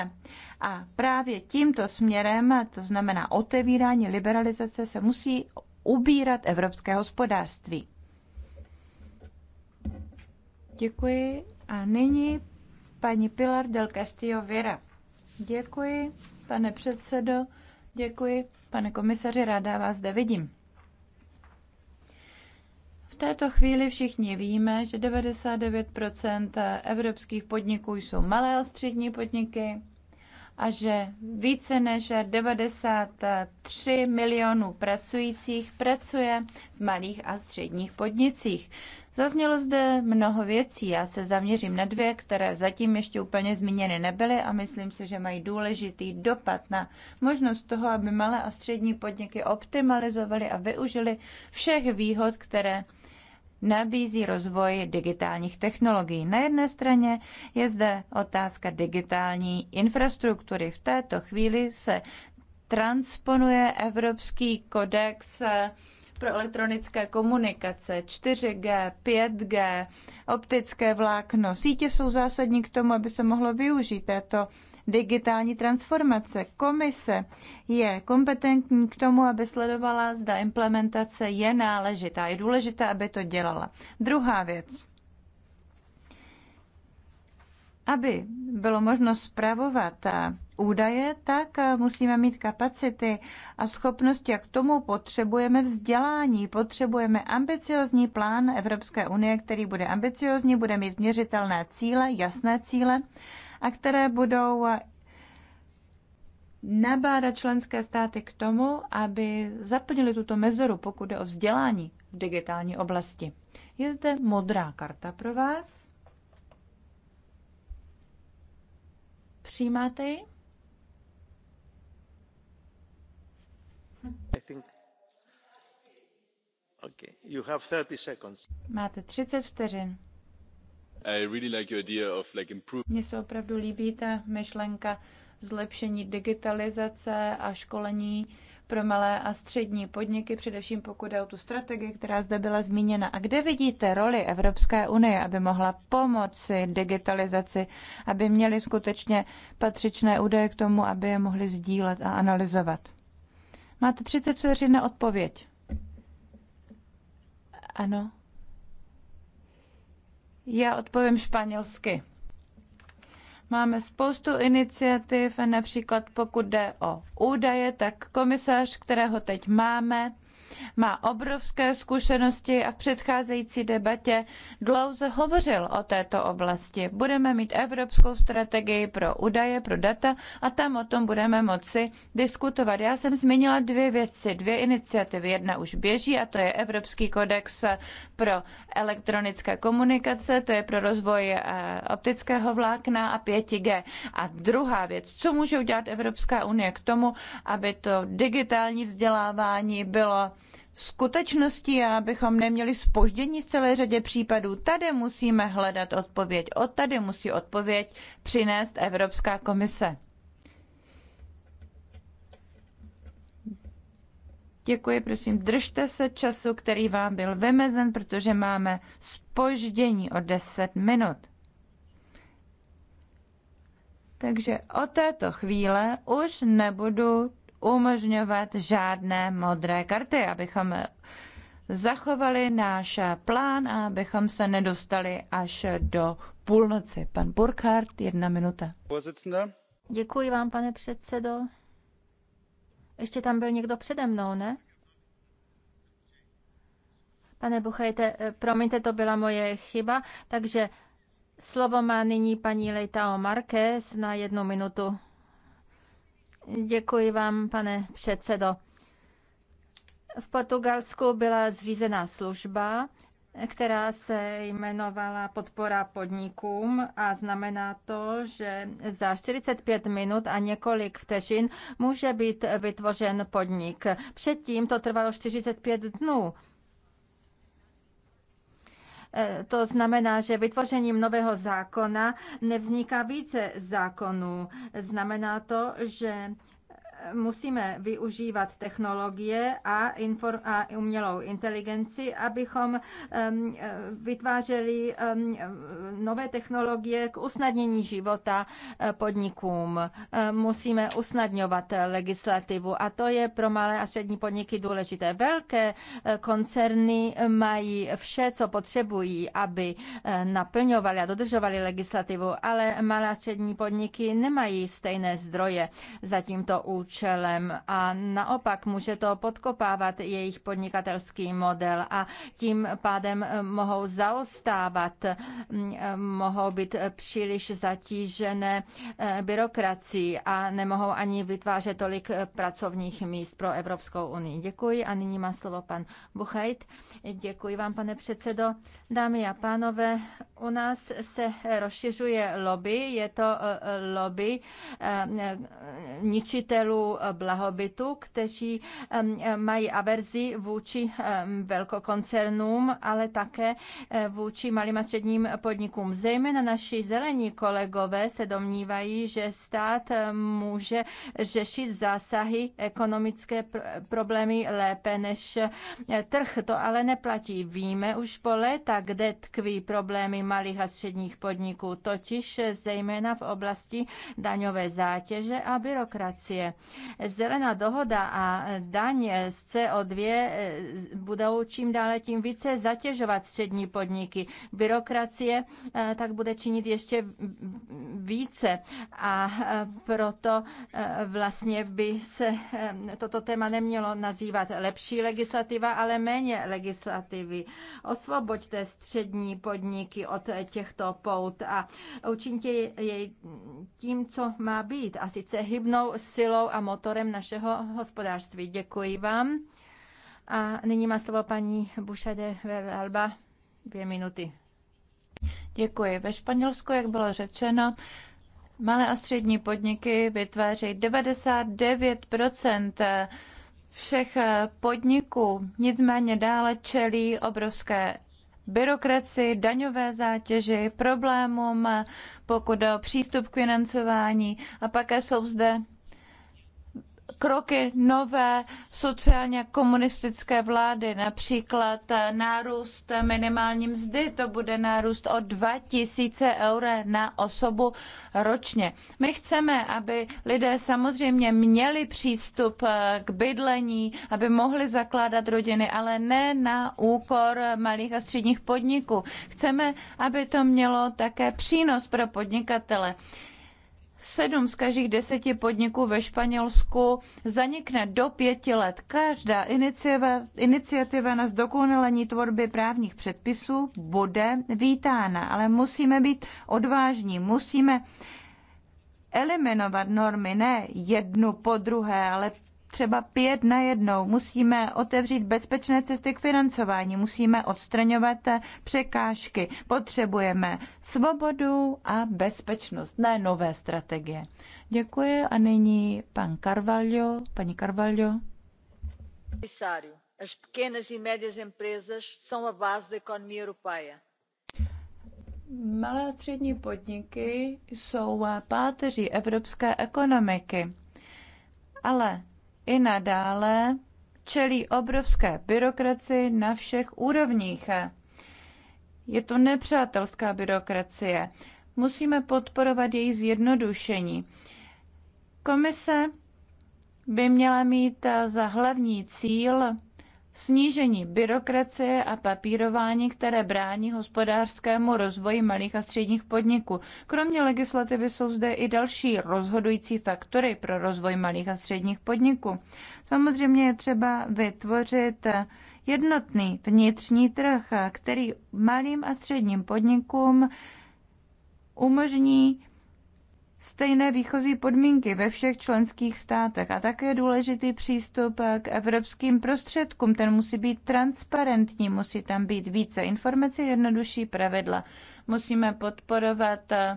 A právě tímto směrem, to znamená otevírání liberalizace, se musí ubírat evropské hospodářství. Děkuji. A nyní paní Pilar del Castillo Vera. Děkuji, pane předsedo. Děkuji, pane komisaři, ráda vás zde vidím. V této chvíli všichni víme, že 99 evropských podniků jsou malé a střední podniky a že více než 93 milionů pracujících pracuje v malých a středních podnicích. Zaznělo zde mnoho věcí, já se zaměřím na dvě, které zatím ještě úplně zmíněny nebyly a myslím si, že mají důležitý dopad na možnost toho, aby malé a střední podniky optimalizovaly a využili všech výhod, které nabízí rozvoj digitálních technologií. Na jedné straně je zde otázka digitální infrastruktury. V této chvíli se transponuje Evropský kodex pro elektronické komunikace, 4G, 5G, optické vlákno. Sítě jsou zásadní k tomu, aby se mohlo využít této digitální transformace. Komise je kompetentní k tomu, aby sledovala, zda implementace je náležitá. Je důležité, aby to dělala. Druhá věc. Aby bylo možno zpravovat údaje, tak eh, musíme mít kapacity a schopnosti a k tomu potřebujeme vzdělání, potřebujeme ambiciozní plán Evropské unie, který bude ambiciozní, bude mít měřitelné cíle, jasné cíle a které budou eh, nabádat členské státy k tomu, aby zaplnili tuto mezeru, pokud jde o vzdělání v digitální oblasti. Je zde modrá karta pro vás. Přijímáte ji? Máte 30 vteřin. I really like your idea of like improve... Mně se opravdu líbí ta myšlenka zlepšení digitalizace a školení pro malé a střední podniky, především pokud je o tu strategii, která zde byla zmíněna. A kde vidíte roli Evropské unie, aby mohla pomoci digitalizaci, aby měli skutečně patřičné údaje k tomu, aby je mohli sdílet a analyzovat? Máte 30 vteřin na odpověď. Ano. Já odpovím španělsky. Máme spoustu iniciativ, například pokud jde o údaje, tak komisař, kterého teď máme, má obrovské zkušenosti a v předcházející debatě dlouze hovořil o této oblasti. Budeme mít evropskou strategii pro údaje, pro data a tam o tom budeme moci diskutovat. Já jsem zmínila dvě věci, dvě iniciativy. Jedna už běží a to je Evropský kodex pro elektronické komunikace, to je pro rozvoj eh, optického vlákna a 5G. A druhá věc, co může udělat Evropská unie k tomu, aby to digitální vzdělávání bylo Skutečnosti, a abychom neměli spoždění v celé řadě případů. Tady musíme hledat odpověď. Od tady musí odpověď přinést Evropská komise. Děkuji, prosím, držte se času, který vám byl vymezen, protože máme spoždění o 10 minut. Takže od této chvíle už nebudu umožňovat žádné modré karty, abychom zachovali náš plán a abychom se nedostali až do půlnoci. Pan Burkhardt, jedna minuta. Děkuji vám, pane předsedo. Ještě tam byl někdo přede mnou, ne? Pane Buchajte, eh, promiňte, to byla moje chyba, takže slovo má nyní paní leitao Marquez na jednu minutu. Děkuji vám, pane předsedo. V Portugalsku byla zřízena služba, která se jmenovala Podpora podnikům a znamená to, že za 45 minut a několik vteřin může být vytvořen podnik. Předtím to trvalo 45 dnů. Eh, to znamená, že vytvořením nového zákona nevzniká více zákonů. Znamená to, že musíme využívat technologie a, a umělou inteligenci, abychom eh, vytvářeli eh, nové technologie k usnadnění života eh, podnikům. Musíme usnadňovat legislativu a to je pro malé a střední podniky důležité. Velké koncerny mají vše, co potřebují, aby naplňovali a dodržovali legislativu, ale malé a střední podniky nemají stejné zdroje za tímto účelem účelem a naopak může to podkopávat jejich podnikatelský model a tím pádem eh, mohou zaostávat, mm, eh, mohou být příliš zatížené eh, byrokracií a nemohou ani vytvářet tolik pracovních míst pro Evropskou unii. Děkuji a nyní má slovo pan Buchajt. Děkuji vám, pane předsedo. Dámy a pánové, u nás se rozšiřuje lobby, je to lobby ničitelů Eh, blahobytu, kteří eh, mají averzi vůči velkokoncernům, ale také eh, vůči malým a středním podnikům. Zejména naši zelení kolegové se domnívají, že stát může řešit zásahy ekonomické problémy lépe než trh. To ale neplatí. Víme už po léta, kde tkví problémy malých a středních podniků, totiž zejména v oblasti daňové zátěže a byrokracie. Zelená dohoda a daň z CO2 eh, budou čím dále tím více zatěžovat střední podniky. Byrokracie eh, tak bude činit ještě více a e, proto e, vlastně by se e, toto téma nemělo nazývat lepší legislativa, ale méně legislativy. Osvoboďte střední podniky od těchto pout a učiňte jej tím, co má být, a sice hybnou silou a motorem našeho hospodářství. Děkuji vám. A nyní má slovo paní Bušade Velalba. Dvě minuty. Děkuji. Ve Španělsku, jak bylo řečeno, malé a střední podniky vytvářejí 99 všech podniků, nicméně dále čelí obrovské byrokraci, daňové zátěži, problémům, pokud o přístup k financování. A pak jsou zde kroky nové sociálně komunistické vlády, například nárůst minimální mzdy, to bude nárůst o 2000 eur na osobu ročně. My chceme, aby lidé samozřejmě měli přístup k bydlení, aby mohli zakládat rodiny, ale ne na úkor malých a středních podniků. Chceme, aby to mělo také přínos pro podnikatele. Sedm z každých deseti podniků ve Španělsku zanikne do pěti let. Každá iniciativa na zdokonalení tvorby právních předpisů bude vítána, ale musíme být odvážní, musíme eliminovat normy ne jednu po druhé, ale třeba pět na jednou. Musíme otevřít bezpečné cesty k financování, musíme odstraňovat překážky. Potřebujeme svobodu a bezpečnost, ne nové strategie. Děkuji a nyní pan Carvalho, paní Carvalho. As pequenas e médias empresas são a base da economia europeia. Malé a střední podniky jsou páteří evropské ekonomiky. Ale i nadále čelí obrovské byrokraci na všech úrovních. Je to nepřátelská byrokracie. Musíme podporovat její zjednodušení. Komise by měla mít za hlavní cíl snížení byrokracie a papírování, které brání hospodářskému rozvoji malých a středních podniků. Kromě legislativy jsou zde i další rozhodující faktory pro rozvoj malých a středních podniků. Samozřejmě je třeba vytvořit jednotný vnitřní trh, který malým a středním podnikům umožní stejné výchozí podmínky ve všech členských státech a také důležitý přístup k evropským prostředkům. Ten musí být transparentní, musí tam být více informací, jednodušší pravidla. Musíme podporovat eh,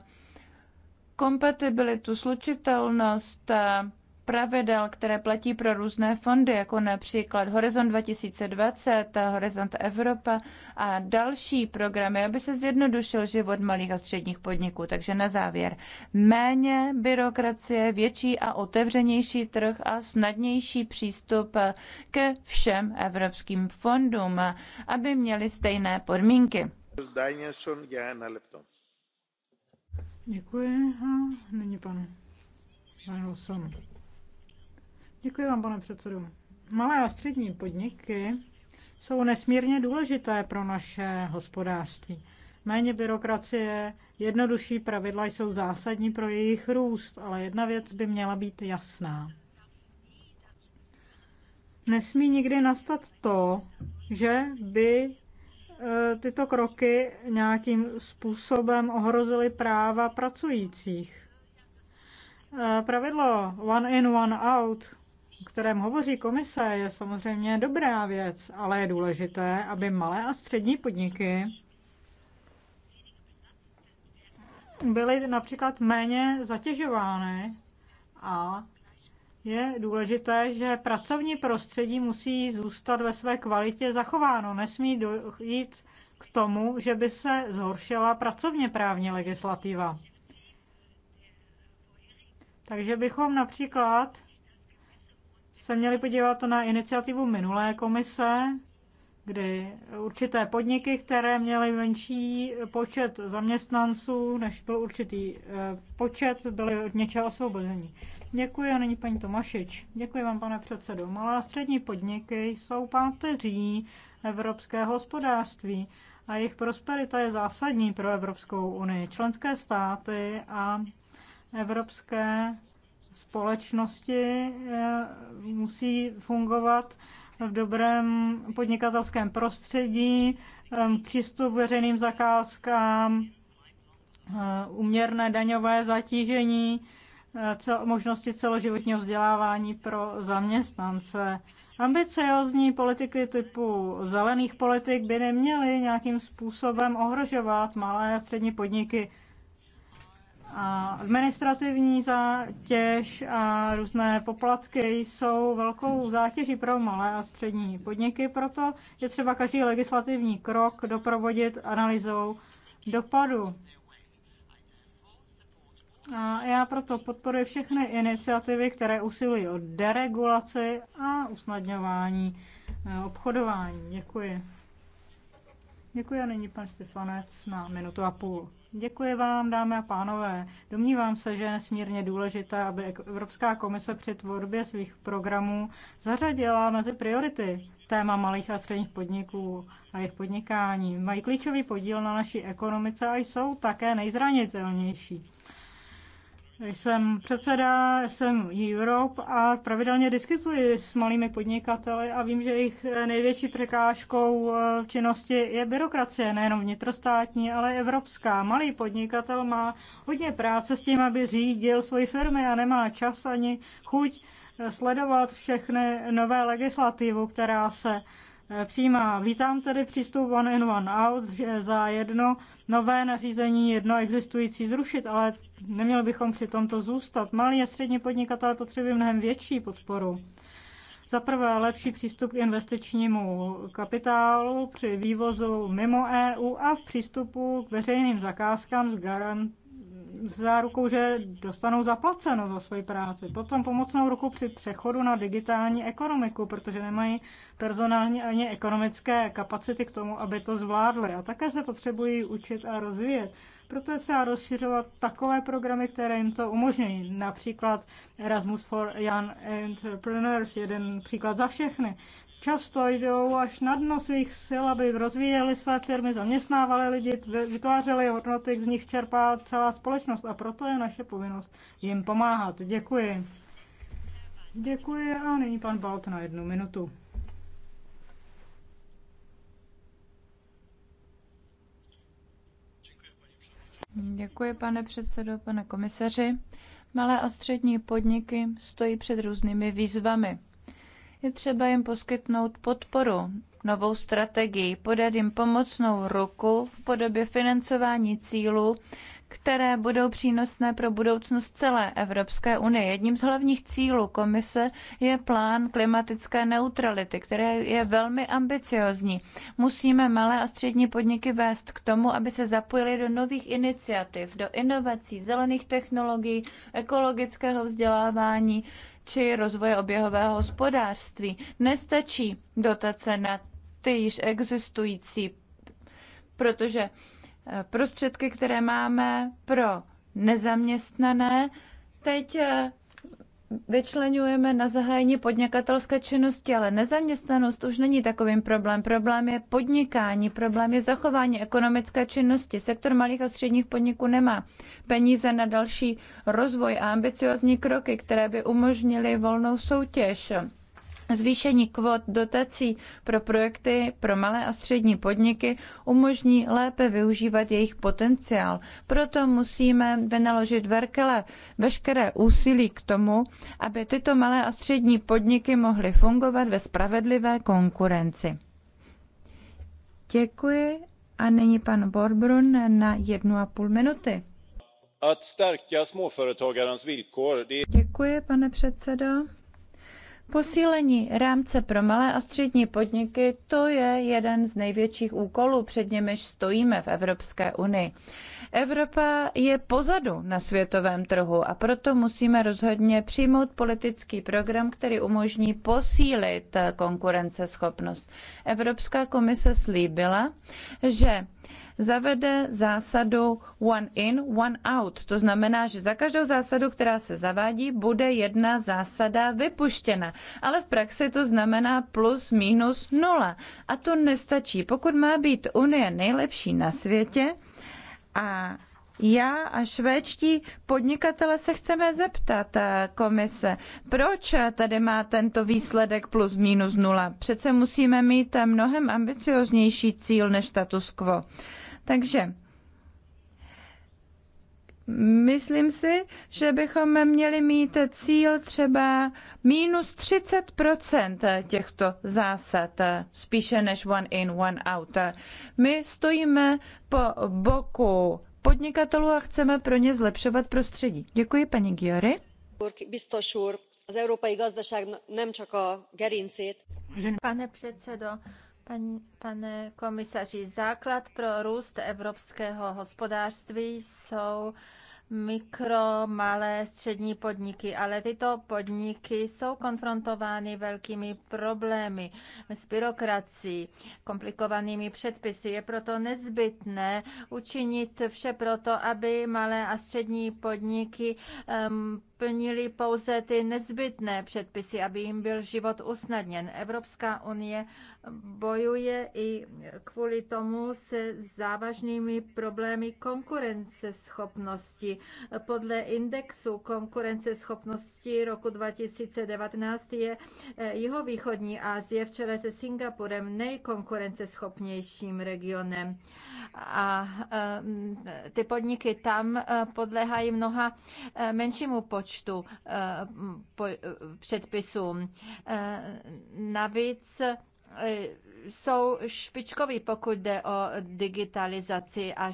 kompatibilitu, slučitelnost eh, pravidel, které platí pro různé fondy, jako například Horizon 2020, Horizont Evropa a další programy, aby se zjednodušil život malých a středních podniků. Takže na závěr, méně byrokracie, větší a otevřenější trh a snadnější přístup ke všem evropským fondům, aby měli stejné podmínky. Děkuji. A nyní pan Wilson. Děkuji vám, pane předsedo. Malé a střední podniky jsou nesmírně důležité pro naše hospodářství. Méně byrokracie, jednodušší pravidla jsou zásadní pro jejich růst, ale jedna věc by měla být jasná. Nesmí nikdy nastat to, že by e, tyto kroky nějakým způsobem ohrozily práva pracujících. E, pravidlo one in, one out kterém hovoří komise, je samozřejmě dobrá věc, ale je důležité, aby malé a střední podniky byly například méně zatěžovány a je důležité, že pracovní prostředí musí zůstat ve své kvalitě zachováno. Nesmí dojít k tomu, že by se zhoršila pracovně právní legislativa. Takže bychom například se měli podívat na iniciativu minulé komise, kdy určité podniky, které měly menší počet zaměstnanců, než byl určitý eh, počet, byly od něčeho osvobození. Děkuji a není paní Tomašič. Děkuji vám, pane předsedo. Malé a střední podniky jsou páteří evropského hospodářství a jejich prosperita je zásadní pro Evropskou unii. Členské státy a evropské společnosti eh, musí fungovat v dobrém podnikatelském prostředí, eh, přístup k veřejným zakázkám, eh, uměrné daňové zatížení, možnosti celoživotního vzdělávání pro zaměstnance. Ambiciozní politiky typu zelených politik by neměly nějakým způsobem ohrožovat malé a střední podniky. A administrativní zátěž a různé poplatky jsou velkou zátěží pro malé a střední podniky, proto je třeba každý legislativní krok doprovodit analýzou dopadu. A já proto podporuji všechny iniciativy, které usilují o deregulaci a usnadňování e, obchodování. Děkuji. Děkuji a nyní pan Štefanec na minutu a půl. Děkuji vám, dámy a pánové. Domnívám se, že je nesmírně důležité, aby Evropská komise při tvorbě svých programů zařadila mezi priority téma malých a středních podniků a jejich podnikání. Mají klíčový podíl na naší ekonomice a jsou také nejzranitelnější. Jsem předseda jsem Europe a pravidelně diskutuji s malými podnikateli a vím, že jejich největší překážkou eh, v činnosti je byrokracie, nejenom vnitrostátní, ale i evropská. Malý podnikatel má hodně práce s tím, aby řídil svoji firmy a nemá čas ani chuť eh, sledovat všechny nové legislativu, která se eh, přijímá. Vítám tedy přístup one in, one out, že za jedno nové nařízení jedno existující zrušit, ale Neměli bychom při tomto zůstat. Malí a střední podnikatelé potřebují mnohem větší podporu. Za prvé lepší přístup k investičnímu kapitálu při vývozu mimo EU a v přístupu k veřejným zakázkám s garant zárukou, že dostanou zaplaceno za svoji práci. Potom pomocnou ruku při přechodu na digitální ekonomiku, protože nemají personální ani ekonomické kapacity k tomu, aby to zvládly. A také se potřebují učit a rozvíjet. Proto je třeba rozšiřovat takové programy, které jim to umožňují. Například Erasmus for Young Entrepreneurs, jeden příklad za všechny. Často jdou až na dno svých sil, aby rozvíjeli své firmy, zaměstnávali lidi, vytvářeli hodnoty, z nich čerpá celá společnost a proto je naše povinnost jim pomáhat. Děkuji. Děkuji a nyní pan Balt na jednu minutu. Děkuji, pane předsedo, pane komisaři. Malé a střední podniky stojí před různými výzvami. Je třeba jim poskytnout podporu, novou strategii, podat jim pomocnou ruku v podobě financování cílů, které budou přínosné pro budoucnost celé Evropské unie. Jedním z hlavních cílů komise je plán klimatické neutrality, který je velmi ambiciozní. Musíme malé a střední podniky vést k tomu, aby se zapojili do nových iniciativ, do inovací, zelených technologií, ekologického vzdělávání či rozvoje oběhového hospodářství. Nestačí dotace na ty již existující, protože prostředky, které máme pro nezaměstnané, teď eh, vyčlenujeme na zahájení podnikatelské činnosti, ale nezaměstnanost už není takovým problém. Problém je podnikání, problém je zachování ekonomické činnosti. Sektor malých a středních podniků nemá peníze na další rozvoj a ambiciozní kroky, které by umožnily volnou soutěž. Zvýšení kvot dotací pro projekty pro malé a střední podniky umožní lépe využívat jejich potenciál. Proto musíme vynaložit verkele, veškeré úsilí k tomu, aby tyto malé a střední podniky mohly fungovat ve spravedlivé konkurenci. Děkuji a nyní pan Borbrun na jednu a půl minuty. Děkuji, pane předsedo. Posílení rámce pro malé a střední podniky, to je jeden z největších úkolů, před nimiž stojíme v Evropské unii. Evropa je pozadu na světovém trhu a proto musíme rozhodně přijmout politický program, který umožní posílit konkurenceschopnost. Evropská komise slíbila, že zavede zásadu one in, one out. To znamená, že za každou zásadu, která se zavádí, bude jedna zásada vypuštěna. Ale v praxi to znamená plus minus nula. A to nestačí. Pokud má být Unie nejlepší na světě, a já a švédští podnikatele se chceme zeptat eh, komise, proč tady má tento výsledek plus minus nula? Přece musíme mít eh, mnohem ambicioznější cíl než status quo. Takže Myslím si, že bychom měli mít cíl třeba minus 30 těchto zásad, spíše než one in, one out. My stojíme po boku podnikatelů a chceme pro ně zlepšovat prostředí. Děkuji, paní Giori. Pane předsedo, Pane komisaři, základ pro růst evropského hospodářství jsou mikro, malé, střední podniky, ale tyto podniky jsou konfrontovány velkými problémy s byrokracií, komplikovanými předpisy. Je proto nezbytné učinit vše proto, aby malé a střední podniky um, splnili pouze ty nezbytné předpisy, aby jim byl život usnadněn. Evropská unie bojuje i kvůli tomu se závažnými problémy konkurenceschopnosti. Podle indexu konkurenceschopnosti roku 2019 je jeho východní Asie v čele se Singapurem nejkonkurenceschopnějším regionem. A eh, ty podniky tam eh, podléhají mnoha eh, menšímu počtu počtu eh, eh, předpisů. Eh, navíc jsou špičkoví, pokud jde o digitalizaci a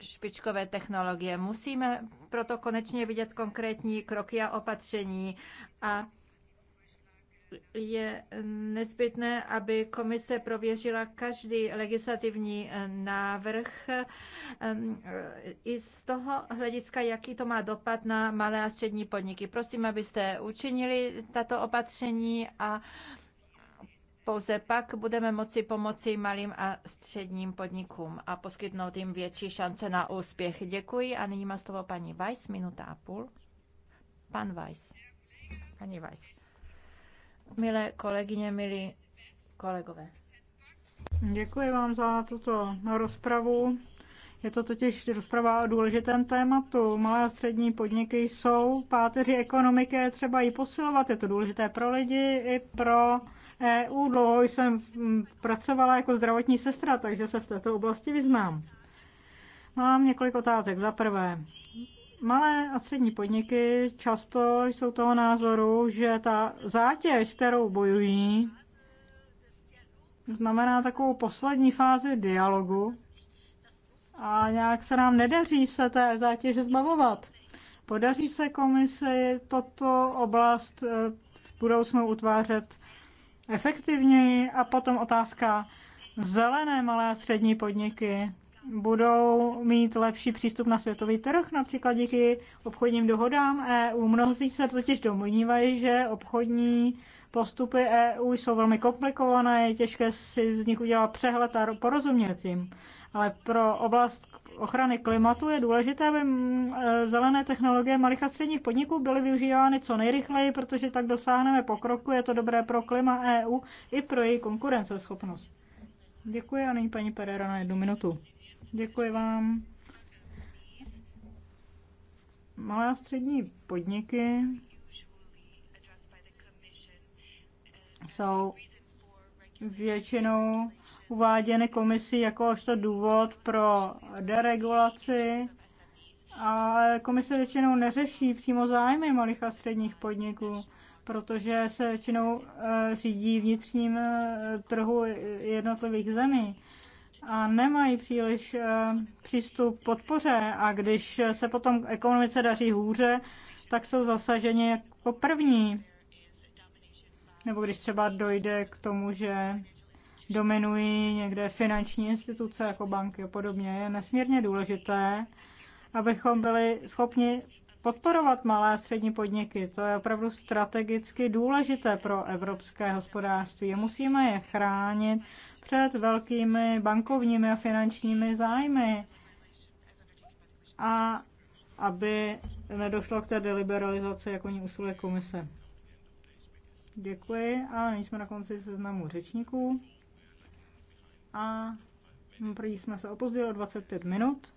špičkové technologie. Musíme proto konečně vidět konkrétní kroky a opatření a je nezbytné, aby komise prověřila každý legislativní eh, návrh ehm, eh, i z toho hlediska, jaký to má dopad na malé a střední podniky. Prosím, abyste učinili tato opatření a pouze pak budeme moci pomoci malým a středním podnikům a poskytnout jim větší šance na úspěch. Děkuji a nyní má slovo paní Weiss, minuta a půl. Pan Weiss. Pani Weiss milé kolegyně, milí kolegové. Děkuji vám za tuto rozpravu. Je to totiž rozprava o důležitém tématu. Malé a střední podniky jsou páteři ekonomiky, je třeba ji posilovat. Je to důležité pro lidi i pro EU. Dlouho jsem pracovala jako zdravotní sestra, takže se v této oblasti vyznám. Mám několik otázek. Za prvé, Malé a střední podniky často jsou toho názoru, že ta zátěž, kterou bojují, znamená takovou poslední fázi dialogu a nějak se nám nedaří se té zátěže zbavovat. Podaří se komisi toto oblast eh, v budoucnu utvářet efektivněji a potom otázka zelené malé a střední podniky budou mít lepší přístup na světový trh, například díky obchodním dohodám EU. Mnozí se totiž domnívají, že obchodní postupy EU jsou velmi komplikované, je těžké si z nich udělat přehled a porozumět jim. Ale pro oblast ochrany klimatu je důležité, aby mm, e, zelené technologie malých a středních podniků byly využívány co nejrychleji, protože tak dosáhneme pokroku, je to dobré pro klima EU i pro její konkurenceschopnost. Děkuji a nyní paní Pereira na jednu minutu. Děkuji vám. Malé a střední podniky jsou většinou uváděny komisí jako jakožto důvod pro deregulaci, ale komise většinou neřeší přímo zájmy malých a středních podniků, protože se většinou eh, řídí vnitřním eh, trhu jednotlivých zemí a nemají příliš eh, přístup k podpoře a když se potom ekonomice daří hůře, tak jsou zasaženi jako první. Nebo když třeba dojde k tomu, že dominují někde finanční instituce jako banky a podobně, je nesmírně důležité, abychom byli schopni podporovat malé a střední podniky. To je opravdu strategicky důležité pro evropské hospodářství. Musíme je chránit, před velkými bankovními a finančními zájmy a aby nedošlo k té deliberalizaci, jako ní usiluje komise. Děkuji a nyní jsme na konci seznamu řečníků. A první jsme se opozdili o 25 minut.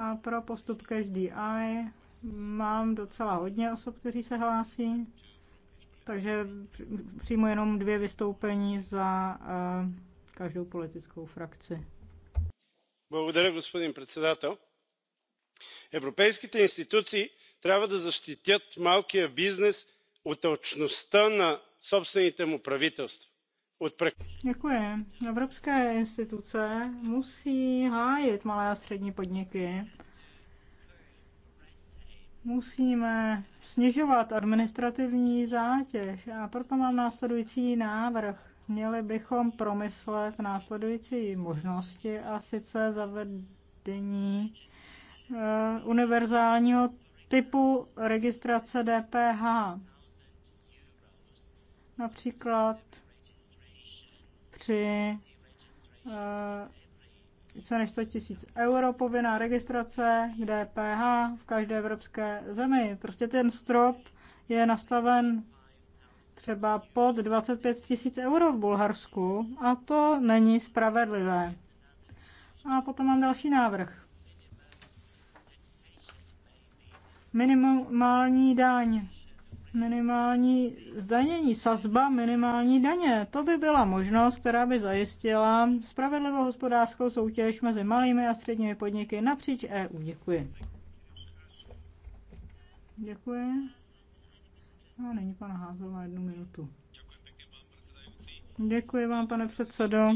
A pro postup každý AI mám docela hodně osob, kteří se hlásí. Takže přímo jenom dvě vystoupení za uh, každou politickou frakci. Благодаря, господин председател. Европейските институции трябва да защитят малкия бизнес от точността на собствените му правителства. Děkuji. Evropské instituce musí hájit malé a střední podniky musíme snižovat administrativní zátěž a proto mám následující návrh. Měli bychom promyslet následující možnosti a sice zavedení eh, univerzálního typu registrace DPH. Například při eh, více než 100 tisíc euro povinná registrace k DPH v každé evropské zemi. Prostě ten strop je nastaven třeba pod 25 tisíc euro v Bulharsku a to není spravedlivé. A potom mám další návrh. Minimální daň minimální zdanění, sazba minimální daně. To by byla možnost, která by zajistila spravedlivou hospodářskou soutěž mezi malými a středními podniky napříč EU. Děkuji. Děkuji. A no, není pan Házel na jednu minutu. Děkuji vám, pane předsedo.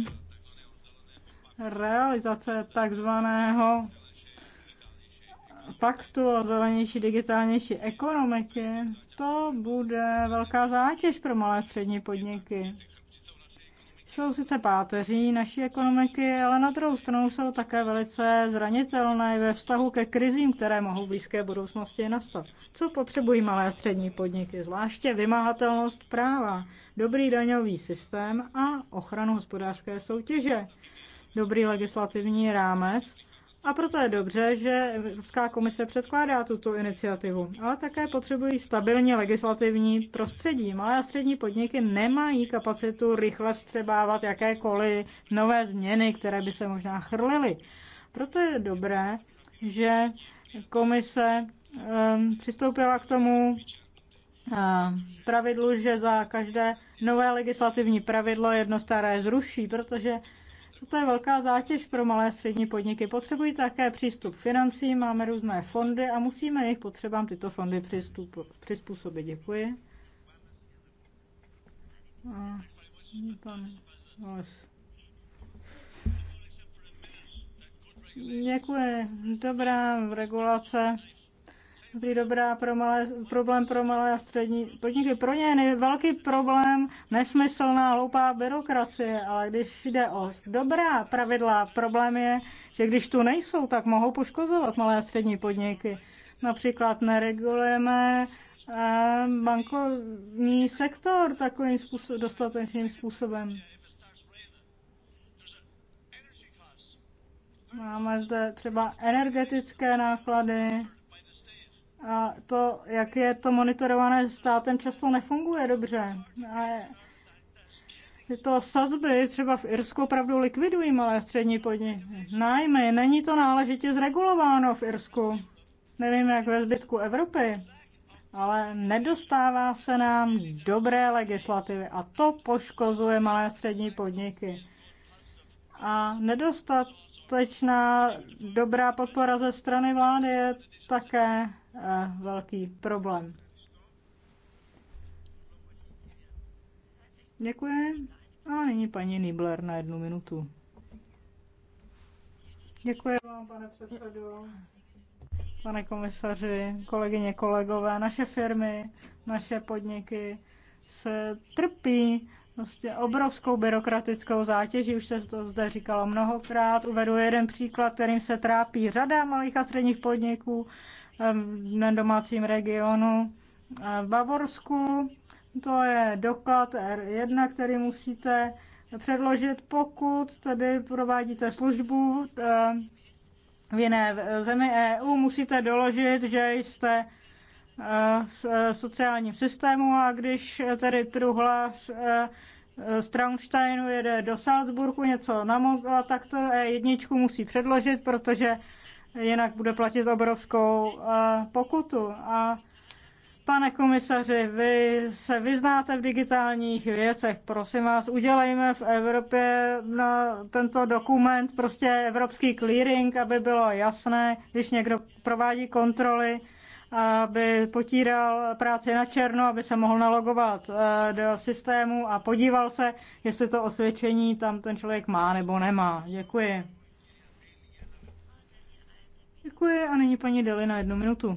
Realizace takzvaného paktu o zelenější, digitálnější ekonomiky, to bude velká zátěž pro malé a střední podniky. Jsou sice páteří naší ekonomiky, ale na druhou stranu jsou také velice zranitelné ve vztahu ke krizím, které mohou v blízké budoucnosti nastat. Co potřebují malé a střední podniky? Zvláště vymahatelnost práva, dobrý daňový systém a ochranu hospodářské soutěže, dobrý legislativní rámec, a proto je dobře, že Evropská komise předkládá tuto iniciativu, ale také potřebují stabilní legislativní prostředí. Malé a střední podniky nemají kapacitu rychle vstřebávat jakékoliv nové změny, které by se možná chrlily. Proto je dobré, že komise um, přistoupila k tomu ehm, pravidlu, že za každé nové legislativní pravidlo jedno staré zruší, protože to je velká zátěž pro malé a střední podniky. Potřebují také přístup k financím, máme různé fondy a musíme jejich potřebám tyto fondy přistup, přizpůsobit. Děkuji. Děkuji. Dobrá regulace byly dobrá pro malé, problém pro malé a střední podniky. Pro ně je velký problém nesmyslná hloupá byrokracie, ale když jde o dobrá pravidla, problém je, že když tu nejsou, tak mohou poškozovat malé a střední podniky. Například neregulujeme eh, bankovní sektor takovým způsobem, dostatečným způsobem. Máme zde třeba energetické náklady, a to, jak je to monitorované státem, často nefunguje dobře. A to sazby třeba v Irsku opravdu likvidují malé střední podniky. Nájmy, není to náležitě zregulováno v Irsku. Nevím, jak ve zbytku Evropy, ale nedostává se nám dobré legislativy a to poškozuje malé střední podniky. A nedostatečná dobrá podpora ze strany vlády je také velký problém. Děkuji. A nyní paní Nibler na jednu minutu. Děkuji vám, pane předsedo, pane komisaři, kolegyně, kolegové, naše firmy, naše podniky se trpí prostě obrovskou byrokratickou zátěží, už se to zde říkalo mnohokrát. Uvedu jeden příklad, kterým se trápí řada malých a středních podniků, na domácím regionu. V Bavorsku to je doklad R1, který musíte předložit, pokud tedy provádíte službu v jiné zemi EU, musíte doložit, že jste v e, sociálním systému a když tedy truhla e, e, z Traunsteinu jede do Salzburgu něco namotovat, tak to jedničku musí předložit, protože jinak bude platit obrovskou eh, pokutu. A Pane komisaři, vy se vyznáte v digitálních věcech. Prosím vás, udělejme v Evropě na tento dokument prostě evropský clearing, aby bylo jasné, když někdo provádí kontroly, aby potíral práci na černo, aby se mohl nalogovat eh, do systému a podíval se, jestli to osvědčení tam ten člověk má nebo nemá. Děkuji. Děkuji a nyní paní Deli na jednu minutu.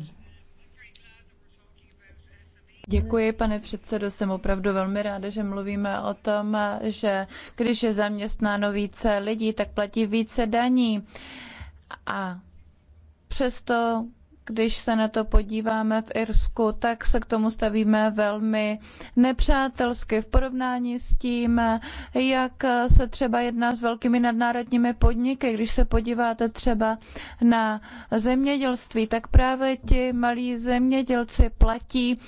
Děkuji, pane předsedo. Jsem opravdu velmi ráda, že mluvíme o tom, že když je zaměstnáno více lidí, tak platí více daní. A přesto když se na to podíváme v Irsku, tak se k tomu stavíme velmi nepřátelsky v porovnání s tím, jak se třeba jedná s velkými nadnárodními podniky. Když se podíváte třeba na zemědělství, tak právě ti malí zemědělci platí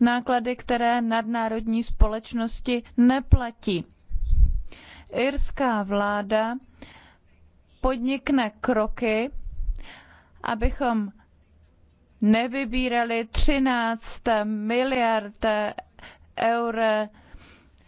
náklady, které nadnárodní společnosti neplatí. Irská vláda podnikne kroky, abychom nevybírali 13 miliard eur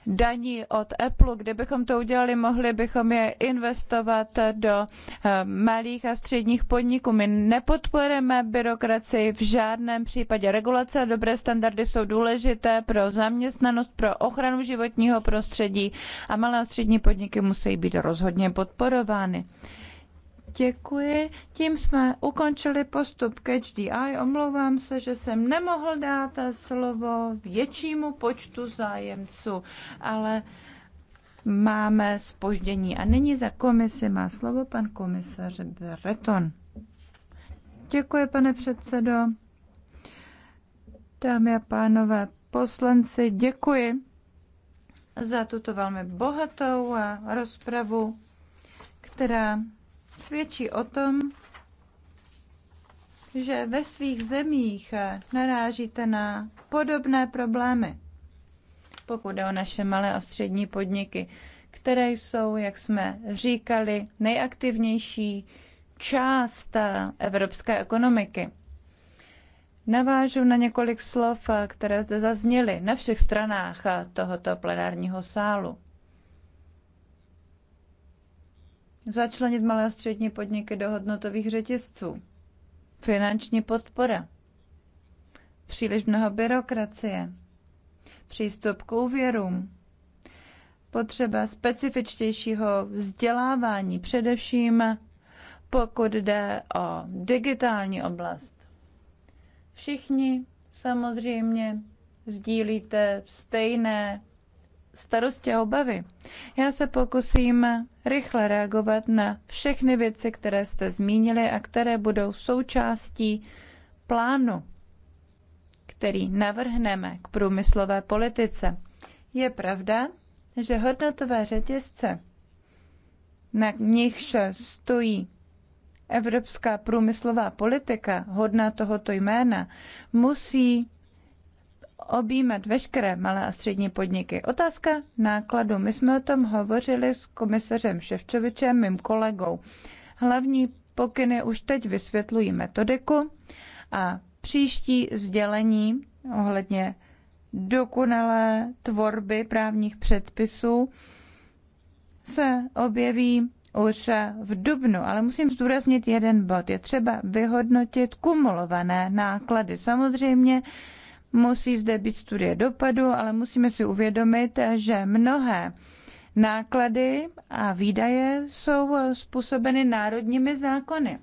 daní od Apple. Kdybychom to udělali, mohli bychom je investovat do eh, malých a středních podniků. My nepodporujeme byrokracii v žádném případě. Regulace a dobré standardy jsou důležité pro zaměstnanost, pro ochranu životního prostředí a malé a střední podniky musí být rozhodně podporovány. Děkuji. Tím jsme ukončili postup k Omlouvám se, že jsem nemohl dát slovo většímu počtu zájemců, ale máme spoždění. A nyní za komisi má slovo pan komisař Breton. Děkuji, pane předsedo. Dámy a pánové poslanci, děkuji za tuto velmi bohatou rozpravu, která svědčí o tom, že ve svých zemích narážíte na podobné problémy, pokud jde o naše malé a střední podniky, které jsou, jak jsme říkali, nejaktivnější část evropské ekonomiky. Navážu na několik slov, které zde zazněly na všech stranách tohoto plenárního sálu. Začlenit malé a střední podniky do hodnotových řetězců. Finanční podpora. Příliš mnoho byrokracie. Přístup k úvěrům. Potřeba specifičtějšího vzdělávání, především pokud jde o digitální oblast. Všichni samozřejmě sdílíte stejné starosti a obavy. Já se pokusím rychle reagovat na všechny věci, které jste zmínili a které budou součástí plánu, který navrhneme k průmyslové politice. Je pravda, že hodnotové řetězce, na nichž stojí evropská průmyslová politika hodná tohoto jména, musí objímat veškeré malé a střední podniky. Otázka nákladu. My jsme o tom hovořili s komisařem Ševčovičem, mým kolegou. Hlavní pokyny už teď vysvětlují metodiku a příští sdělení ohledně dokonalé tvorby právních předpisů se objeví už v dubnu, ale musím zdůraznit jeden bod. Je třeba vyhodnotit kumulované náklady. Samozřejmě musí zde být studie dopadu, ale musíme si uvědomit, že mnohé náklady a výdaje jsou způsobeny národními zákony.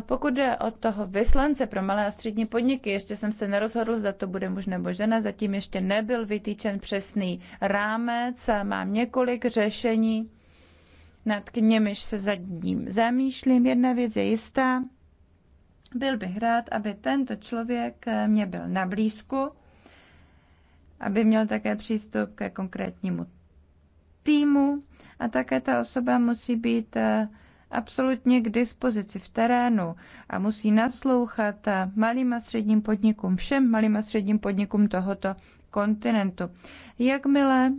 Pokud jde o toho vyslance pro malé a střední podniky, ještě jsem se nerozhodl, zda to bude muž nebo žena, zatím ještě nebyl vytýčen přesný rámec, mám několik řešení, nad k němiž se zadním zamýšlím. Jedna věc je jistá, byl bych rád, aby tento člověk eh, mě byl na blízku, aby měl také přístup ke konkrétnímu týmu a také ta osoba musí být eh, absolutně k dispozici v terénu a musí naslouchat eh, malým a středním podnikům, všem malým a středním podnikům tohoto kontinentu. Jakmile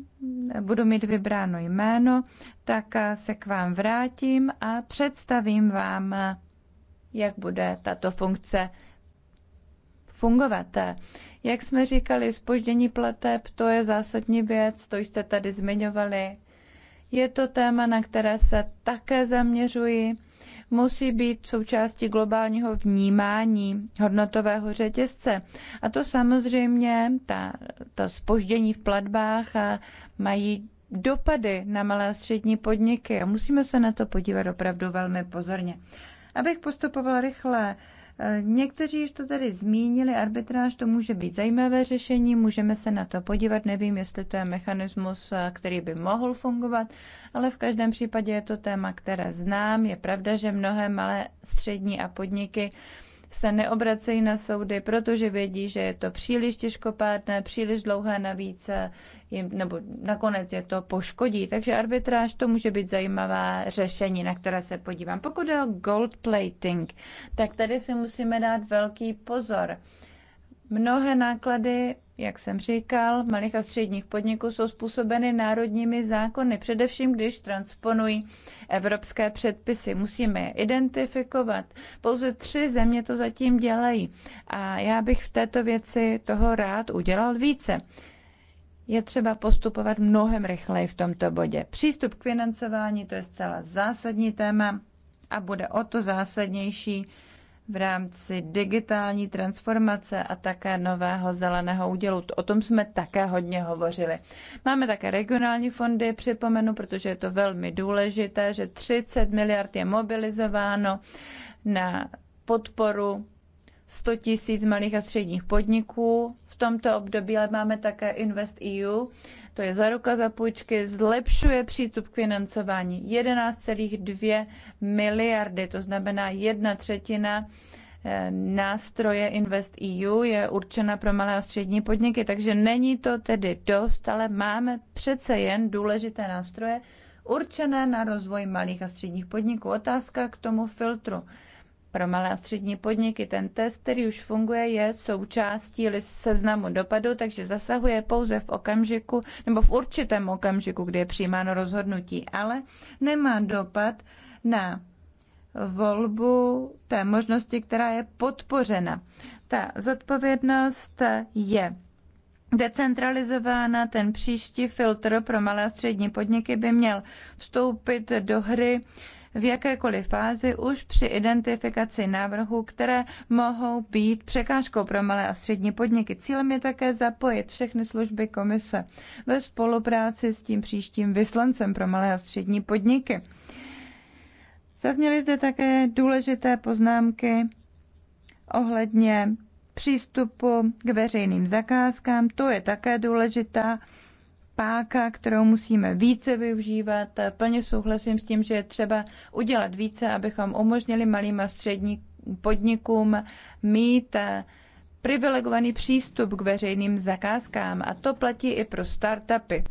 budu mít vybráno jméno, tak se k vám vrátím a představím vám jak bude tato funkce fungovat. Jak jsme říkali, spoždění plateb, to je zásadní věc, to jste tady zmiňovali. Je to téma, na které se také zaměřuji. Musí být součástí globálního vnímání hodnotového řetězce. A to samozřejmě, ta, ta spoždění v platbách a mají dopady na malé a střední podniky a musíme se na to podívat opravdu velmi pozorně. Abych postupoval rychle, eh, Někteří již to tady zmínili, arbitráž to může být zajímavé řešení, můžeme se na to podívat, nevím, jestli to je mechanismus, eh, který by mohl fungovat, ale v každém případě je to téma, které znám. Je pravda, že mnohé malé střední a podniky se neobracejí na soudy, protože vědí, že je to příliš těžkopádné, příliš dlouhé navíc, eh, jim, nebo nakonec je to poškodí. Takže arbitráž to může být zajímavé řešení, na které se podívám. Pokud je o gold plating, tak tady si musíme dát velký pozor. Mnohé náklady, jak jsem říkal, malých a středních podniků jsou způsobeny národními zákony, především když transponují evropské předpisy. Musíme je identifikovat. Pouze tři země to zatím dělají a já bych v této věci toho rád udělal více je třeba postupovat mnohem rychleji v tomto bodě. Přístup k financování to je zcela zásadní téma a bude o to zásadnější v rámci digitální transformace a také nového zeleného údělu. O tom jsme také hodně hovořili. Máme také regionální fondy, připomenu, protože je to velmi důležité, že 30 miliard je mobilizováno na podporu 100 tisíc malých a středních podniků v tomto období, ale máme také Invest EU, to je zaruka za půjčky, zlepšuje přístup k financování 11,2 miliardy, to znamená jedna třetina eh, nástroje Invest EU je určena pro malé a střední podniky, takže není to tedy dost, ale máme přece jen důležité nástroje určené na rozvoj malých a středních podniků. Otázka k tomu filtru pro malé a střední podniky. Ten test, který už funguje, je součástí seznamu dopadu, takže zasahuje pouze v okamžiku nebo v určitém okamžiku, kdy je přijímáno rozhodnutí, ale nemá dopad na volbu té možnosti, která je podpořena. Ta zodpovědnost je decentralizována, ten příští filtr pro malé a střední podniky by měl vstoupit do hry v jakékoliv fázi už při identifikaci návrhů, které mohou být překážkou pro malé a střední podniky. Cílem je také zapojit všechny služby komise ve spolupráci s tím příštím vyslancem pro malé a střední podniky. Zazněly zde také důležité poznámky ohledně přístupu k veřejným zakázkám. To je také důležitá páka, kterou musíme více využívat. Plně souhlasím s tím, že je třeba udělat více, abychom umožnili malým a středním podnikům mít eh, privilegovaný přístup k veřejným zakázkám a to platí i pro startupy.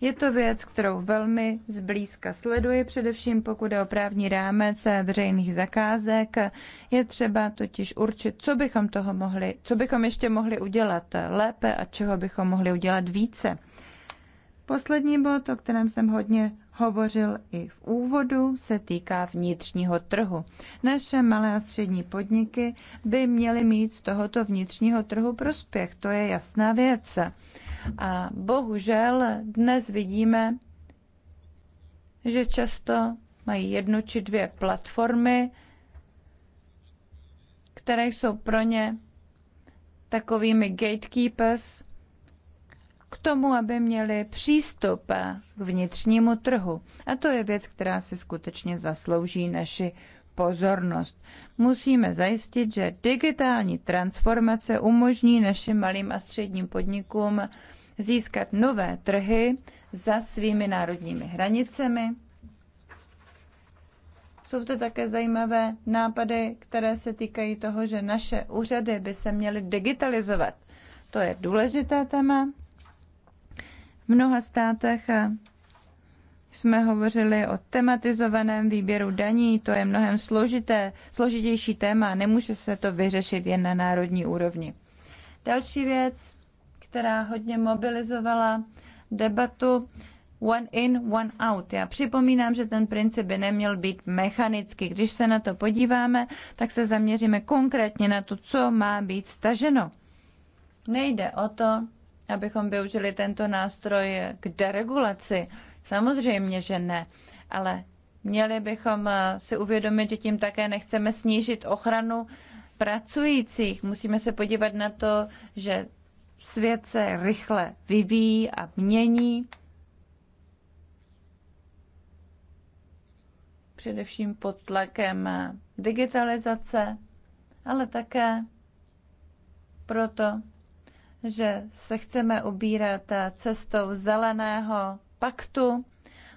Je to věc, kterou velmi zblízka sleduji, především pokud je o právní rámec veřejných zakázek. Je třeba totiž určit, co bychom, toho mohli, co bychom ještě mohli udělat lépe a čeho bychom mohli udělat více. Poslední bod, o kterém jsem hodně hovořil i v úvodu, se týká vnitřního trhu. Naše malé a střední podniky by měly mít z tohoto vnitřního trhu prospěch, to je jasná věc. A bohužel dnes vidíme, že často mají jednu či dvě platformy, které jsou pro ně takovými gatekeepers, k tomu, aby měli přístup k vnitřnímu trhu. A to je věc, která si skutečně zaslouží naši pozornost. Musíme zajistit, že digitální transformace umožní našim malým a středním podnikům získat nové trhy za svými národními hranicemi. Jsou to také zajímavé nápady, které se týkají toho, že naše úřady by se měly digitalizovat. To je důležité téma mnoha státech jsme hovořili o tematizovaném výběru daní, to je mnohem složité, složitější téma, nemůže se to vyřešit jen na národní úrovni. Další věc, která hodně mobilizovala debatu, one in, one out. Já připomínám, že ten princip by neměl být mechanický. Když se na to podíváme, tak se zaměříme konkrétně na to, co má být staženo. Nejde o to, abychom využili tento nástroj k deregulaci? Samozřejmě, že ne, ale měli bychom eh, si uvědomit, že tím také nechceme snížit ochranu pracujících. Musíme se podívat na to, že svět se rychle vyvíjí a mění. Především pod tlakem eh, digitalizace, ale také proto, že se chceme ubírat cestou zeleného paktu,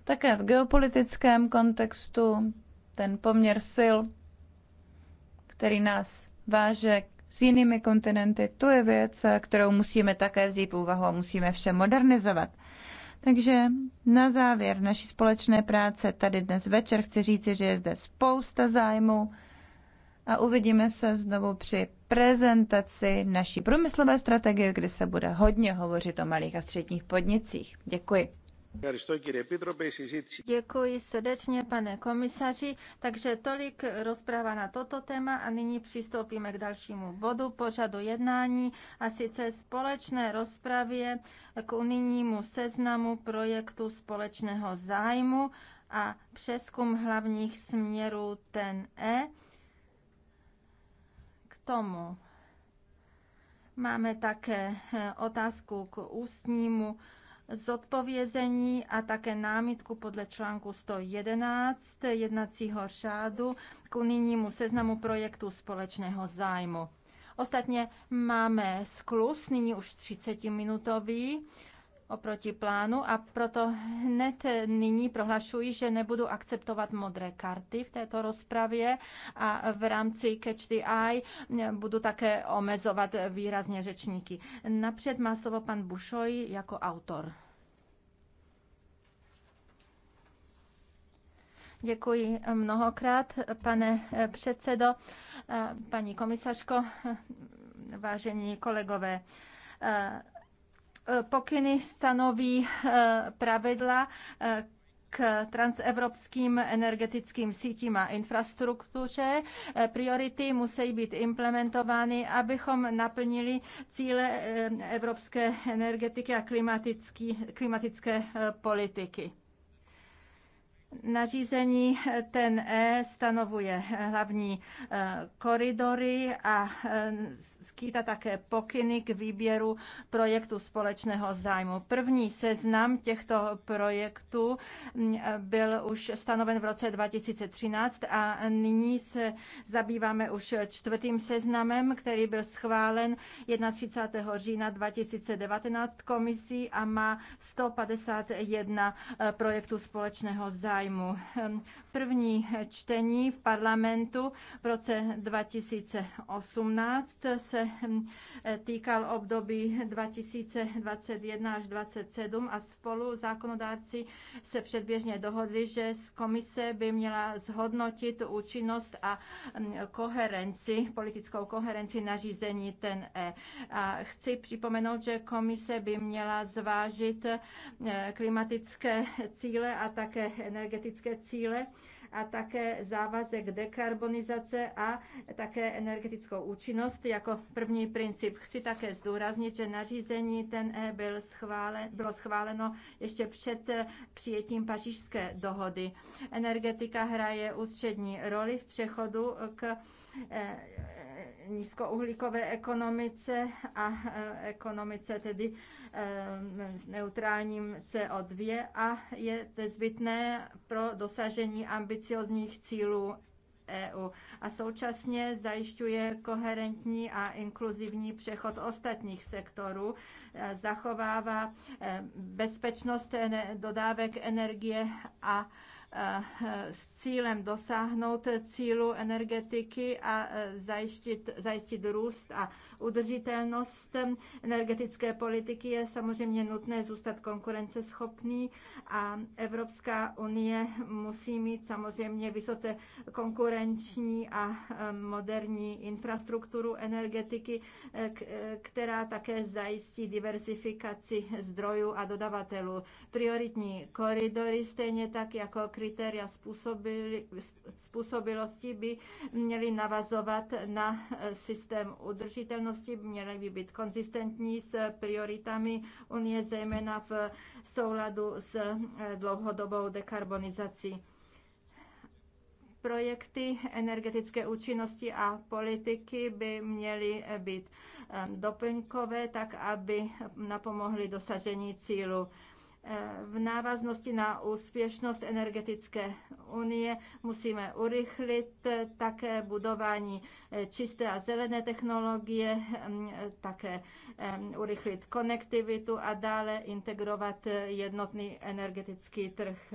také v geopolitickém kontextu ten poměr sil, který nás váže s jinými kontinenty, to je věc, kterou musíme také vzít v úvahu a musíme vše modernizovat. Takže na závěr naší společné práce tady dnes večer chci říci, že je zde spousta zájmu, a uvidíme se znovu při prezentaci naší průmyslové strategie, kdy se bude hodně hovořit o malých a středních podnicích. Děkuji. Děkuji srdečně, pane komisaři. Takže tolik rozpráva na toto téma a nyní přistoupíme k dalšímu bodu pořadu jednání a sice společné rozpravě k unijnímu seznamu projektu společného zájmu a přeskum hlavních směrů ten E tomu. Máme také eh, otázku k ústnímu zodpovězení a také námitku podle článku 111 jednacího řádu k unijnímu seznamu projektu společného zájmu. Ostatně máme sklus, nyní už 30-minutový oproti plánu a proto hned nyní prohlašuji, že nebudu akceptovat modré karty v této rozpravě a v rámci Catch the Eye budu také omezovat výrazně řečníky. Napřed má slovo pan Bušoj jako autor. Děkuji mnohokrát, pane předsedo, paní komisařko, vážení kolegové. Eh, pokyny stanoví eh, pravidla eh, k transevropským energetickým sítím a infrastruktuře. Priority musí být implementovány, abychom naplnili cíle evropské energetiky a klimatické politiky. Nařízení ten E stanovuje hlavní koridory a skýta také pokyny k výběru projektu společného zájmu. První seznam těchto projektů mm, byl už stanoven v roce 2013 a nyní se zabýváme už čtvrtým seznamem, který byl schválen 31. října 2019 komisí a má 151 projektů společného zájmu. První čtení v parlamentu v roce 2018 se hm, týkal období 2021 až 2027 a spolu zákonodáci se předběžně dohodli, že z komise by měla zhodnotit účinnost a hm, koherenci, politickou koherenci nařízení ten E. A chci připomenout, že komise by měla zvážit hm, klimatické cíle a také energetické cíle a také závazek dekarbonizace a také energetickou účinnost jako první princip. Chci také zdůraznit, že nařízení ten E byl schválen, bylo schváleno ještě před eh, přijetím pařížské dohody. Energetika hraje ústřední roli v přechodu k Eh, eh, nízkouhlíkové ekonomice a eh, ekonomice tedy s neutrálním CO2 a je nezbytné pro dosažení ambiciozních cílů EU a současně zajišťuje koherentní a inkluzivní přechod ostatních sektorů, zachovává bezpečnost dodávek energie a cílem dosáhnout cílu energetiky a e, zajistit, zajistit růst a udržitelnost energetické politiky, je samozřejmě nutné zůstat konkurenceschopný a Evropská unie musí mít samozřejmě vysoce konkurenční a e, moderní infrastrukturu energetiky, e, která také zajistí diversifikaci zdrojů a dodavatelů. Prioritní koridory, stejně tak jako kritéria způsoby, způsobilosti by měly navazovat na systém udržitelnosti, měly by být konzistentní s prioritami Unie, zejména v souladu s eh, dlouhodobou dekarbonizací projekty energetické účinnosti a politiky by měly být eh, doplňkové, tak aby napomohly dosažení cílu. V návaznosti na úspěšnost energetické unie musíme urychlit také budování eh, čisté a zelené technologie, mm, také eh, urychlit konektivitu a dále integrovat eh, jednotný energetický trh.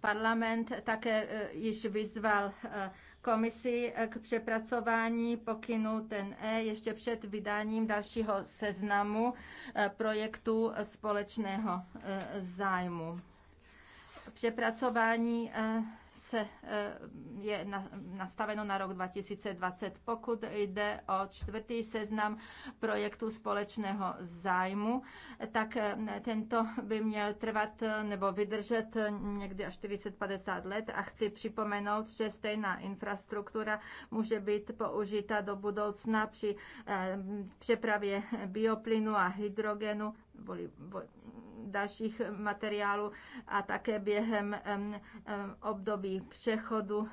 Parlament také již vyzval komisi eh, k přepracování pokynu ten E ještě před vydáním dalšího seznamu eh, projektů společného eh, zájmu. Přepracování se eh, je nastaveno na rok 2020. Pokud jde o čtvrtý seznam projektu společného zájmu, tak eh, tento by měl trvat eh, nebo vydržet někdy až 40-50 let a chci připomenout, že stejná infrastruktura může být použita do budoucna při přepravě bioplynu a hydrogenu boli, vo, dalších materiálů a také během období přechodu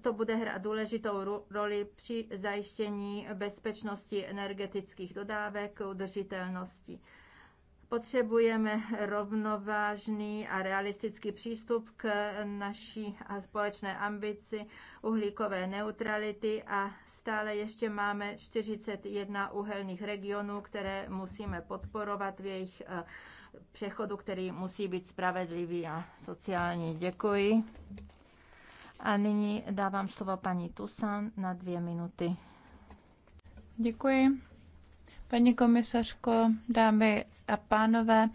to bude hrát důležitou roli při zajištění bezpečnosti energetických dodávek, udržitelnosti Potřebujeme rovnovážný a realistický přístup k naší společné ambici uhlíkové neutrality a stále ještě máme 41 uhelných regionů, které musíme podporovat v jejich eh, přechodu, který musí být spravedlivý a sociální. Děkuji. A nyní dávám slovo paní Tusan na dvě minuty. Děkuji. Paní komisařko, dámy a pánové,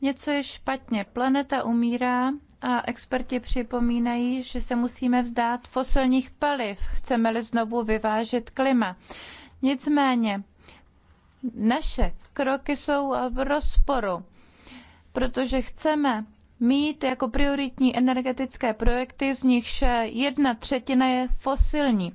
něco je špatně. Planeta umírá a experti připomínají, že se musíme vzdát fosilních paliv, chceme-li znovu vyvážet klima. Nicméně, naše kroky jsou v rozporu, protože chceme mít jako prioritní energetické projekty, z nichž jedna třetina je fosilní.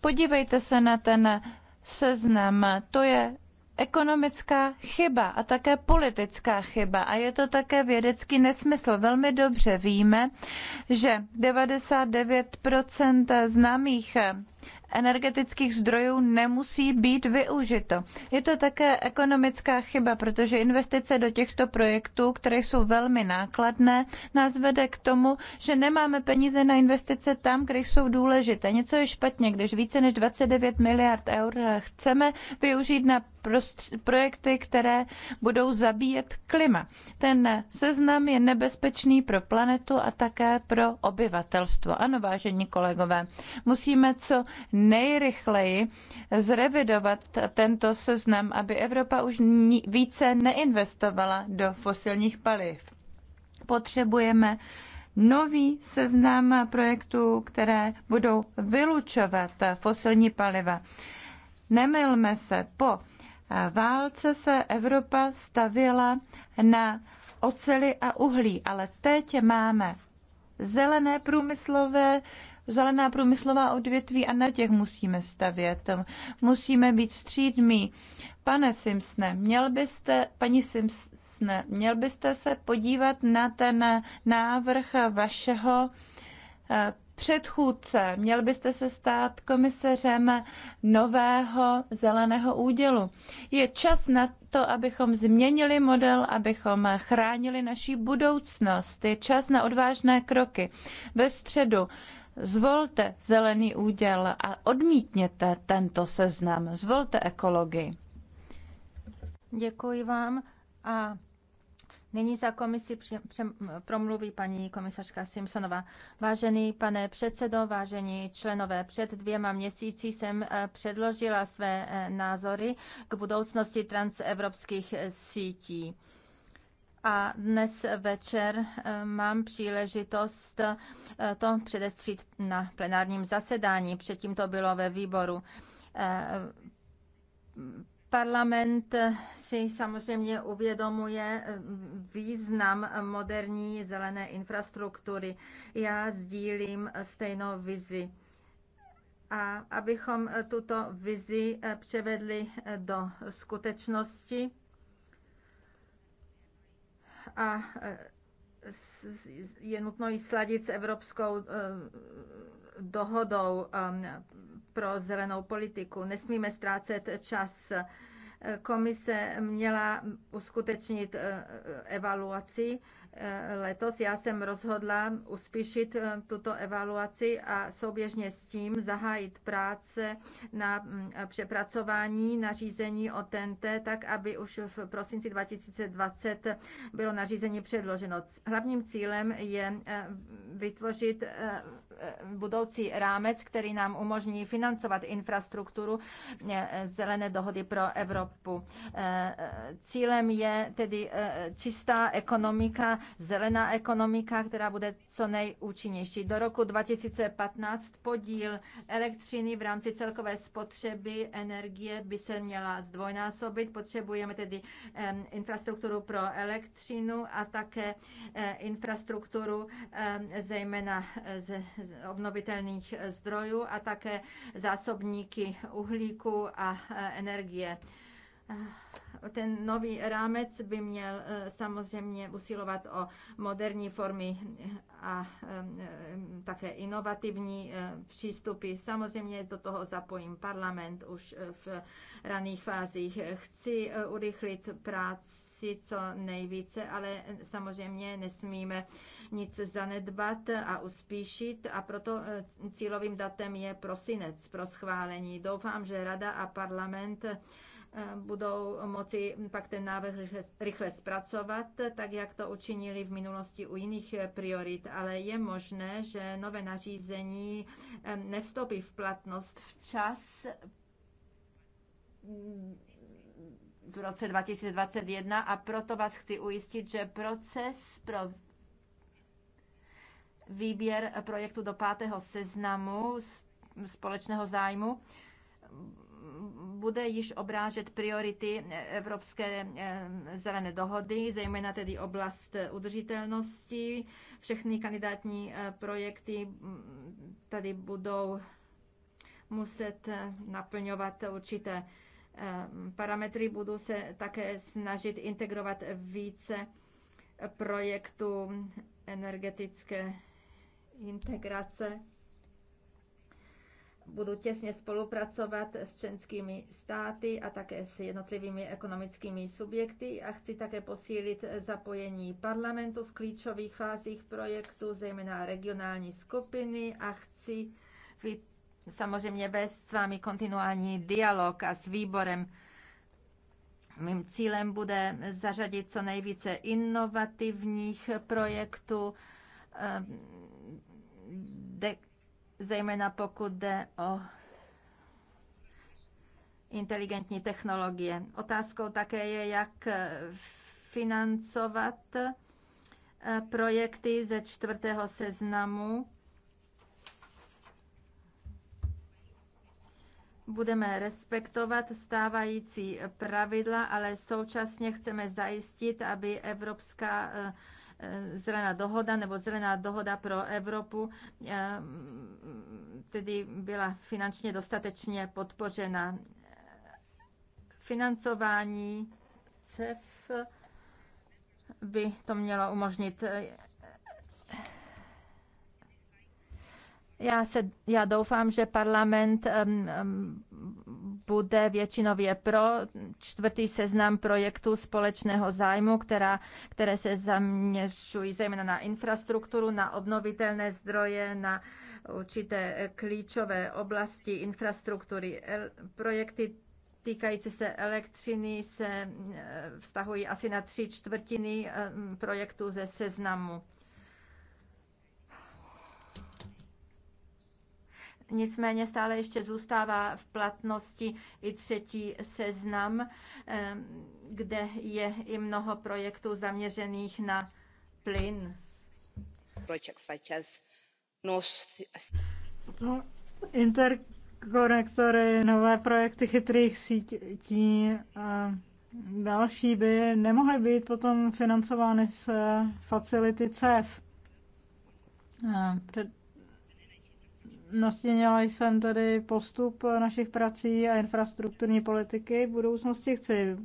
Podívejte se na ten seznam. To je ekonomická chyba a také politická chyba a je to také vědecký nesmysl. Velmi dobře víme, že 99% známých energetických zdrojů nemusí být využito. Je to také ekonomická chyba, protože investice do těchto projektů, které jsou velmi nákladné, nás vede k tomu, že nemáme peníze na investice tam, kde jsou důležité. Něco je špatně, když více než 29 miliard eur chceme využít na projekty, které budou zabíjet klima. Ten seznam je nebezpečný pro planetu a také pro obyvatelstvo. Ano, vážení kolegové, musíme co nejrychleji zrevidovat tento seznam, aby Evropa už více neinvestovala do fosilních paliv. Potřebujeme nový seznam projektů, které budou vylučovat fosilní paliva. Nemylme se, po válce se Evropa stavěla na oceli a uhlí, ale teď máme zelené průmyslové, zelená průmyslová odvětví a na těch musíme stavět. Musíme být střídmí. Pane Simsne, měl byste, paní Simsne měl byste se podívat na ten návrh vašeho eh, předchůdce, měl byste se stát komisařem nového zeleného údělu. Je čas na to, abychom změnili model, abychom chránili naší budoucnost. Je čas na odvážné kroky. Ve středu zvolte zelený úděl a odmítněte tento seznam. Zvolte ekologii. Děkuji vám a Nyní za komisi promluví paní komisařka Simpsonová. Vážený pane předsedo, vážení členové, před dvěma měsíci jsem eh, předložila své eh, názory k budoucnosti transevropských eh, sítí. A dnes večer mám příležitost to předestřít na plenárním zasedání. Předtím to bylo ve výboru Parlament si samozřejmě uvědomuje eh, význam moderní zelené infrastruktury. Já sdílím stejnou vizi. A abychom eh, tuto vizi eh, převedli do skutečnosti a je nutno ji sladit s Evropskou dohodou pro zelenou politiku. Nesmíme ztrácet čas. Komise měla uskutečnit eh, evaluaci eh, letos. Já jsem rozhodla uspíšit eh, tuto evaluaci a souběžně s tím zahájit práce na mm, přepracování nařízení o TNT, tak aby už v prosinci 2020 bylo nařízení předloženo. Hlavním cílem je vytvořit Eh, budoucí rámec, který nám umožní financovat infrastrukturu eh, zelené dohody pro Evropu. Eh, cílem je tedy čistá ekonomika, zelená ekonomika, která bude co nejúčinnější. Do roku 2015 podíl elektřiny v rámci celkové spotřeby energie by se měla zdvojnásobit. Potřebujeme tedy infrastrukturu pro elektřinu a také infrastrukturu zejména obnovitelných zdrojů a také zásobníky uhlíku a e, energie. Eh, ten nový rámec by měl e, samozřejmě usilovat o moderní formy a e, také inovativní přístupy. Samozřejmě do toho zapojím parlament už v raných fázích. Chci urychlit práci praxi co nejvíce, ale samozřejmě nesmíme nic zanedbat a uspíšit a proto e, cílovým datem je prosinec pro schválení. Doufám, že Rada a parlament e, budou moci pak ten návrh rychle zpracovat, tak jak to učinili v minulosti u jiných priorit, ale je možné, že nové nařízení e, nevstoupí v platnost včas v roce 2021 a proto vás chci ujistit, že proces pro výběr projektu do pátého seznamu společného zájmu bude již obrážet priority Evropské eh, zelené dohody, zejména tedy oblast udržitelnosti. Všechny kandidátní eh, projekty tady budou muset eh, naplňovat určité Ehm, parametry. Budu se také snažit integrovat více projektů energetické integrace. Budu těsně spolupracovat s členskými státy a také s jednotlivými ekonomickými subjekty a chci také posílit zapojení parlamentu v klíčových fázích projektu, zejména regionální skupiny a chci samozřejmě bez s vámi kontinuální dialog a s výborem. Mým cílem bude zařadit co nejvíce inovativních projektů, eh, zejména pokud jde o inteligentní technologie. Otázkou také je, jak eh, financovat eh, projekty ze čtvrtého seznamu budeme respektovat stávající pravidla, ale současně chceme zajistit, aby Evropská eh, eh, zelená dohoda nebo zelená dohoda pro Evropu eh, tedy byla finančně dostatečně podpořena. Financování CEF by to mělo umožnit Já, se, já doufám, že parlament um, um, bude většinově pro čtvrtý seznam projektů společného zájmu, která, které se zaměřují zejména na infrastrukturu, na obnovitelné zdroje, na určité klíčové oblasti infrastruktury. Projekty týkající se elektřiny se vztahují asi na tři čtvrtiny projektů ze seznamu. Nicméně stále ještě zůstává v platnosti i třetí seznam, eh, kde je i mnoho projektů zaměřených na plyn. No, interkonektory, nové projekty chytrých sítí a další by nemohly být potom financovány z facility CEF. Eh, před Nastěnila jsem tady postup našich prací a infrastrukturní politiky. V budoucnosti chci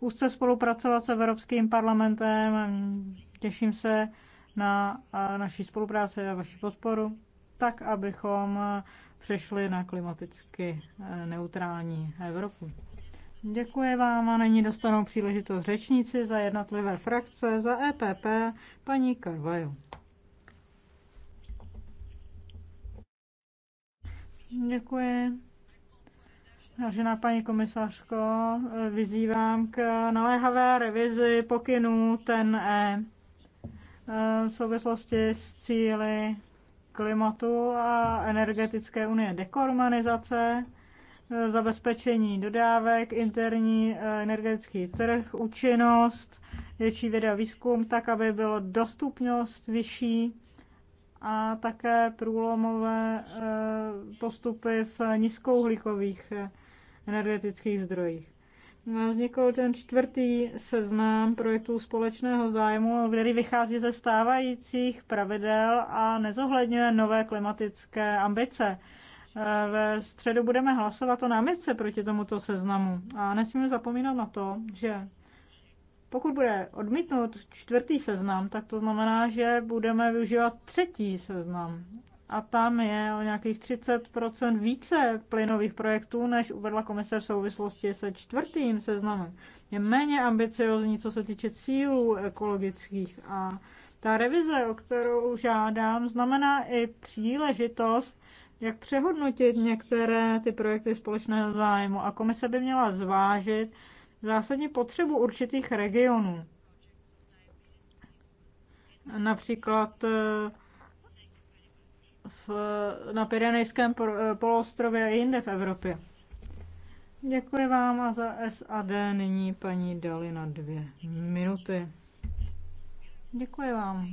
úzce spolupracovat s Evropským parlamentem. Těším se na naší spolupráci a vaši podporu, tak abychom přešli na klimaticky eh, neutrální Evropu. Děkuji vám a nyní dostanou příležitost řečníci za jednotlivé frakce, za EPP, paní Karvaju. Děkuji. Vážená paní komisařko, vyzývám k naléhavé revizi pokynů TNE v souvislosti s cíly klimatu a energetické unie dekormanizace, zabezpečení dodávek, interní eh, energetický trh, účinnost, větší věda výzkum, tak, aby bylo dostupnost vyšší a také průlomové eh, postupy v nízkouhlíkových eh, energetických zdrojích. No, vznikl ten čtvrtý seznam projektů společného zájmu, který vychází ze stávajících pravidel a nezohledňuje nové klimatické ambice. Eh, ve středu budeme hlasovat o námitce proti tomuto seznamu. A nesmíme zapomínat na to, že pokud bude odmítnout čtvrtý seznam, tak to znamená, že budeme využívat třetí seznam. A tam je o nějakých 30 více plynových projektů, než uvedla komise v souvislosti se čtvrtým seznamem. Je méně ambiciozní, co se týče cílů ekologických. A ta revize, o kterou žádám, znamená i příležitost, jak přehodnotit některé ty projekty společného zájmu. A komise by měla zvážit, zásadně potřebu určitých regionů. Například eh, v, na Pirenejském eh, poloostrově a jinde v Evropě. Děkuji vám a za SAD nyní paní Dali na dvě minuty. Děkuji vám.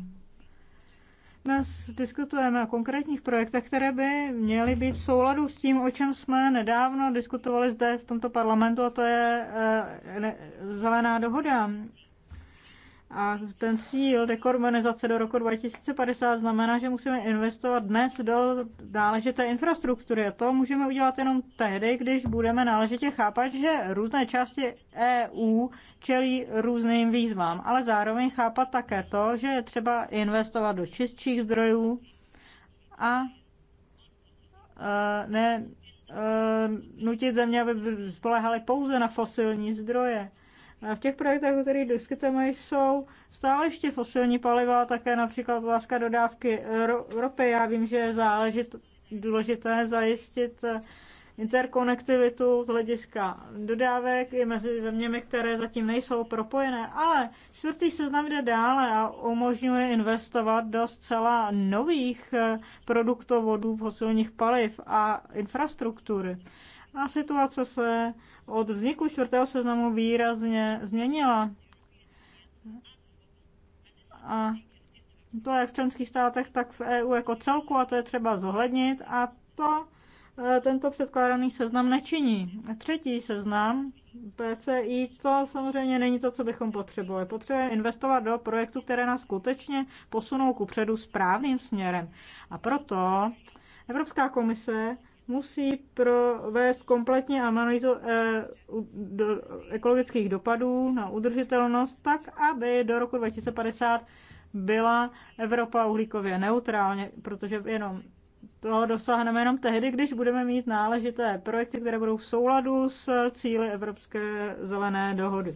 Dnes diskutujeme o konkrétních projektech, které by měly být v souladu s tím, o čem jsme nedávno diskutovali zde v tomto parlamentu, a to je eh, zelená dohoda. A ten cíl dekarbonizace do roku 2050 znamená, že musíme investovat dnes do náležité infrastruktury. A to můžeme udělat jenom tehdy, když budeme náležitě chápat, že různé části EU čelí různým výzvám, ale zároveň chápat také to, že je třeba investovat do čistších zdrojů a e, ne e, nutit země, aby spolehaly pouze na fosilní zdroje v těch projektech, o kterých diskutujeme, jsou stále ještě fosilní paliva, také například otázka dodávky ropy. Já vím, že je záležit, důležité zajistit eh, interkonektivitu z hlediska dodávek i mezi zeměmi, které zatím nejsou propojené, ale čtvrtý seznam jde dále a umožňuje investovat do zcela nových eh, produktovodů fosilních paliv a infrastruktury. A situace se od vzniku čtvrtého seznamu výrazně změnila. A to je v členských státech, tak v EU jako celku a to je třeba zohlednit a to e, tento předkládaný seznam nečiní. Třetí seznam PCI, to samozřejmě není to, co bychom potřebovali. Potřebujeme investovat do projektů, které nás skutečně posunou ku předu správným směrem. A proto Evropská komise musí provést kompletně analýzu eh, ekologických dopadů na udržitelnost tak, aby do roku 2050 byla Evropa uhlíkově neutrálně, protože jenom toho dosáhneme jenom tehdy, když budeme mít náležité projekty, které budou v souladu s cíly Evropské zelené dohody.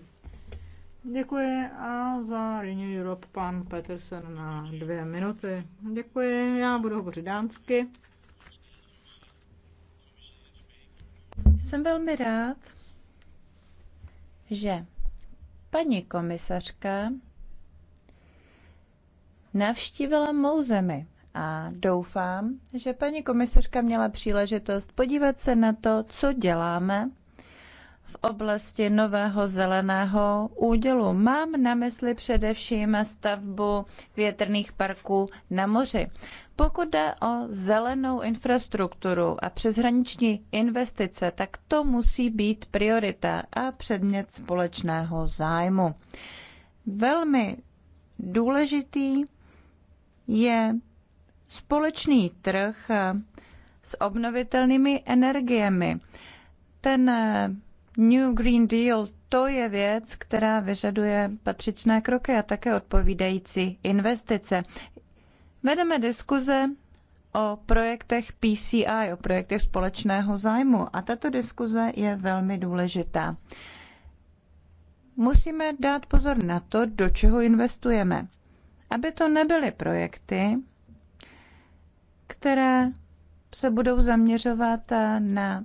Děkuji a za Renew Europe pan Petersen na dvě minuty. Děkuji, já budu hovořit dánsky. Jsem velmi rád, že paní komisařka navštívila mou zemi a doufám, že paní komisařka měla příležitost podívat se na to, co děláme v oblasti nového zeleného údělu. Mám na mysli především stavbu větrných parků na moři. Pokud jde o zelenou infrastrukturu a přeshraniční investice, tak to musí být priorita a předmět společného zájmu. Velmi důležitý je společný trh s obnovitelnými energiemi. Ten eh, New Green Deal to je věc, která vyžaduje patřičné kroky a také odpovídající investice. Vedeme diskuze o projektech PCI, o projektech společného zájmu a tato diskuze je velmi důležitá. Musíme dát pozor na to, do čeho investujeme, aby to nebyly projekty, které se budou zaměřovat na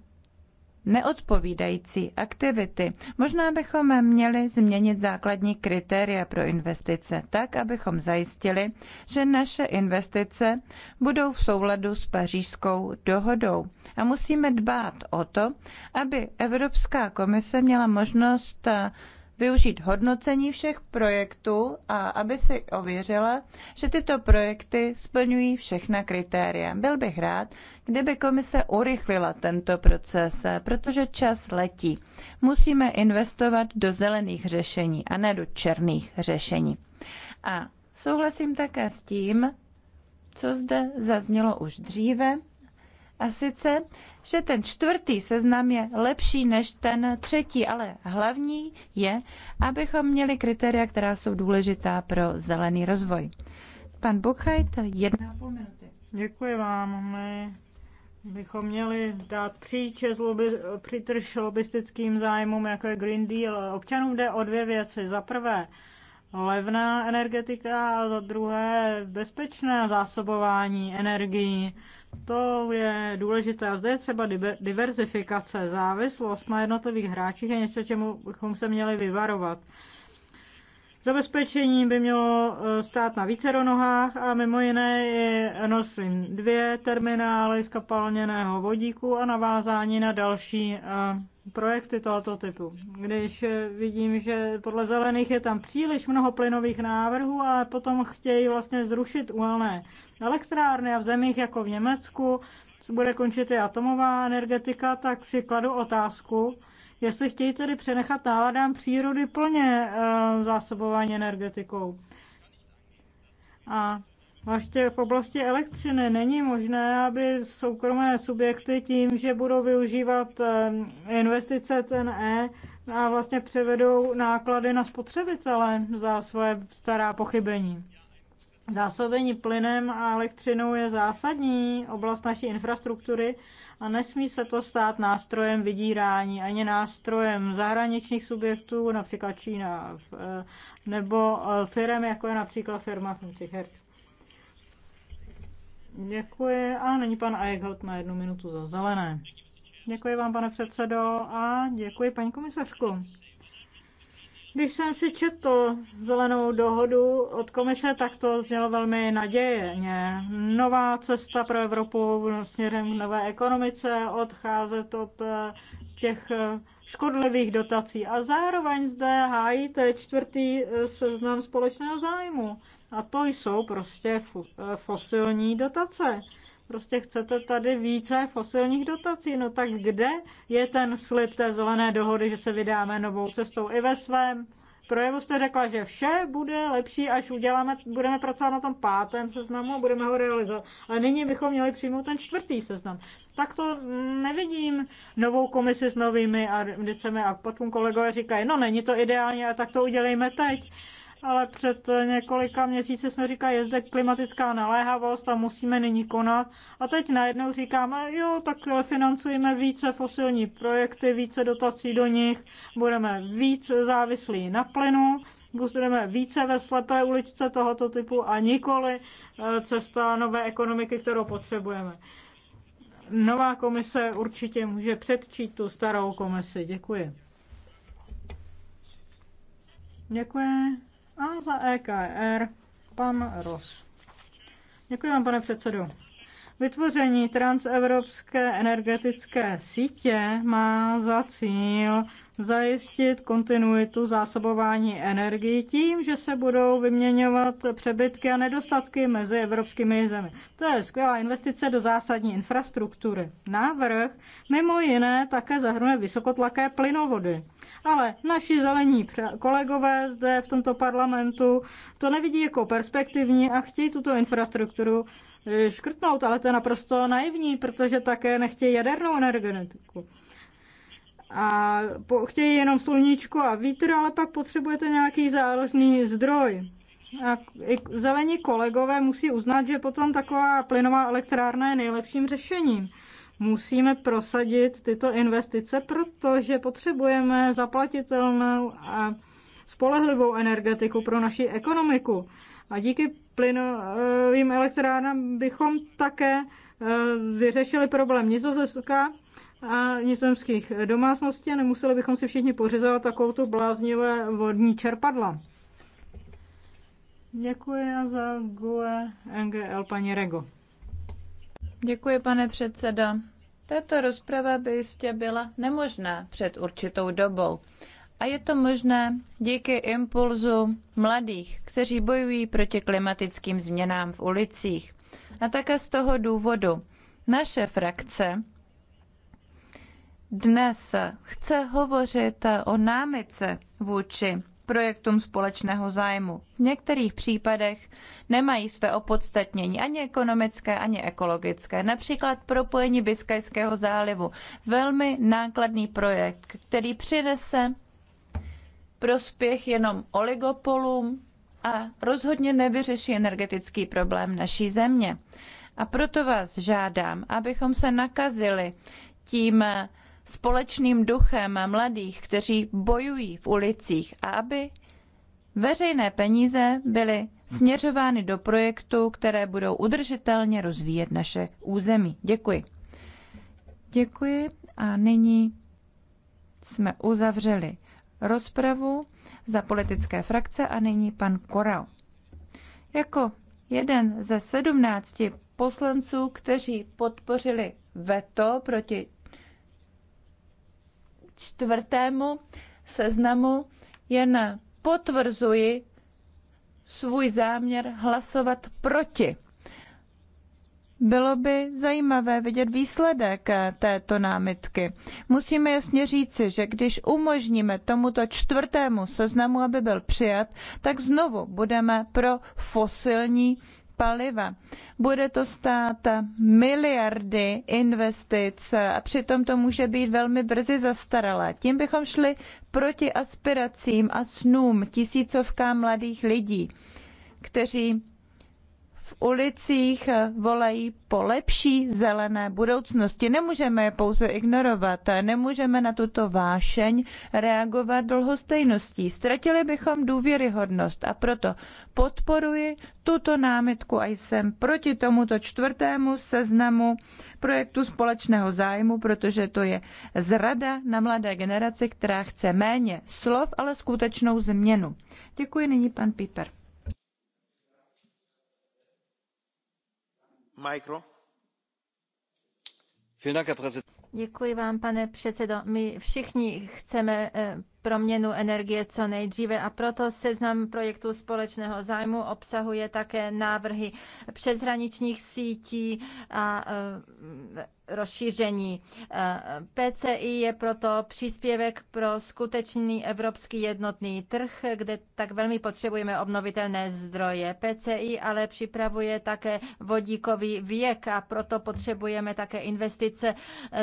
neodpovídající aktivity. Možná bychom měli změnit základní kritéria pro investice tak, abychom zajistili, že naše investice budou v souladu s pařížskou dohodou. A musíme dbát o to, aby Evropská komise měla možnost využít hodnocení všech projektů a aby si ověřila, že tyto projekty splňují všechna kritéria. Byl bych rád, kdyby komise urychlila tento proces, protože čas letí. Musíme investovat do zelených řešení a ne do černých řešení. A souhlasím také s tím, co zde zaznělo už dříve, a sice, že ten čtvrtý seznam je lepší než ten třetí, ale hlavní je, abychom měli kritéria, která jsou důležitá pro zelený rozvoj. Pan Buchheit, jedna a půl minuty. Děkuji vám. My bychom měli dát příčes při lobistickým zájmům, jako je Green Deal. Občanům jde o dvě věci. Za prvé, levná energetika a za druhé bezpečné zásobování energií to je důležité. A zde je třeba diverzifikace. Závislost na jednotlivých hráčích je něco, čemu bychom se měli vyvarovat. Zabezpečení by mělo e, stát na více nohách a mimo jiné je nosím dvě terminály z kapalněného vodíku a navázání na další e, projekty tohoto typu. Když eh, vidím, že podle zelených je tam příliš mnoho plynových návrhů a potom chtějí vlastně zrušit uhelné elektrárny a v zemích jako v Německu bude končit i atomová energetika, tak si kladu otázku, jestli chtějí tedy přenechat náladám přírody plně e, zásobování energetikou. A Vlastně v oblasti elektřiny není možné, aby soukromé subjekty tím, že budou využívat investice TNE, a vlastně převedou náklady na spotřebitele za svoje stará pochybení. Zásobení plynem a elektřinou je zásadní oblast naší infrastruktury a nesmí se to stát nástrojem vydírání ani nástrojem zahraničních subjektů, například Čína, eh, nebo eh, firm, jako je například firma 50 Děkuji a není pan Eichhout na jednu minutu za zelené. Děkuji vám, pane předsedo, a děkuji, paní komisařku. Když jsem si četl zelenou dohodu od komise, tak to znělo velmi nadějně. Nová cesta pro Evropu směrem k nové ekonomice, odcházet od eh, těch škodlivých dotací. A zároveň zde hájíte čtvrtý eh, seznam společného zájmu. A to jsou prostě eh, fosilní dotace. Prostě chcete tady více fosilních dotací. No tak kde je ten slib té zelené dohody, že se vydáme novou cestou? I ve svém projevu jste řekla, že vše bude lepší, až uděláme, budeme pracovat na tom pátém seznamu a budeme ho realizovat. Ale nyní bychom měli přijmout ten čtvrtý seznam. Tak to nevidím novou komisi s novými ambicemi a potom kolegové říkají, no není to ideální, ale tak to udělejme teď ale před několika měsíci jsme říkali, je zde klimatická naléhavost a musíme nyní konat. A teď najednou říkáme, jo, tak financujeme více fosilní projekty, více dotací do nich, budeme víc závislí na plynu, budeme více ve slepé uličce tohoto typu a nikoli eh, cesta nové ekonomiky, kterou potřebujeme. Nová komise určitě může předčít tu starou komisi. Děkuji. Děkuji. A za EKR pan Ros. Děkuji vám, pane předsedo. Vytvoření transevropské energetické sítě má za cíl zajistit kontinuitu zásobování energií tím, že se budou vyměňovat přebytky a nedostatky mezi evropskými zemi. To je skvělá investice do zásadní infrastruktury. Návrh mimo jiné také zahrnuje vysokotlaké plynovody. Ale naši zelení kolegové zde v tomto parlamentu to nevidí jako perspektivní a chtějí tuto infrastrukturu škrtnout, ale to je naprosto naivní, protože také nechtějí jadernou energetiku. A po, chtějí jenom sluníčko a vítr, ale pak potřebujete nějaký záložný zdroj. A i zelení kolegové musí uznat, že potom taková plynová elektrárna je nejlepším řešením. Musíme prosadit tyto investice, protože potřebujeme zaplatitelnou a spolehlivou energetiku pro naši ekonomiku. A díky plynovým elektrárnám bychom také eh, vyřešili problém Nizozemska a nizozemských domácností a nemuseli bychom si všichni pořizovat takovou tu bláznivé vodní čerpadla. Děkuji a za GUE NGL paní Rego. Děkuji, pane předseda. Tato rozprava by jistě byla nemožná před určitou dobou. A je to možné díky impulzu mladých, kteří bojují proti klimatickým změnám v ulicích. A také z toho důvodu naše frakce dnes chce hovořit o námice vůči projektům společného zájmu. V některých případech nemají své opodstatnění ani ekonomické, ani ekologické. Například propojení Biskajského zálivu. Velmi nákladný projekt, který přinese prospěch jenom oligopolům a rozhodně nevyřeší energetický problém naší země. A proto vás žádám, abychom se nakazili tím společným duchem mladých, kteří bojují v ulicích a aby veřejné peníze byly směřovány do projektů, které budou udržitelně rozvíjet naše území. Děkuji. Děkuji a nyní jsme uzavřeli rozpravu za politické frakce a nyní pan Korau. Jako jeden ze sedmnácti poslanců, kteří podpořili veto proti čtvrtému seznamu, jen potvrzuji svůj záměr hlasovat proti bylo by zajímavé vidět výsledek eh, této námitky. Musíme jasně říci, že když umožníme tomuto čtvrtému seznamu, aby byl přijat, tak znovu budeme pro fosilní paliva. Bude to stát miliardy investic a přitom to může být velmi brzy zastaralé. Tím bychom šli proti aspiracím a snům tisícovkám mladých lidí, kteří v ulicích volají po lepší zelené budoucnosti. Nemůžeme je pouze ignorovat, nemůžeme na tuto vášeň reagovat dlhostejností. Ztratili bychom důvěryhodnost a proto podporuji tuto námitku a jsem proti tomuto čtvrtému seznamu projektu společného zájmu, protože to je zrada na mladé generaci, která chce méně slov, ale skutečnou změnu. Děkuji nyní pan Piper. Děkuji vám, pane předsedající My všichni chceme eh, proměnu energie co nejdříve a proto seznam projektů společného zájmu obsahuje také návrhy přeshraničních sítí a e, rozšíření. E, PCI je proto příspěvek pro skutečný evropský jednotný trh, kde tak velmi potřebujeme obnovitelné zdroje. PCI ale připravuje také vodíkový věk a proto potřebujeme také investice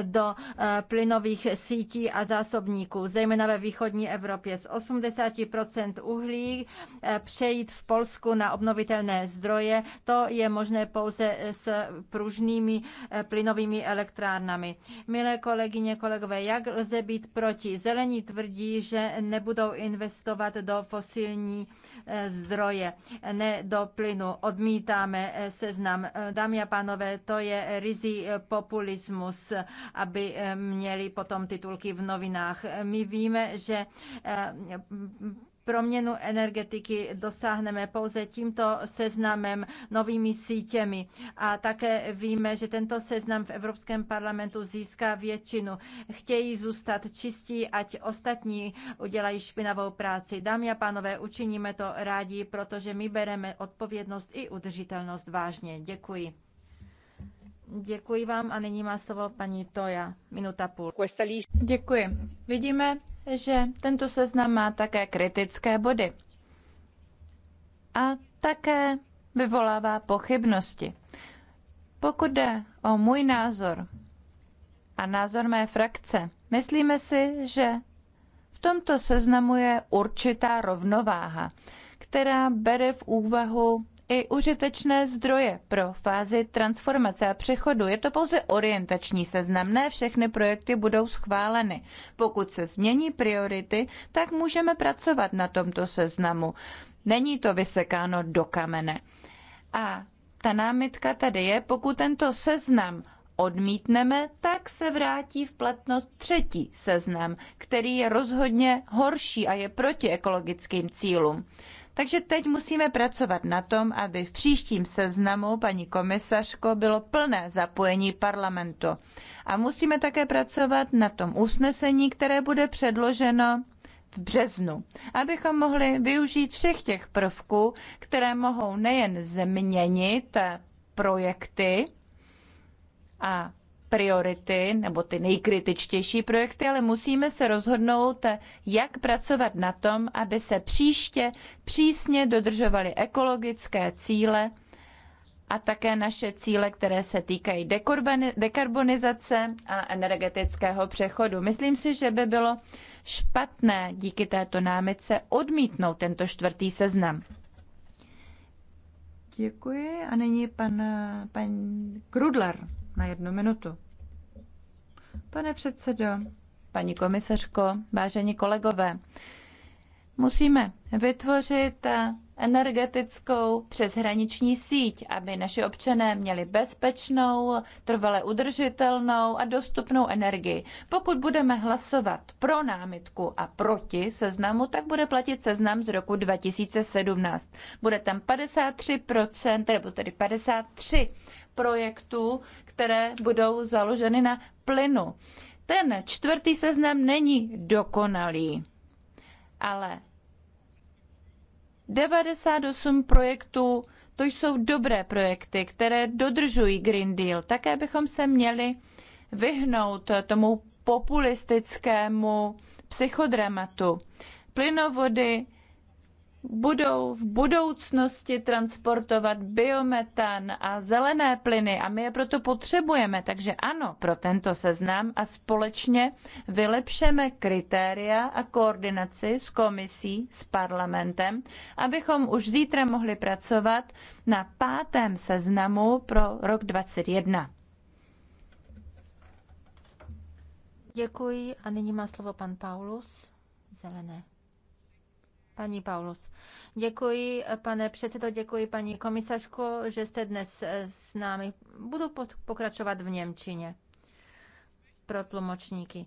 do e, plynových sítí a zásobníků, zejména ve východní východní Evropě. Z 80% uhlí eh, přejít v Polsku na obnovitelné zdroje, to je možné pouze s pružnými eh, plynovými elektrárnami. Milé kolegyně, kolegové, jak lze být proti? Zelení tvrdí, že nebudou investovat do fosilní eh, zdroje, ne do plynu. Odmítáme seznam. Dámy a pánové, to je rizí populismus, aby měli potom titulky v novinách. My víme, že Eh, proměnu energetiky dosáhneme pouze tímto seznamem, novými sítěmi. A také víme, že tento seznam v Evropském parlamentu získá většinu. Chtějí zůstat čistí, ať ostatní udělají špinavou práci. Dámy a pánové, učiníme to rádi, protože my bereme odpovědnost i udržitelnost vážně. Děkuji. Děkuji vám a nyní má slovo paní Toja. Minuta půl. Děkuji. Vidíme, že tento seznam má také kritické body. A také vyvolává pochybnosti. Pokud jde o můj názor a názor mé frakce, myslíme si, že v tomto seznamu je určitá rovnováha, která bere v úvahu i užitečné zdroje pro fázi transformace a přechodu. Je to pouze orientační seznam, ne všechny projekty budou schváleny. Pokud se změní priority, tak můžeme pracovat na tomto seznamu. Není to vysekáno do kamene. A ta námitka tady je, pokud tento seznam odmítneme, tak se vrátí v platnost třetí seznam, který je rozhodně horší a je proti ekologickým cílům. Takže teď musíme pracovat na tom, aby v příštím seznamu, paní komisařko, bylo plné zapojení parlamentu. A musíme také pracovat na tom usnesení, které bude předloženo v březnu, abychom mohli využít všech těch prvků, které mohou nejen změnit projekty a priority nebo ty nejkritičtější projekty, ale musíme se rozhodnout, jak pracovat na tom, aby se příště přísně dodržovaly ekologické cíle a také naše cíle, které se týkají dekarbonizace a energetického přechodu. Myslím si, že by bylo špatné díky této námitce odmítnout tento čtvrtý seznam. Děkuji a nyní pan, pan Krudler na jednu minutu. Pane předsedo, paní komisařko, vážení kolegové, musíme vytvořit energetickou přeshraniční síť, aby naši občané měli bezpečnou, trvale udržitelnou a dostupnou energii. Pokud budeme hlasovat pro námitku a proti seznamu, tak bude platit seznam z roku 2017. Bude tam 53%, nebo tedy 53 projektů, které budou založeny na plynu. Ten čtvrtý seznam není dokonalý, ale 98 projektů to jsou dobré projekty, které dodržují Green Deal. Také bychom se měli vyhnout tomu populistickému psychodramatu. Plynovody budou v budoucnosti transportovat biometan a zelené plyny a my je proto potřebujeme. Takže ano, pro tento seznam a společně vylepšeme kritéria a koordinaci s komisí, s parlamentem, abychom už zítra mohli pracovat na pátém seznamu pro rok 2021. Děkuji a nyní má slovo pan Paulus. Zelené. Pani Paulus. Děkuji, pane předsedo, děkuji, paní komisařko, že jste dnes eh, s námi. Budu pokračovat v Němčině pro tlumočníky.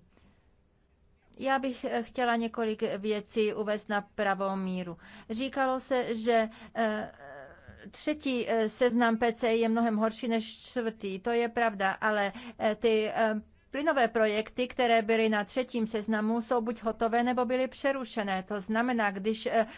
Já bych eh, chtěla několik věcí uvést na pravou míru. Říkalo se, že eh, třetí seznam PC je mnohem horší než čtvrtý. To je pravda, ale ty Plynové projekty, které byly na třetím seznamu, jsou buď hotové nebo byly přerušené. To znamená, když eh,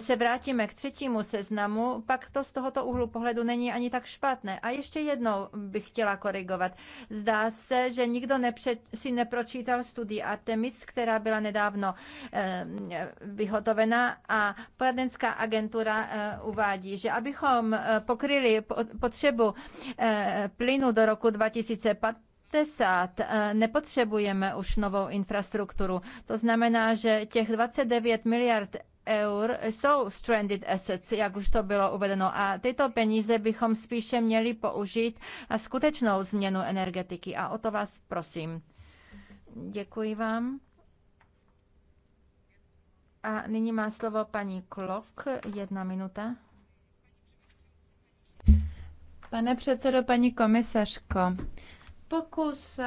se vrátíme k třetímu seznamu, pak to z tohoto úhlu pohledu není ani tak špatné. A ještě jednou bych chtěla korigovat. Zdá se, že nikdo nepře- si nepročítal studii Artemis, která byla nedávno eh, vyhotovena a poradenská agentura eh, uvádí, že abychom pokryli potřebu plynu do roku 2015, 60 eh, nepotřebujeme už novou infrastrukturu. To znamená, že těch 29 miliard eur jsou stranded assets, jak už to bylo uvedeno. A tyto peníze bychom spíše měli použít na skutečnou změnu energetiky. A o to vás prosím. Děkuji vám. A nyní má slovo paní Klok. Jedna minuta. Pane předsedo, paní komisařko, Pokus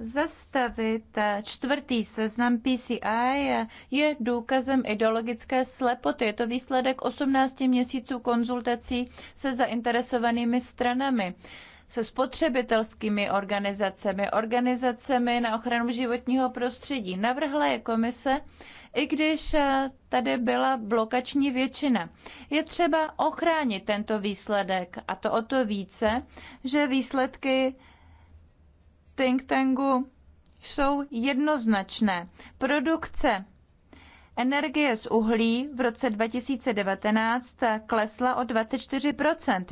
zastavit čtvrtý seznam PCI je důkazem ideologické slepoty. Je to výsledek 18 měsíců konzultací se zainteresovanými stranami se spotřebitelskými organizacemi, organizacemi na ochranu životního prostředí. Navrhla je komise, i když tady byla blokační většina. Je třeba ochránit tento výsledek a to o to více, že výsledky think tanku jsou jednoznačné. Produkce energie z uhlí v roce 2019 klesla o 24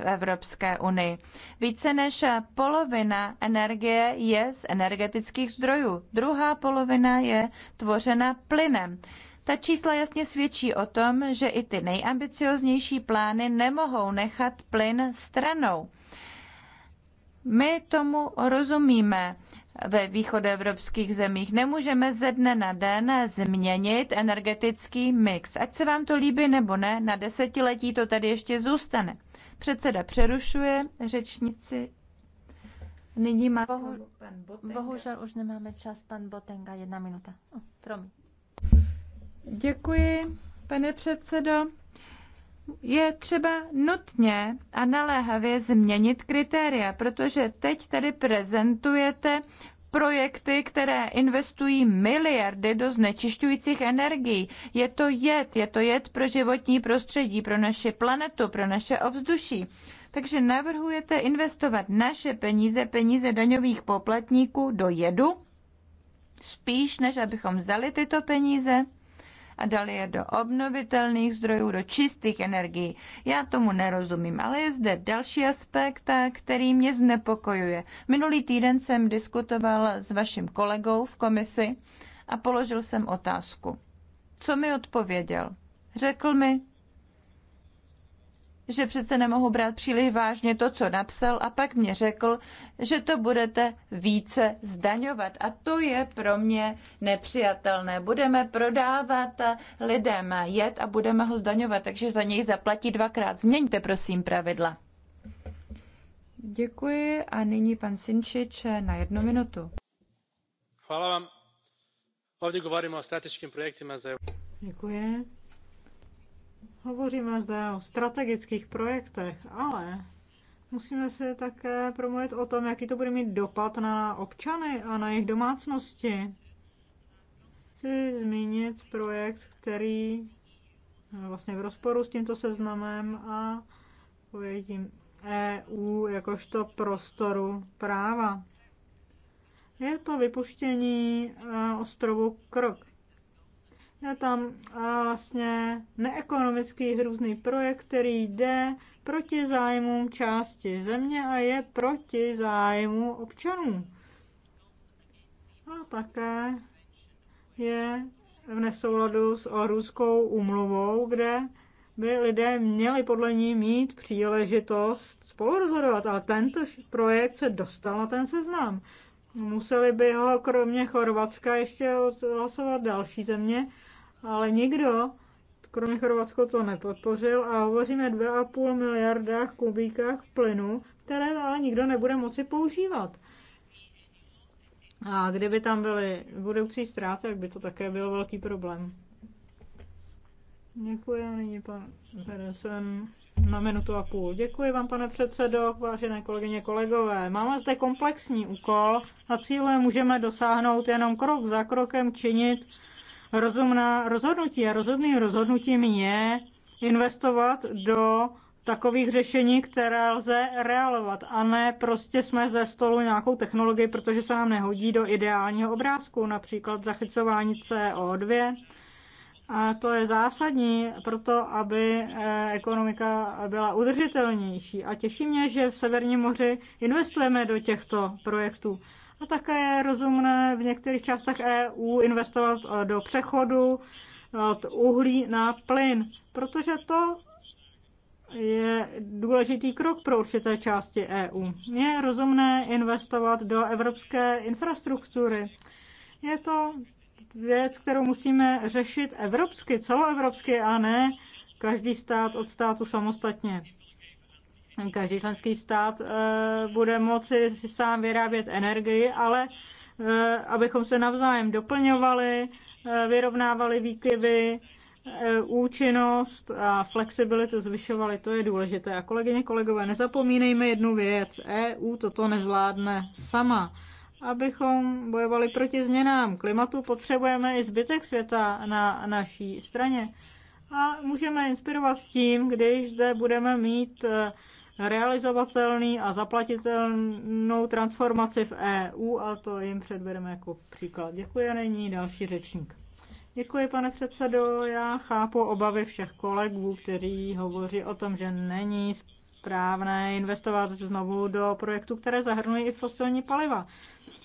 v Evropské unii. Více než polovina energie je z energetických zdrojů, druhá polovina je tvořena plynem. Ta čísla jasně svědčí o tom, že i ty nejambicioznější plány nemohou nechat plyn stranou. My tomu rozumíme ve východoevropských zemích. Nemůžeme ze dne na den změnit energetický mix. Ať se vám to líbí nebo ne, na desetiletí to tady ještě zůstane. Předseda přerušuje řečnici. Nyní má Bohu, slovo pan Botenga. Bohužel už nemáme čas, pan Botenga, jedna minuta. Oh, promiň. Děkuji, pane předsedo je třeba nutně a naléhavě změnit kritéria, protože teď tady prezentujete projekty, které investují miliardy do znečišťujících energií. Je to jed, je to jed pro životní prostředí, pro naši planetu, pro naše ovzduší. Takže navrhujete investovat naše peníze, peníze daňových poplatníků do jedu, spíš než abychom vzali tyto peníze a dali je do obnovitelných zdrojů, do čistých energií. Já tomu nerozumím, ale je zde další aspekt, který mě znepokojuje. Minulý týden jsem diskutoval s vaším kolegou v komisi a položil jsem otázku. Co mi odpověděl? Řekl mi, že přece nemohu brát příliš vážně to, co napsal a pak mě řekl, že to budete více zdaňovat a to je pro mě nepřijatelné. Budeme prodávat eh, lidem jed a budeme ho zdaňovat, takže za něj zaplatí dvakrát. Změňte prosím pravidla. Děkuji a nyní pan Sinčič eh, na jednu minutu. Hvala vám. Ovdje o strateškim projektima za Děkuji. Hovoříme zde o strategických projektech, ale musíme se také promluvit o tom, jaký to bude mít dopad na občany a na jejich domácnosti. Chci zmínit projekt, který vlastně v rozporu s tímto seznamem a pojetím EU jakožto prostoru práva. Je to vypuštění e, ostrovu Krok je tam eh, vlastně neekonomický hrůzný projekt, který jde proti zájmům části země a je proti zájmu občanů. A také je v nesouladu s ruskou umluvou, kde by lidé měli podle ní mít příležitost spolurozhodovat, ale tento projekt se dostal na ten seznam. Museli by ho kromě Chorvatska ještě odhlasovat další země ale nikdo, kromě Chorvatsko, to nepodpořil a hovoříme 2,5 miliardách kubíkách plynu, které ale nikdo nebude moci používat. A kdyby tam byly budoucí ztráty, tak by to také byl velký problém. Děkuji, nyní pan Peresen na minutu a půl. Děkuji vám, pane předsedo, vážené kolegyně, kolegové. Máme zde komplexní úkol a cíle můžeme dosáhnout jenom krok za krokem činit rozumná rozhodnutí. A rozumným rozhodnutím je investovat do takových řešení, které lze realovat. A ne prostě jsme ze stolu nějakou technologii, protože se nám nehodí do ideálního obrázku, například zachycování CO2. A to je zásadní pro to, aby eh, ekonomika byla udržitelnější. A těší mě, že v Severním moři investujeme do těchto projektů. A také je rozumné v některých částech EU investovat eh, do přechodu eh, od uhlí na plyn, protože to je důležitý krok pro určité části EU. Je rozumné investovat do evropské infrastruktury. Je to věc, kterou musíme řešit evropsky, celoevropsky a ne každý stát od státu samostatně. Každý členský stát eh, bude moci si sám vyrábět energii, ale eh, abychom se navzájem doplňovali, eh, vyrovnávali výkyvy, účinnost a flexibilitu zvyšovali, to je důležité. A kolegyně, kolegové, nezapomínejme jednu věc. EU toto nezvládne sama. Abychom bojovali proti změnám klimatu, potřebujeme i zbytek světa na naší straně. A můžeme inspirovat s tím, když zde budeme mít realizovatelný a zaplatitelnou transformaci v EU a to jim předvedeme jako příklad. Děkuji není další řečník. Děkuji, pane předsedo. Já chápu obavy všech kolegů, kteří hovoří o tom, že není správné investovat znovu do projektů, které zahrnují i fosilní paliva.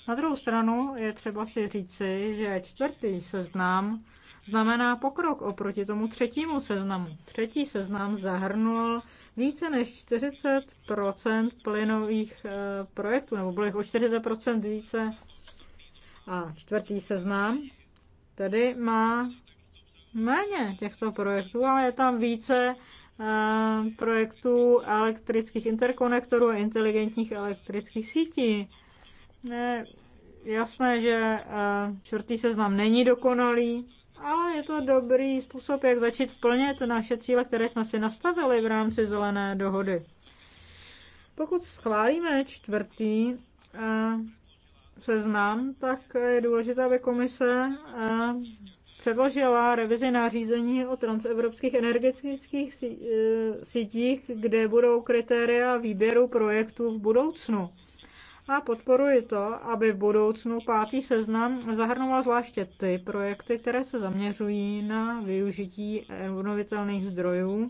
Na druhou stranu je třeba si říci, že čtvrtý seznam znamená pokrok oproti tomu třetímu seznamu. Třetí seznam zahrnul více než 40 plynových eh, projektů, nebo bylo jich o 40 více. A čtvrtý seznam tedy má méně těchto projektů, ale je tam více eh, projektů elektrických interkonektorů a inteligentních elektrických sítí. Je jasné, že eh, čtvrtý seznam není dokonalý, ale je to dobrý způsob, jak začít plnit naše cíle, které jsme si nastavili v rámci zelené dohody. Pokud schválíme čtvrtý eh, seznam, tak je důležité, aby komise eh, předložila revizi nařízení o transevropských energetických eh, sítích, kde budou kritéria výběru projektů v budoucnu a podporuji to, aby v budoucnu pátý seznam zahrnoval zvláště ty projekty, které se zaměřují na využití obnovitelných zdrojů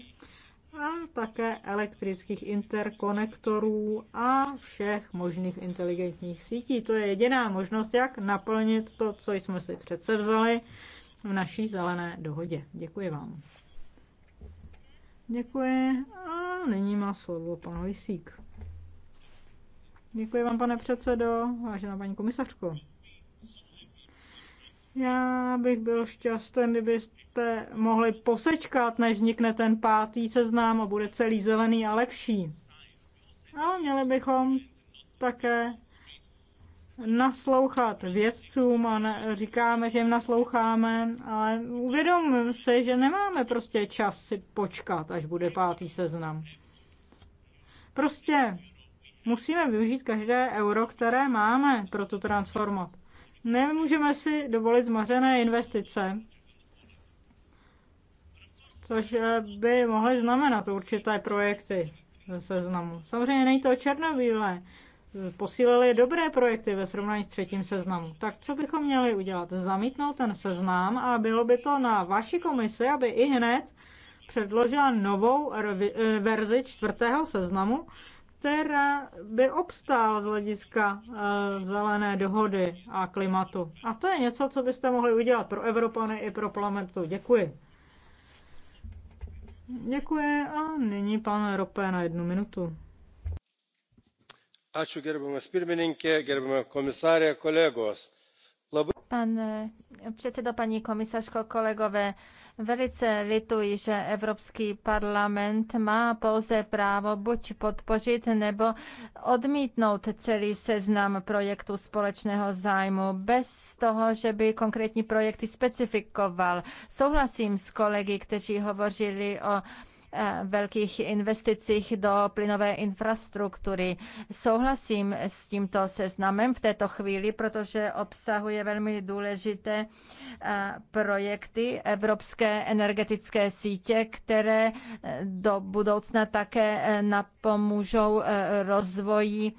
a také elektrických interkonektorů a všech možných inteligentních sítí. To je jediná možnost, jak naplnit to, co jsme si vzali v naší zelené dohodě. Děkuji vám. Děkuji a nyní má slovo pan Lisík. Děkuji vám, pane předsedo, vážená paní komisařko. Já bych byl šťastný, kdybyste mohli posečkat, než vznikne ten pátý seznám a bude celý zelený a lepší. Ale měli bychom také naslouchat vědcům a ne, říkáme, že jim nasloucháme, ale uvědomím si, že nemáme prostě čas si počkat, až bude pátý seznam. Prostě Musíme využít každé euro, které máme pro tu transformat. Nemůžeme si dovolit zmařené investice, což eh, by mohly znamenat určité projekty ze seznamu. Samozřejmě není to černobílé. Posílali dobré projekty ve srovnání s třetím seznamu. Tak co bychom měli udělat? Zamítnout ten seznam a bylo by to na vaší komisi, aby i hned předložila novou eh, verzi čtvrtého seznamu, která by obstál z hlediska eh, zelené dohody a klimatu. A to je něco, co byste mohli udělat pro Evropany i pro planetu. Děkuji. Děkuji a nyní pan Ropé na jednu minutu. Ačiū gerbiamas pirmininkė, gerbiamas komisarė, kolegos. Pane eh, předsedo, paní komisařko, kolegové, velice lituji, že Evropský parlament má pouze právo buď podpořit nebo odmítnout celý seznam projektů společného zájmu bez toho, že by konkrétní projekty specifikoval. Souhlasím s kolegy, kteří hovořili o Eh, velkých investicích do plynové infrastruktury. Souhlasím s tímto seznamem v této chvíli, protože obsahuje velmi důležité eh, projekty Evropské energetické sítě, které eh, do budoucna také napomůžou rozvoji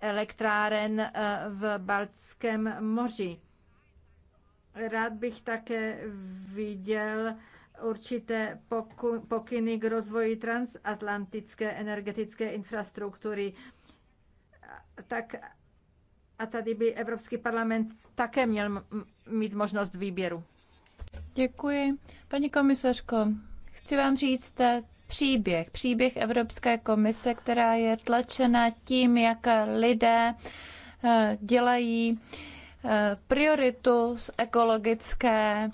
elektráren v Baltském moři. Rád bych také viděl určité pokyny k rozvoji transatlantické energetické infrastruktury. Tak a tady by Evropský parlament také měl mít možnost výběru. Děkuji. Paní komisařko, chci vám říct příběh, příběh Evropské komise, která je tlačena tím, jak lidé eh, dělají eh, prioritu z ekologické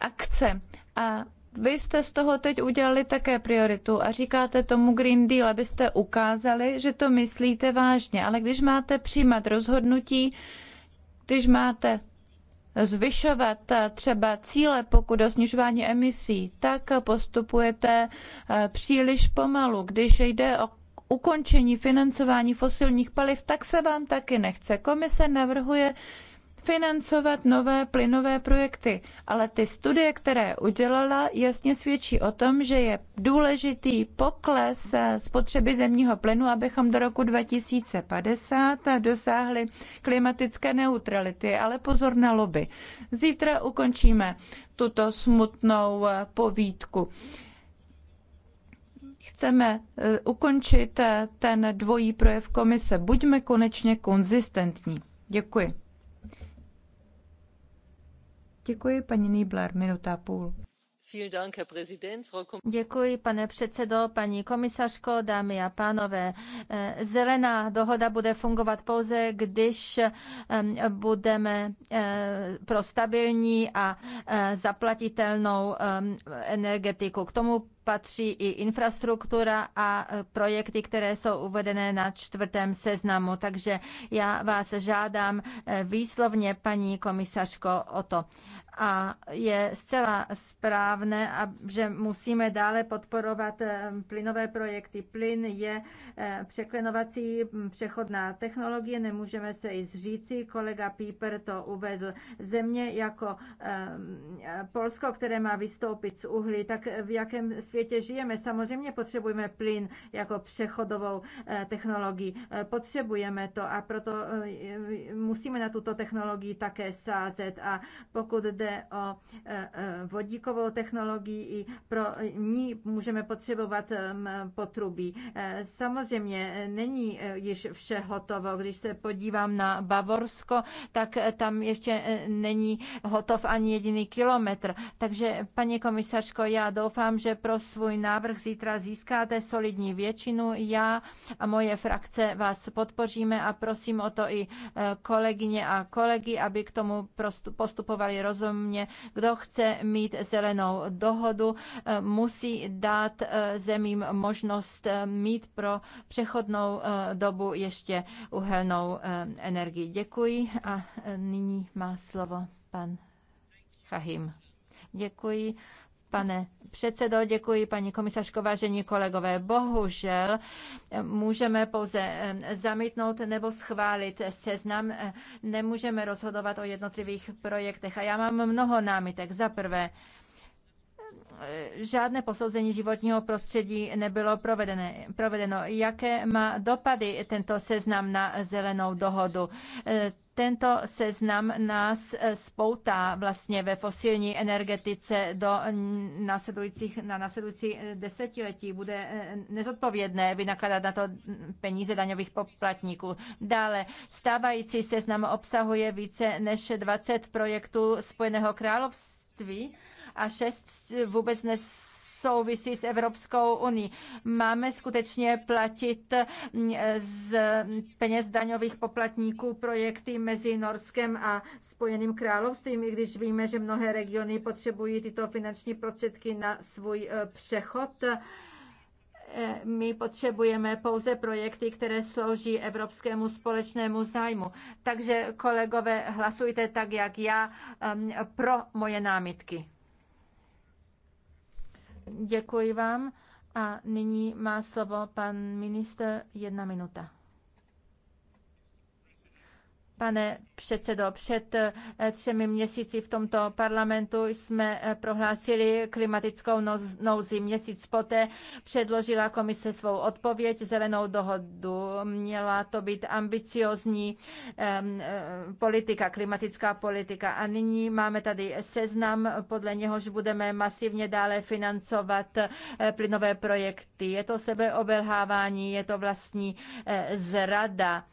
akce. A vy jste z toho teď udělali také prioritu a říkáte tomu Green Deal, abyste ukázali, že to myslíte vážně. Ale když máte přijímat rozhodnutí, když máte zvyšovat eh, třeba cíle, pokud o snižování emisí, tak postupujete eh, příliš pomalu. Když jde o ukončení financování fosilních paliv, tak se vám taky nechce. Komise navrhuje financovat nové plynové projekty, ale ty studie, které udělala, jasně svědčí o tom, že je důležitý pokles eh, spotřeby zemního plynu, abychom do roku 2050 eh, dosáhli klimatické neutrality. Ale pozor na lobby. Zítra ukončíme tuto smutnou eh, povídku chceme ukončit ten dvojí projev komise. Buďme konečně konzistentní. Děkuji. Děkuji, paní Nýbler, minuta a půl. Děkuji, pane předsedo, paní komisařko, dámy a pánové. Eh, zelená dohoda bude fungovat pouze, když ehm, budeme eh, pro stabilní a eh, zaplatitelnou ehm, energetiku. K tomu patří i infrastruktura a projekty, které jsou uvedené na čtvrtém seznamu. Takže já vás žádám výslovně, paní komisařko, o to, a je zcela správné, že musíme dále podporovat plynové projekty. Plyn je eh, překlenovací přechodná technologie, nemůžeme se i zříci. Kolega Píper to uvedl. Země jako Polsko, které má vystoupit z uhlí, tak v jakém světě žijeme? Samozřejmě potřebujeme plyn jako přechodovou eh, technologii. Eh, potřebujeme to a proto musíme na tuto technologii také sázet. A pokud jde o e, e, vodíkovou technologii, i pro ní můžeme potřebovat potrubí. E, samozřejmě není již vše hotovo. Když se podívám na Bavorsko, tak tam ještě není hotov ani jediný kilometr. Takže, paní komisařko, já doufám, že pro svůj návrh zítra získáte solidní většinu. Já a moje frakce vás podpoříme a prosím o to i kolegyně a kolegy, aby k tomu postupovali rozumně rozumně. Kdo chce mít zelenou dohodu, eh, musí dát eh, zemím možnost eh, mít pro přechodnou dobu ještě uhelnou energii. Děkuji a nyní má slovo pan Chahim. Děkuji pane předsedo, děkuji paní komisařko, vážení kolegové. Bohužel eh, můžeme pouze eh, zamítnout nebo schválit seznam, eh, nemůžeme rozhodovat o jednotlivých projektech. A já mám mnoho námitek. Za prvé, žádné posouzení životního prostředí nebylo provedené, provedeno. Jaké má dopady tento seznam na zelenou dohodu? E, tento seznam nás e, spoutá vlastně ve fosilní energetice do následujících, na následující e, desetiletí. Bude nezodpovědné vynakladat na to peníze daňových poplatníků. Dále, stávající seznam obsahuje více než 20 projektů Spojeného království, a 6 vůbec nesouvisí s Evropskou unii. Máme skutečně platit mm, z peněz daňových poplatníků projekty mezi Norskem a Spojeným královstvím, i když víme, že mnohé regiony potřebují tyto finanční prostředky na svůj e, přechod e, my potřebujeme pouze projekty, které slouží evropskému společnému zájmu. Takže kolegové, hlasujte tak, jak já, e, pro moje námitky. Děkuji vám a nyní má slovo pan minister jedna minuta. Pane předsedo, před eh, třemi měsíci v tomto parlamentu jsme eh, prohlásili klimatickou nouzi. Měsíc poté předložila komise svou odpověď, zelenou dohodu. Měla to být ambiciozní eh, politika, klimatická politika. A nyní máme tady seznam, podle něhož budeme masivně dále financovat plynové projekty. Je to sebeobelhávání, je to vlastní zrada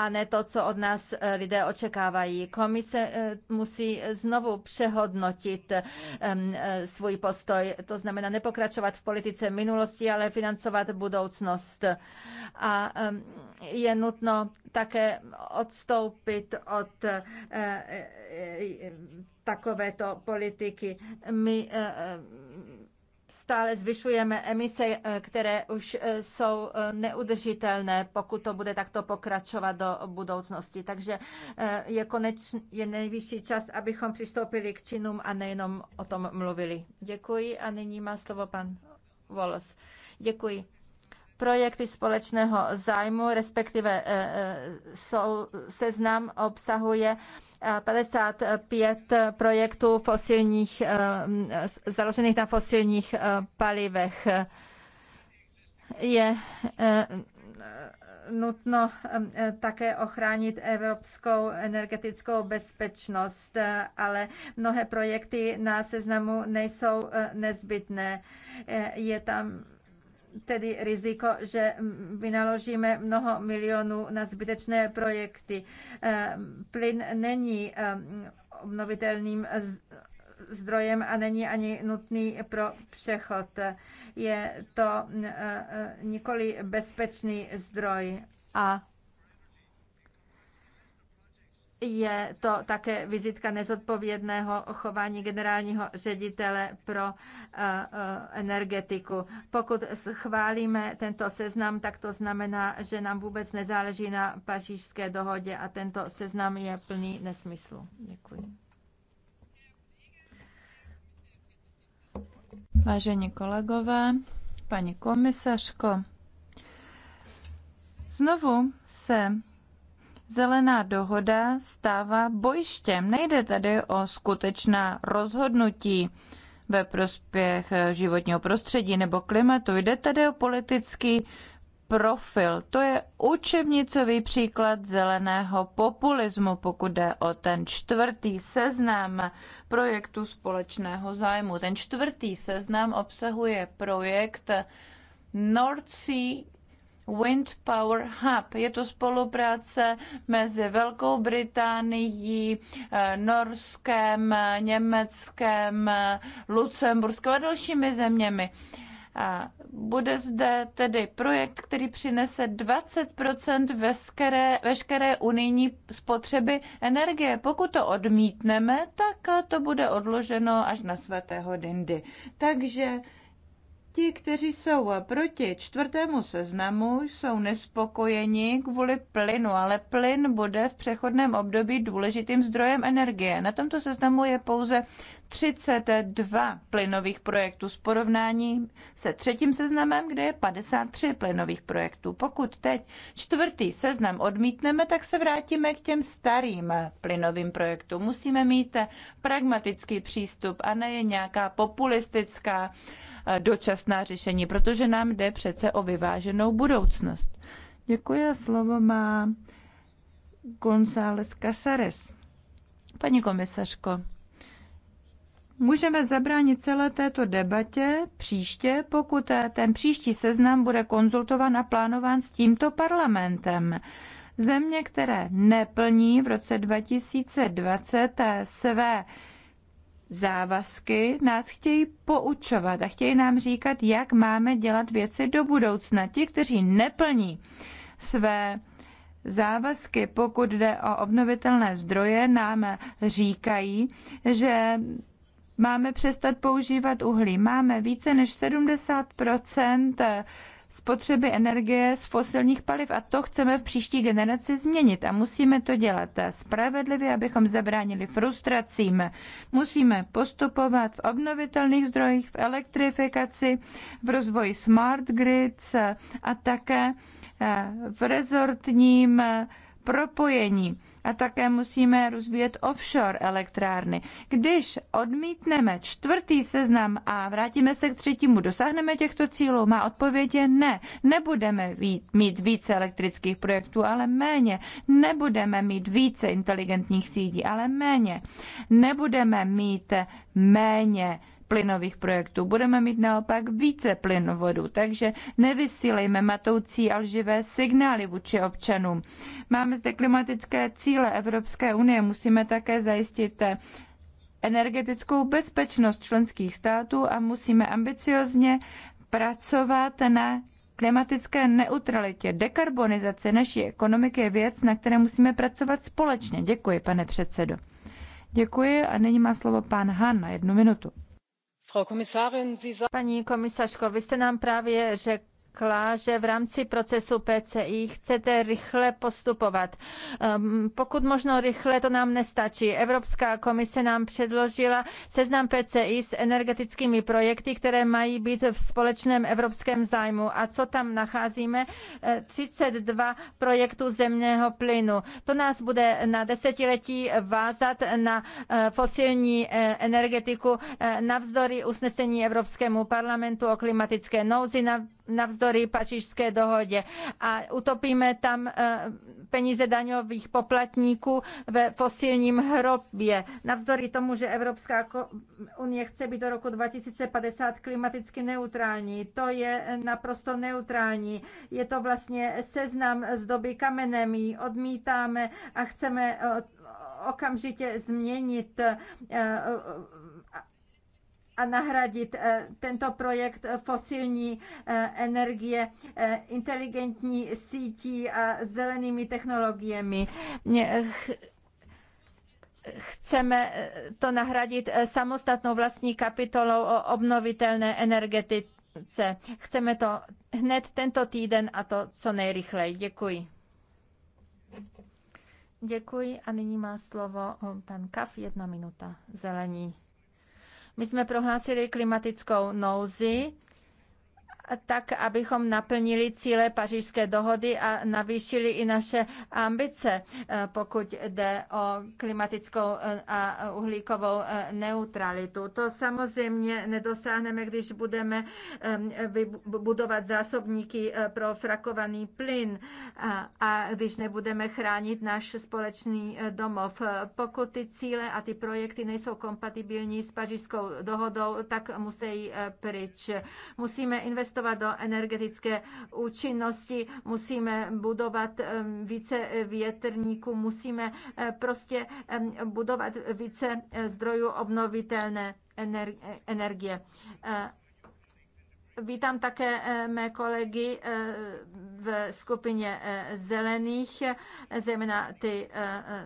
a ne to, co od nás eh, lidé očekávají. Komise eh, musí znovu přehodnotit eh, svůj postoj, to znamená nepokračovat v politice minulosti, ale financovat budoucnost. A je nutno také odstoupit od takovéto politiky. My stále zvyšujeme emise, eh, které už eh, jsou eh, neudržitelné, pokud to bude takto pokračovat do budoucnosti. Takže je, koneč, je nejvyšší čas, abychom přistoupili k činům a nejenom o tom mluvili. Děkuji a nyní má slovo pan Volos. Děkuji projekty společného zájmu, respektive seznam obsahuje 55 projektů fosilních, eh, založených na fosilních eh, palivech. Je eh, nutno také ochránit evropskou energetickou bezpečnost, ale mnohé projekty na seznamu nejsou nezbytné. Je tam tedy riziko, že vynaložíme mnoho milionů na zbytečné projekty. Ehm, plyn není ehm, obnovitelným zdrojem a není ani nutný pro přechod. Je to e, e, nikoli bezpečný zdroj a je to také vizitka nezodpovědného chování generálního ředitele pro eh, eh, energetiku. Pokud schválíme tento seznam, tak to znamená, že nám vůbec nezáleží na pařížské dohodě a tento seznam je plný nesmyslu. Děkuji. Vážení kolegové, paní komisařko, znovu se zelená dohoda stává bojištěm. Nejde tady o skutečná rozhodnutí ve prospěch eh, životního prostředí nebo klimatu. Jde tady o politický profil. To je učebnicový příklad zeleného populismu, pokud jde o ten čtvrtý seznam projektu společného zájmu. Ten čtvrtý seznam obsahuje projekt North Sea Wind Power Hub. Je to spolupráce mezi Velkou Británií, eh, Norskem, Německem, Lucemburskem a dalšími zeměmi. A bude zde tedy projekt, který přinese 20 veškeré, veškeré unijní spotřeby energie. Pokud to odmítneme, tak to bude odloženo až na svatého dindy. Takže Ti, kteří jsou proti čtvrtému seznamu, jsou nespokojeni kvůli plynu, ale plyn bude v přechodném období důležitým zdrojem energie. Na tomto seznamu je pouze 32 plynových projektů s porovnání se třetím seznamem, kde je 53 plynových projektů. Pokud teď čtvrtý seznam odmítneme, tak se vrátíme k těm starým plynovým projektům. Musíme mít pragmatický přístup a ne je nějaká populistická Eh, dočasná řešení, protože nám jde přece o vyváženou budoucnost. Děkuji a slovo má González Casares. Paní komisařko, můžeme zabránit celé této debatě příště, pokud eh, ten příští seznam bude konzultován a plánován s tímto parlamentem. Země, které neplní v roce 2020 eh, své závazky nás chtějí poučovat a chtějí nám říkat, jak máme dělat věci do budoucna. Ti, kteří neplní své závazky, pokud jde o obnovitelné zdroje, nám říkají, že máme přestat používat uhlí. Máme více než 70 spotřeby energie z fosilních paliv a to chceme v příští generaci změnit a musíme to dělat spravedlivě, abychom zabránili frustracím. Musíme postupovat v obnovitelných zdrojích, v elektrifikaci, v rozvoji smart grids a také eh, v rezortním eh, propojení a také musíme rozvíjet offshore elektrárny. Když odmítneme čtvrtý seznam a vrátíme se k třetímu, dosáhneme těchto cílů? Má odpověď je ne. Nebudeme mít více elektrických projektů, ale méně. Nebudeme mít více inteligentních sítí, ale méně. Nebudeme mít méně plynových projektů. Budeme mít naopak více plynovodů, takže nevysílejme matoucí a lživé signály vůči občanům. Máme zde klimatické cíle Evropské unie, musíme také zajistit energetickou bezpečnost členských států a musíme ambiciozně pracovat na klimatické neutralitě, dekarbonizace naší ekonomiky je věc, na které musíme pracovat společně. Děkuji, pane předsedo. Děkuji a nyní má slovo pán Han na jednu minutu. Paní komisařko, vy jste nám právě řekla, že řekla, že v rámci procesu PCI chcete rychle postupovat. Um, pokud možno rychle, to nám nestačí. Evropská komise nám předložila seznam PCI s energetickými projekty, které mají být v společném evropském zájmu. A co tam nacházíme? 32 projektů zemného plynu. To nás bude na desetiletí vázat na eh, fosilní eh, energetiku eh, navzdory usnesení Evropskému parlamentu o klimatické nouzi, navzdory pařížské dohodě a utopíme tam eh, peníze daňových poplatníků ve fosilním hrobě. Navzdory tomu, že Evropská unie chce být do roku 2050 klimaticky neutrální, to je naprosto neutrální. Je to vlastně seznam z doby kamenem, ji odmítáme a chceme eh, okamžitě změnit eh, a nahradit eh, tento projekt eh, fosilní eh, energie inteligentní sítí a zelenými technologiemi chceme to nahradit samostatnou vlastní kapitolou o obnovitelné energetice. Chceme to hned tento týden a to co nejrychleji. Děkuji. Děkuji a nyní má slovo pan Kaf, jedna minuta, zelení. My jsme prohlásili klimatickou nouzi tak abychom naplnili cíle pařížské dohody a navýšili i naše ambice, eh, pokud jde o klimatickou eh, a uhlíkovou eh, neutralitu. To samozřejmě nedosáhneme, když budeme ehm, budovat zásobníky pro frakovaný plyn a když nebudeme chránit náš společný domov. Pokud ty cíle a ty projekty nejsou kompatibilní s pařížskou dohodou, tak musí pryč. Musíme investovat investovat do energetické účinnosti, musíme budovat více eh, větrníků, musíme eh, prostě budovat více eh, zdrojů obnovitelné energie. Vítám také mé kolegy v skupině zelených, zejména ty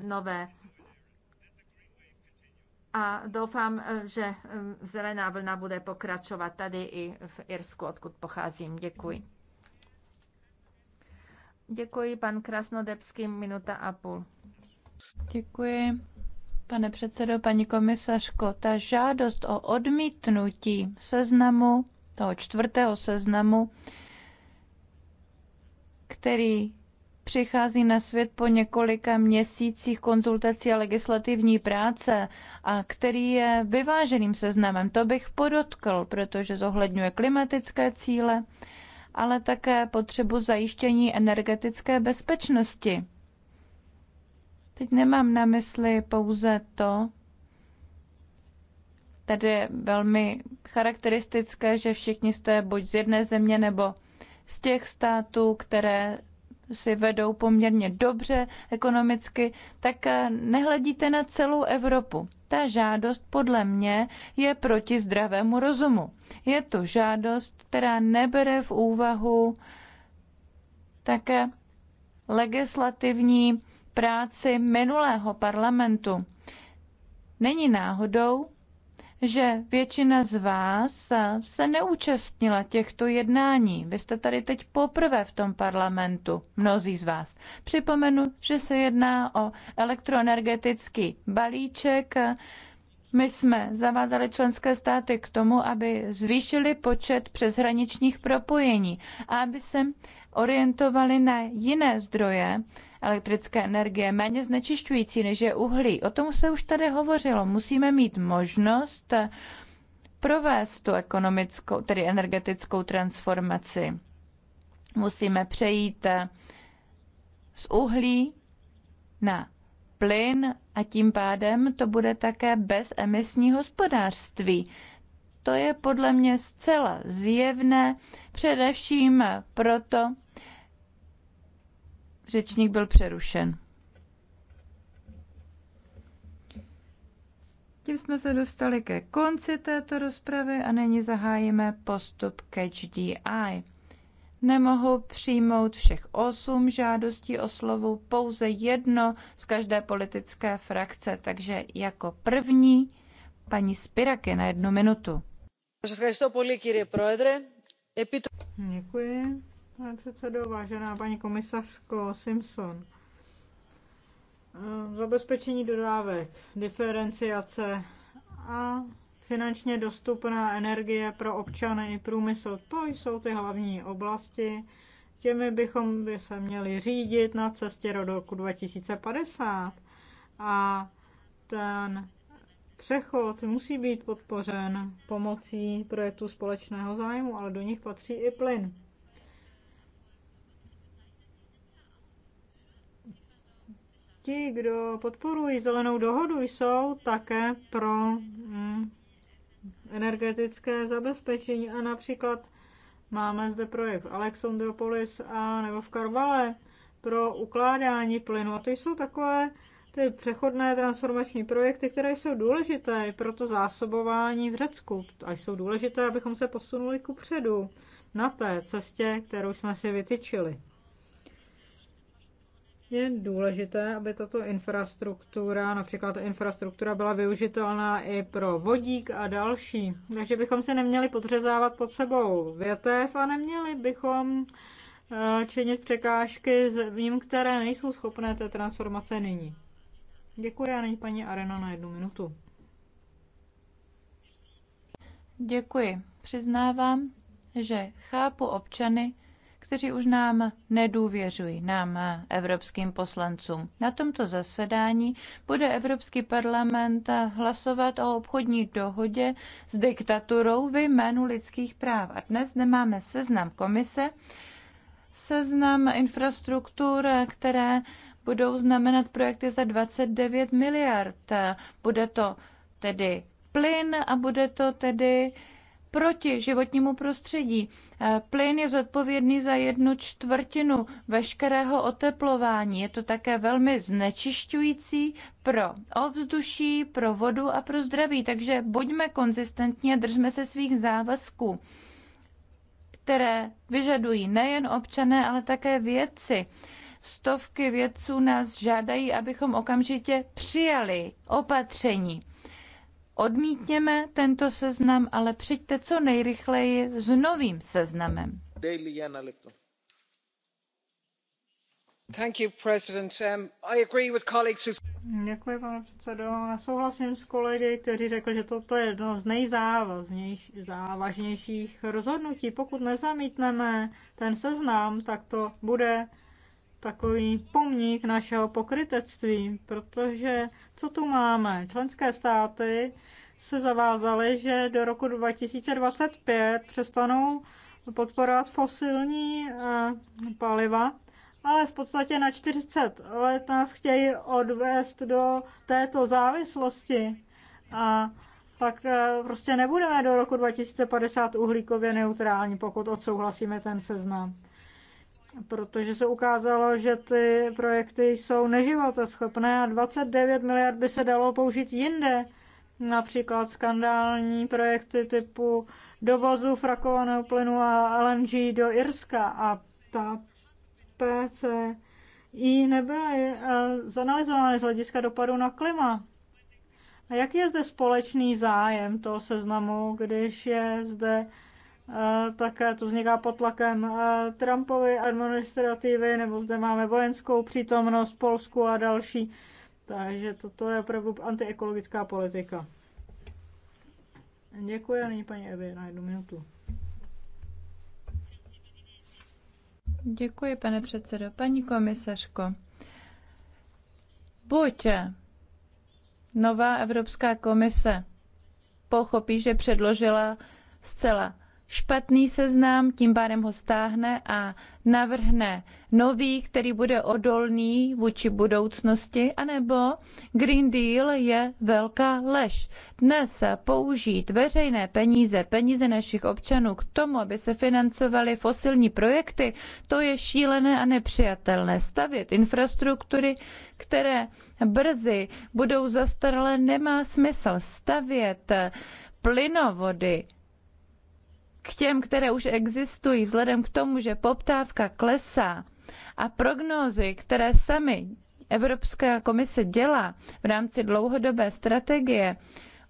nové a doufám, eh, že eh, zelená vlna bude pokračovat tady i v Irsku, odkud pocházím. Děkuji. Děkuji, pan Krasnodebský, minuta a půl. Děkuji, pane předsedo, paní komisařko. Ta žádost o odmítnutí seznamu, toho čtvrtého seznamu, který přichází na svět po několika měsících konzultací a legislativní práce a který je vyváženým seznamem. To bych podotkl, protože zohledňuje klimatické cíle, ale také potřebu zajištění energetické bezpečnosti. Teď nemám na mysli pouze to, tady je velmi charakteristické, že všichni jste buď z jedné země nebo z těch států, které si vedou poměrně dobře ekonomicky, tak eh, nehledíte na celou Evropu. Ta žádost podle mě je proti zdravému rozumu. Je to žádost, která nebere v úvahu také legislativní práci minulého parlamentu. Není náhodou, že většina z vás se neúčastnila těchto jednání. Vy jste tady teď poprvé v tom parlamentu, mnozí z vás. Připomenu, že se jedná o elektroenergetický balíček. My jsme zavázali členské státy k tomu, aby zvýšili počet přeshraničních propojení a aby se orientovali na jiné zdroje, elektrické energie méně znečišťující než je uhlí. O tom se už tady hovořilo. Musíme mít možnost provést tu ekonomickou, tedy energetickou transformaci. Musíme přejít z uhlí na plyn a tím pádem to bude také bezemisní hospodářství. To je podle mě zcela zjevné, především proto, Řečník byl přerušen. Tím jsme se dostali ke konci této rozpravy a nyní zahájíme postup Catch DI. Nemohu přijmout všech osm žádostí o slovu, pouze jedno z každé politické frakce, takže jako první paní Spiraky na jednu minutu. Děkuji. Pane předsedo, vážená paní komisařko Simpson, eh, zabezpečení dodávek, diferenciace a finančně dostupná energie pro občany i průmysl, to jsou ty hlavní oblasti, těmi bychom by se měli řídit na cestě do roku 2050. A ten přechod musí být podpořen pomocí projektu společného zájmu, ale do nich patří i plyn. Ti, kdo podporují zelenou dohodu, jsou také pro mm, energetické zabezpečení a například máme zde projekt Alexandropolis a nebo v Karvale pro ukládání plynu. A to jsou takové ty přechodné transformační projekty, které jsou důležité pro to zásobování v Řecku a jsou důležité, abychom se posunuli ku předu na té cestě, kterou jsme si vytyčili strašně důležité, aby tato infrastruktura, například ta infrastruktura, byla využitelná i pro vodík a další. Takže bychom se neměli podřezávat pod sebou větev a neměli bychom eh, činit překážky zemím, které nejsou schopné té transformace nyní. Děkuji a není paní Arena na jednu minutu. Děkuji. Přiznávám, že chápu občany, kteří už nám nedůvěřují, nám evropským poslancům. Na tomto zasedání bude Evropský parlament hlasovat o obchodní dohodě s diktaturou v jménu lidských práv. A dnes zde máme seznam komise, seznam infrastruktur, které budou znamenat projekty za 29 miliard. Bude to tedy plyn a bude to tedy proti životnímu prostředí. Eh, plyn je zodpovědný za jednu čtvrtinu veškerého oteplování. Je to také velmi znečišťující pro ovzduší, pro vodu a pro zdraví. Takže buďme konzistentní a držme se svých závazků, které vyžadují nejen občané, ale také vědci. Stovky vědců nás žádají, abychom okamžitě přijali opatření odmítněme tento seznam, ale přijďte co nejrychleji s novým seznamem. You, um, I agree with colleagues who... Děkuji, pane předsedo. Já souhlasím s kolegy, kteří řekl, že toto je jedno z nejzávažnějších rozhodnutí. Pokud nezamítneme ten seznam, tak to bude takový pomník našeho pokrytectví, protože co tu máme? Členské státy se zavázaly, že do roku 2025 přestanou podporovat fosilní eh, paliva, ale v podstatě na 40 let nás chtějí odvést do této závislosti a pak eh, prostě nebudeme do roku 2050 uhlíkově neutrální, pokud odsouhlasíme ten seznam protože se ukázalo, že ty projekty jsou neživotoschopné a 29 miliard by se dalo použít jinde. Například skandální projekty typu dovozu frakovaného plynu a LNG do Irska a ta I nebyla eh, zanalizována z hlediska dopadu na klima. A jaký je zde společný zájem toho seznamu, když je zde také to vzniká pod tlakem Trumpovy administrativy, nebo zde máme vojenskou přítomnost Polsku a další. Takže toto je opravdu antiekologická politika. Děkuji a nyní paní Evi na jednu minutu. Děkuji, pane předsedo. Paní komisařko, buď nová Evropská komise pochopí, že předložila zcela špatný seznam, tím pádem ho stáhne a navrhne nový, který bude odolný vůči budoucnosti, anebo Green Deal je velká lež. Dnes použít veřejné peníze, peníze našich občanů k tomu, aby se financovaly fosilní projekty, to je šílené a nepřijatelné. Stavět infrastruktury, které brzy budou zastaralé, nemá smysl. Stavět plynovody, k těm, které už existují, vzhledem k tomu, že poptávka klesá a prognózy, které sami Evropská komise dělá v rámci dlouhodobé strategie,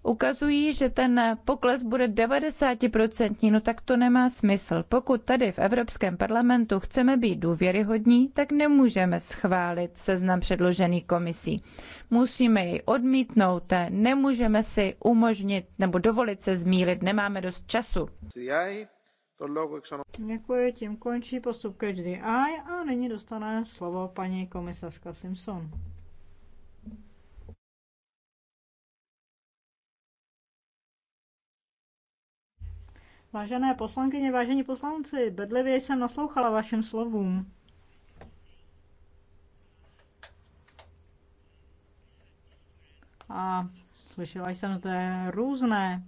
ukazují, že ten pokles bude 90%, no tak to nemá smysl. Pokud tady v Evropském parlamentu chceme být důvěryhodní, tak nemůžeme schválit seznam předložený komisí. Musíme jej odmítnout, nemůžeme si umožnit nebo dovolit se zmílit, nemáme dost času. Děkuji, tím končí postup každý a nyní dostane slovo paní komisařka Simpson. Vážené poslankyně, vážení poslanci, bedlivě jsem naslouchala vašim slovům. A slyšela jsem zde různé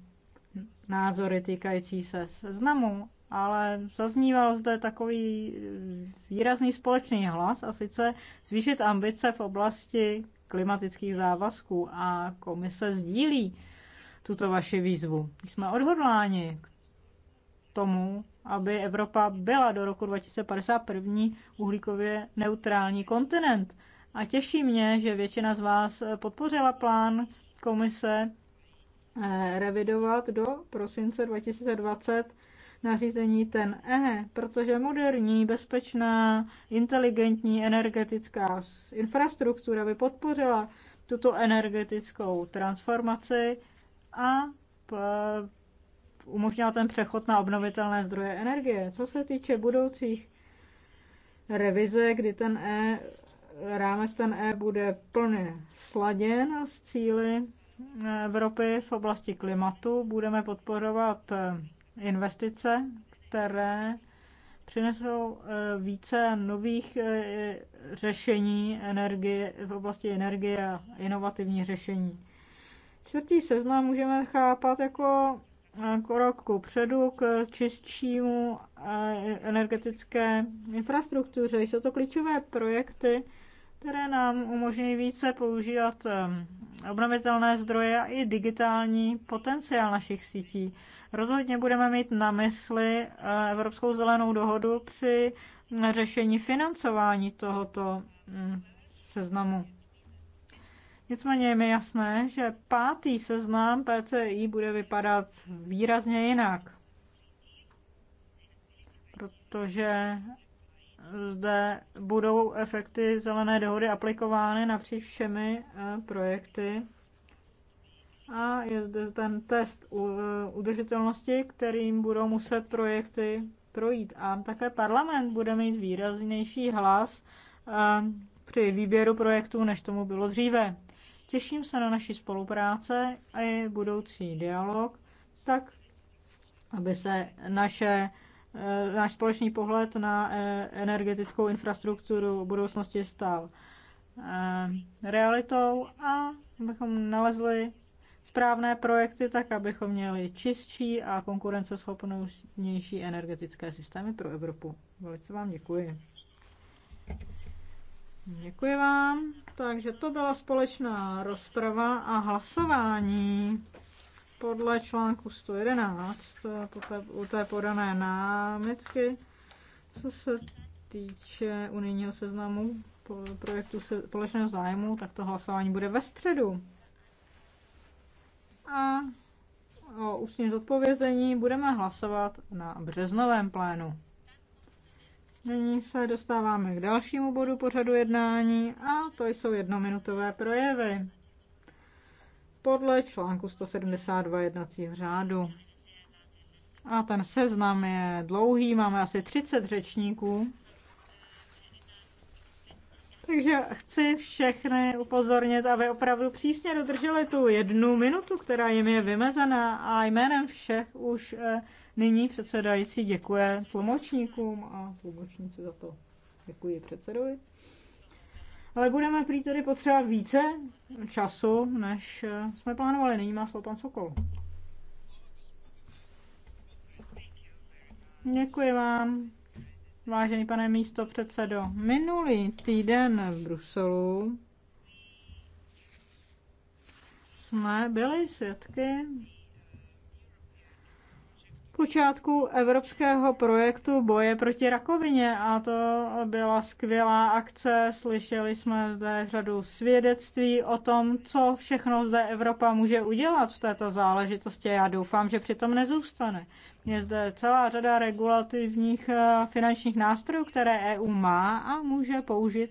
názory týkající se seznamu, ale zazníval zde takový výrazný společný hlas a sice zvýšit ambice v oblasti klimatických závazků a komise sdílí tuto vaši výzvu. Jsme odhodláni k tomu, aby Evropa byla do roku 2051 uhlíkově neutrální kontinent. A těší mě, že většina z vás podpořila plán komise eh, revidovat do prosince 2020 nařízení ten E, protože moderní, bezpečná, inteligentní energetická infrastruktura by podpořila tuto energetickou transformaci a umožnila ten přechod na obnovitelné zdroje energie. Co se týče budoucích revize, kdy ten E, rámec ten E bude plně sladěn s cíly e, Evropy v oblasti klimatu, budeme podporovat e, investice, které přinesou e, více nových řešení energie, v oblasti energie a inovativní řešení. Čtvrtý seznam můžeme chápat jako krok ku předu k čistšímu eh, energetické infrastruktuře. Jsou to klíčové projekty, které nám umožní více používat eh, obnovitelné zdroje a i digitální potenciál našich sítí. Rozhodně budeme mít na mysli eh, Evropskou zelenou dohodu při řešení financování tohoto mm, seznamu. Nicméně je mi jasné, že pátý seznam PCI bude vypadat výrazně jinak, protože zde budou efekty zelené dohody aplikovány napříč všemi eh, projekty. A je zde ten test eh, udržitelnosti, kterým budou muset projekty projít. A také parlament bude mít výraznější hlas eh, při výběru projektů, než tomu bylo dříve. Těším se na naši spolupráce a i budoucí dialog, tak aby se naše, eh, náš společný pohled na eh, energetickou infrastrukturu v budoucnosti stal eh, realitou a abychom nalezli správné projekty, tak abychom měli čistší a konkurenceschopnější energetické systémy pro Evropu. Velice vám děkuji. Děkuji vám. Takže to byla společná rozprava a hlasování podle článku 111 poté, u té podané námitky, co se týče unijního seznamu projektu společného zájmu, tak to hlasování bude ve středu. A o ústním zodpovězení budeme hlasovat na březnovém plénu. Nyní se dostáváme k dalšímu bodu pořadu jednání a to jsou jednominutové projevy. Podle článku 172 jednacího řádu. A ten seznam je dlouhý, máme asi 30 řečníků. Takže chci všechny upozornit, aby opravdu přísně dodrželi tu jednu minutu, která jim je vymezená a jménem všech už eh, Nyní předsedající děkuje tlumočníkům a tlumočníci za to děkuji předsedovi. Ale budeme prý tedy potřebovat více času, než eh, jsme plánovali. Nyní má slovo pan Sokol. Děkuji vám, vážený pane místo předsedo. Minulý týden v Bruselu jsme byli svědky počátku evropského projektu boje proti rakovině a to byla skvělá akce. Slyšeli jsme zde řadu svědectví o tom, co všechno zde Evropa může udělat v této záležitosti. Já doufám, že přitom nezůstane. Je zde celá řada regulativních eh, finančních nástrojů, které EU má a může použít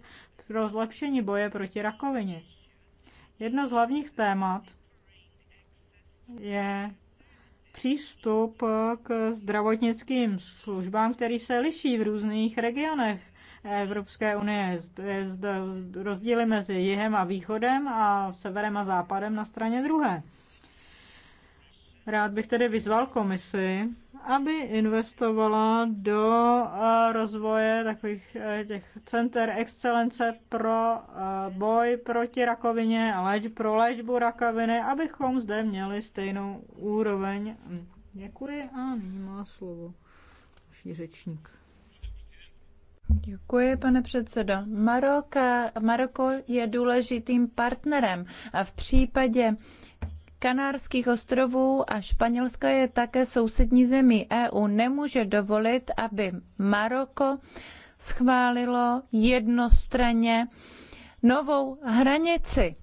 pro zlepšení boje proti rakovině. Jedno z hlavních témat je přístup k zdravotnickým službám, který se liší v různých regionech Evropské unie. Je zde rozdíly mezi jihem a východem a severem a západem na straně druhé. Rád bych tedy vyzval komisi, aby investovala do eh, rozvoje takových eh, těch center excelence pro eh, boj proti rakovině a léč, pro léčbu rakoviny, abychom zde měli stejnou úroveň. Hm, děkuji a nyní má slovo naší řečník. Děkuji, pane předsedo. Marok, Maroko je důležitým partnerem a v případě Kanárských ostrovů a Španělska je také sousední zemí. EU nemůže dovolit, aby Maroko schválilo jednostranně novou hranici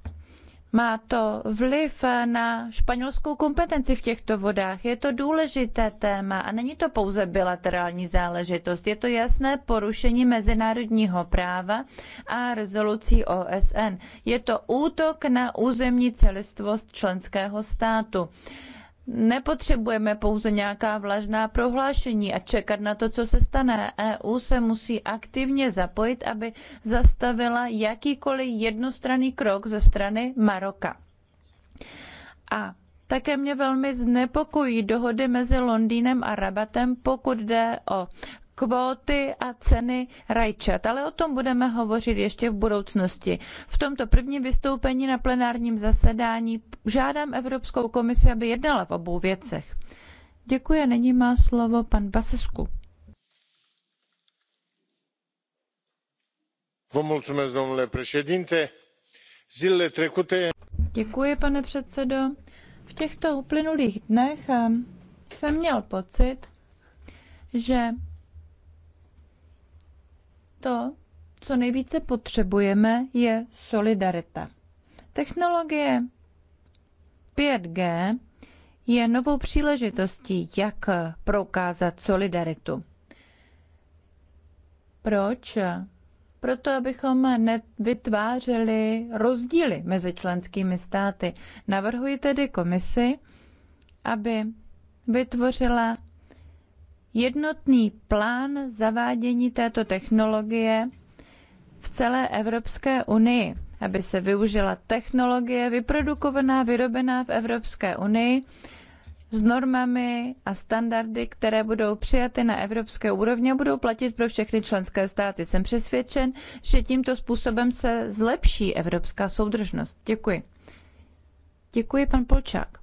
má to vliv na španělskou kompetenci v těchto vodách. Je to důležité téma a není to pouze bilaterální záležitost. Je to jasné porušení mezinárodního práva a rezolucí OSN. Je to útok na územní celistvost členského státu. Nepotřebujeme pouze nějaká vlažná prohlášení a čekat na to, co se stane. EU se musí aktivně zapojit, aby zastavila jakýkoliv jednostranný krok ze strany Maroka. A také mě velmi znepokojí dohody mezi Londýnem a Rabatem, pokud jde o kvóty a ceny rajčat, ale o tom budeme hovořit ještě v budoucnosti. V tomto prvním vystoupení na plenárním zasedání žádám Evropskou komisi, aby jednala v obou věcech. Děkuji a nyní má slovo pan Basescu. Děkuji, pane předsedo. V těchto uplynulých dnech eh, jsem měl pocit, že to, co nejvíce potřebujeme, je solidarita. Technologie 5G je novou příležitostí, jak prokázat solidaritu. Proč? Proto, abychom nevytvářeli rozdíly mezi členskými státy. Navrhuji tedy komisi, aby vytvořila jednotný plán zavádění této technologie v celé Evropské unii, aby se využila technologie vyprodukovaná, vyrobená v Evropské unii s normami a standardy, které budou přijaty na evropské úrovni a budou platit pro všechny členské státy. Jsem přesvědčen, že tímto způsobem se zlepší evropská soudržnost. Děkuji. Děkuji, pan Polčák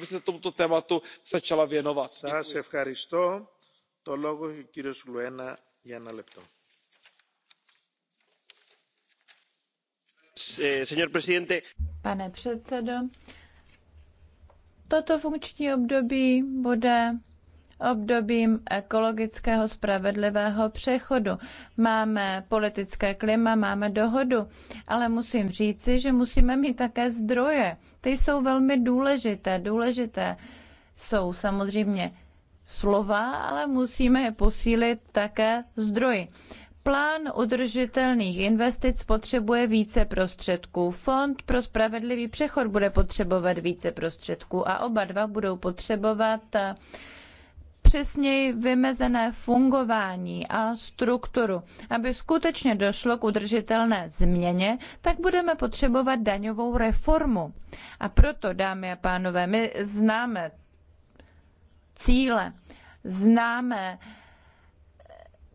aby se tomuto tématu začala věnovat. pane předsedající toto funkční období bude obdobím ekologického spravedlivého přechodu. Máme politické klima, máme dohodu, ale musím říci, že musíme mít také zdroje. Ty jsou velmi důležité. Důležité jsou samozřejmě slova, ale musíme je posílit také zdroji. Plán udržitelných investic potřebuje více prostředků. Fond pro spravedlivý přechod bude potřebovat více prostředků a oba dva budou potřebovat přesněji vymezené fungování a strukturu. Aby skutečně došlo k udržitelné změně, tak budeme potřebovat daňovou reformu. A proto, dámy a pánové, my známe cíle, známe eh,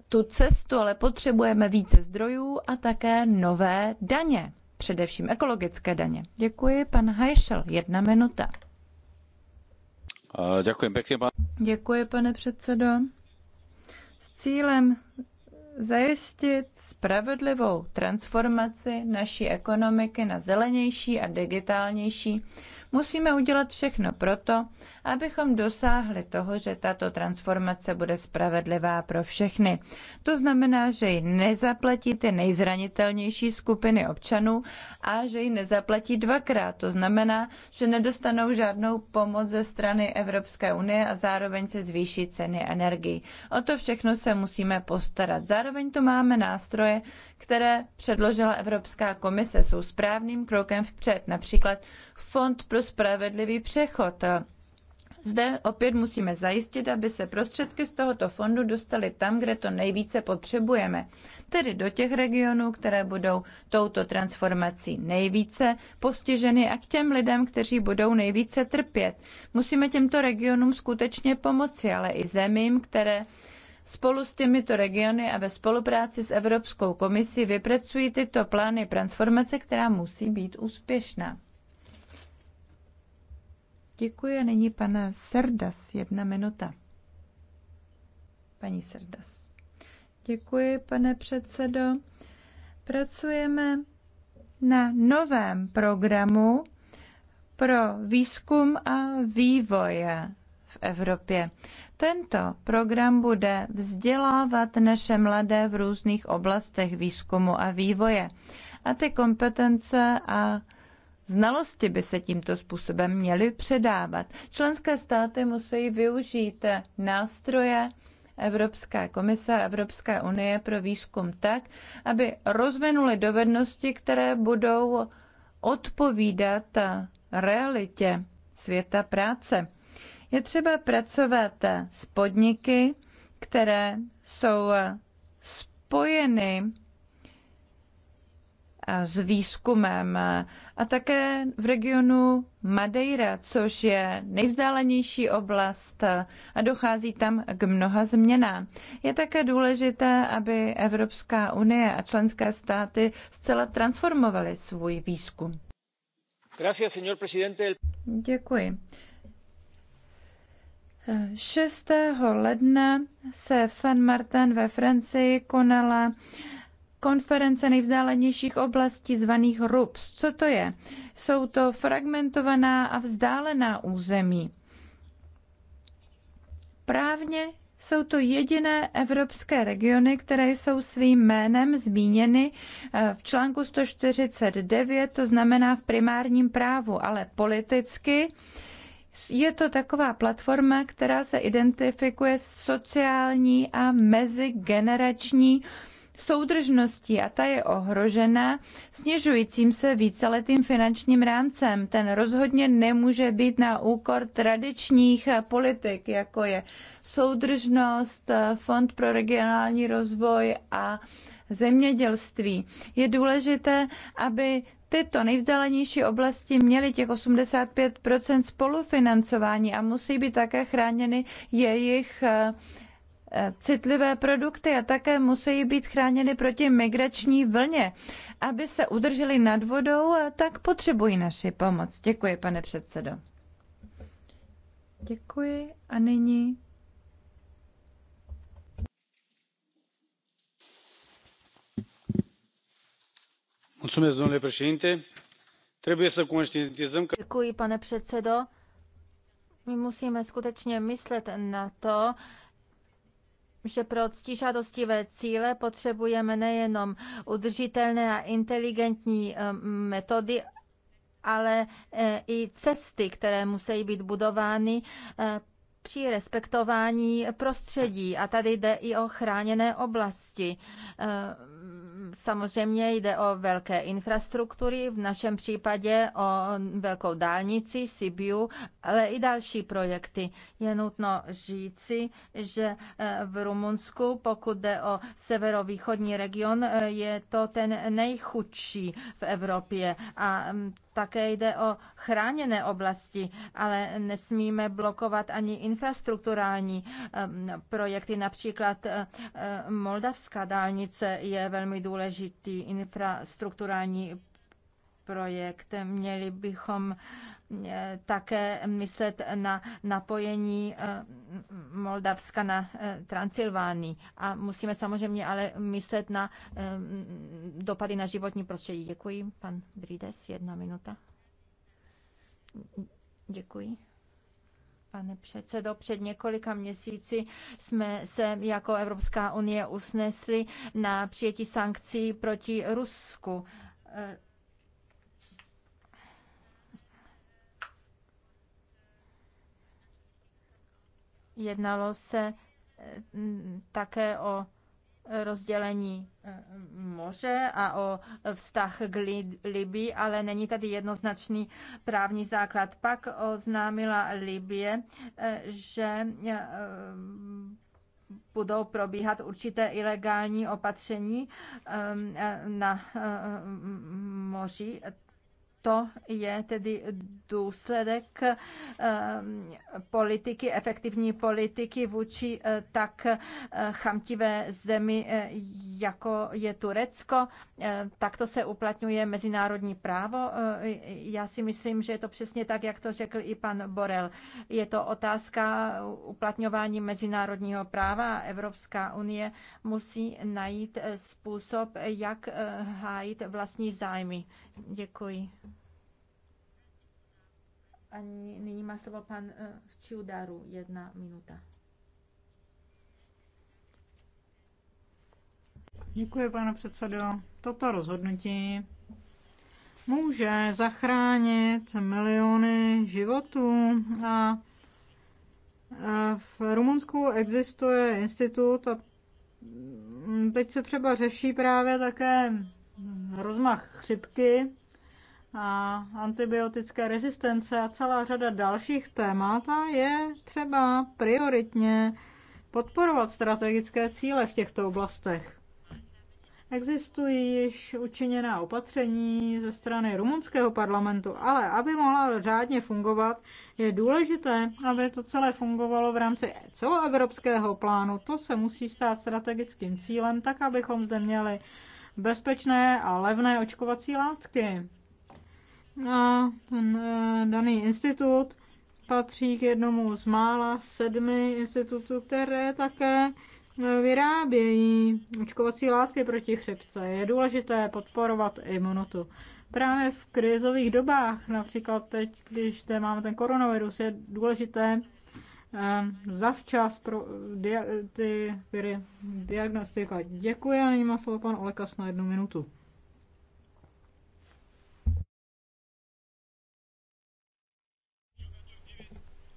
tu cestu, ale potřebujeme více zdrojů a také nové daně, především ekologické daně. Děkuji, pan Hajšel, jedna minuta. Děkuji pěkně, pan... Děkuji, pane předsedo. S cílem zajistit spravedlivou transformaci naší ekonomiky na zelenější a digitálnější Musíme udělat všechno proto, abychom dosáhli toho, že tato transformace bude spravedlivá pro všechny. To znamená, že ji nezaplatí ty nejzranitelnější skupiny občanů a že ji nezaplatí dvakrát. To znamená, že nedostanou žádnou pomoc ze strany Evropské unie a zároveň se zvýší ceny energii. O to všechno se musíme postarat. Zároveň tu máme nástroje, které předložila Evropská komise, jsou správným krokem vpřed, například Fond pro spravedlivý přechod. Zde opět musíme zajistit, aby se prostředky z tohoto fondu dostaly tam, kde to nejvíce potřebujeme, tedy do těch regionů, které budou touto transformací nejvíce postiženy a k těm lidem, kteří budou nejvíce trpět. Musíme těmto regionům skutečně pomoci, ale i zemím, které Spolu s těmito regiony a ve spolupráci s Evropskou komisí vypracují tyto plány transformace, která musí být úspěšná. Děkuji a nyní pana Serdas, jedna minuta. Paní Serdas. Děkuji, pane předsedo. Pracujeme na novém programu pro výzkum a vývoj v Evropě. Tento program bude vzdělávat naše mladé v různých oblastech výzkumu a vývoje. A ty kompetence a Znalosti by se tímto způsobem měly předávat. Členské státy musí využít nástroje Evropské komise a Evropské unie pro výzkum tak, aby rozvinuli dovednosti, které budou odpovídat realitě světa práce. Je třeba pracovat s podniky, které jsou spojeny s výzkumem a také v regionu Madeira, což je nejvzdálenější oblast a dochází tam k mnoha změnám. Je také důležité, aby Evropská unie a členské státy zcela transformovaly svůj výzkum. Gracias, señor presidente. Děkuji. 6. ledna se v San Martin ve Francii konala konference nejvzdálenějších oblastí zvaných RUPS. Co to je? Jsou to fragmentovaná a vzdálená území. Právně jsou to jediné evropské regiony, které jsou svým jménem zmíněny eh, v článku 149, to znamená v primárním právu, ale politicky je to taková platforma, která se identifikuje s sociální a mezigenerační soudržností a ta je ohrožena snižujícím se víceletým finančním rámcem. Ten rozhodně nemůže být na úkor tradičních politik, jako je soudržnost, Fond pro regionální rozvoj a zemědělství. Je důležité, aby tyto nejvzdálenější oblasti měly těch 85 spolufinancování a musí být také chráněny jejich eh, citlivé produkty a také musí být chráněny proti migrační vlně. Aby se udrželi nad vodou, eh, tak potřebují naši pomoc. Děkuji, pane předsedo. Děkuji a nyní pane předsedající, My musíme skutečně myslet na to, že pro ctižádostivé cíle potřebujeme nejenom udržitelné a inteligentní eh, metody, ale eh, i cesty, které musí být budovány eh, při respektování prostředí. A tady jde i o chráněné oblasti. Samozřejmě jde o velké infrastruktury, v našem případě o velkou dálnici Sibiu, ale i další projekty. Je nutno říci, že e, v Rumunsku, pokud jde o severovýchodní region, e, je to ten nejchudší v Evropě a také jde o chráněné oblasti, ale nesmíme blokovat ani infrastrukturální ehm, projekty. Například eh, eh, Moldavská dálnice je velmi důležitý infrastrukturální projekt. Měli bychom eh, také myslet na napojení eh, Moldavska na eh, Transylvánii. A musíme samozřejmě ale myslet na dopady na životní prostředí. Děkuji. Pan Brides, jedna minuta. Děkuji. Pane předsedo, před několika měsíci jsme se jako Evropská unie usnesli na přijetí sankcí proti Rusku. Jednalo se eh, také o rozdělení eh, moře a o vztah k Libii, ale není tady jednoznačný právní základ. Pak oznámila Libie, eh, že budou probíhat určité ilegální opatření na moři. To je tedy důsledek ehm, politiky, efektivní politiky vůči eh, tak eh, chamtivé zemi, eh, jako je Turecko. Takto se uplatňuje mezinárodní právo. Já si myslím, že je to přesně tak, jak to řekl i pan Borel. Je to otázka uplatňování mezinárodního práva. Evropská unie musí najít způsob, jak hájit vlastní zájmy. Děkuji. A nyní má slovo pan eh, Čudaru. Jedna minuta. Děkuji, pane předsedo. Toto rozhodnutí může zachránit miliony životů a v Rumunsku existuje institut a teď se třeba řeší právě také rozmach chřipky a antibiotické rezistence a celá řada dalších témat a je třeba prioritně podporovat strategické cíle v těchto oblastech. Existují již učiněná opatření ze strany rumunského parlamentu, ale aby mohla řádně fungovat, je důležité, aby to celé fungovalo v rámci celoevropského plánu. To se musí stát strategickým cílem, tak abychom zde měli bezpečné a levné očkovací látky. A ten e, daný institut patří k jednomu z mála sedmi institutů, které také e, vyrábějí očkovací látky proti chřipce. Je důležité podporovat imunitu. Právě v krizových dobách, například teď, když zde máme ten koronavirus, je důležité e, zavčas pro dia- ty viry diagnostikovat. Děkuji a nyní má slovo pan Olekas na jednu minutu.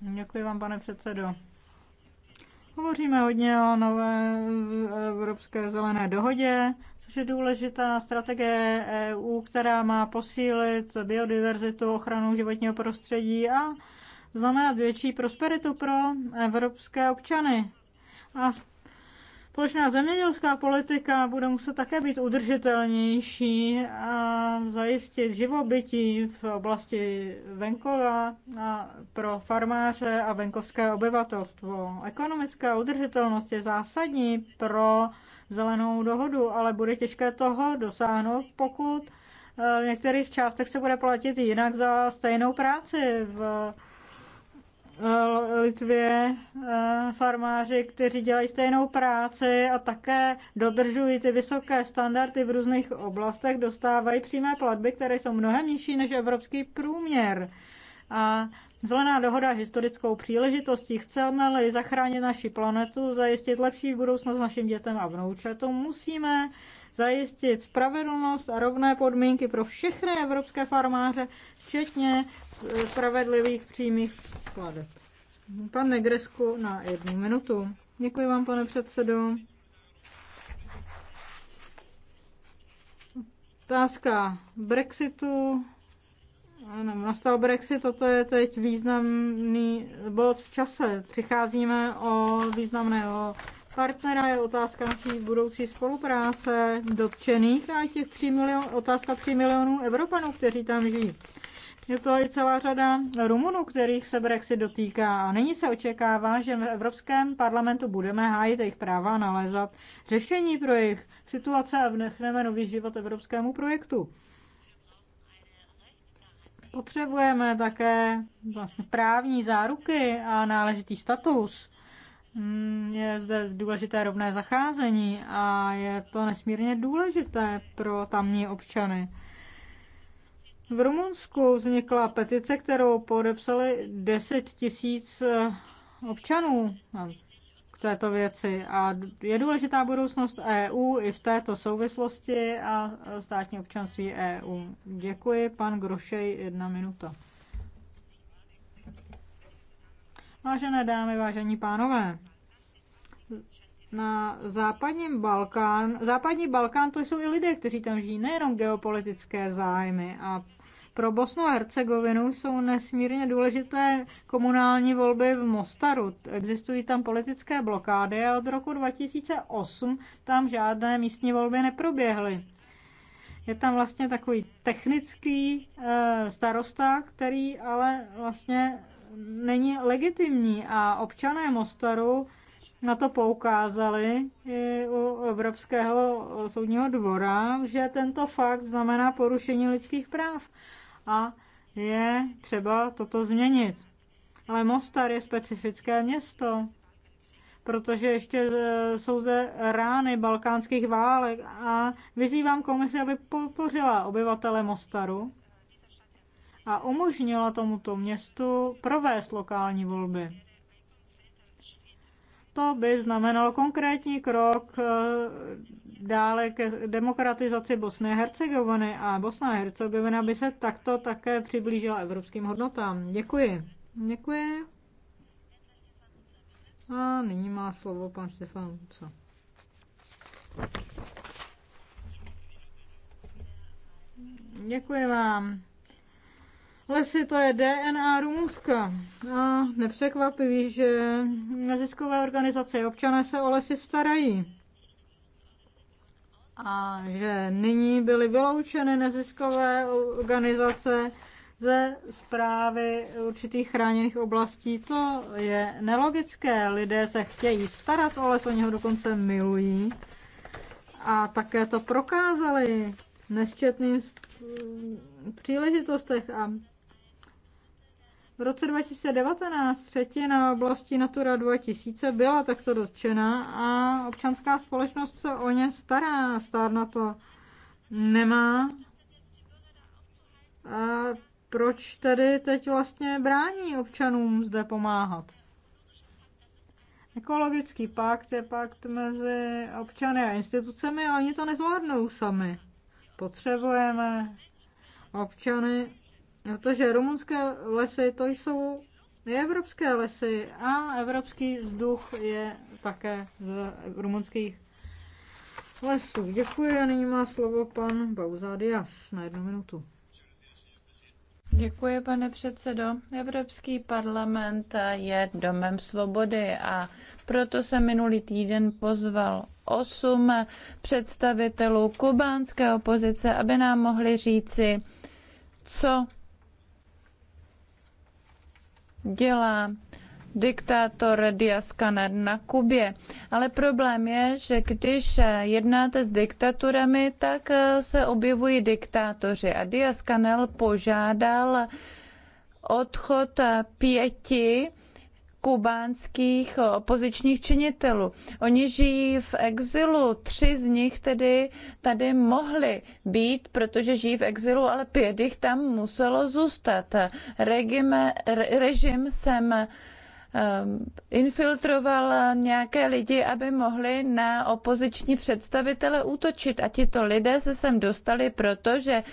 Děkuji vám, pane předsedo. Hovoříme hodně o nové Evropské zelené dohodě, což je důležitá strategie EU, která má posílit biodiverzitu, ochranu životního prostředí a znamenat větší prosperitu pro evropské občany. A Společná zemědělská politika bude muset také být udržitelnější a zajistit živobytí v oblasti venkova a pro farmáře a venkovské obyvatelstvo. Ekonomická udržitelnost je zásadní pro zelenou dohodu, ale bude těžké toho dosáhnout, pokud eh, v některých částech se bude platit jinak za stejnou práci v Eh, Litvě eh, farmáři, kteří dělají stejnou práci a také dodržují ty vysoké standardy v různých oblastech, dostávají přímé platby, které jsou mnohem nižší než evropský průměr. A Zelená dohoda historickou příležitostí. Chceme-li zachránit naši planetu, zajistit lepší budoucnost našim dětem a vnoučatům, musíme zajistit spravedlnost a rovné podmínky pro všechny evropské farmáře, včetně eh, spravedlivých přímých skladeb. Pan Negresku na jednu minutu. Děkuji vám, pane předsedo. Otázka Brexitu. Ano, nastal Brexit, toto je teď významný bod v čase. Přicházíme o významného partnera je otázka naší budoucí spolupráce dotčených a těch 3 milion, otázka 3 milionů Evropanů, kteří tam žijí. Je to i celá řada Rumunů, kterých se Brexit dotýká. A nyní se očekává, že v Evropském parlamentu budeme hájit jejich práva a nalézat řešení pro jejich situace a vnechneme nový život evropskému projektu. Potřebujeme také vlastně právní záruky a náležitý status Hmm, je zde důležité rovné zacházení a je to nesmírně důležité pro tamní občany. V Rumunsku vznikla petice, kterou podepsali 10 tisíc eh, občanů k této věci a je důležitá budoucnost EU i v této souvislosti a státní občanství EU. Děkuji, pan Grošej, jedna minuta. Vážené dámy, vážení pánové, na západním Balkán, západní Balkán to jsou i lidé, kteří tam žijí, nejenom geopolitické zájmy a pro Bosnu a Hercegovinu jsou nesmírně důležité komunální volby v Mostaru. Existují tam politické blokády a od roku 2008 tam žádné místní volby neproběhly. Je tam vlastně takový technický eh, starosta, který ale vlastně není legitimní a občané Mostaru na to poukázali i u Evropského soudního dvora, že tento fakt znamená porušení lidských práv a je třeba toto změnit. Ale Mostar je specifické město, protože ještě e, jsou zde rány balkánských válek a vyzývám komisi, aby podpořila obyvatele Mostaru, a umožnila tomuto městu provést lokální volby. To by znamenalo konkrétní krok eh, dále k demokratizaci Bosny a Hercegoviny a Bosna a Hercegovina by se takto také přiblížila evropským hodnotám. Děkuji. Děkuji. A nyní má slovo pan Stefan Co? Děkuji vám. Lesy to je DNA Rumunska. A nepřekvapivý, že neziskové organizace občané se o lesy starají. A že nyní byly vyloučeny neziskové organizace ze zprávy určitých chráněných oblastí, to je nelogické. Lidé se chtějí starat o les, oni ho dokonce milují. A také to prokázali nesčetným příležitostech a v roce 2019 třetina oblasti Natura 2000 byla takto dotčena a občanská společnost se o ně stará. Stát na to nemá. A proč tedy teď vlastně brání občanům zde pomáhat? Ekologický pakt je pakt mezi občany a institucemi, ale oni to nezvládnou sami. Potřebujeme občany Protože no rumunské lesy to jsou i evropské lesy a evropský vzduch je také z rumunských lesů. Děkuji a nyní má slovo pan Bauzadias na jednu minutu. Děkuji, pane předsedo. Evropský parlament je domem svobody a proto jsem minulý týden pozval osm představitelů kubánské opozice, aby nám mohli říci, co dělá diktátor Diaz Canel na Kubě. Ale problém je, že když jednáte s diktaturami, tak se objevují diktátoři. A Diaz Canel požádal odchod pěti kubánských opozičních činitelů. Oni žijí v exilu, tři z nich tedy tady mohli být, protože žijí v exilu, ale pět jich tam muselo zůstat. Regime, re, režim sem Ehm, infiltroval nějaké lidi, aby mohli na opoziční představitele útočit. A tito lidé se sem dostali, protože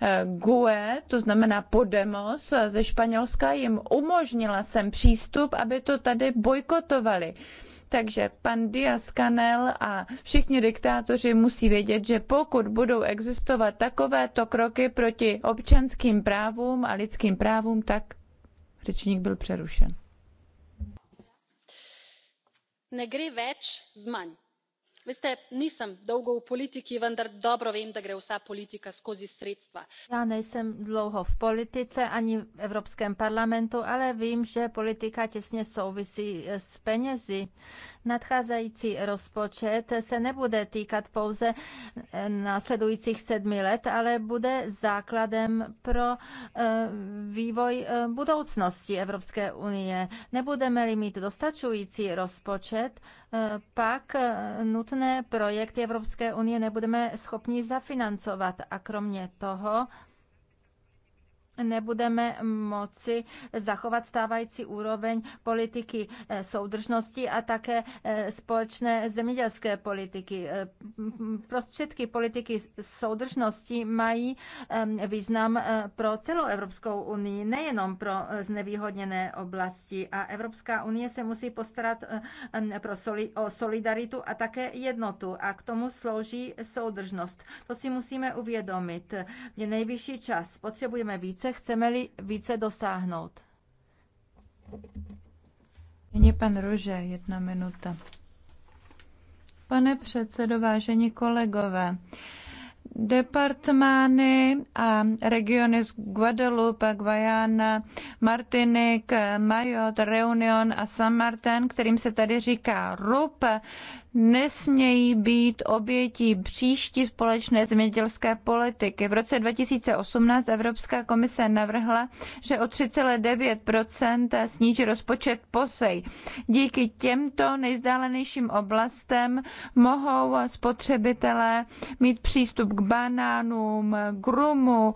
eh, GUE, to znamená Podemos ze Španělska, jim umožnila sem přístup, aby to tady bojkotovali. Takže pan Diaz Canel a všichni diktátoři musí vědět, že pokud budou existovat takovéto kroky proti občanským právům a lidským právům, tak řečník byl přerušen ne gre več z manj. veste nisem dolgo v politiki vendar dobro vem da gre vsa politika skozi sredstva. já nejsem dlouho v politice ani v evropském parlamentu ale vím že politika těsně souvisí eh, s penězi Nadcházející rozpočet se nebude týkat pouze eh, následujících sedmi let, ale bude základem pro eh, vývoj eh, budoucnosti Evropské unie. Nebudeme-li mít dostačující rozpočet, pak nutné projekty Evropské unie nebudeme schopni zafinancovat a kromě toho nebudeme moci zachovat stávající úroveň politiky eh, soudržnosti a také eh, společné zemědělské politiky. Eh, prostředky politiky soudržnosti mají význam pro celou Evropskou unii, nejenom pro znevýhodněné oblasti. A Evropská unie se musí postarat o solidaritu a také jednotu. A k tomu slouží soudržnost. To si musíme uvědomit. Je nejvyšší čas. Potřebujeme více více, chceme-li více dosáhnout. Nyní pan Ruže, jedna minuta. Pane předsedo, vážení kolegové, departmány a regiony z Guadalupe, Guayana, Martinique, Mayotte, Reunion a San Martin, kterým se tady říká RUP, nesmějí být obětí příští společné zemědělské politiky. V roce 2018 Evropská komise navrhla, že o 3,9 sníží rozpočet posej. Díky těmto nejvzdálenějším oblastem mohou spotřebitelé mít přístup k banánům, k rumu,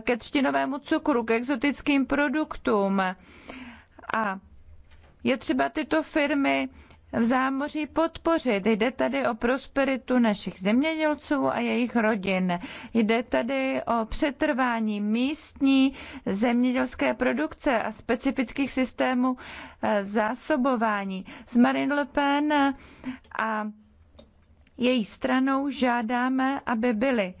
ke třtinovému cukru, k exotickým produktům. A je třeba tyto firmy v zámoří podpořit. Jde tady o prosperitu našich zemědělců a jejich rodin. Jde tady o přetrvání místní zemědělské produkce a specifických systémů eh, zásobování. S Marine Le Pen a její stranou žádáme, aby byly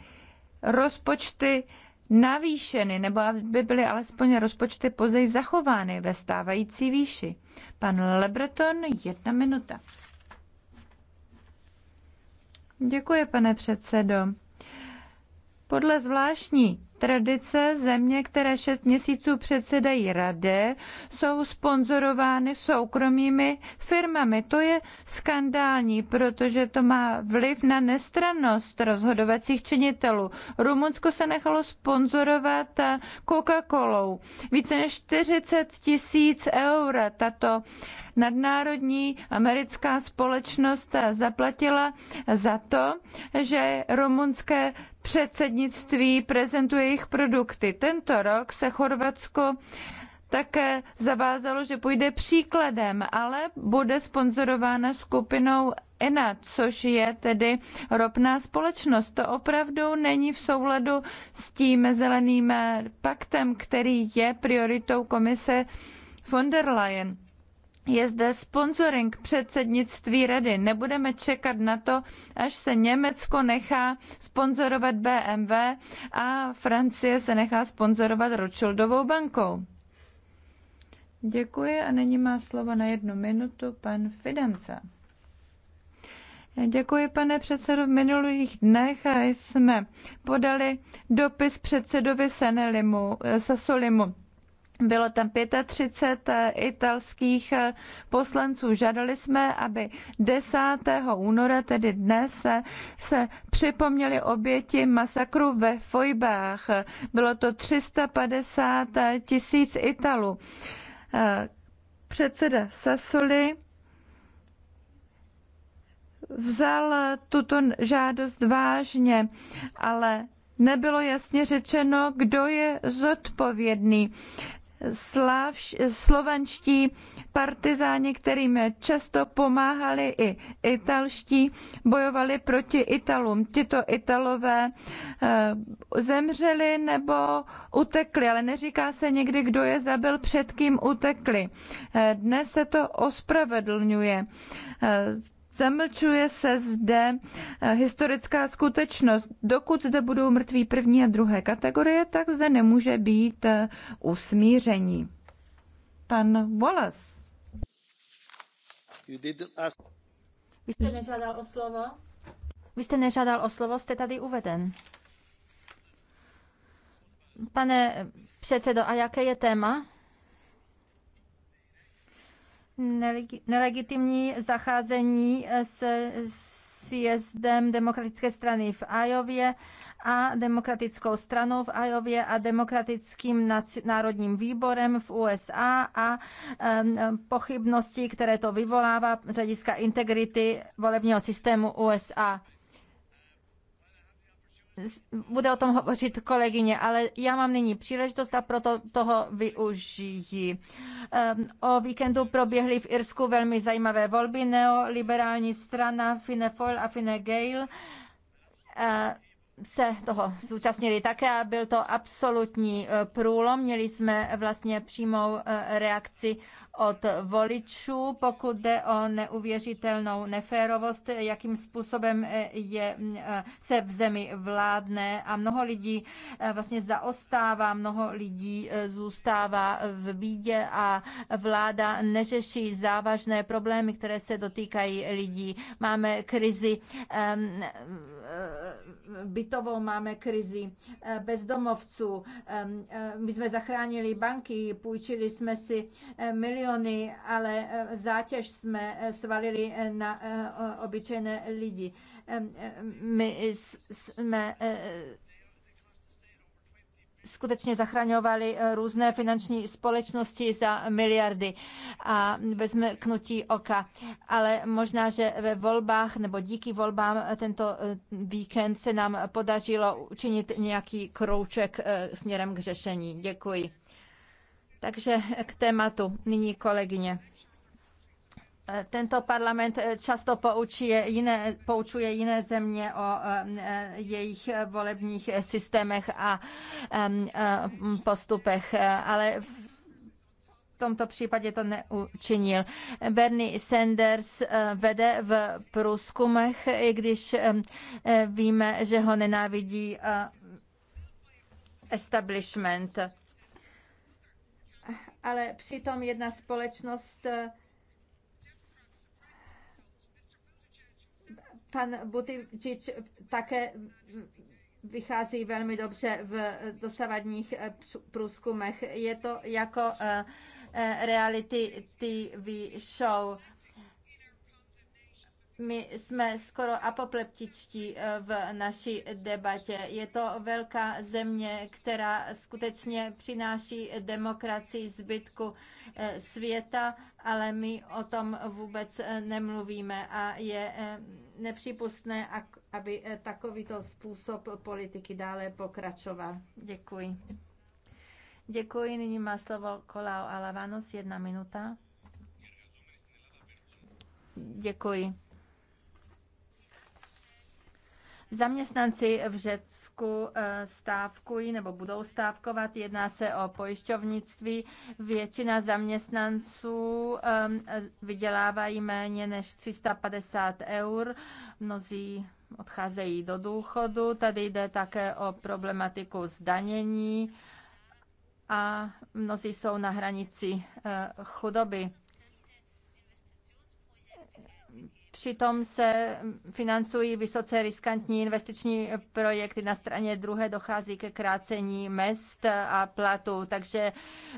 rozpočty navýšeny nebo aby byly alespoň rozpočty později zachovány ve stávající výši. Pan Lebreton, jedna minuta. Děkuji, pane předsedo. Podle zvláštní tradice země, které šest měsíců předsedají radě, jsou sponzorovány soukromými firmami. To je skandální, protože to má vliv na nestrannost rozhodovacích činitelů. Rumunsko se nechalo sponzorovat Coca-Colou. Více než 40 tisíc eur tato nadnárodní americká společnost zaplatila za to, že rumunské předsednictví prezentuje jejich produkty. Tento rok se Chorvatsko také zavázalo, že půjde příkladem, ale bude sponzorována skupinou ENA, což je tedy ropná společnost. To opravdu není v souladu s tím zeleným paktem, který je prioritou komise von der Leyen je zde sponsoring předsednictví rady. Nebudeme čekat na to, až se Německo nechá sponzorovat BMW a Francie se nechá sponzorovat Rothschildovou bankou. Děkuji a nyní má slovo na jednu minutu pan Fidanca. Děkuji, pane předsedo. V minulých dnech jsme podali dopis předsedovi Senelimu, Sasolimu bylo tam 35 eh, italských eh, poslanců. Žádali jsme, aby 10. února, tedy dnes, eh, se připomněli oběti masakru ve Fojbách. Bylo to 350 tisíc Italů. Předseda Sasoli vzal tuto žádost vážně, ale nebylo jasně řečeno, kdo je zodpovědný slavš, slovanští partizáni, kterým často pomáhali i italští, bojovali proti Italům. Tito Italové eh, zemřeli nebo utekli, ale neříká se někdy, kdo je zabil, před kým utekli. Eh, dnes se to ospravedlňuje eh, Zamlčuje se zde eh, historická skutečnost. Dokud zde budou mrtví první a druhé kategorie, tak zde nemůže být eh, usmíření. Pan Wallace. Vy jste nežádal o slovo? Vy jste nežádal o slovo, jste tady uveden. Pane předsedo, a jaké je téma? nelegitimní zacházení eh, s sjezdem demokratické strany v Ajově a demokratickou stranou v Ajově a demokratickým národním výborem v USA a pochybnosti, které to vyvolává z hlediska integrity volebního systému USA bude o tom hovořit kolegyně, ale já mám nyní příležitost a proto toho využiji. Ehm, o víkendu proběhly v Irsku velmi zajímavé volby. Neoliberální strana Fine Foyle a Fine Gael eh, se toho zúčastnili také a byl to absolutní eh, průlom. Měli jsme vlastně přímou eh, reakci od voličů, pokud jde o neuvěřitelnou neférovost, jakým způsobem eh, je, eh, se v zemi vládne a mnoho lidí eh, vlastně zaostává, mnoho lidí zůstává v bídě a vláda neřeší závažné problémy, které se dotýkají lidí. Máme krizi ehm, bytovou, máme krizi bezdomovců. Ehm, my jsme zachránili banky, půjčili jsme si milion miliony, ale eh, zátěž jsme eh, svalili eh, na obyčejné lidi. My jsme skutečně zachraňovali různé finanční společnosti za miliardy a bez knutí oka. Ale možná, že ve volbách nebo díky volbám tento víkend se nám podařilo učinit nějaký krouček směrem k řešení. Děkuji. Takže k tématu nyní kolegyně. Tento parlament často poučuje jiné, poučuje jiné země o eh, jejich volebních systémech a eh, eh, postupech, ale v tomto případě to neučinil. Bernie Sanders vede v průzkumech, i když víme, že ho nenávidí establishment ale přitom jedna společnost eh, pan Buttigieg také vychází velmi dobře v dosavadních eh, průzkumech. Je to jako eh, reality TV show. My jsme skoro apopleptičtí eh, v naší debatě. Je to velká země, která skutečně přináší demokracii zbytku eh, světa, ale my o tom vůbec eh, nemluvíme a je nepřípustné, aby takovýto způsob politiky dále pokračoval. Děkuji. Děkuji. Nyní má slovo Kolao Alavanos. Jedna minuta. Děkuji. Zaměstnanci v Řecku eh, stávkují nebo budou stávkovat. Jedná se o pojišťovnictví. Většina zaměstnanců ehm, eh, vydělávají méně než 350 eur. Mnozí odcházejí do důchodu. Tady jde také o problematiku zdanění a mnozí jsou na hranici eh, chudoby. Přitom se financují vysoce riskantní investiční projekty. Na straně druhé dochází ke krácení mest a platů, takže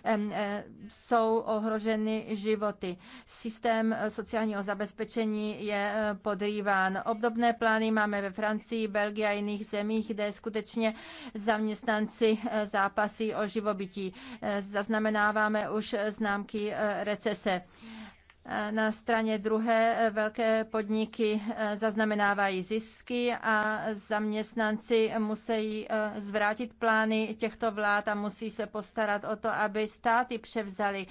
e, jsou ohroženy životy. Systém sociálního zabezpečení je e, podrýván. Obdobné plány máme ve Francii, Belgii a jiných zemích, kde skutečně zaměstnanci e, zápasí o živobytí. Zaznamenáváme už známky recese. Na straně druhé eh, velké podniky eh, zaznamenávají zisky a zaměstnanci musí eh, zvrátit plány těchto vlád a musí se postarat o to, aby státy převzaly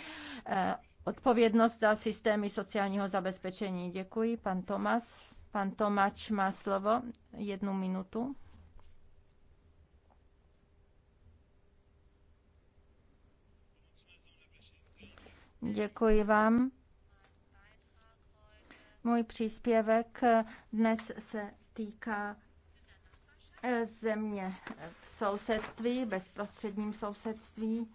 odpovědnost za systémy sociálního zabezpečení. Děkuji. Pan Tomas, pan Tomáč má slovo. Jednu minutu. Děkuji vám. Můj příspěvek dnes se týká eh, země v eh, sousedství, bezprostředním sousedství.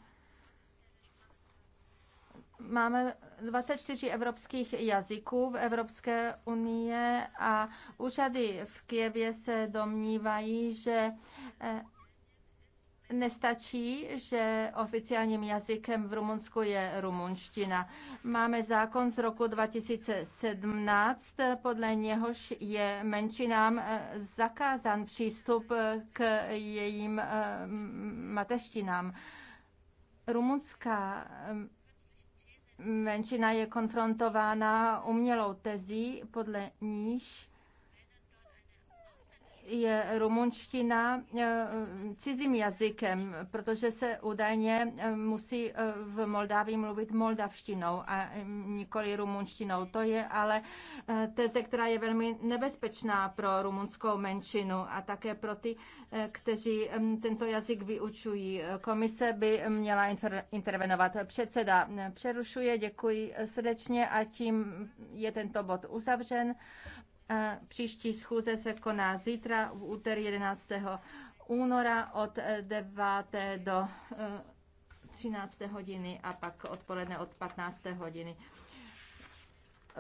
Máme 24 evropských jazyků v Evropské unii a úřady v Kijevě se domnívají, že eh, Nestačí, že oficiálním jazykem v Rumunsku je rumunština. Máme zákon z roku 2017, podle něhož je menšinám eh, zakázán přístup eh, k jejím eh, mateřštinám. Rumunská menšina je konfrontována umělou tezí, podle níž je rumunština eh, cizím jazykem, protože se údajně eh, musí eh, v Moldávii mluvit moldavštinou a nikoli rumunštinou. To je ale teze, která je velmi nebezpečná pro rumunskou menšinu a také pro ty, kteří mm, tento jazyk vyučují. Komise by měla intervenovat. Předseda přerušuje, děkuji srdečně a tím je tento bod uzavřen. Příští schůze se koná zítra v úterý 11. února od 9. Eh, do 13. Eh, hodiny a pak odpoledne od 15. hodiny.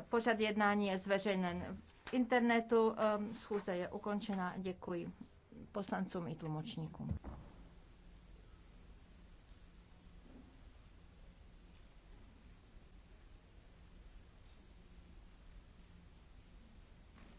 Pořad jednání je zveřejněn v internetu. Eh, schůze je ukončena. Děkuji poslancům i tlumočníkům.